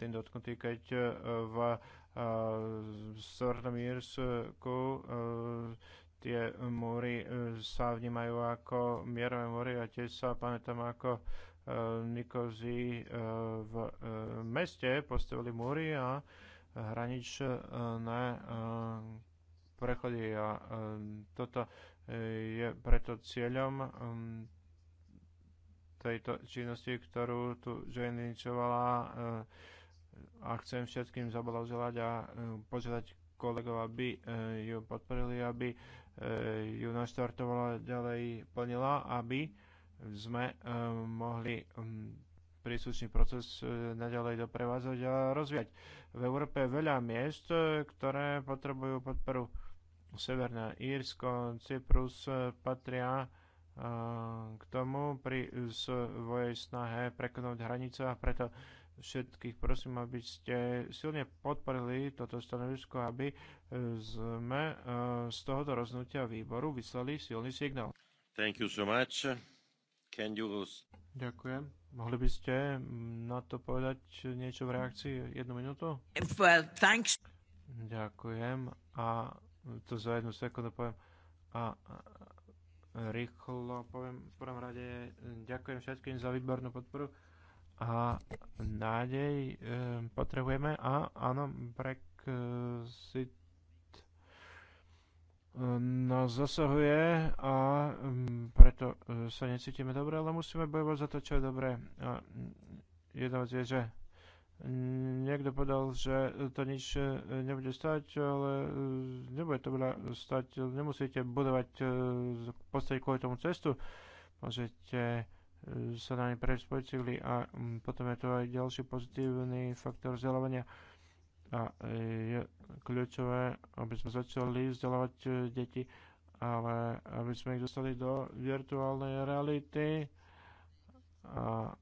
ten dotknutý, keď e, v Severnom uh, e, tie múry e, sa vnímajú ako mierové múry a tiež sa pamätám ako Nikozí v meste postavili múry a hraničné prechody a toto je preto cieľom tejto činnosti, ktorú tu Jane ničovala eh, a chcem všetkým zablahoželať a eh, požiadať kolegov, aby eh, ju podporili, aby ju naštartovala ďalej plnila, aby sme mohli mm, príslušný proces naďalej doprevázať a rozvíjať. V Európe je veľa miest, ktoré potrebujú podporu. Severné Írsko, Cyprus patria k tomu pri svojej snahe prekonať hranice a preto všetkých prosím, aby ste silne podporili toto stanovisko, aby sme eh, z tohoto roznutia výboru vyslali silný signál. Thank you so much. Can you... Ďakujem. Mohli by ste na to povedať niečo v reakcii? Jednu minútu? Well, thanks. Ďakujem. A to za jednu sekundu poviem. A rýchlo poviem v prvom rade ďakujem všetkým za výbornú podporu a nádej e, potrebujeme a áno, Brexit nás zasahuje a preto e, sa necítime dobre, ale musíme bojovať za to, čo je dobré. A mm, jedna vec je, že Niekto povedal, že to nič e, nebude stať, ale e, nebude to veľa stať. Nemusíte budovať, e, postaviť kvôli tomu cestu. Môžete sa na ne prejsť po cykli a potom je to aj ďalší pozitívny faktor vzdelávania. A je kľúčové, aby sme začali vzdelávať deti, ale aby sme ich dostali do virtuálnej reality a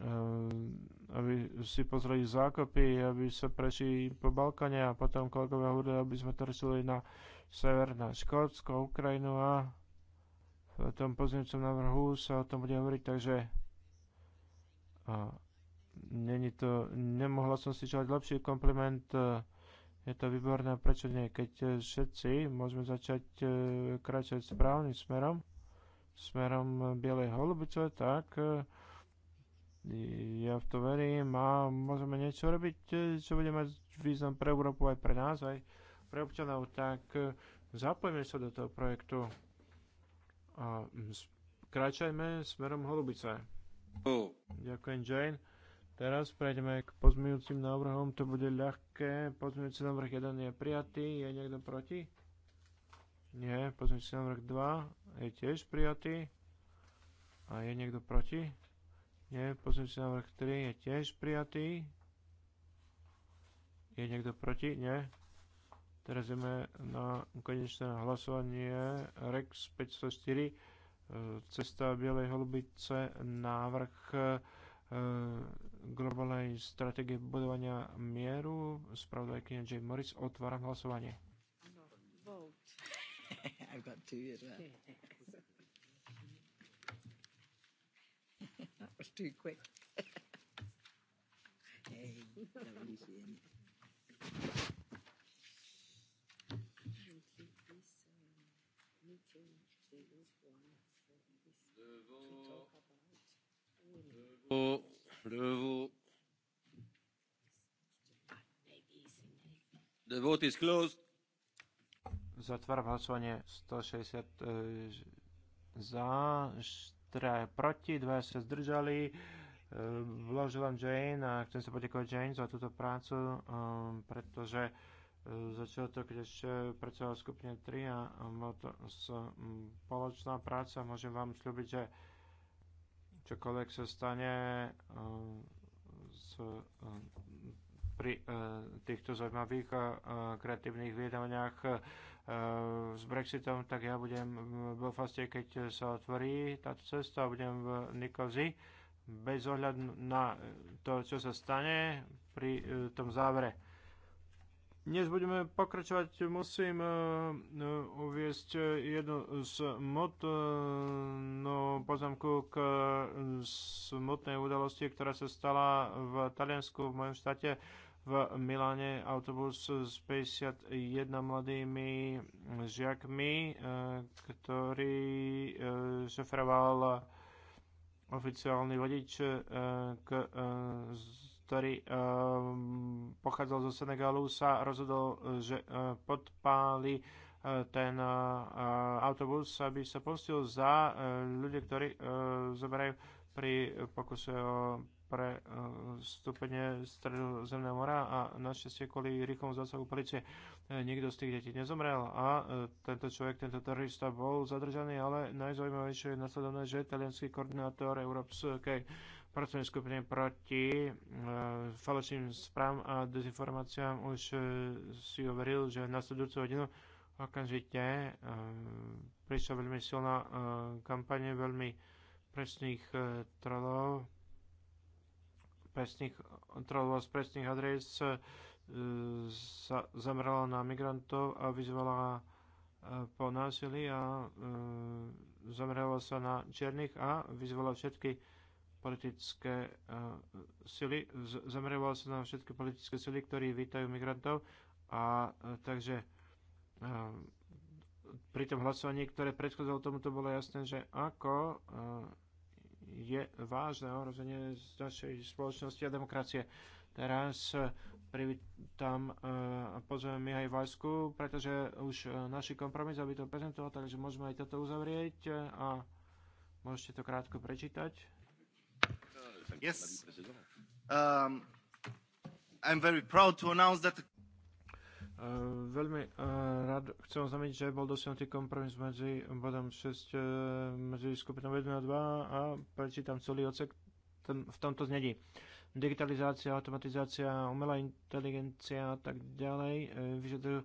Ehm, aby si pozreli zákopy, aby sa prešli po Balkáne a potom kolegovia hovorili, aby sme to riešili na sever, na Škótsko, Ukrajinu a v tom pozemcom návrhu sa o tom bude hovoriť, takže a není to, nemohla som si čelať lepší kompliment, e, je to výborné, prečo nie, keď e, všetci môžeme začať e, kráčať správnym smerom, smerom bielej holubice, tak ja v to verím a môžeme niečo robiť, e, čo bude mať význam pre Európu aj pre nás, aj pre občanov, tak e, zapojme sa do toho projektu a mm, kráčajme smerom Holubice. Oh. Ďakujem, Jane. Teraz prejdeme k pozmeňujúcim návrhom. To bude ľahké. Pozmeňujúci návrh 1 je prijatý. Je niekto proti? Nie. Pozmeňujúci návrh 2 je tiež prijatý. A je niekto proti? je pozmeňujúci návrh 3 je tiež prijatý. Je niekto proti? Nie. Teraz ideme na konečné hlasovanie REX 504 e, cesta Bielej holubice návrh e, globálnej stratégie budovania mieru. Spravodajkyňa Jay Morris, otváram hlasovanie. [laughs] I've got two as well. [laughs] that was too quick. The vote is closed. Zatváram hlasovanie 160 e, za, je proti, dva sa zdržali. Blaželám ehm, Jane a chcem sa poďakovať Jane za túto prácu, ehm, pretože e, začalo to, keď ešte pracovala skupine 3 a bola to spoločná práca. Môžem vám slúbiť, že čokoľvek sa stane ehm, s, pri e, týchto zaujímavých e, kreatívnych vyjednávaniach Eh, s Brexitom, tak ja budem v Belfaste, keď sa otvorí táto cesta, budem v Nikozi bez ohľadu na to, čo sa stane pri eh, tom závere. Dnes budeme pokračovať, musím eh, uviesť jednu smutnú no, poznámku k smutnej udalosti, ktorá sa stala v Taliansku, v mojom štáte v Miláne autobus s 51 mladými žiakmi, e, ktorý e, šofroval oficiálny vodič, e, ktorý pochádzal zo Senegalu, sa rozhodol, že podpáli ten autobus, aby sa postil za ľudia, ktorí zoberajú pri pokuse o pre eh, stupenie Zemného mora a našťastie kvôli rýchlomu zásahu policie eh, nikto z tých detí nezomrel a eh, tento človek, tento terorista bol zadržaný, ale najzaujímavejšie je nasledovné, že italianský koordinátor Európskej pracovnej skupiny proti e, falošným správam a dezinformáciám už si overil, že nasledujúcu hodinu okamžite prišla veľmi silná e, kampaň veľmi presných trolov presných, kontrolovala z presných adres, sa e, zamerala na migrantov a vyzvala e, po násilí a e, zamerala sa na černých a vyzvala všetky politické sily, zamrala sa na všetky politické sily, ktorí vítajú migrantov a takže pri tom hlasovaní, ktoré predchádzalo tomu, to bolo jasné, že ako je vážne ohrozenie z našej spoločnosti a demokracie. Teraz privítam e, a pozvem Mihaj Vajsku, pretože už e, naši kompromis, aby to prezentoval, takže môžeme aj toto uzavrieť e, a môžete to krátko prečítať. Yes. Um, I'm very proud to announce that Ehm, veľmi eh, rád chcem znamenať, že bol dosiahnutý kompromis medzi bodom 6 eh, medzi skupinou 1 a 2 a prečítam celý odsek v tomto znedí. Digitalizácia, automatizácia, umelá inteligencia a tak ďalej eh, vyžadujú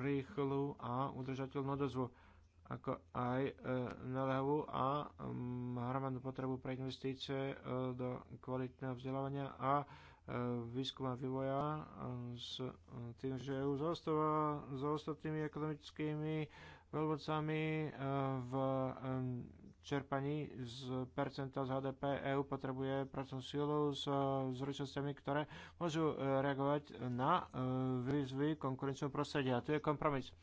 rýchlu a udržateľnú dozvu ako aj e, a mm, hromadnú potrebu pre investície e, do kvalitného vzdelávania a e, E, výskuma vývoja e, s e, tým, že EU zaostáva za ostatnými ekonomickými veľmocami v čerpaní z percenta z HDP EU potrebuje pracovnú silu s zručnosťami, ktoré môžu reagovať na výzvy konkurenčného prostredia. Tu je kompromis.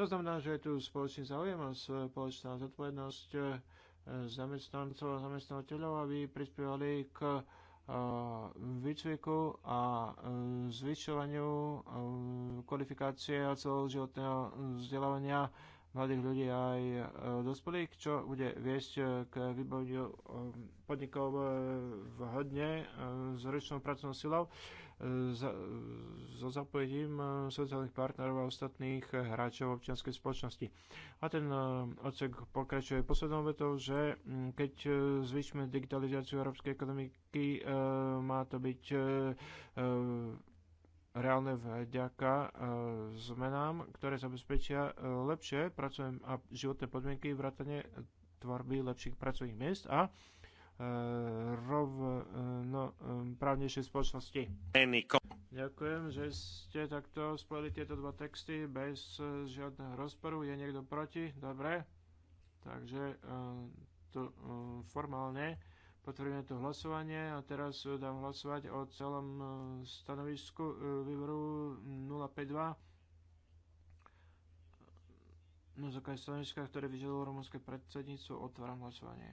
To znamená, že je tu spoločný záujem a spoločná zodpovednosť zamestnancov a zamestnávateľov, aby prispievali k výcviku a e, zvyšovaniu e, kvalifikácie a celoživotného vzdelávania mladých ľudí aj e, dospelých, čo bude viesť k vybaveniu podnikov vhodne s ročnou pracovnou silou za, so zapojením e, sociálnych partnerov a ostatných hráčov občianskej spoločnosti. A ten e, odsek pokračuje poslednou vetou, že mm, keď e, zvyšme digitalizáciu európskej ekonomiky, má to byť reálne vďaka zmenám, ktoré zabezpečia lepšie pracovné a životné podmienky, vrátane tvorby lepších pracovných miest a E, rovnoprávnejšej spoločnosti. Ďakujem, že ste takto spojili tieto dva texty bez žiadneho rozporu. Je niekto proti? Dobre. Takže e, to e, formálne potvrdíme to hlasovanie a teraz dám hlasovať o celom stanovisku výboru 052 na základe stanoviska, ktoré vyžadovalo rumunské predsedníctvo, otváram hlasovanie.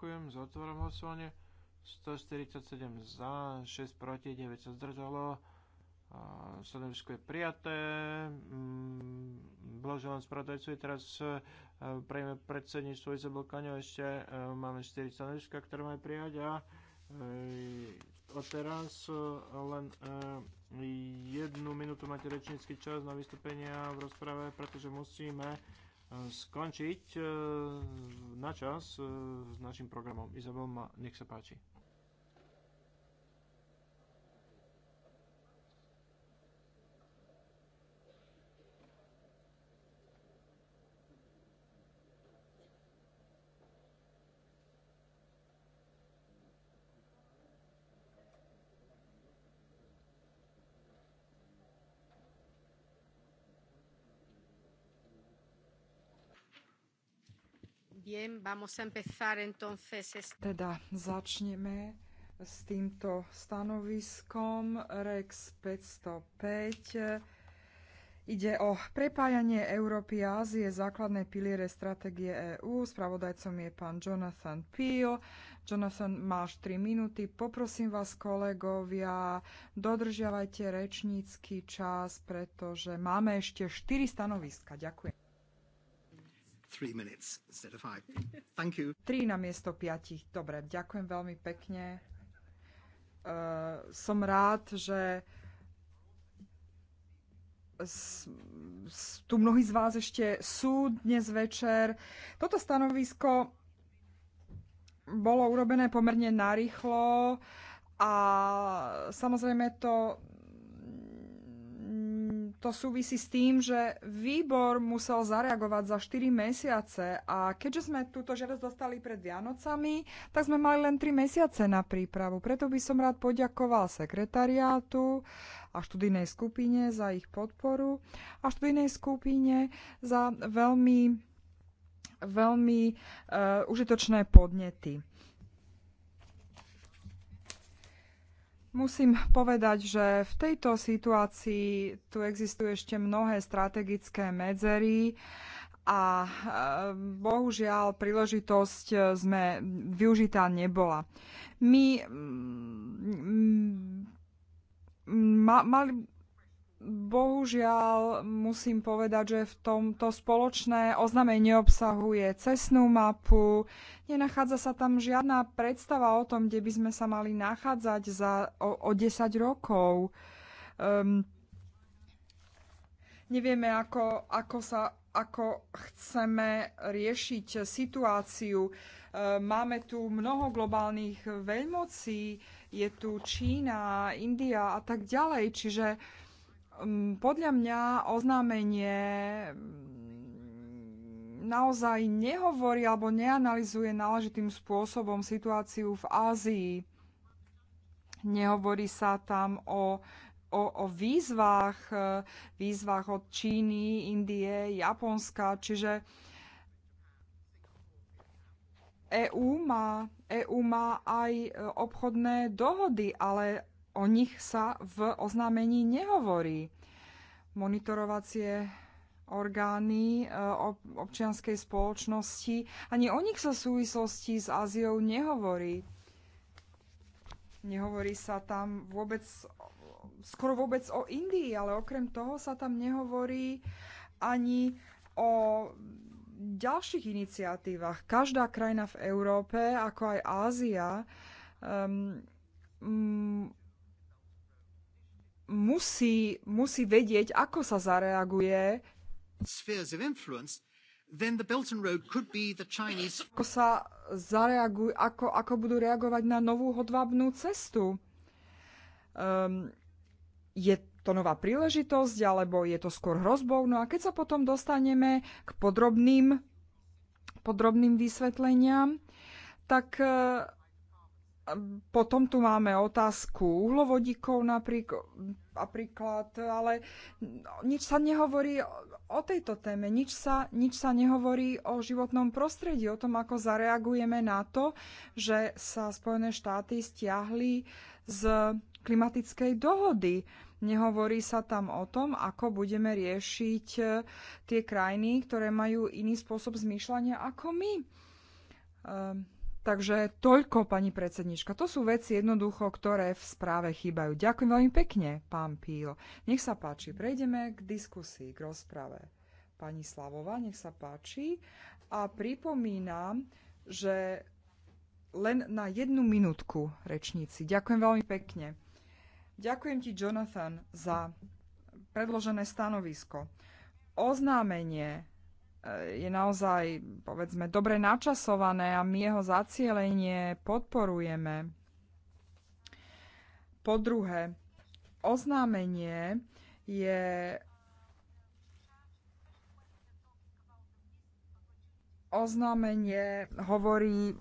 Ďakujem za otvorom hlasovanie. 147 za, 6 proti, 9 sa zdržalo. Stanovisko je prijaté. Mm, Blaželám spravodajcovi. Teraz e, prejme predsedníctvo Izabel Kaňo. Ešte e, máme 4 stanoviska, ktoré máme prijať. A a e, teraz len jednu minútu máte rečnícky čas na vystúpenia v rozprave, pretože musíme skončiť eh, na čas eh, s našim programom. Izabel, ma, nech sa páči. Teda začneme s týmto stanoviskom REX 505. Ide o prepájanie Európy a Ázie, základné piliere stratégie EÚ. Spravodajcom je pán Jonathan Peel. Jonathan, máš 3 minúty. Poprosím vás, kolegovia, dodržiavajte rečnícky čas, pretože máme ešte 4 stanoviska. Ďakujem three minutes instead of five. Thank you. 3 na miesto 5. Dobre, ďakujem veľmi pekne. Uh, som rád, že s, s, tu mnohí z vás ešte sú dnes večer. Toto stanovisko bolo urobené pomerne narýchlo a samozrejme to to súvisí s tým, že výbor musel zareagovať za 4 mesiace a keďže sme túto žiadosť dostali pred Vianocami, tak sme mali len 3 mesiace na prípravu. Preto by som rád poďakoval sekretariátu a študijnej skupine za ich podporu a študijnej skupine za veľmi, veľmi uh, užitočné podnety. Musím povedať, že v tejto situácii tu existujú ešte mnohé strategické medzery a e, bohužiaľ príležitosť e, sme využitá nebola. My mm, mm, ma, mali, Bohužiaľ musím povedať, že v tomto spoločné oznámenie neobsahuje cestnú mapu, nenachádza sa tam žiadna predstava o tom, kde by sme sa mali nachádzať za, o, o 10 rokov. Um, nevieme, ako, ako, sa, ako chceme riešiť situáciu. Ehm, máme tu mnoho globálnych veľmocí, je tu Čína, India a tak ďalej, čiže podľa mňa oznámenie naozaj nehovorí alebo neanalizuje náležitým spôsobom situáciu v Ázii. Nehovorí sa tam o, o, o výzvach, e, výzvach od Číny, Indie, Japonska, čiže EÚ má, EU má aj e, obchodné dohody, ale o nich sa v oznámení nehovorí. Monitorovacie orgány e, občianskej spoločnosti. Ani o nich sa v súvislosti s Áziou nehovorí. Nehovorí sa tam vôbec, skoro vôbec o Indii, ale okrem toho sa tam nehovorí ani o ďalších iniciatívach. Každá krajina v Európe, ako aj Ázia, um, musí, musí vedieť, ako sa zareaguje. Ako sa zareagujú, ako, ako budú reagovať na novú hodvábnú cestu. Um, je to nová príležitosť, alebo je to skôr hrozbou. No a keď sa potom dostaneme k podrobným, podrobným vysvetleniam, tak uh, potom tu máme otázku uhlovodíkov napríklad, napríklad, ale nič sa nehovorí o tejto téme, nič sa, nič sa nehovorí o životnom prostredí, o tom, ako zareagujeme na to, že sa Spojené štáty stiahli z klimatickej dohody. Nehovorí sa tam o tom, ako budeme riešiť e, tie krajiny, ktoré majú iný spôsob zmýšľania ako my. Ehm, Takže toľko, pani predsednička. To sú veci jednoducho, ktoré v správe chýbajú. Ďakujem veľmi pekne, pán Píl. Nech sa páči, prejdeme k diskusii, k rozprave. Pani Slavová, nech sa páči. A pripomínam, že len na jednu minútku rečníci. Ďakujem veľmi pekne. Ďakujem ti, Jonathan, za predložené stanovisko. Oznámenie je naozaj, povedzme, dobre načasované a my jeho zacielenie podporujeme. Po druhé, oznámenie je oznámenie hovorí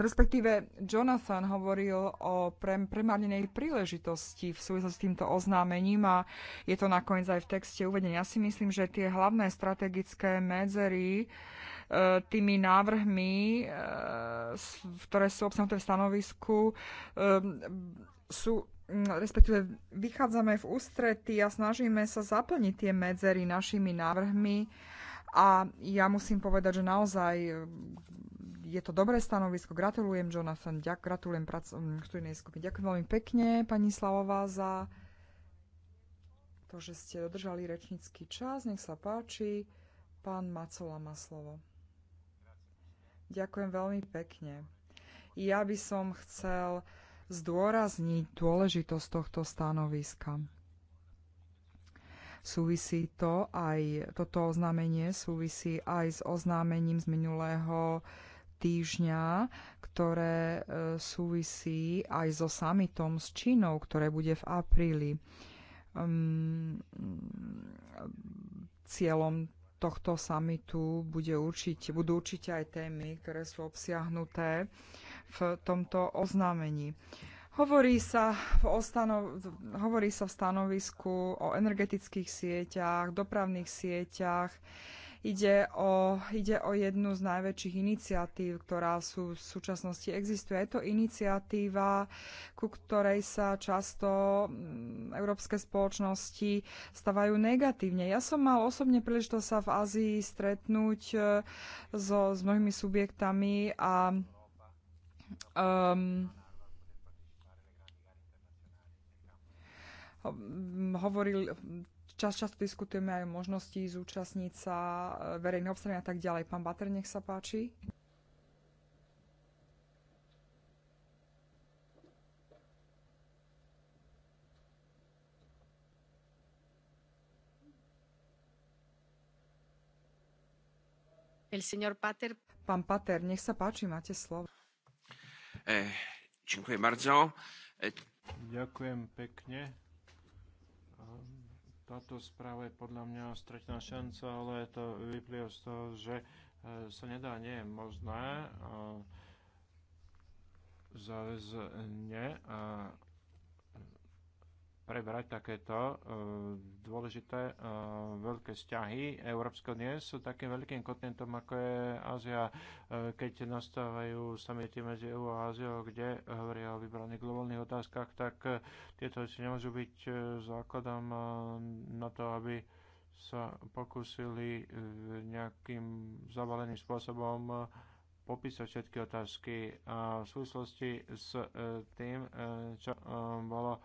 respektíve Jonathan hovoril o pre, premárnenej príležitosti v súvislosti s týmto oznámením a je to nakoniec aj v texte uvedené. Ja si myslím, že tie hlavné strategické medzery e, tými návrhmi, e, ktoré sú obsahnuté v stanovisku, e, sú respektíve vychádzame v ústrety a snažíme sa zaplniť tie medzery našimi návrhmi. A ja musím povedať, že naozaj je to dobré stanovisko. Gratulujem, Jonathan. Ďak, gratulujem pracovnej skupine. Ďakujem veľmi pekne, pani Slavová, za to, že ste dodržali rečnícky čas. Nech sa páči. Pán Macola má slovo. Ďakujem veľmi pekne. Ja by som chcel zdôrazniť dôležitosť tohto stanoviska. Súvisí to aj, toto oznámenie súvisí aj s oznámením z minulého týždňa, ktoré e, súvisí aj so summitom s Čínou, ktoré bude v apríli. Ehm, cieľom tohto summitu bude určite, budú určite aj témy, ktoré sú obsiahnuté v tomto oznámení. Hovorí sa, v ostano, hovorí sa v stanovisku o energetických sieťach, dopravných sieťach, Ide o, ide o jednu z najväčších iniciatív, ktorá sú v súčasnosti existuje. Je to iniciatíva, ku ktorej sa často mm, európske spoločnosti stavajú negatívne. Ja som mal osobne príležitosť sa v Ázii stretnúť e, so, s mnohými subjektami a um, hovoril, Čas často diskutujeme aj o možnosti zúčastniť sa e, verejného obstarania a tak ďalej. Pán Bater, nech sa páči. Pater. Pán Pater, nech sa páči, máte slovo. Eh, ďakujem bardzo. Eh... Ďakujem pekne táto správa je podľa mňa stretná šanca, ale to vyplýva z toho, že e, sa nedá, nie je možné e, záväzne a prebrať takéto e, dôležité e, veľké vzťahy. Európska unie sú takým veľkým kontinentom, ako je Ázia, e, keď nastávajú samity medzi EU a Áziou, kde hovoria o vybraných globálnych otázkach, tak tieto veci nemôžu byť základom na to, aby sa pokúsili nejakým zabaleným spôsobom popísať všetky otázky a v súvislosti s tým, čo bolo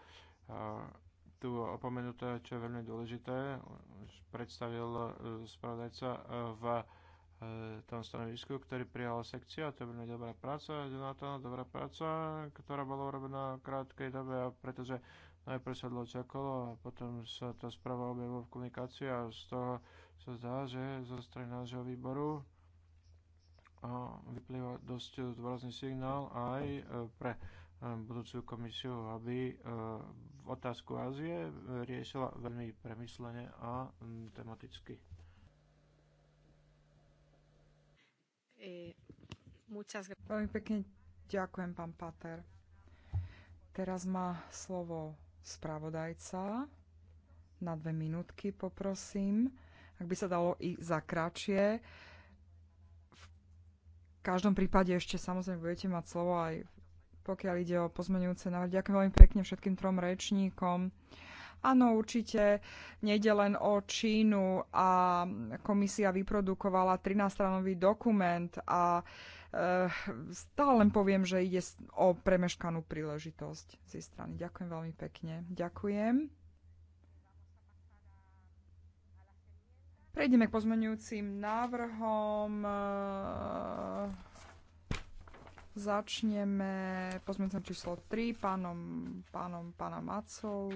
tu opomenuté, čo je veľmi dôležité, už predstavil e, spravodajca e, v e, tom stanovisku, ktorý prijala sekcia, to je veľmi dobrá práca, Jonathan, dobrá práca, ktorá bola urobená v krátkej dobe, pretože najprv sa dlho čakalo a potom sa tá správa objavila v komunikácii a z toho sa zdá, že zo strany nášho výboru vyplýva dosť dôrazný signál aj pre budúcu komisiu, aby e, otázku Ázie riešila veľmi premyslene a tematicky. E, veľmi pekne ďakujem, pán Pater. Teraz má slovo spravodajca. Na dve minútky poprosím. Ak by sa dalo i za kratšie. V každom prípade ešte samozrejme budete mať slovo aj v pokiaľ ide o pozmenujúce návrhy. Ďakujem veľmi pekne všetkým trom rečníkom. Áno, určite nejde len o Čínu a komisia vyprodukovala 13-stranový dokument a e, stále len poviem, že ide o premeškanú príležitosť z jej strany. Ďakujem veľmi pekne. Ďakujem. Prejdeme k pozmenujúcim návrhom. Eh, Začneme pozmeňujem číslo 3 pánom, pánom pána Macov.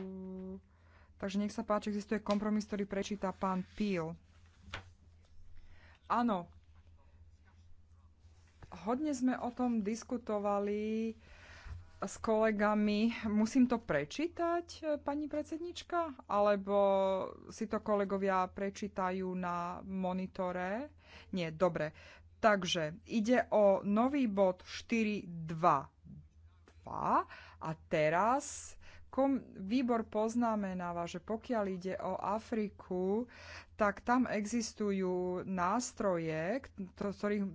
Takže nech sa páči, existuje kompromis, ktorý prečíta pán Píl. Áno, hodne sme o tom diskutovali s kolegami. Musím to prečítať, pani predsednička? Alebo si to kolegovia prečítajú na monitore? Nie, dobre. Takže ide o nový bod 4.2.2 a teraz kom, výbor poznamenáva, že pokiaľ ide o Afriku, tak tam existujú nástroje, ktorý,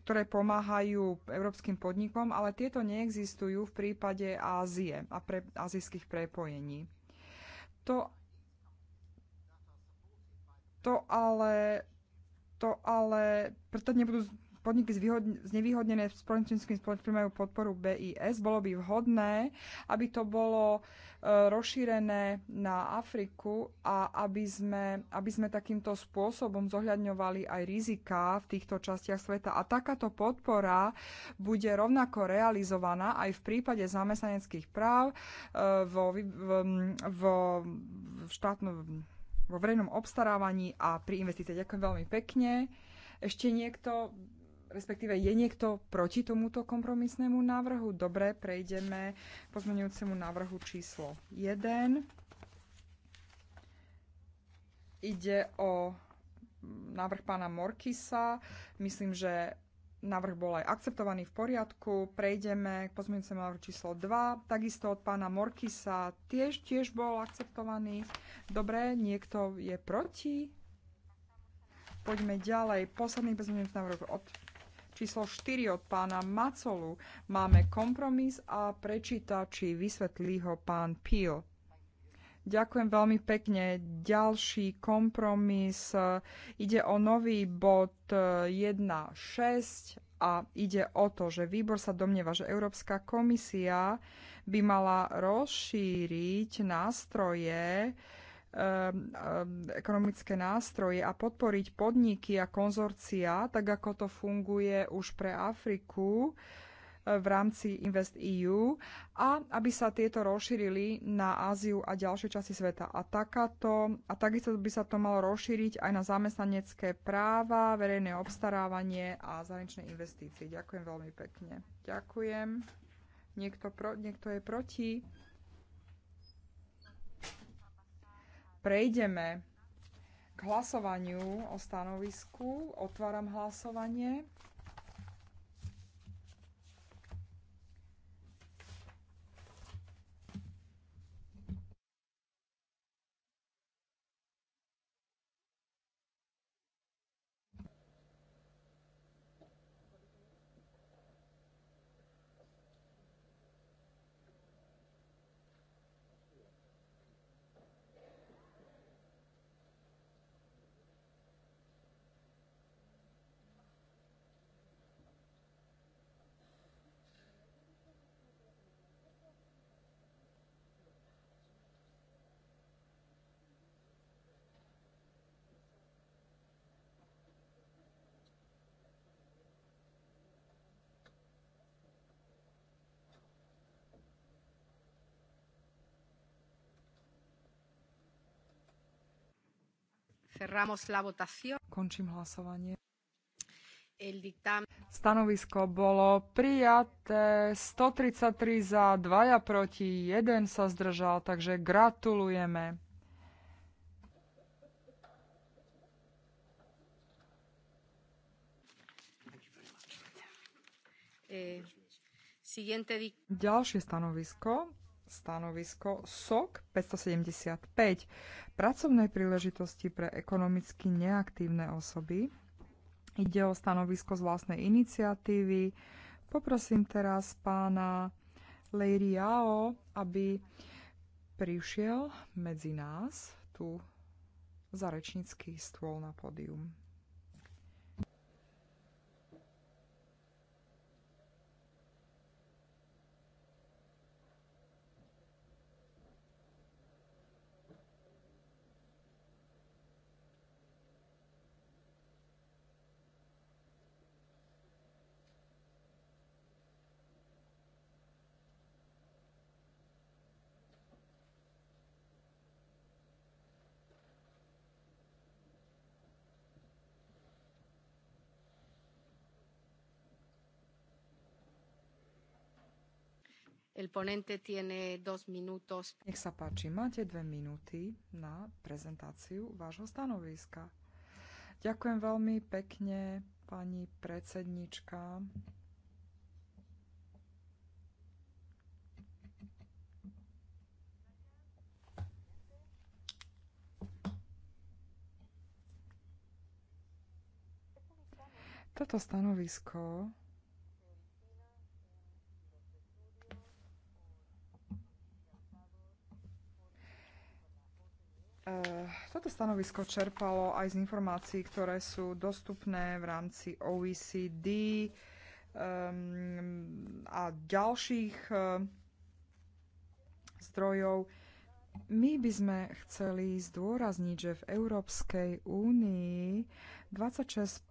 ktoré pomáhajú európskym podnikom, ale tieto neexistujú v prípade Ázie a pre, azijských prepojení. To, to ale to ale, preto nebudú podniky znevýhodnené spoločenským spoločným majú podporu BIS. Bolo by vhodné, aby to bolo e, rozšírené na Afriku a aby sme, aby sme takýmto spôsobom zohľadňovali aj rizika v týchto častiach sveta. A takáto podpora bude rovnako realizovaná aj v prípade zamestnaneckých práv e, vo, v, v, v, v štátnom vo verejnom obstarávaní a pri investíciách. Ďakujem veľmi pekne. Ešte niekto, respektíve je niekto proti tomuto kompromisnému návrhu? Dobre, prejdeme k pozmeňujúcemu návrhu číslo 1. Ide o návrh pána Morkisa. Myslím, že Návrh bol aj akceptovaný v poriadku. Prejdeme k pozmeňujúcemu návrhu číslo 2. Takisto od pána Morkisa tiež, tiež bol akceptovaný. Dobre, niekto je proti? Poďme ďalej. Posledný pozmeňujúci návrh od číslo 4 od pána Macolu. Máme kompromis a prečíta, či vysvetlí ho pán Peel. Ďakujem veľmi pekne. Ďalší kompromis. Ide o nový bod 1.6 e, a ide o to, že výbor sa domnieva, že Európska komisia by mala rozšíriť nástroje, ekonomické nástroje a podporiť podniky a konzorcia, tak ako to funguje už pre Afriku, v rámci Invest EU a aby sa tieto rozšírili na Áziu a ďalšie časti sveta. A, takáto, a takisto by sa to malo rozšíriť aj na zamestnanecké práva, verejné obstarávanie a zahraničné investície. Ďakujem veľmi pekne. Ďakujem. Niekto, pro, niekto je proti? Prejdeme k hlasovaniu o stanovisku. Otváram hlasovanie. Cerramos la votación. Končím hlasovanie. Stanovisko bolo prijaté 133 za, 2 proti, 1 sa zdržal, takže gratulujeme. Eh, Ďalšie stanovisko stanovisko SOK 575 pracovné príležitosti pre ekonomicky neaktívne osoby. Ide o stanovisko z vlastnej iniciatívy. Poprosím teraz pána Lady Yao, aby prišiel medzi nás tu za rečnícky stôl na pódium. El ponente tiene dos minutos. Nech sa páči, máte dve minúty na prezentáciu vášho stanoviska. Ďakujem veľmi pekne, pani predsednička. Toto stanovisko Eh, toto stanovisko čerpalo aj z informácií, ktoré sú dostupné v rámci OECD um, ehm, a ďalších eh, zdrojov. My by sme chceli zdôrazniť, že v Európskej únii 26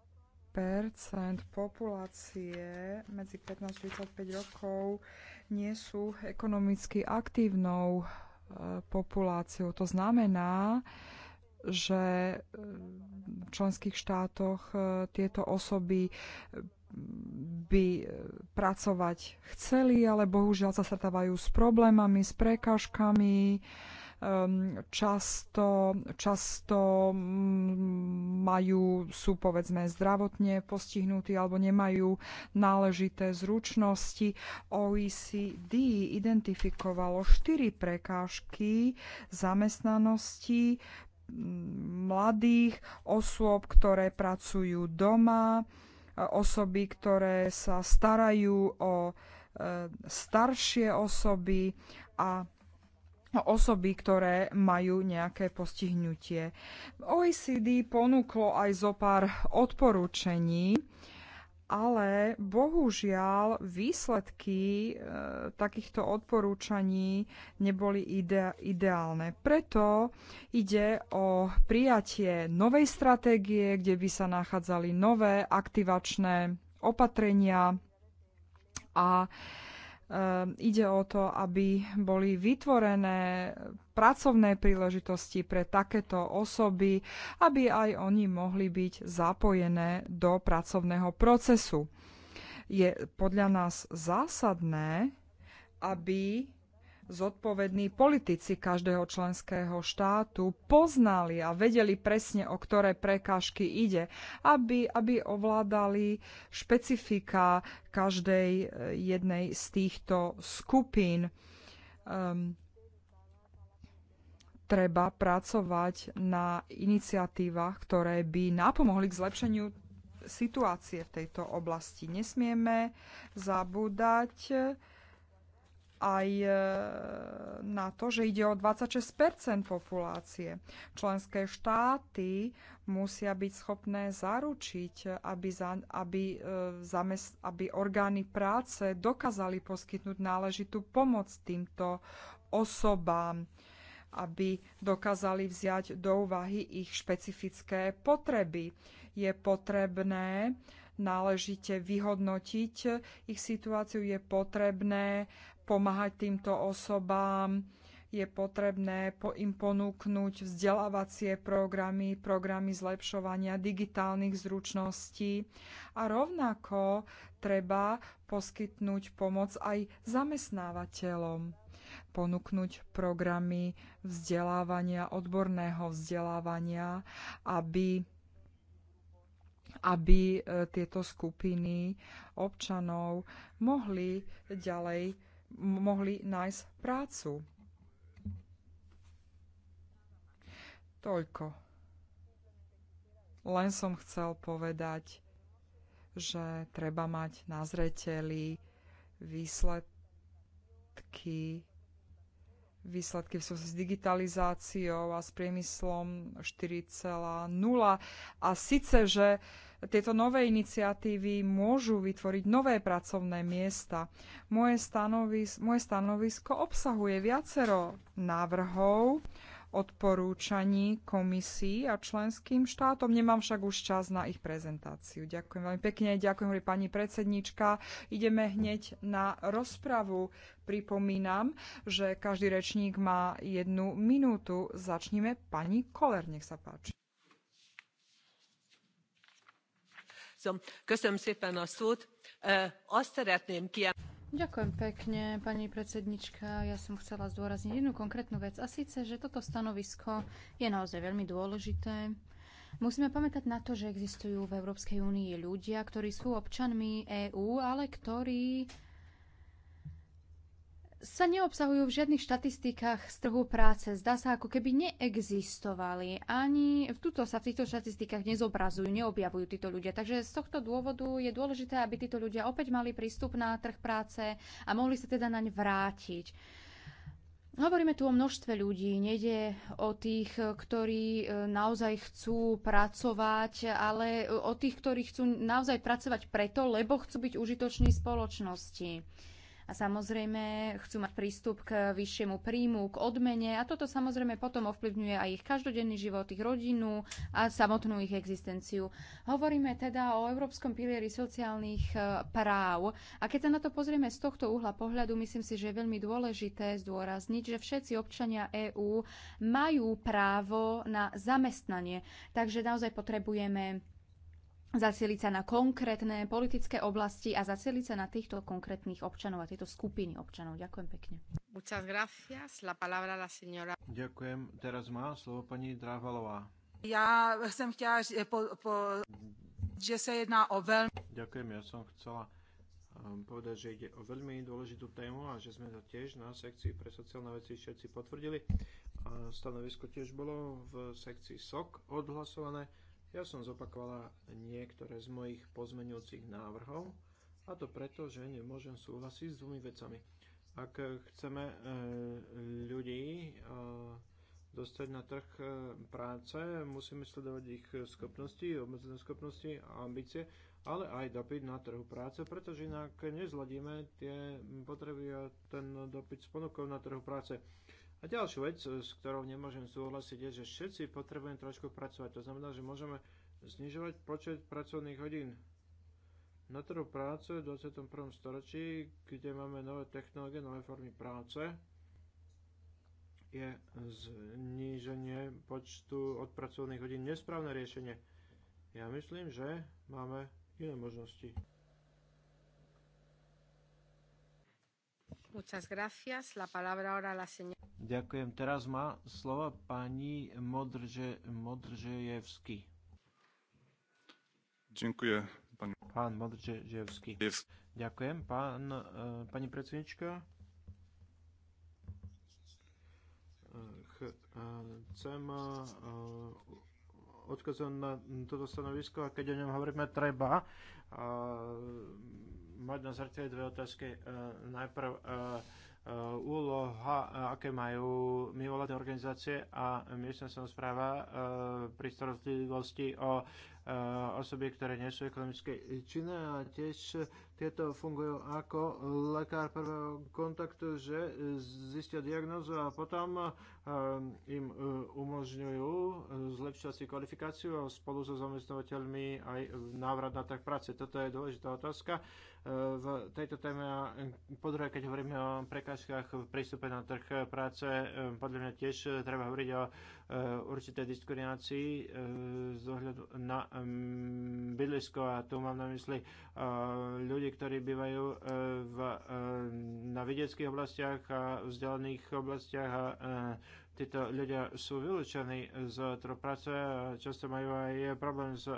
populácie medzi 15 a 35 rokov nie sú ekonomicky aktívnou populáciu. To znamená, že v členských štátoch e, tieto osoby e, by e, pracovať chceli, ale bohužiaľ sa stretávajú s problémami, s prekážkami. Ehm, často, často mm, majú, sú povedzme zdravotne postihnutí alebo nemajú náležité zručnosti. OECD identifikovalo štyri prekážky zamestnanosti mm, mladých osôb, ktoré pracujú doma, e, osoby, ktoré sa starajú o e, staršie osoby a osoby, ktoré majú nejaké postihnutie. OECD ponúklo aj zo pár odporúčení, ale bohužiaľ výsledky e, takýchto odporúčaní neboli ide- ideálne. Preto ide o prijatie novej stratégie, kde by sa nachádzali nové aktivačné opatrenia a e, Ehm, ide o to, aby boli vytvorené pracovné príležitosti pre takéto osoby, aby aj oni mohli byť zapojené do pracovného procesu. Je podľa nás zásadné, aby zodpovední politici každého členského štátu poznali a vedeli presne, o ktoré prekážky ide, aby, aby ovládali špecifika každej e, jednej z týchto skupín. Um, treba pracovať na iniciatívach, ktoré by napomohli k zlepšeniu situácie v tejto oblasti. Nesmieme zabúdať aj e, na to, že ide o 26 populácie. Členské štáty musia byť schopné zaručiť, aby, za, aby, e, zamest, aby orgány práce dokázali poskytnúť náležitú pomoc týmto osobám, aby dokázali vziať do úvahy ich špecifické potreby. Je potrebné náležite vyhodnotiť ich situáciu, je potrebné pomáhať týmto osobám. Je potrebné po im ponúknuť vzdelávacie programy, programy zlepšovania digitálnych zručností a rovnako treba poskytnúť pomoc aj zamestnávateľom ponúknuť programy vzdelávania, odborného vzdelávania, aby, aby e, tieto skupiny občanov mohli ďalej mohli nájsť prácu. Toľko. Len som chcel povedať, že treba mať na zreteli výsledky výsledky v súvislosti s digitalizáciou a s priemyslom 4,0. A síce, že tieto nové iniciatívy môžu vytvoriť nové pracovné miesta. Moje, stanovis, moje stanovisko obsahuje viacero návrhov, odporúčaní komisii a členským štátom. Nemám však už čas na ich prezentáciu. Ďakujem veľmi pekne, ďakujem pani predsednička. Ideme hneď na rozpravu. Pripomínam, že každý rečník má jednu minútu. Začnime pani Koler, nech sa páči. Ďakujem pekne, pani predsednička. Ja som chcela zdôrazniť jednu konkrétnu vec a síce, že toto stanovisko je naozaj veľmi dôležité. Musíme pamätať na to, že existujú v Európskej únii ľudia, ktorí sú občanmi EÚ, ale ktorí sa neobsahujú v žiadnych štatistikách z trhu práce. Zdá sa, ako keby neexistovali. Ani v tuto sa v týchto štatistikách nezobrazujú, neobjavujú títo ľudia. Takže z tohto dôvodu je dôležité, aby títo ľudia opäť mali prístup na trh práce a mohli sa teda naň vrátiť. Hovoríme tu o množstve ľudí, nejde o tých, ktorí e, naozaj chcú pracovať, ale o tých, ktorí chcú naozaj pracovať preto, lebo chcú byť užitoční spoločnosti samozrejme chcú mať prístup k vyššiemu príjmu, k odmene a toto samozrejme potom ovplyvňuje aj ich každodenný život, ich rodinu a samotnú ich existenciu. Hovoríme teda o Európskom pilieri sociálnych e, práv a keď sa na to pozrieme z tohto uhla pohľadu, myslím si, že je veľmi dôležité zdôrazniť, že všetci občania EÚ majú právo na zamestnanie. Takže naozaj potrebujeme zacieliť sa na konkrétne politické oblasti a zacieliť sa na týchto konkrétnych občanov a tieto skupiny občanov. Ďakujem pekne. Muchas gracias. La palabra la señora. Ďakujem. Teraz má slovo pani Drávalová. Ja som chtěla, po, po, že sa jedná o veľmi... Ďakujem, ja som chcela um, povedať, že ide o veľmi dôležitú tému a že sme to tiež na sekcii pre sociálne veci všetci potvrdili. A stanovisko tiež bolo v sekcii SOK odhlasované ja som zopakovala niektoré z mojich pozmeňujúcich návrhov, a to preto, že nemôžem súhlasiť s dvomi vecami. Ak chceme e, ľudí e, dostať na trh e, práce, musíme sledovať ich schopnosti, obmedzené schopnosti a ambície, ale aj dopyt na trhu práce, pretože inak nezladíme tie potreby a ten dopyt s ponukou na trhu práce. A ďalšia vec, e, s ktorou nemôžem súhlasiť, je, že všetci potrebujeme trošku pracovať. To znamená, že môžeme znižovať počet pracovných hodín. Na trhu práce v 21. storočí, kde máme nové technológie, nové formy práce, je zníženie počtu pracovných hodín nesprávne riešenie. Ja myslím, že máme iné možnosti. Ďakujem. Teraz má slovo pani Modrže, Modržejevsky. Ďakujem. Pani... Pán Modržejevský. Ďakujem. Pán, e, pani predsednička. E, e, chcem odkazom na toto stanovisko a keď o ňom hovoríme treba, mať na zreteli dve otázky. E, najprv e, e, úloha, aké majú mimovládne organizácie a miestna samozpráva pri starostlivosti o osoby, ktoré nie sú ekonomické činné a tiež tieto fungujú ako lekár prvého kontaktu, že zistia diagnózu a potom im umožňujú zlepšovať si kvalifikáciu a spolu so zamestnovateľmi aj návrat na tak práce. Toto je dôležitá otázka v tejto téme. A po druhé, keď hovoríme o prekážkach v prístupe na trh práce, e, podľa mňa tiež e, treba hovoriť o e, určitej diskriminácii z ohľadu na bydlisko a tu mám na mysli ľudí, ktorí bývajú v, na vidieckých oblastiach a vzdialených oblastiach a títo ľudia sú vylúčení z trhu práce a často majú aj problém s e,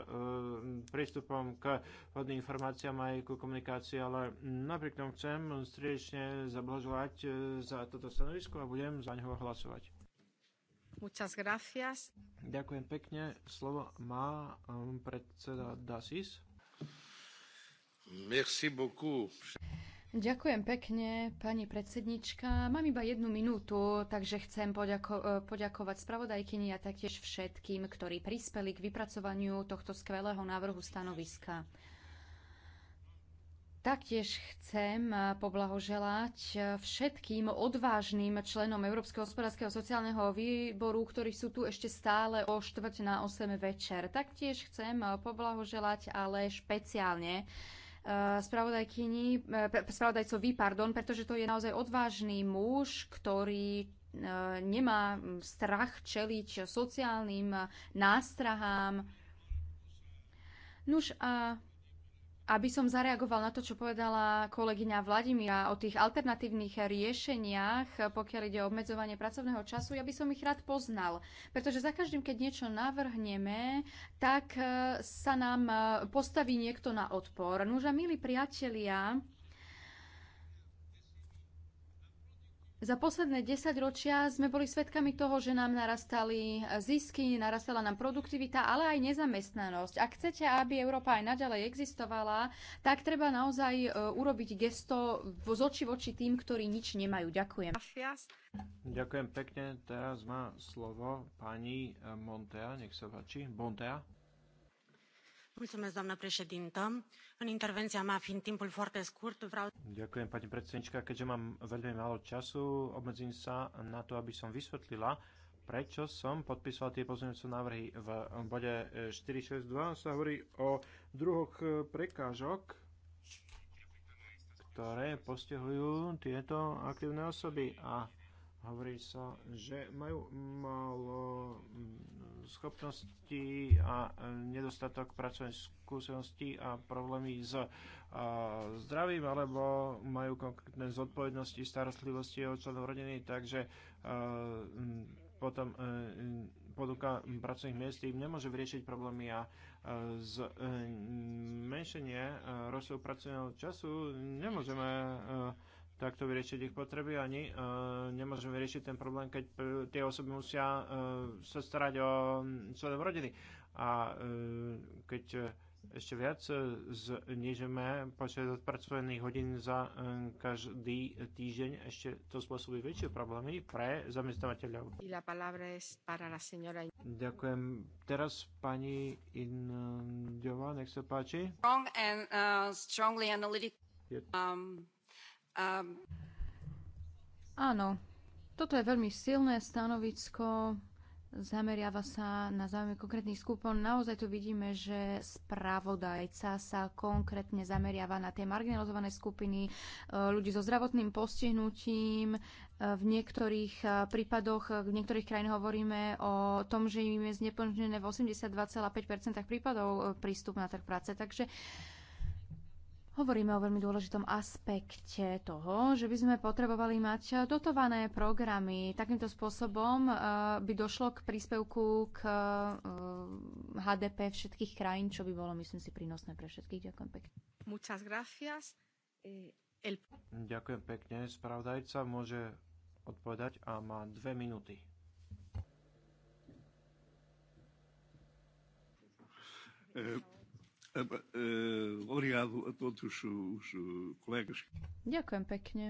prístupom k vhodným informáciám aj ku komunikácii, ale napriek tomu chcem striečne zablažovať e, za toto stanovisko a budem za neho hlasovať. Muchas gracias. Ďakujem pekne. Slovo má e, predseda Dasis. Merci beaucoup. Ďakujem pekne, pani predsednička. Mám iba jednu minútu, takže chcem poďako- e, poďakovať spravodajkyni a taktiež všetkým, ktorí prispeli k vypracovaniu tohto skvelého návrhu stanoviska. Taktiež chcem e, poblahoželať e, všetkým odvážnym členom Európskeho hospodárskeho sociálneho výboru, ktorí sú tu ešte stále o štvrť na 8 večer. Taktiež chcem poblahoželať ale špeciálne Eh, spravodajkyni, eh, spravodajcovi, pardon, pretože to je naozaj odvážny muž, ktorý eh, nemá strach čeliť sociálnym nástrahám. Nuž a aby som zareagoval na to, čo povedala kolegyňa Vladimíra o tých alternatívnych riešeniach, pokiaľ ide o obmedzovanie pracovného času, ja by som ich rád poznal. Pretože za každým, keď niečo navrhneme, tak e, sa nám e, postaví niekto na odpor. Nuže, milí priatelia, Za posledné 10 ročia sme boli svedkami toho, že nám narastali zisky, narastala nám produktivita, ale aj nezamestnanosť. Ak chcete, aby Európa aj naďalej existovala, tak treba naozaj e, urobiť gesto z oči voči tým, ktorí nič nemajú. Ďakujem. Ďakujem pekne. Teraz má slovo pani Montea. Nech sa páči. Montea doamnă președintă în intervenția mea fiind timpul foarte scurt vreau... Ďakujem pani predsednička, keďže mám veľmi málo času, obmedzím sa na to, aby som vysvetlila, prečo som podpísal tie pozmeňujúce návrhy. V bode 462 sa hovorí o druhoch prekážok, ktoré postihujú tieto aktívne osoby a hovorí sa, že majú malo schopnosti a nedostatok pracovnej skúsenosti a problémy s zdravím, alebo majú konkrétne zodpovednosti, starostlivosti o členov rodiny, takže potom e, poduka pracovných miest im nemôže vyriešiť problémy a zmenšenie e, e, rozsahu pracovného času nemôžeme takto vyriešiť ich potreby, ani uh, e, nemôžeme vyriešiť ten problém, keď e, tie osoby musia uh, sa starať o členom rodiny. A uh, keď ešte viac znižeme počet odpracovaných hodín za uh, každý týždeň, ešte to spôsobí väčšie problémy pre zamestnávateľov. Ďakujem. Teraz pani Indiova, nech sa páči. Strong and, uh, strongly Um, Um, Áno, toto je veľmi silné stanovisko, zameriava sa na záujmy konkrétnych skupín. Naozaj tu vidíme, že spravodajca sa konkrétne zameriava na tie marginalizované skupiny, e, ľudí so zdravotným postihnutím. E, v niektorých e, prípadoch, v niektorých krajín hovoríme o tom, že im je zneplnené v 82,5 prípadov prístup na trh práce. Takže Hovoríme o veľmi dôležitom aspekte toho, že by sme potrebovali mať dotované programy. Takýmto spôsobom e, by došlo k príspevku k e, HDP všetkých krajín, čo by bolo, myslím si, prínosné pre všetkých. Ďakujem pekne. Muchas gracias. Eh, el... Ďakujem pekne. Spravodajca môže odpovedať a má dve minúty. E Eh, eh, obrigado a todos os eh, colegas. Ďakujem pekne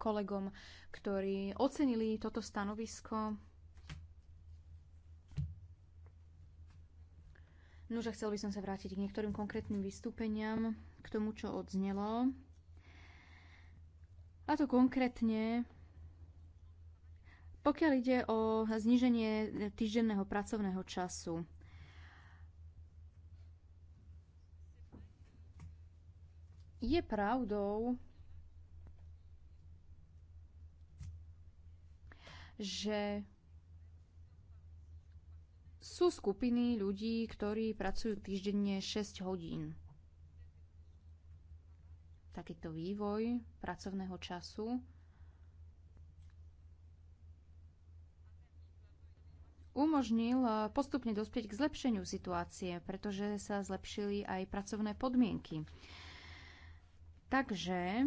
kolegom, ktorí ocenili toto stanovisko. Nože chcel by som sa vrátiť k niektorým konkrétnym vystúpeniam, k tomu, čo odznelo. A to konkrétne, pokiaľ ide o zníženie týždenného pracovného času. Je pravdou, že sú skupiny ľudí, ktorí pracujú týždenne 6 hodín. Takýto vývoj pracovného času umožnil eh, postupne dospieť k zlepšeniu situácie, pretože sa zlepšili aj pracovné podmienky. Takže e,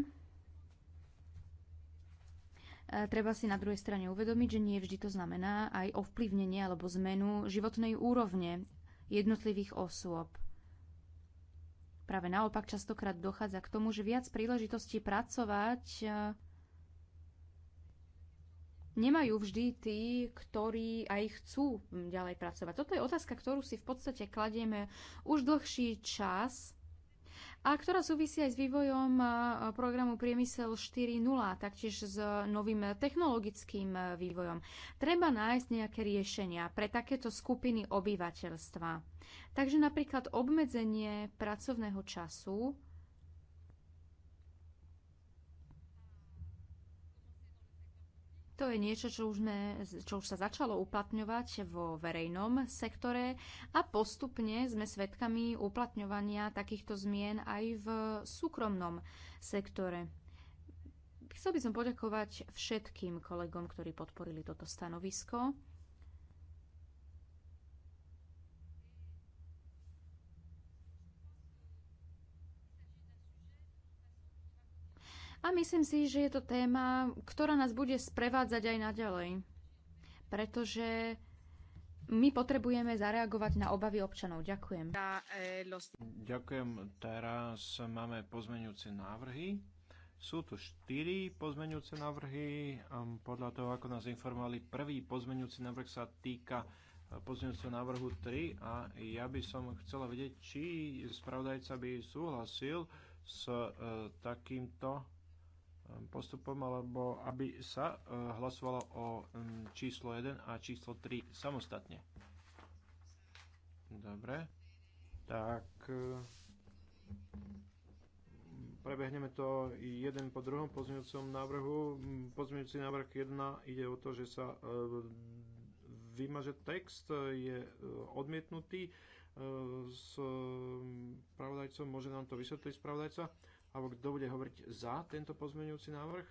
treba si na druhej strane uvedomiť, že nie vždy to znamená aj ovplyvnenie alebo zmenu životnej úrovne jednotlivých osôb. Práve naopak častokrát dochádza k tomu, že viac príležitostí pracovať e, nemajú vždy tí, ktorí aj chcú ďalej pracovať. Toto je otázka, ktorú si v podstate kladieme už dlhší čas a ktorá súvisí aj s vývojom programu Priemysel 4.0, taktiež s novým technologickým vývojom. Treba nájsť nejaké riešenia pre takéto skupiny obyvateľstva. Takže napríklad obmedzenie pracovného času To je niečo, čo už, sme, čo už sa začalo uplatňovať vo verejnom sektore a postupne sme svedkami uplatňovania takýchto zmien aj v súkromnom sektore. Chcel by som poďakovať všetkým kolegom, ktorí podporili toto stanovisko. A myslím si, že je to téma, ktorá nás bude sprevádzať aj naďalej. Pretože my potrebujeme zareagovať na obavy občanov. Ďakujem. Ďakujem. Teraz máme pozmeňujúce návrhy. Sú tu štyri pozmeňujúce návrhy. Podľa toho, ako nás informovali, prvý pozmeňujúci návrh sa týka e, pozmeňujúceho návrhu 3 a ja by som chcela vedieť, či spravodajca by súhlasil s e, takýmto postupom, alebo aby sa e, hlasovalo o číslo 1 a číslo 3 samostatne. Dobre. Tak e, prebehneme to jeden po druhom pozmeňujúcom návrhu. Pozmeňujúci návrh 1 ide o to, že sa e, vymaže text, je odmietnutý s pravodajcom, môže nám to vysvetliť spravodajca. Alebo kto bude hovoriť za tento pozmeňujúci návrh?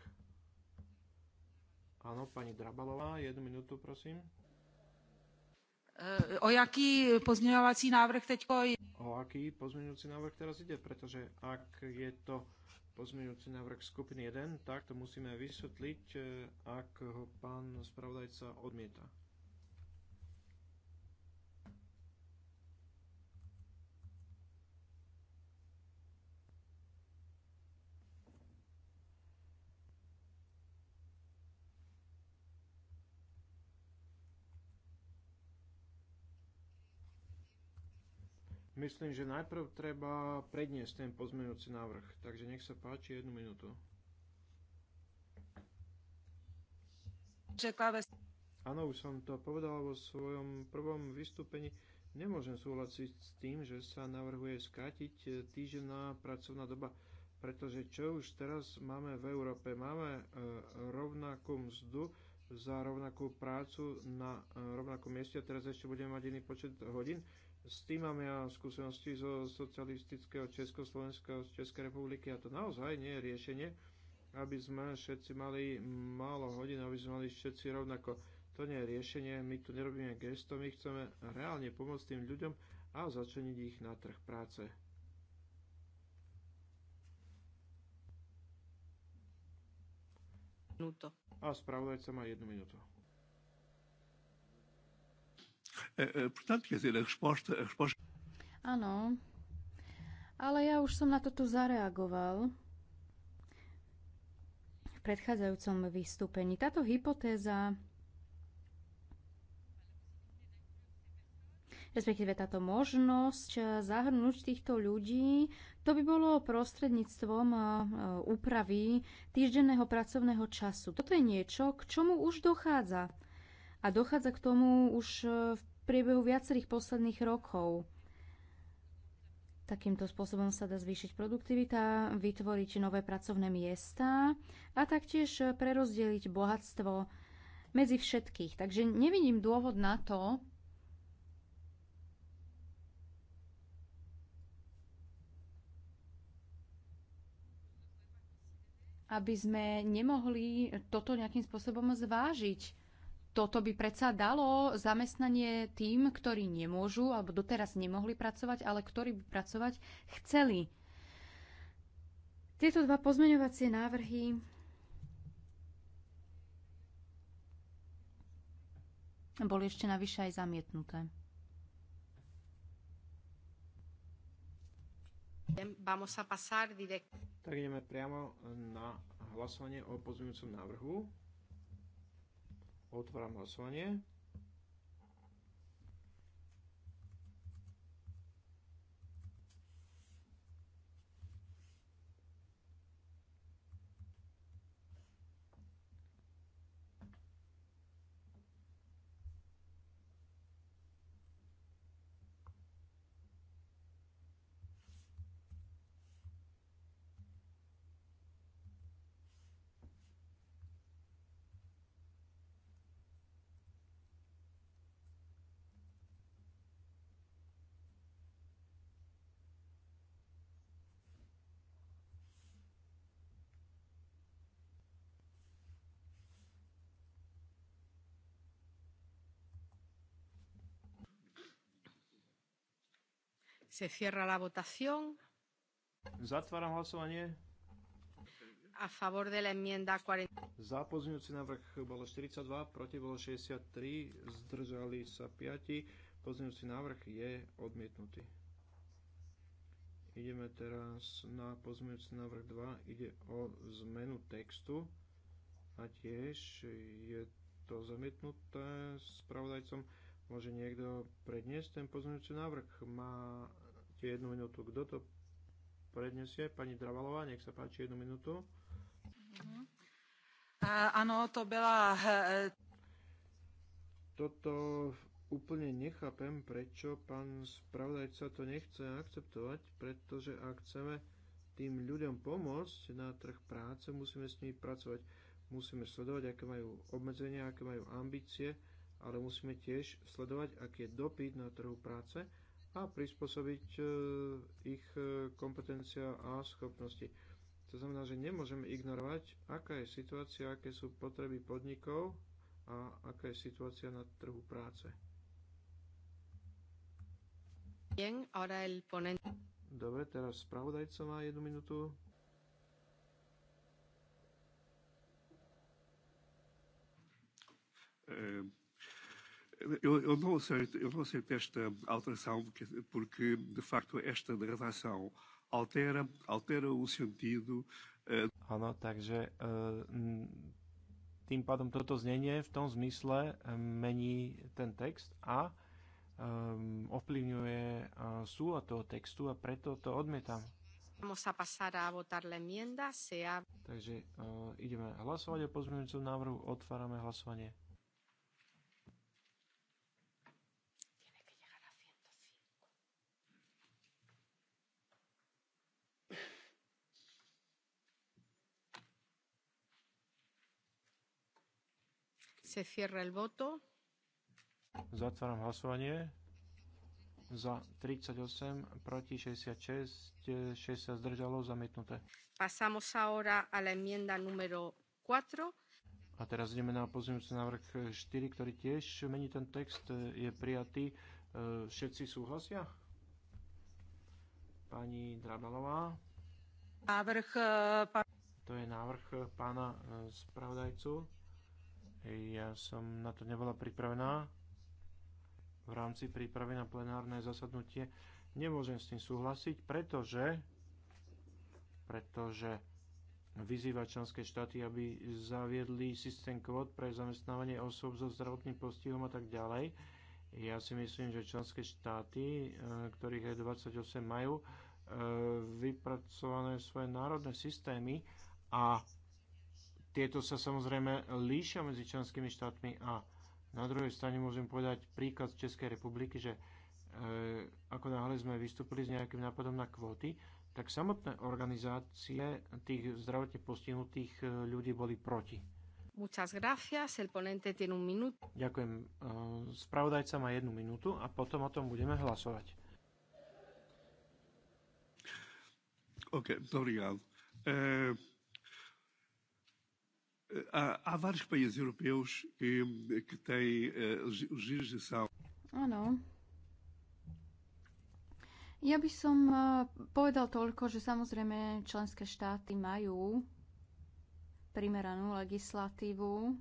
Áno, pani Drabalová, jednu minútu, prosím. E, o jaký pozmeňovací návrh teď? O aký pozmeňujúci návrh teraz ide? Pretože ak je to pozmeňujúci návrh skupiny 1, tak to musíme vysvetliť, e, ak ho pán spravodajca odmieta. myslím, že najprv treba predniesť ten pozmeňujúci návrh. Takže nech sa páči jednu minútu. Áno, už som to povedal vo svojom prvom vystúpení. Nemôžem súhlasiť s tým, že sa navrhuje skrátiť týždenná pracovná doba, pretože čo už teraz máme v Európe? Máme e, rovnakú mzdu za rovnakú prácu na e, rovnakom mieste a teraz ešte budeme mať iný počet hodín. S tým mám ja skúsenosti zo socialistického Československa, z Českej republiky a to naozaj nie je riešenie, aby sme všetci mali málo hodín, aby sme mali všetci rovnako. To nie je riešenie, my tu nerobíme gesto, my chceme reálne pomôcť tým ľuďom a začleniť ich na trh práce. A spravodajca má jednu minútu. Portanto, quer dizer, a resposta, a resposta... Áno, ale ja už som na to tu zareagoval v predchádzajúcom vystúpení. Táto hypotéza respektíve táto možnosť e, zahrnúť týchto ľudí, to by bolo prostredníctvom e, úpravy týždenného pracovného času. Toto je niečo, k čomu už dochádza a dochádza k tomu už e, v priebehu viacerých posledných rokov. Takýmto spôsobom sa dá zvýšiť produktivita, vytvoriť nové pracovné miesta a taktiež e, prerozdeliť bohatstvo medzi všetkých. Takže nevidím dôvod na to, aby sme nemohli toto nejakým spôsobom zvážiť toto by predsa dalo zamestnanie tým, ktorí nemôžu alebo doteraz nemohli pracovať, ale ktorí by pracovať chceli. Tieto dva pozmeňovacie návrhy boli ešte navyše aj zamietnuté. Tak ideme priamo na hlasovanie o pozmeňujúcom návrhu. Otváram hlasovanie. Se cierra la votación. Zatváram hlasovanie. A favor de la enmienda 40. Za pozmeňujúci návrh bolo 42, proti bolo 63, zdržali sa 5. Pozmeňujúci návrh je odmietnutý. Ideme teraz na pozmeňujúci návrh 2. Ide o zmenu textu a tiež je to zamietnuté spravodajcom. Môže niekto predniesť ten pozmeňujúci návrh? Má ešte jednu minútu. Kto to predniesie? Pani Dravalová, nech sa páči jednu minútu. Mhm. E, áno, to bola... E, e, Toto úplne nechápem, prečo pán spravodajca to nechce akceptovať, pretože ak chceme tým ľuďom pomôcť na trh práce, musíme s nimi pracovať, musíme sledovať, aké majú obmedzenia, aké majú ambície, ale musíme tiež sledovať, aký je dopyt na trhu práce a prispôsobiť e, ich e, kompetencia a schopnosti. To znamená, že nemôžeme ignorovať, aká je situácia, aké sú potreby podnikov a aká je situácia na trhu práce. Dobre, teraz spravodajca má jednu minútu. E Eu, eu, não aceito, eu não aceito esta alteração porque, de facto, esta redação altera, altera o sentido. Uh... Eh, ano, takže uh, tým pádom toto znenie v tom zmysle eh, mení ten text a um, ovplyvňuje uh, súlad toho textu a preto to odmietam. Vamos a pasar a votar la enmienda. sea... Takže uh, ideme hlasovať o pozmeňujúcom návrhu, otvárame hlasovanie. Se cierra el voto. Zatváram hlasovanie. Za 38, proti 66, 60 zdržalo, zamietnuté. Pasamos ahora a la enmienda número 4. A teraz ideme na pozmeňujúci návrh 4, ktorý tiež mení ten text, je prijatý. E, všetci súhlasia? Pani Drabalová. Návrh... E, to je návrh pána e, spravodajcu ja som na to nebola pripravená v rámci prípravy na plenárne zasadnutie. Nemôžem s tým súhlasiť, pretože, pretože vyzýva členské štáty, aby zaviedli systém kvót pre zamestnávanie osôb so zdravotným postihom a tak ďalej. Ja si myslím, že členské štáty, e, ktorých aj 28 majú, e, vypracované svoje národné systémy a tieto sa samozrejme líšia medzi členskými štátmi a na druhej strane môžem povedať príklad z Českej republiky, že e, ako náhle sme vystúpili s nejakým nápadom na kvóty, tak samotné organizácie tých zdravotne postihnutých e, ľudí boli proti. Muchas gracias, el ponente tiene un minuto. Ďakujem. E, spravodajca má jednu minútu a potom o tom budeme hlasovať. OK, dobrý e, Há vários países europeus que, que têm legislação. Eh, Áno. Ja by som eh, povedal toľko, že samozrejme členské štáty majú primeranú legislatívu,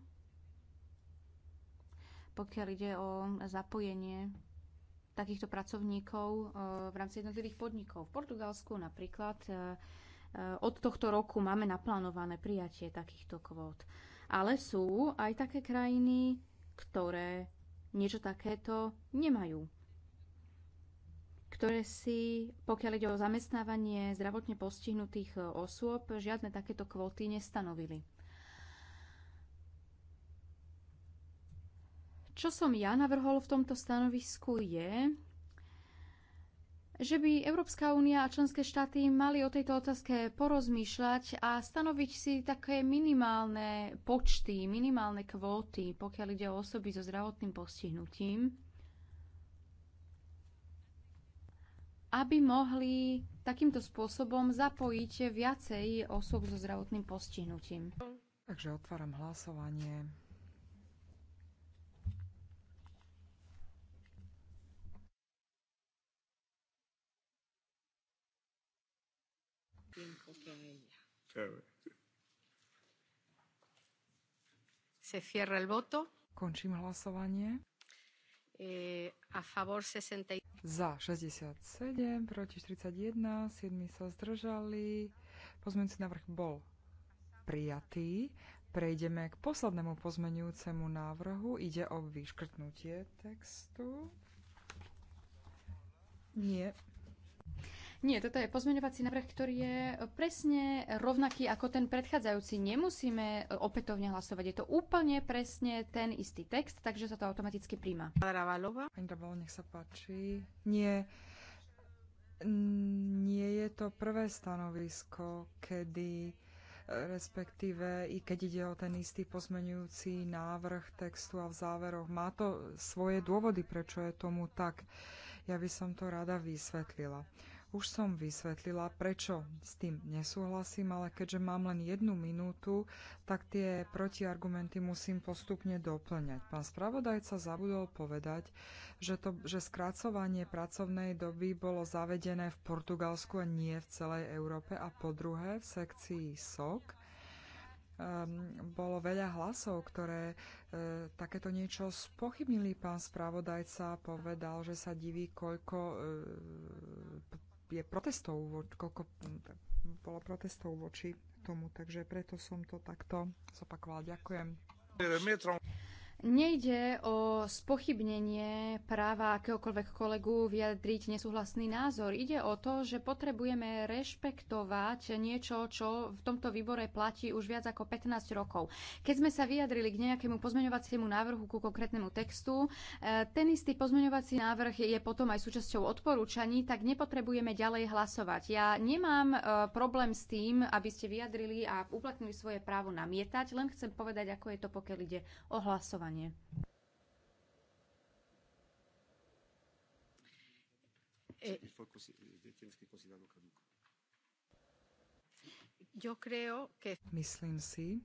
pokiaľ ide o zapojenie takýchto pracovníkov eh, v rámci jednotlivých podnikov. V Portugalsku napríklad od tohto roku máme naplánované prijatie takýchto kvót. Ale sú aj také krajiny, ktoré niečo takéto nemajú ktoré si, pokiaľ ide o zamestnávanie zdravotne postihnutých e, osôb, žiadne takéto kvóty nestanovili. Čo som ja navrhol v tomto stanovisku je, že by Európska únia a členské štáty mali o tejto otázke porozmýšľať a stanoviť si také minimálne počty, minimálne kvóty, pokiaľ ide o osoby so zdravotným postihnutím, aby mohli takýmto spôsobom zapojiť viacej osôb so zdravotným postihnutím. Takže otváram hlasovanie. Se cierra el voto. Končím hlasovanie. E, a favor 60... Za 67, proti 41, 7 sa zdržali. Pozmeňujúci návrh bol prijatý. Prejdeme k poslednému pozmenujúcemu návrhu. Ide o vyškrtnutie textu. Nie, nie, toto je pozmeňovací návrh, ktorý je presne rovnaký ako ten predchádzajúci. Nemusíme opätovne hlasovať. Je to úplne presne ten istý text, takže sa to automaticky príjma. Ravalova. Pani Ravalova, nech sa páči. Nie, nie je to prvé stanovisko, kedy respektíve i keď ide o ten istý pozmenujúci návrh textu a v záveroch. Má to svoje dôvody, prečo je tomu tak. Ja by som to rada vysvetlila. Už som vysvetlila, prečo s tým nesúhlasím, ale keďže mám len jednu minútu, tak tie protiargumenty musím postupne doplňať. Pán spravodajca zabudol povedať, že, to, že skracovanie pracovnej doby bolo zavedené v Portugalsku a nie v celej Európe. A po druhé, v sekcii SOK um, ehm, bolo veľa hlasov, ktoré uh, takéto niečo spochybnili. Pán spravodajca povedal, že sa diví, koľko uh, je protestov, koľko bolo protestov voči tomu, takže preto som to takto zopakovala. Ďakujem. Nejde o spochybnenie práva akéhokoľvek kolegu vyjadriť nesúhlasný názor. Ide o to, že potrebujeme rešpektovať niečo, čo v tomto výbore platí už viac ako 15 rokov. Keď sme sa vyjadrili k nejakému pozmeňovaciemu návrhu ku konkrétnemu textu, e, ten istý pozmeňovací návrh je potom aj súčasťou odporúčaní, tak nepotrebujeme ďalej hlasovať. Ja nemám e, problém s tým, aby ste vyjadrili a uplatnili svoje právo namietať, len chcem povedať, ako je to, pokiaľ ide o hlasovanie hlasovanie. E- Myslím si,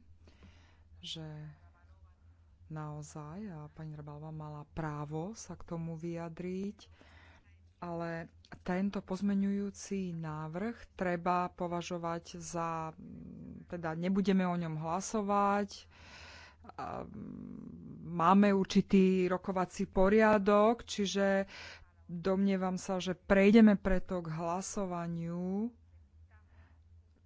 že naozaj a pani Rabalva mala právo sa k tomu vyjadriť, ale tento pozmenujúci návrh treba považovať za, teda nebudeme o ňom hlasovať, máme určitý rokovací poriadok, čiže domnievam sa, že prejdeme preto k hlasovaniu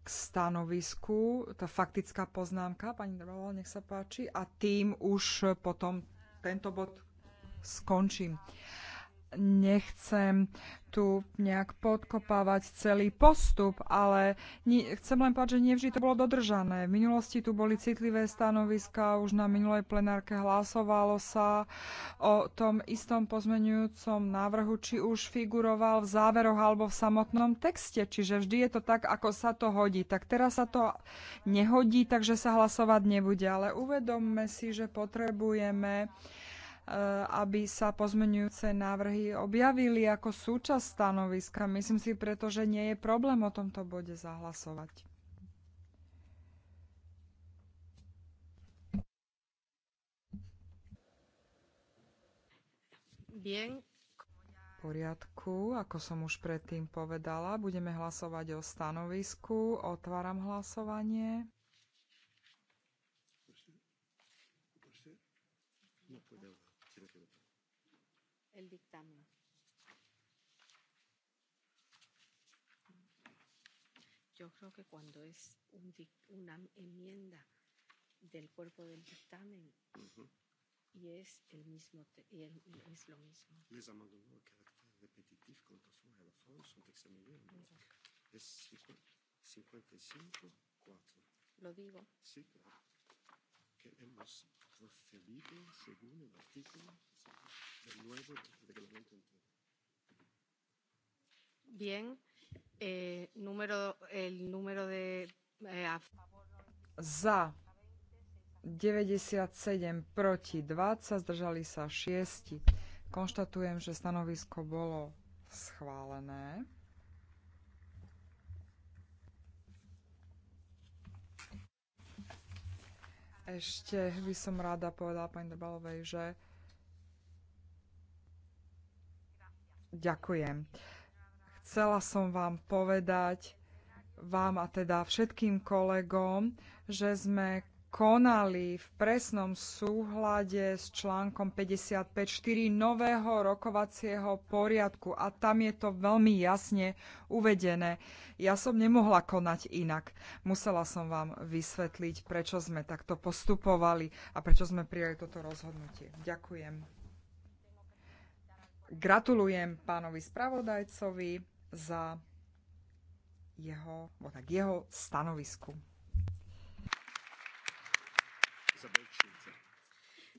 k stanovisku, tá faktická poznámka, pani Drvala, nech sa páči, a tým už potom tento bod skončím nechcem tu nejak podkopávať celý postup, ale ni- chcem len povedať, že nevždy to bolo dodržané. V minulosti tu boli citlivé stanoviska, už na minulej plenárke hlasovalo sa o tom istom pozmenujúcom návrhu, či už figuroval v záveroch alebo v samotnom texte. Čiže vždy je to tak, ako sa to hodí. Tak teraz sa to nehodí, takže sa hlasovať nebude. Ale uvedomme si, že potrebujeme Eh, aby sa pozmenujúce návrhy objavili ako súčasť stanoviska. Myslím si preto, že nie je problém o tomto bode zahlasovať. Bien. V poriadku, ako som už predtým povedala, budeme hlasovať o stanovisku. Otváram hlasovanie. yo creo que cuando es un, una enmienda del cuerpo del dictamen uh -huh. y es el mismo te, y, el, y es lo mismo. Les amendements à ¿no? caractère répétitif quand on sort à la fin sont ¿no? examinés en bloc. Es 55 4. Lo digo. Sí, claro. Que hemos procedido según el artículo del nuevo reglamento interno. Bien. Eh, eh, Za 97 proti 20, zdržali sa 6. Konštatujem, že stanovisko bolo schválené. Ešte by som rada povedala pani Dobalovej, že ďakujem. Chcela som vám povedať, vám a teda všetkým kolegom, že sme konali v presnom súhľade s článkom 55.4 nového rokovacieho poriadku a tam je to veľmi jasne uvedené. Ja som nemohla konať inak. Musela som vám vysvetliť, prečo sme takto postupovali a prečo sme prijali toto rozhodnutie. Ďakujem. Gratulujem pánovi spravodajcovi za jeho, možno k jeho stanovisku.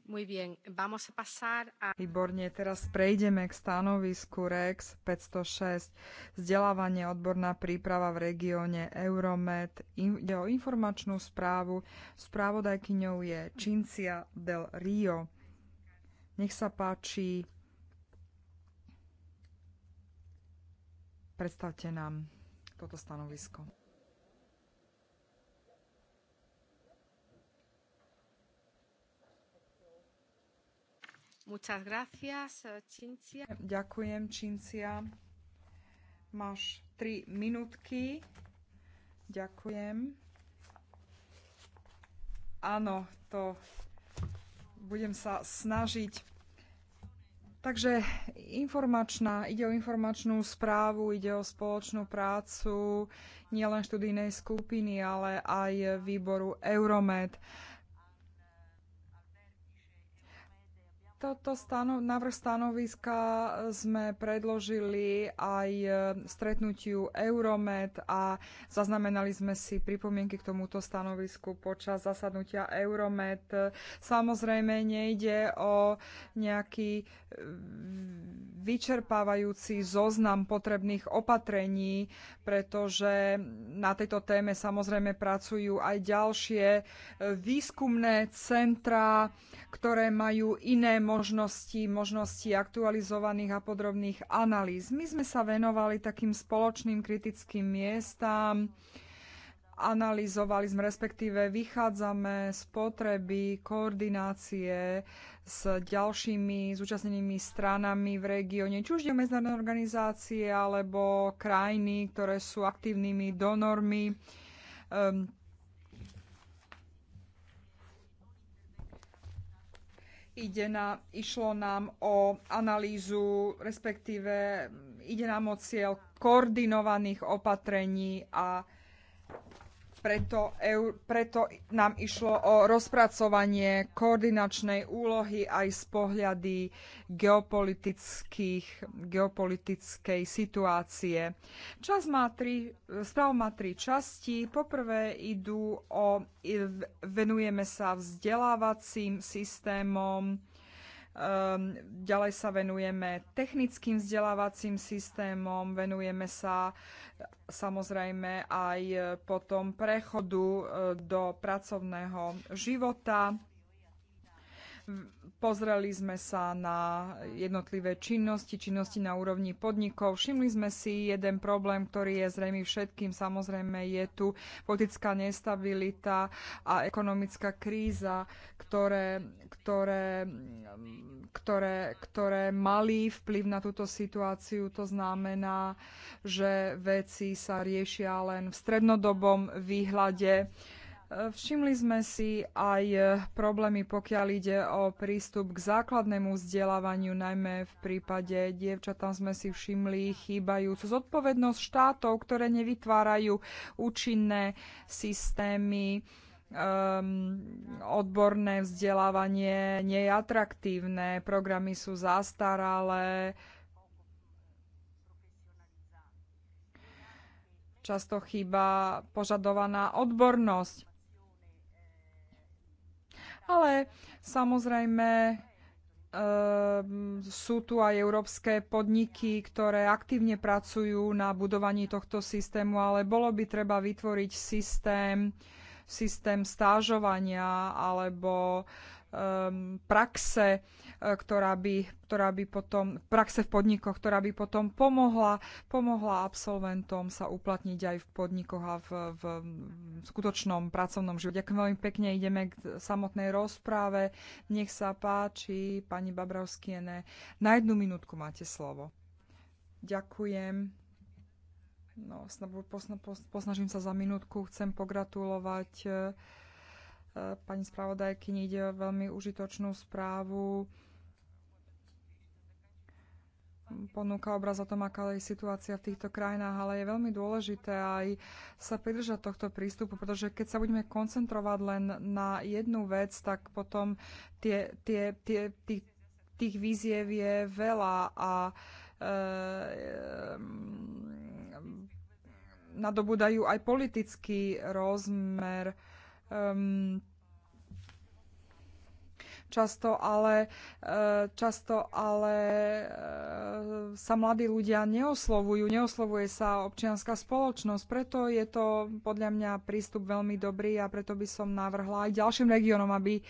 Muy bien, vamos a pasar a... Výborne, teraz prejdeme k stanovisku REX 506, vzdelávanie odborná príprava v regióne Euromed. Ide o informačnú správu, správodajkyňou je Cincia del Rio. Nech sa páči, Predstavte nám toto stanovisko. Muchas gracias, eh, Cincia. Ďakujem, Cincia. Máš tri minútky. Ďakujem. Áno, to budem sa snažiť Takže informačná, ide o informačnú správu, ide o spoločnú prácu nielen študijnej skupiny, ale aj výboru Euromed. Toto stanov, návrh stanoviska sme predložili aj e, stretnutiu Euromed a zaznamenali sme si pripomienky k tomuto stanovisku počas zasadnutia Euromed. Samozrejme nejde o nejaký e, vyčerpávajúci zoznam potrebných opatrení, pretože na tejto téme samozrejme pracujú aj ďalšie e, výskumné centra, ktoré majú iné možnosti možnosti aktualizovaných a podrobných analýz. My sme sa venovali takým spoločným kritickým miestam, analyzovali sme, respektíve vychádzame z potreby koordinácie s ďalšími zúčastnenými stranami v regióne, či už je medzinárodné organizácie alebo krajiny, ktoré sú aktívnymi donormi. Um, Ide na, išlo nám o analýzu, respektíve ide nám o cieľ koordinovaných opatrení a preto, EU, preto nám išlo o rozpracovanie koordinačnej úlohy aj z pohľady geopolitickej situácie. Čas má tri, správ má tri časti. Poprvé idú o, venujeme sa vzdelávacím systémom, Ehm, ďalej sa venujeme technickým vzdelávacím systémom, venujeme sa samozrejme aj potom prechodu eh, do pracovného života Pozreli sme sa na jednotlivé činnosti, činnosti na úrovni podnikov. Všimli sme si jeden problém, ktorý je zrejmy všetkým. Samozrejme je tu politická nestabilita a ekonomická kríza, ktoré, ktoré, ktoré, ktoré mali vplyv na túto situáciu. To znamená, že veci sa riešia len v strednodobom výhľade. Všimli sme si aj eh, problémy, pokiaľ ide o prístup k základnému vzdelávaniu, najmä v prípade dievčat. Tam sme si všimli chýbajúcu zodpovednosť štátov, ktoré nevytvárajú účinné systémy. Um, odborné vzdelávanie nie je atraktívne, programy sú zastaralé, často chýba požadovaná odbornosť ale samozrejme ehm, sú tu aj európske podniky, ktoré aktívne pracujú na budovaní tohto systému, ale bolo by treba vytvoriť systém, systém stážovania alebo um, praxe, uh, ktorá by, ktorá by potom, praxe v podnikoch, ktorá by potom pomohla, pomohla absolventom sa uplatniť aj v podnikoch a v, v skutočnom pracovnom živote. Ďakujem veľmi pekne, ideme k samotnej rozpráve. Nech sa páči, pani Babravskiene, na jednu minútku máte slovo. Ďakujem. No, posnažím sa za minútku. Chcem pogratulovať eh, pani spravodajky ide o veľmi užitočnú správu. Ponúka obraz o tom, aká je situácia v týchto krajinách, ale je veľmi dôležité aj sa pridržať tohto prístupu, pretože keď sa budeme koncentrovať len na jednu vec, tak potom tie, tie, tie, tých, tých víziev je veľa a e, e, nadobúdajú aj politický rozmer. E, um, často ale, eh, často ale eh, sa mladí ľudia neoslovujú, neoslovuje sa občianská spoločnosť. Preto je to podľa mňa prístup veľmi dobrý a preto by som navrhla aj ďalším regiónom, aby,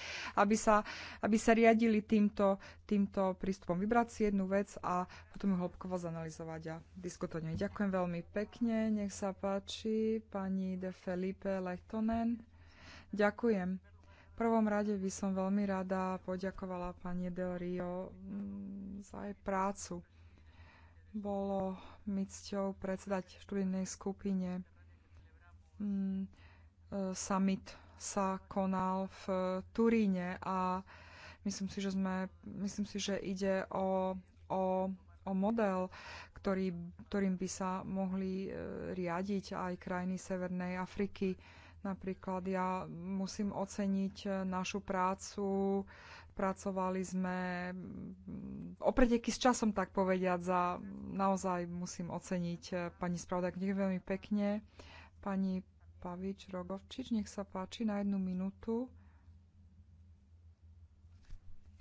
aby, sa, aby sa riadili týmto, týmto prístupom. Vybrať si jednu vec a potom ju hĺbkovo zanalizovať a diskutovať. Ďakujem veľmi pekne, nech sa páči pani de Felipe Lechtonen. Ďakujem. V prvom rade by som veľmi rada poďakovala pani Del Rio mm, za jej prácu. Bolo mi cťou predsedať študijnej skupine. Mm, e, summit sa konal v Turíne a myslím si, že, sme, myslím si, že ide o, o, o model, ktorý, ktorým by sa mohli e, riadiť aj krajiny Severnej Afriky Napríklad ja musím oceniť e, našu prácu. Pracovali sme mm, opredeky s časom, tak povediať. Za, naozaj musím oceniť e, pani spravodajku. veľmi pekne. Pani Pavič Rogovčič, nech sa páči na jednu minútu.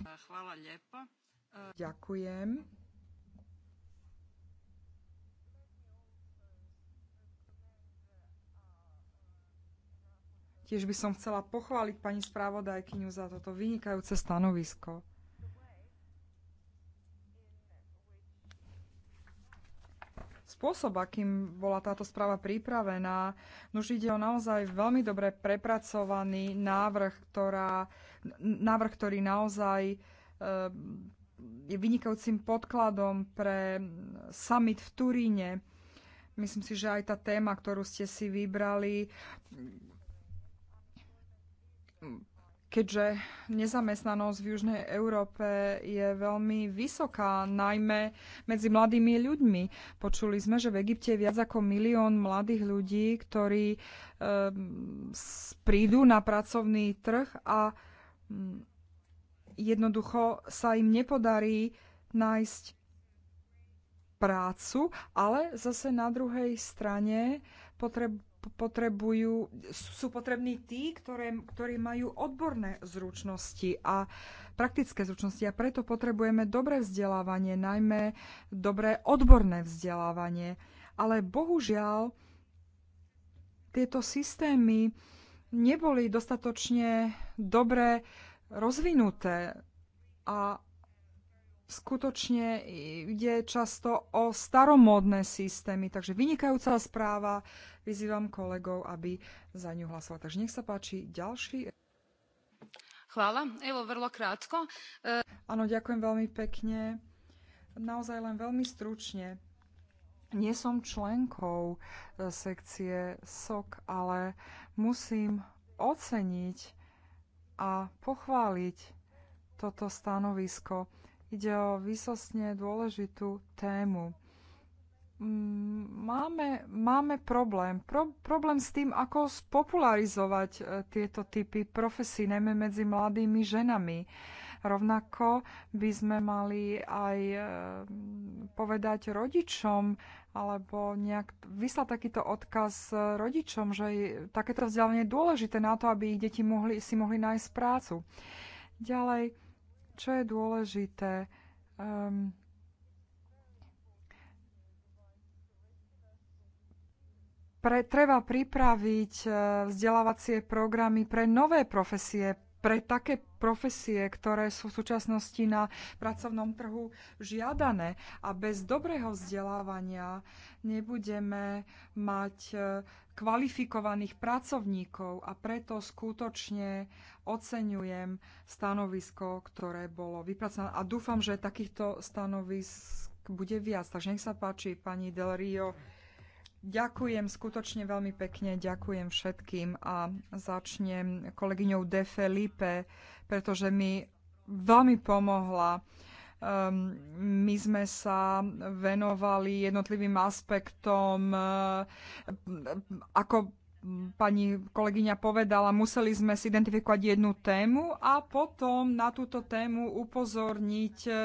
E, Ďakujem. Tiež by som chcela pochváliť pani správodajkyňu za toto vynikajúce stanovisko. Spôsob, akým bola táto správa pripravená, no už ide o naozaj veľmi dobre prepracovaný návrh, ktorá, návrh ktorý naozaj eh, je vynikajúcim podkladom pre summit v Turíne. Myslím si, že aj tá téma, ktorú ste si vybrali, keďže nezamestnanosť v Južnej Európe je veľmi vysoká, najmä medzi mladými ľuďmi. Počuli sme, že v Egypte je viac ako milión mladých ľudí, ktorí e, prídu na pracovný trh a mm, jednoducho sa im nepodarí nájsť prácu, ale zase na druhej strane potrebujú potrebujú, sú potrební tí, ktoré, ktorí majú odborné zručnosti a praktické zručnosti a preto potrebujeme dobré vzdelávanie, najmä dobré odborné vzdelávanie. Ale bohužiaľ tieto systémy neboli dostatočne dobre rozvinuté a skutočne ide často o staromódne systémy, takže vynikajúca správa. Vyzývam kolegov, aby za ňu hlasovali. Takže nech sa páči ďalší. Chvála, Evo, vrlo krátko. E, áno, e... ďakujem veľmi pekne. Naozaj len veľmi stručne. Nie som členkou e, sekcie SOK, ale musím oceniť a pochváliť toto stanovisko Ide o výsostne dôležitú tému. Mm, máme, máme problém. Pro, problém s tým, ako spopularizovať e, tieto typy profesí, najmä medzi mladými ženami. Rovnako by sme mali aj e, povedať rodičom, alebo nejak vyslať takýto odkaz e, rodičom, že takéto vzdelanie je dôležité na to, aby ich deti mohli, si mohli nájsť prácu. Ďalej, čo je dôležité, um, pre, treba pripraviť e, vzdelávacie programy pre nové profesie, pre také profesie, ktoré sú v súčasnosti na pracovnom trhu žiadané. A bez dobrého vzdelávania nebudeme mať e, kvalifikovaných pracovníkov a preto skutočne oceňujem stanovisko, ktoré bolo vypracované a dúfam, že takýchto stanovisk bude viac. Takže nech sa páči, pani Del Rio. Ďakujem skutočne veľmi pekne, ďakujem všetkým a začnem kolegyňou De Felipe, pretože mi veľmi pomohla. Um, my sme sa venovali jednotlivým aspektom, uh, ako pani kolegyňa povedala, museli sme si identifikovať jednu tému a potom na túto tému upozorniť eh,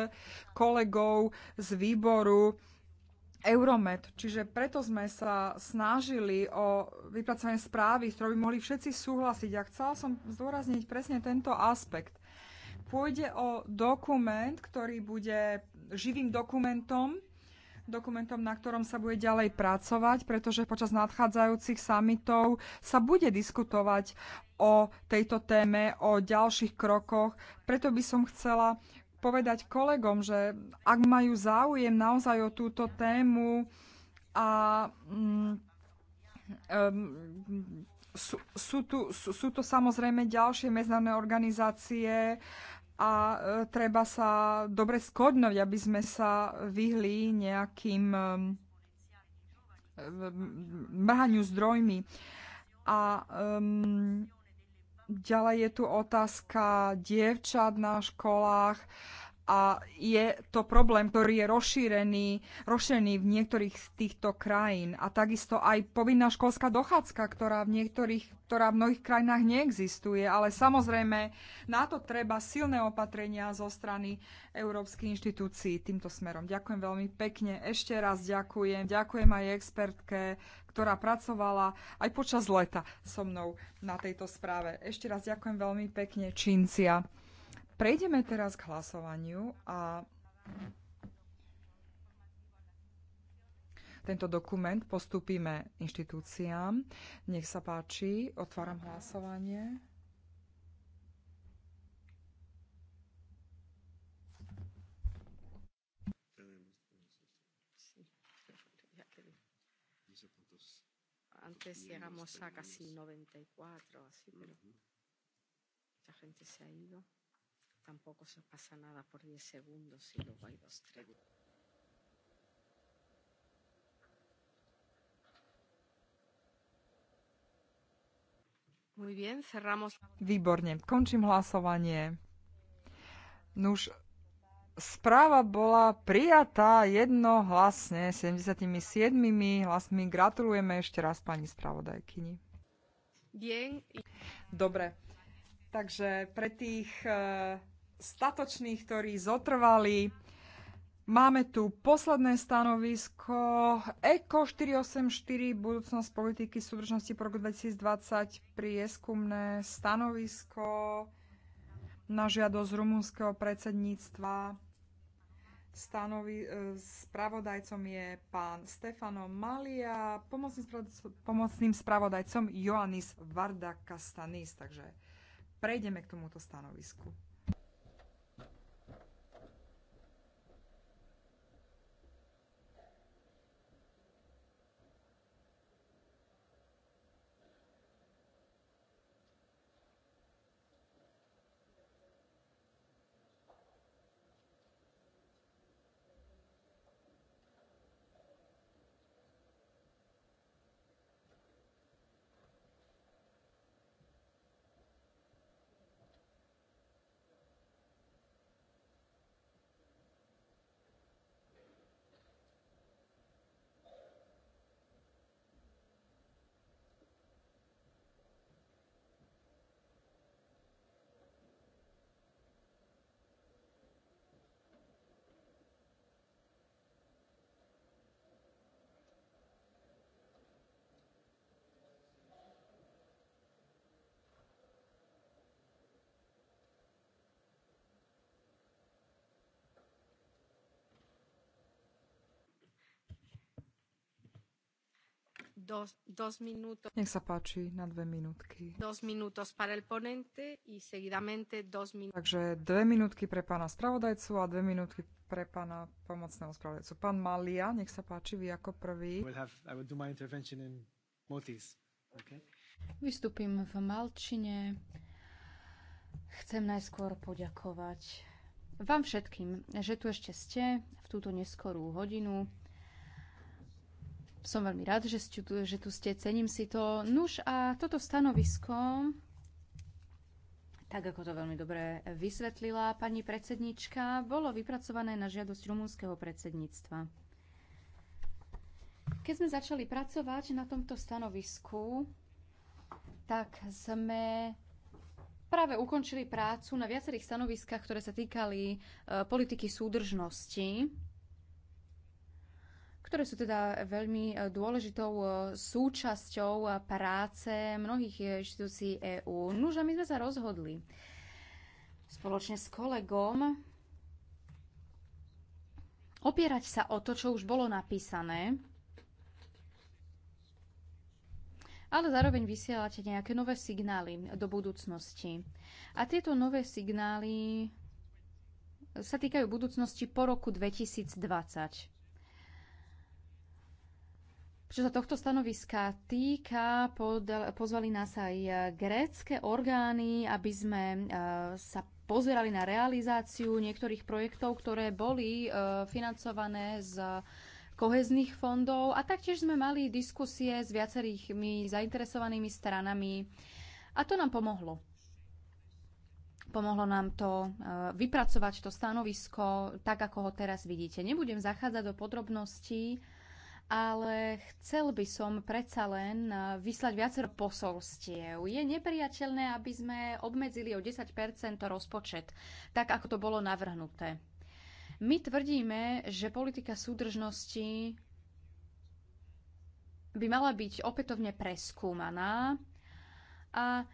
kolegov z výboru Euromed. Čiže preto sme sa snažili o vypracovanie správy, s ktorou by mohli všetci súhlasiť. A chcela som zdôrazniť presne tento aspekt. Pôjde o dokument, ktorý bude živým dokumentom, dokumentom, na ktorom sa bude ďalej pracovať, pretože počas nadchádzajúcich samitov sa bude diskutovať o tejto téme, o ďalších krokoch. Preto by som chcela povedať kolegom, že ak majú záujem naozaj o túto tému a mm, um, sú, sú, tu, sú, sú to samozrejme ďalšie medzinárodné organizácie, a e, treba sa dobre skodnúť, aby sme sa vyhli nejakým mrhaniu zdrojmi. A um, ďalej je tu otázka dievčat na školách. Uh, a je to problém, ktorý je rozšírený, rozšírený v niektorých z týchto krajín. A takisto aj povinná školská dochádzka, ktorá v, niektorých, ktorá v mnohých krajinách neexistuje. Ale samozrejme, na to treba silné opatrenia zo strany Európskych inštitúcií týmto smerom. Ďakujem veľmi pekne. Ešte raz ďakujem. Ďakujem aj expertke, ktorá pracovala aj počas leta so mnou na tejto správe. Ešte raz ďakujem veľmi pekne, Čincia. Prejdeme teraz k hlasovaniu a tento dokument postupíme inštitúciám. Nech sa páči, otváram hlasovanie. Antes llegamos a casi 94, así, pero mucha gente se ha ido tampoco se pasa nada por 10 segundos y luego hay dos, tres. Muy bien, cerramos. Výborne, končím hlasovanie. Nuž, správa bola prijatá jednohlasne 77 hlasmi. Gratulujeme ešte raz pani spravodajkyni. Dobre, takže pre tých Uh, statočných, ktorí zotrvali. Máme tu posledné stanovisko ECO 484 budúcnosť politiky súdržnosti po roku 2020 prieskumné stanovisko na žiadosť rumunského predsedníctva. Stanovi, e, spravodajcom je pán Stefano Malia, pomocným, pomocným spravodajcom Ioannis Varda Kastanis. Takže prejdeme k tomuto stanovisku. dos, dos minutos. Nech sa páči, na dve minútky. Dos minutos para el ponente y seguidamente dos minutos. Takže dve minútky pre pána spravodajcu a dve minútky pre pána pomocného spravodajcu. Pán Malia, nech sa páči, vy ako prvý. Have, okay. Vystúpim v Malčine. Chcem najskôr poďakovať vám všetkým, že tu ešte ste v túto neskorú hodinu som veľmi rád, že, ste, že tu ste, cením si to. Nuž a toto stanovisko, tak ako to veľmi dobre vysvetlila pani predsednička, bolo vypracované na žiadosť rumúnskeho predsedníctva. Keď sme začali pracovať na tomto stanovisku, tak sme práve ukončili prácu na viacerých stanoviskách, ktoré sa týkali eh, politiky súdržnosti ktoré sú teda veľmi e, dôležitou e, súčasťou e, práce mnohých inštitúcií EÚ. Nuž a my sme sa rozhodli spoločne s kolegom opierať sa o to, čo už bolo napísané, ale zároveň vysielate nejaké nové signály do budúcnosti. A tieto nové signály sa týkajú budúcnosti po roku 2020. Čo sa tohto stanoviska týka, pozvali nás aj e, grécké orgány, aby sme e, sa pozerali na realizáciu niektorých projektov, ktoré boli e, financované z kohezných fondov a taktiež sme mali diskusie s viacerými zainteresovanými stranami a to nám pomohlo. Pomohlo nám to vypracovať to stanovisko tak, ako ho teraz vidíte. Nebudem zachádzať do podrobností, ale chcel by som predsa len eh, vyslať viacero posolstiev. Je nepriateľné, aby sme obmedzili o 10 rozpočet, tak ako to bolo navrhnuté. My tvrdíme, že politika súdržnosti by mala byť opätovne preskúmaná a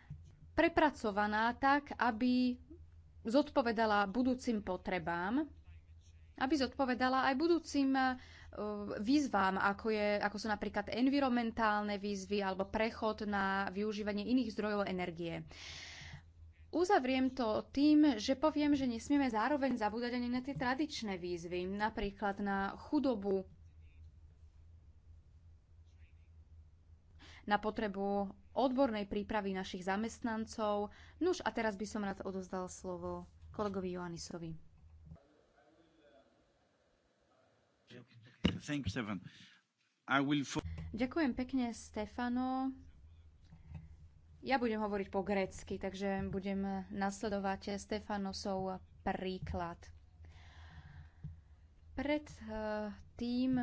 prepracovaná tak, aby zodpovedala budúcim potrebám, aby zodpovedala aj budúcim eh, Eh, výzvám, ako, je, ako sú napríklad environmentálne výzvy alebo prechod na využívanie iných zdrojov energie. Uzavriem to tým, že poviem, že nesmieme zároveň zabúdať ani na tie tradičné výzvy, napríklad na chudobu, na potrebu odbornej prípravy našich zamestnancov. Nuž a teraz by som rád odozdal slovo kolegovi Joanisovi. Ďakujem pekne, Stefano. Ja budem hovoriť po grécky, takže budem nasledovať Stefanosov príklad. Pred eh, tým,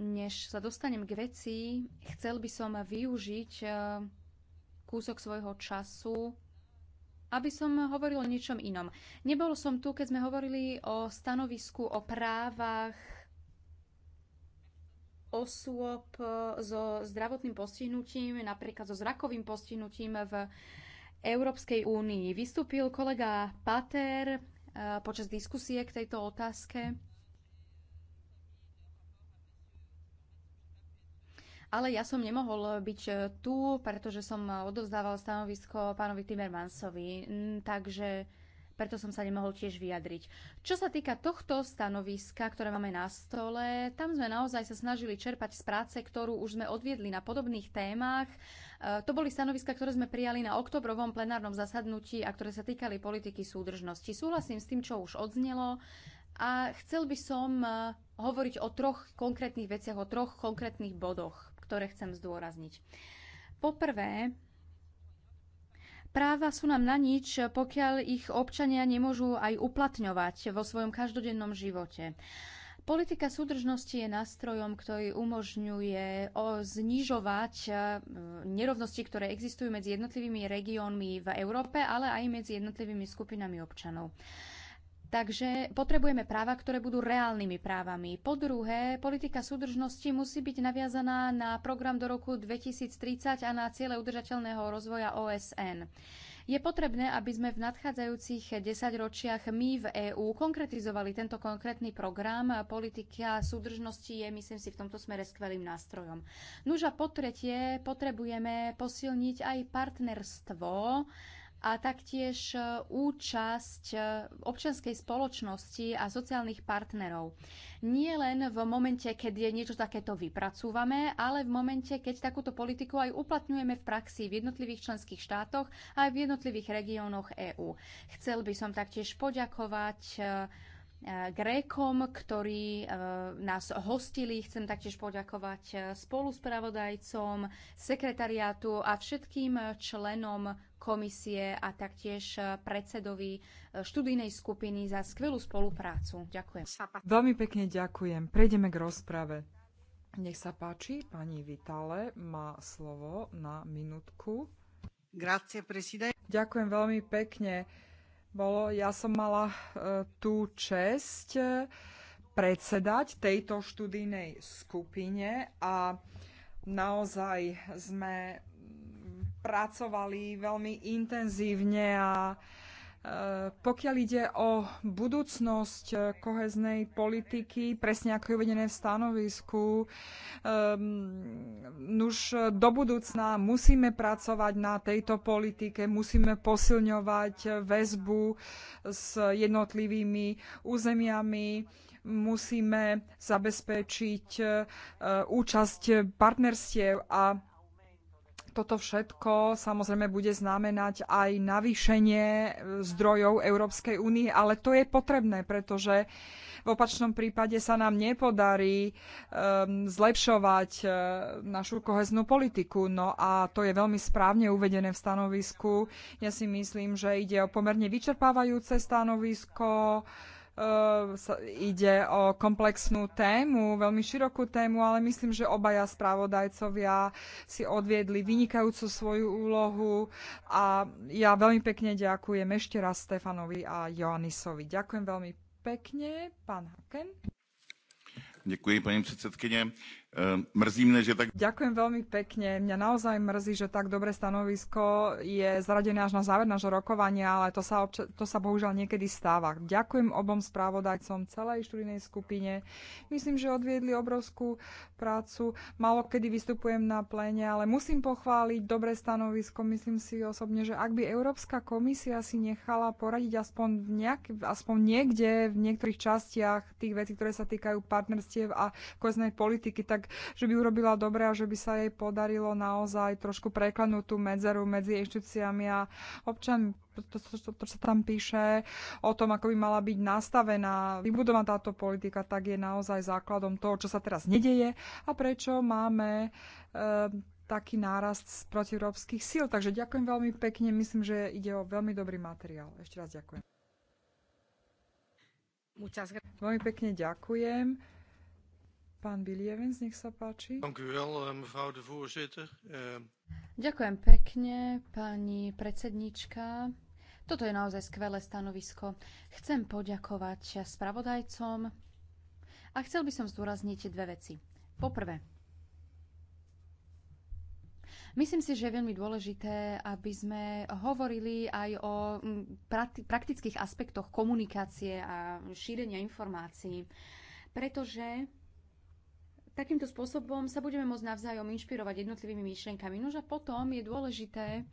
než sa dostanem k veci, chcel by som využiť eh, kúsok svojho času aby som hovoril o niečom inom. Nebol som tu, keď sme hovorili o stanovisku, o právach osôb e, so zdravotným postihnutím, napríklad so zrakovým postihnutím v Európskej únii. Vystúpil kolega Pater e, počas diskusie k tejto otázke. Ale ja som nemohol byť e, tu, pretože som odovzdával stanovisko pánovi Timmermansovi. Takže preto som sa nemohol tiež vyjadriť. Čo sa týka tohto stanoviska, ktoré máme na stole, tam sme naozaj sa snažili čerpať z práce, ktorú už sme odviedli na podobných témach. E, to boli stanoviska, ktoré sme prijali na oktobrovom plenárnom zasadnutí a ktoré sa týkali politiky súdržnosti. Súhlasím s tým, čo už odznelo a chcel by som e, hovoriť o troch konkrétnych veciach, o troch konkrétnych bodoch, ktoré chcem zdôrazniť. Poprvé, Práva sú nám na nič, pokiaľ ich občania nemôžu aj uplatňovať vo svojom každodennom živote. Politika súdržnosti je nástrojom, ktorý umožňuje znižovať e, nerovnosti, ktoré existujú medzi jednotlivými regiónmi v Európe, ale aj medzi jednotlivými skupinami občanov. Takže potrebujeme práva, ktoré budú reálnymi právami. Po druhé, politika súdržnosti musí byť naviazaná na program do roku 2030 a na ciele udržateľného rozvoja OSN. Je potrebné, aby sme v nadchádzajúcich desaťročiach my v EÚ konkretizovali tento konkrétny program. Politika súdržnosti je, myslím si, v tomto smere skvelým nástrojom. Nož a po tretie, potrebujeme posilniť aj partnerstvo a taktiež e, účasť e, občianskej spoločnosti a sociálnych partnerov. Nie len v momente, keď je niečo takéto vypracúvame, ale v momente, keď takúto politiku aj uplatňujeme v praxi v jednotlivých členských štátoch a aj v jednotlivých regiónoch EÚ. Chcel by som taktiež poďakovať e, Grékom, ktorí nás hostili. Chcem taktiež poďakovať spoluspravodajcom, sekretariátu a všetkým členom komisie a taktiež eh, predsedovi eh, študijnej skupiny za skvelú spoluprácu. Ďakujem. Veľmi pekne ďakujem. Prejdeme k rozprave. Nech sa páči, pani Vitale má slovo na minútku. Grazie, Ďakujem veľmi pekne. Bolo, ja som mala e, tú česť e, predsedať tejto študijnej skupine a naozaj sme pracovali veľmi intenzívne a e, pokiaľ ide o budúcnosť e, koheznej politiky, presne ako je uvedené v stanovisku, um, ehm, už e, do budúcna musíme pracovať na tejto politike, musíme posilňovať väzbu s jednotlivými územiami, musíme zabezpečiť účasť partnerstiev a toto všetko samozrejme bude znamenať aj navýšenie eh, zdrojov Európskej únie, ale to je potrebné, pretože v opačnom prípade sa nám nepodarí um, zlepšovať uh, našu koheznú politiku. No a to je veľmi správne uvedené v stanovisku. Ja si myslím, že ide o pomerne vyčerpávajúce stanovisko. Uh, Ehm, ide o komplexnú tému, veľmi širokú tému, ale myslím, že obaja spravodajcovia si odviedli vynikajúcu svoju úlohu a ja veľmi pekne ďakujem ešte raz Stefanovi a Joanisovi. Ďakujem veľmi pekne, pán Haken. Děkuji, paní předsedkyně. Ehm, mrzí mne, že tak... Ďakujem veľmi pekne. Mňa naozaj mrzí, že tak dobré stanovisko je zradené až na záver nášho rokovania, ale to sa, obča- to sa bohužiaľ niekedy stáva. Ďakujem obom správodajcom celej študijnej skupine. Myslím, že odviedli obrovskú prácu. Malo kedy vystupujem na pléne, ale musím pochváliť dobré stanovisko. Myslím si osobne, že ak by Európska komisia si nechala poradiť aspoň, nejak, aspoň niekde v niektorých častiach tých vecí, ktoré sa týkajú partnerstiev a koznej politiky, tak tak, že by urobila dobre a že by sa jej podarilo naozaj trošku preklenúť tú medzeru medzi inštitúciami a občan To, to, to, to sa tam píše o tom, ako by mala byť nastavená, vybudovaná táto politika, tak je naozaj základom toho, čo sa teraz nedeje a prečo máme e, taký nárast z protieurópskych síl. Takže ďakujem veľmi pekne, myslím, že ide o veľmi dobrý materiál. Ešte raz ďakujem. Veľmi pekne ďakujem. Pán Bilievens, nech sa páči. Eh, eh, Ďakujem pekne, pani predsednička. Toto je naozaj skvelé stanovisko. Chcem poďakovať spravodajcom a chcel by som zdôrazniť dve veci. Poprvé, Myslím si, že je veľmi dôležité, aby sme hovorili aj o mm, praktických aspektoch komunikácie a šírenia informácií, pretože takýmto spôsobom sa budeme môcť navzájom inšpirovať jednotlivými myšlienkami. Nož a potom je dôležité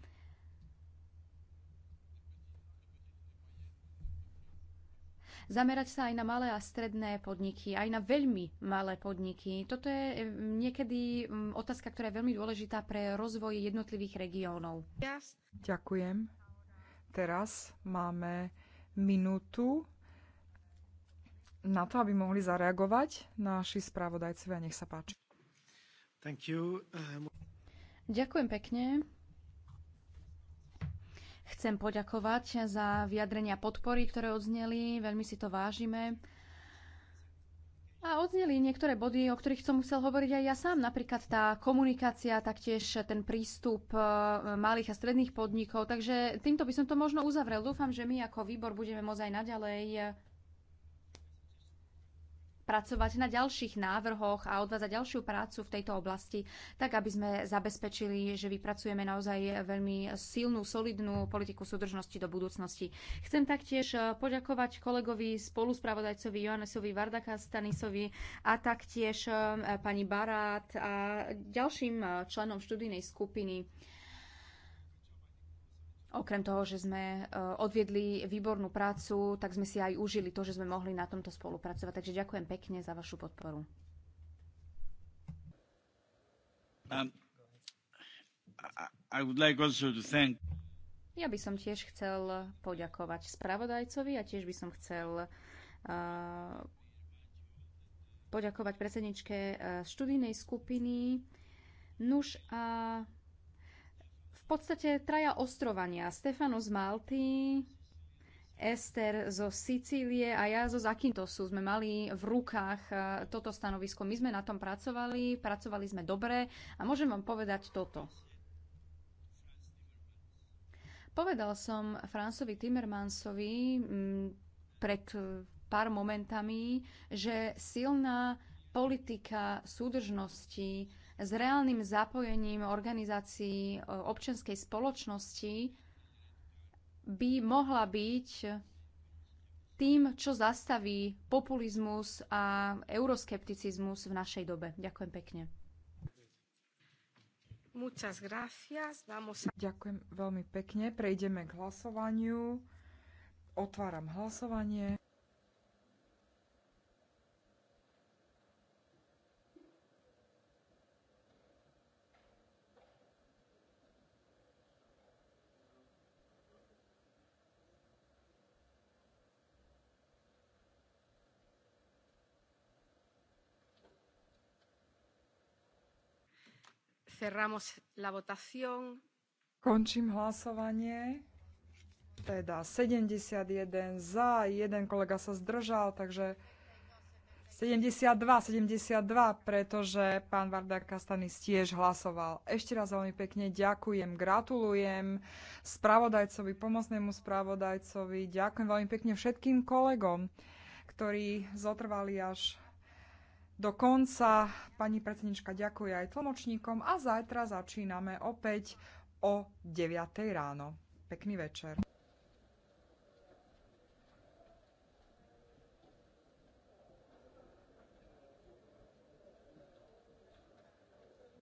zamerať sa aj na malé a stredné podniky, aj na veľmi malé podniky. Toto je niekedy otázka, ktorá je veľmi dôležitá pre rozvoj jednotlivých regiónov. Ďakujem. Teraz máme minútu na to, aby mohli zareagovať naši spravodajcovia. Nech sa páči. Thank you. Um... Ďakujem pekne. Chcem poďakovať za vyjadrenia podpory, ktoré odzneli. Veľmi si to vážime. A odzneli niektoré body, o ktorých som musel hovoriť aj ja sám. Napríklad tá komunikácia, taktiež ten prístup uh, malých a stredných podnikov. Takže týmto by som to možno uzavrel. Dúfam, že my ako výbor budeme môcť aj naďalej uh, pracovať na ďalších návrhoch a odvádzať ďalšiu prácu v tejto oblasti, tak aby sme zabezpečili, že vypracujeme naozaj veľmi silnú, solidnú politiku súdržnosti do budúcnosti. Chcem taktiež eh, poďakovať kolegovi spoluspravodajcovi Johannesovi Vardaka Stanisovi a taktiež eh, pani Barát a ďalším eh, členom študijnej skupiny Okrem toho, že sme e, odviedli výbornú prácu, tak sme si aj užili to, že sme mohli na tomto spolupracovať. Takže ďakujem pekne za vašu podporu. Um, I, like thank... Ja by som tiež chcel poďakovať spravodajcovi a tiež by som chcel uh, poďakovať predsedničke e, študijnej skupiny. Nuž a podstate traja ostrovania. Stefano z Malty, Ester zo Sicílie a ja zo Zakintosu sme mali v rukách e, toto stanovisko. My sme na tom pracovali, pracovali sme dobre a môžem vám povedať toto. Povedal som Francovi Timmermansovi mm, pred e, pár momentami, že silná politika súdržnosti s reálnym zapojením organizácií e, občianskej spoločnosti by mohla byť tým, čo zastaví populizmus a euroskepticizmus v našej dobe. Ďakujem pekne. Ďakujem veľmi pekne. Prejdeme k hlasovaniu. Otváram hlasovanie. Cerramos la votación. Končím hlasovanie. Teda 71 za, jeden kolega sa zdržal, takže 72, 72, pretože pán Vardar Kastanis tiež hlasoval. Ešte raz veľmi pekne ďakujem, gratulujem spravodajcovi, pomocnému spravodajcovi, ďakujem veľmi pekne všetkým kolegom, ktorí zotrvali až do konca. Pani predsednička ďakuje aj tlmočníkom a zajtra začíname opäť o 9. ráno. Pekný večer.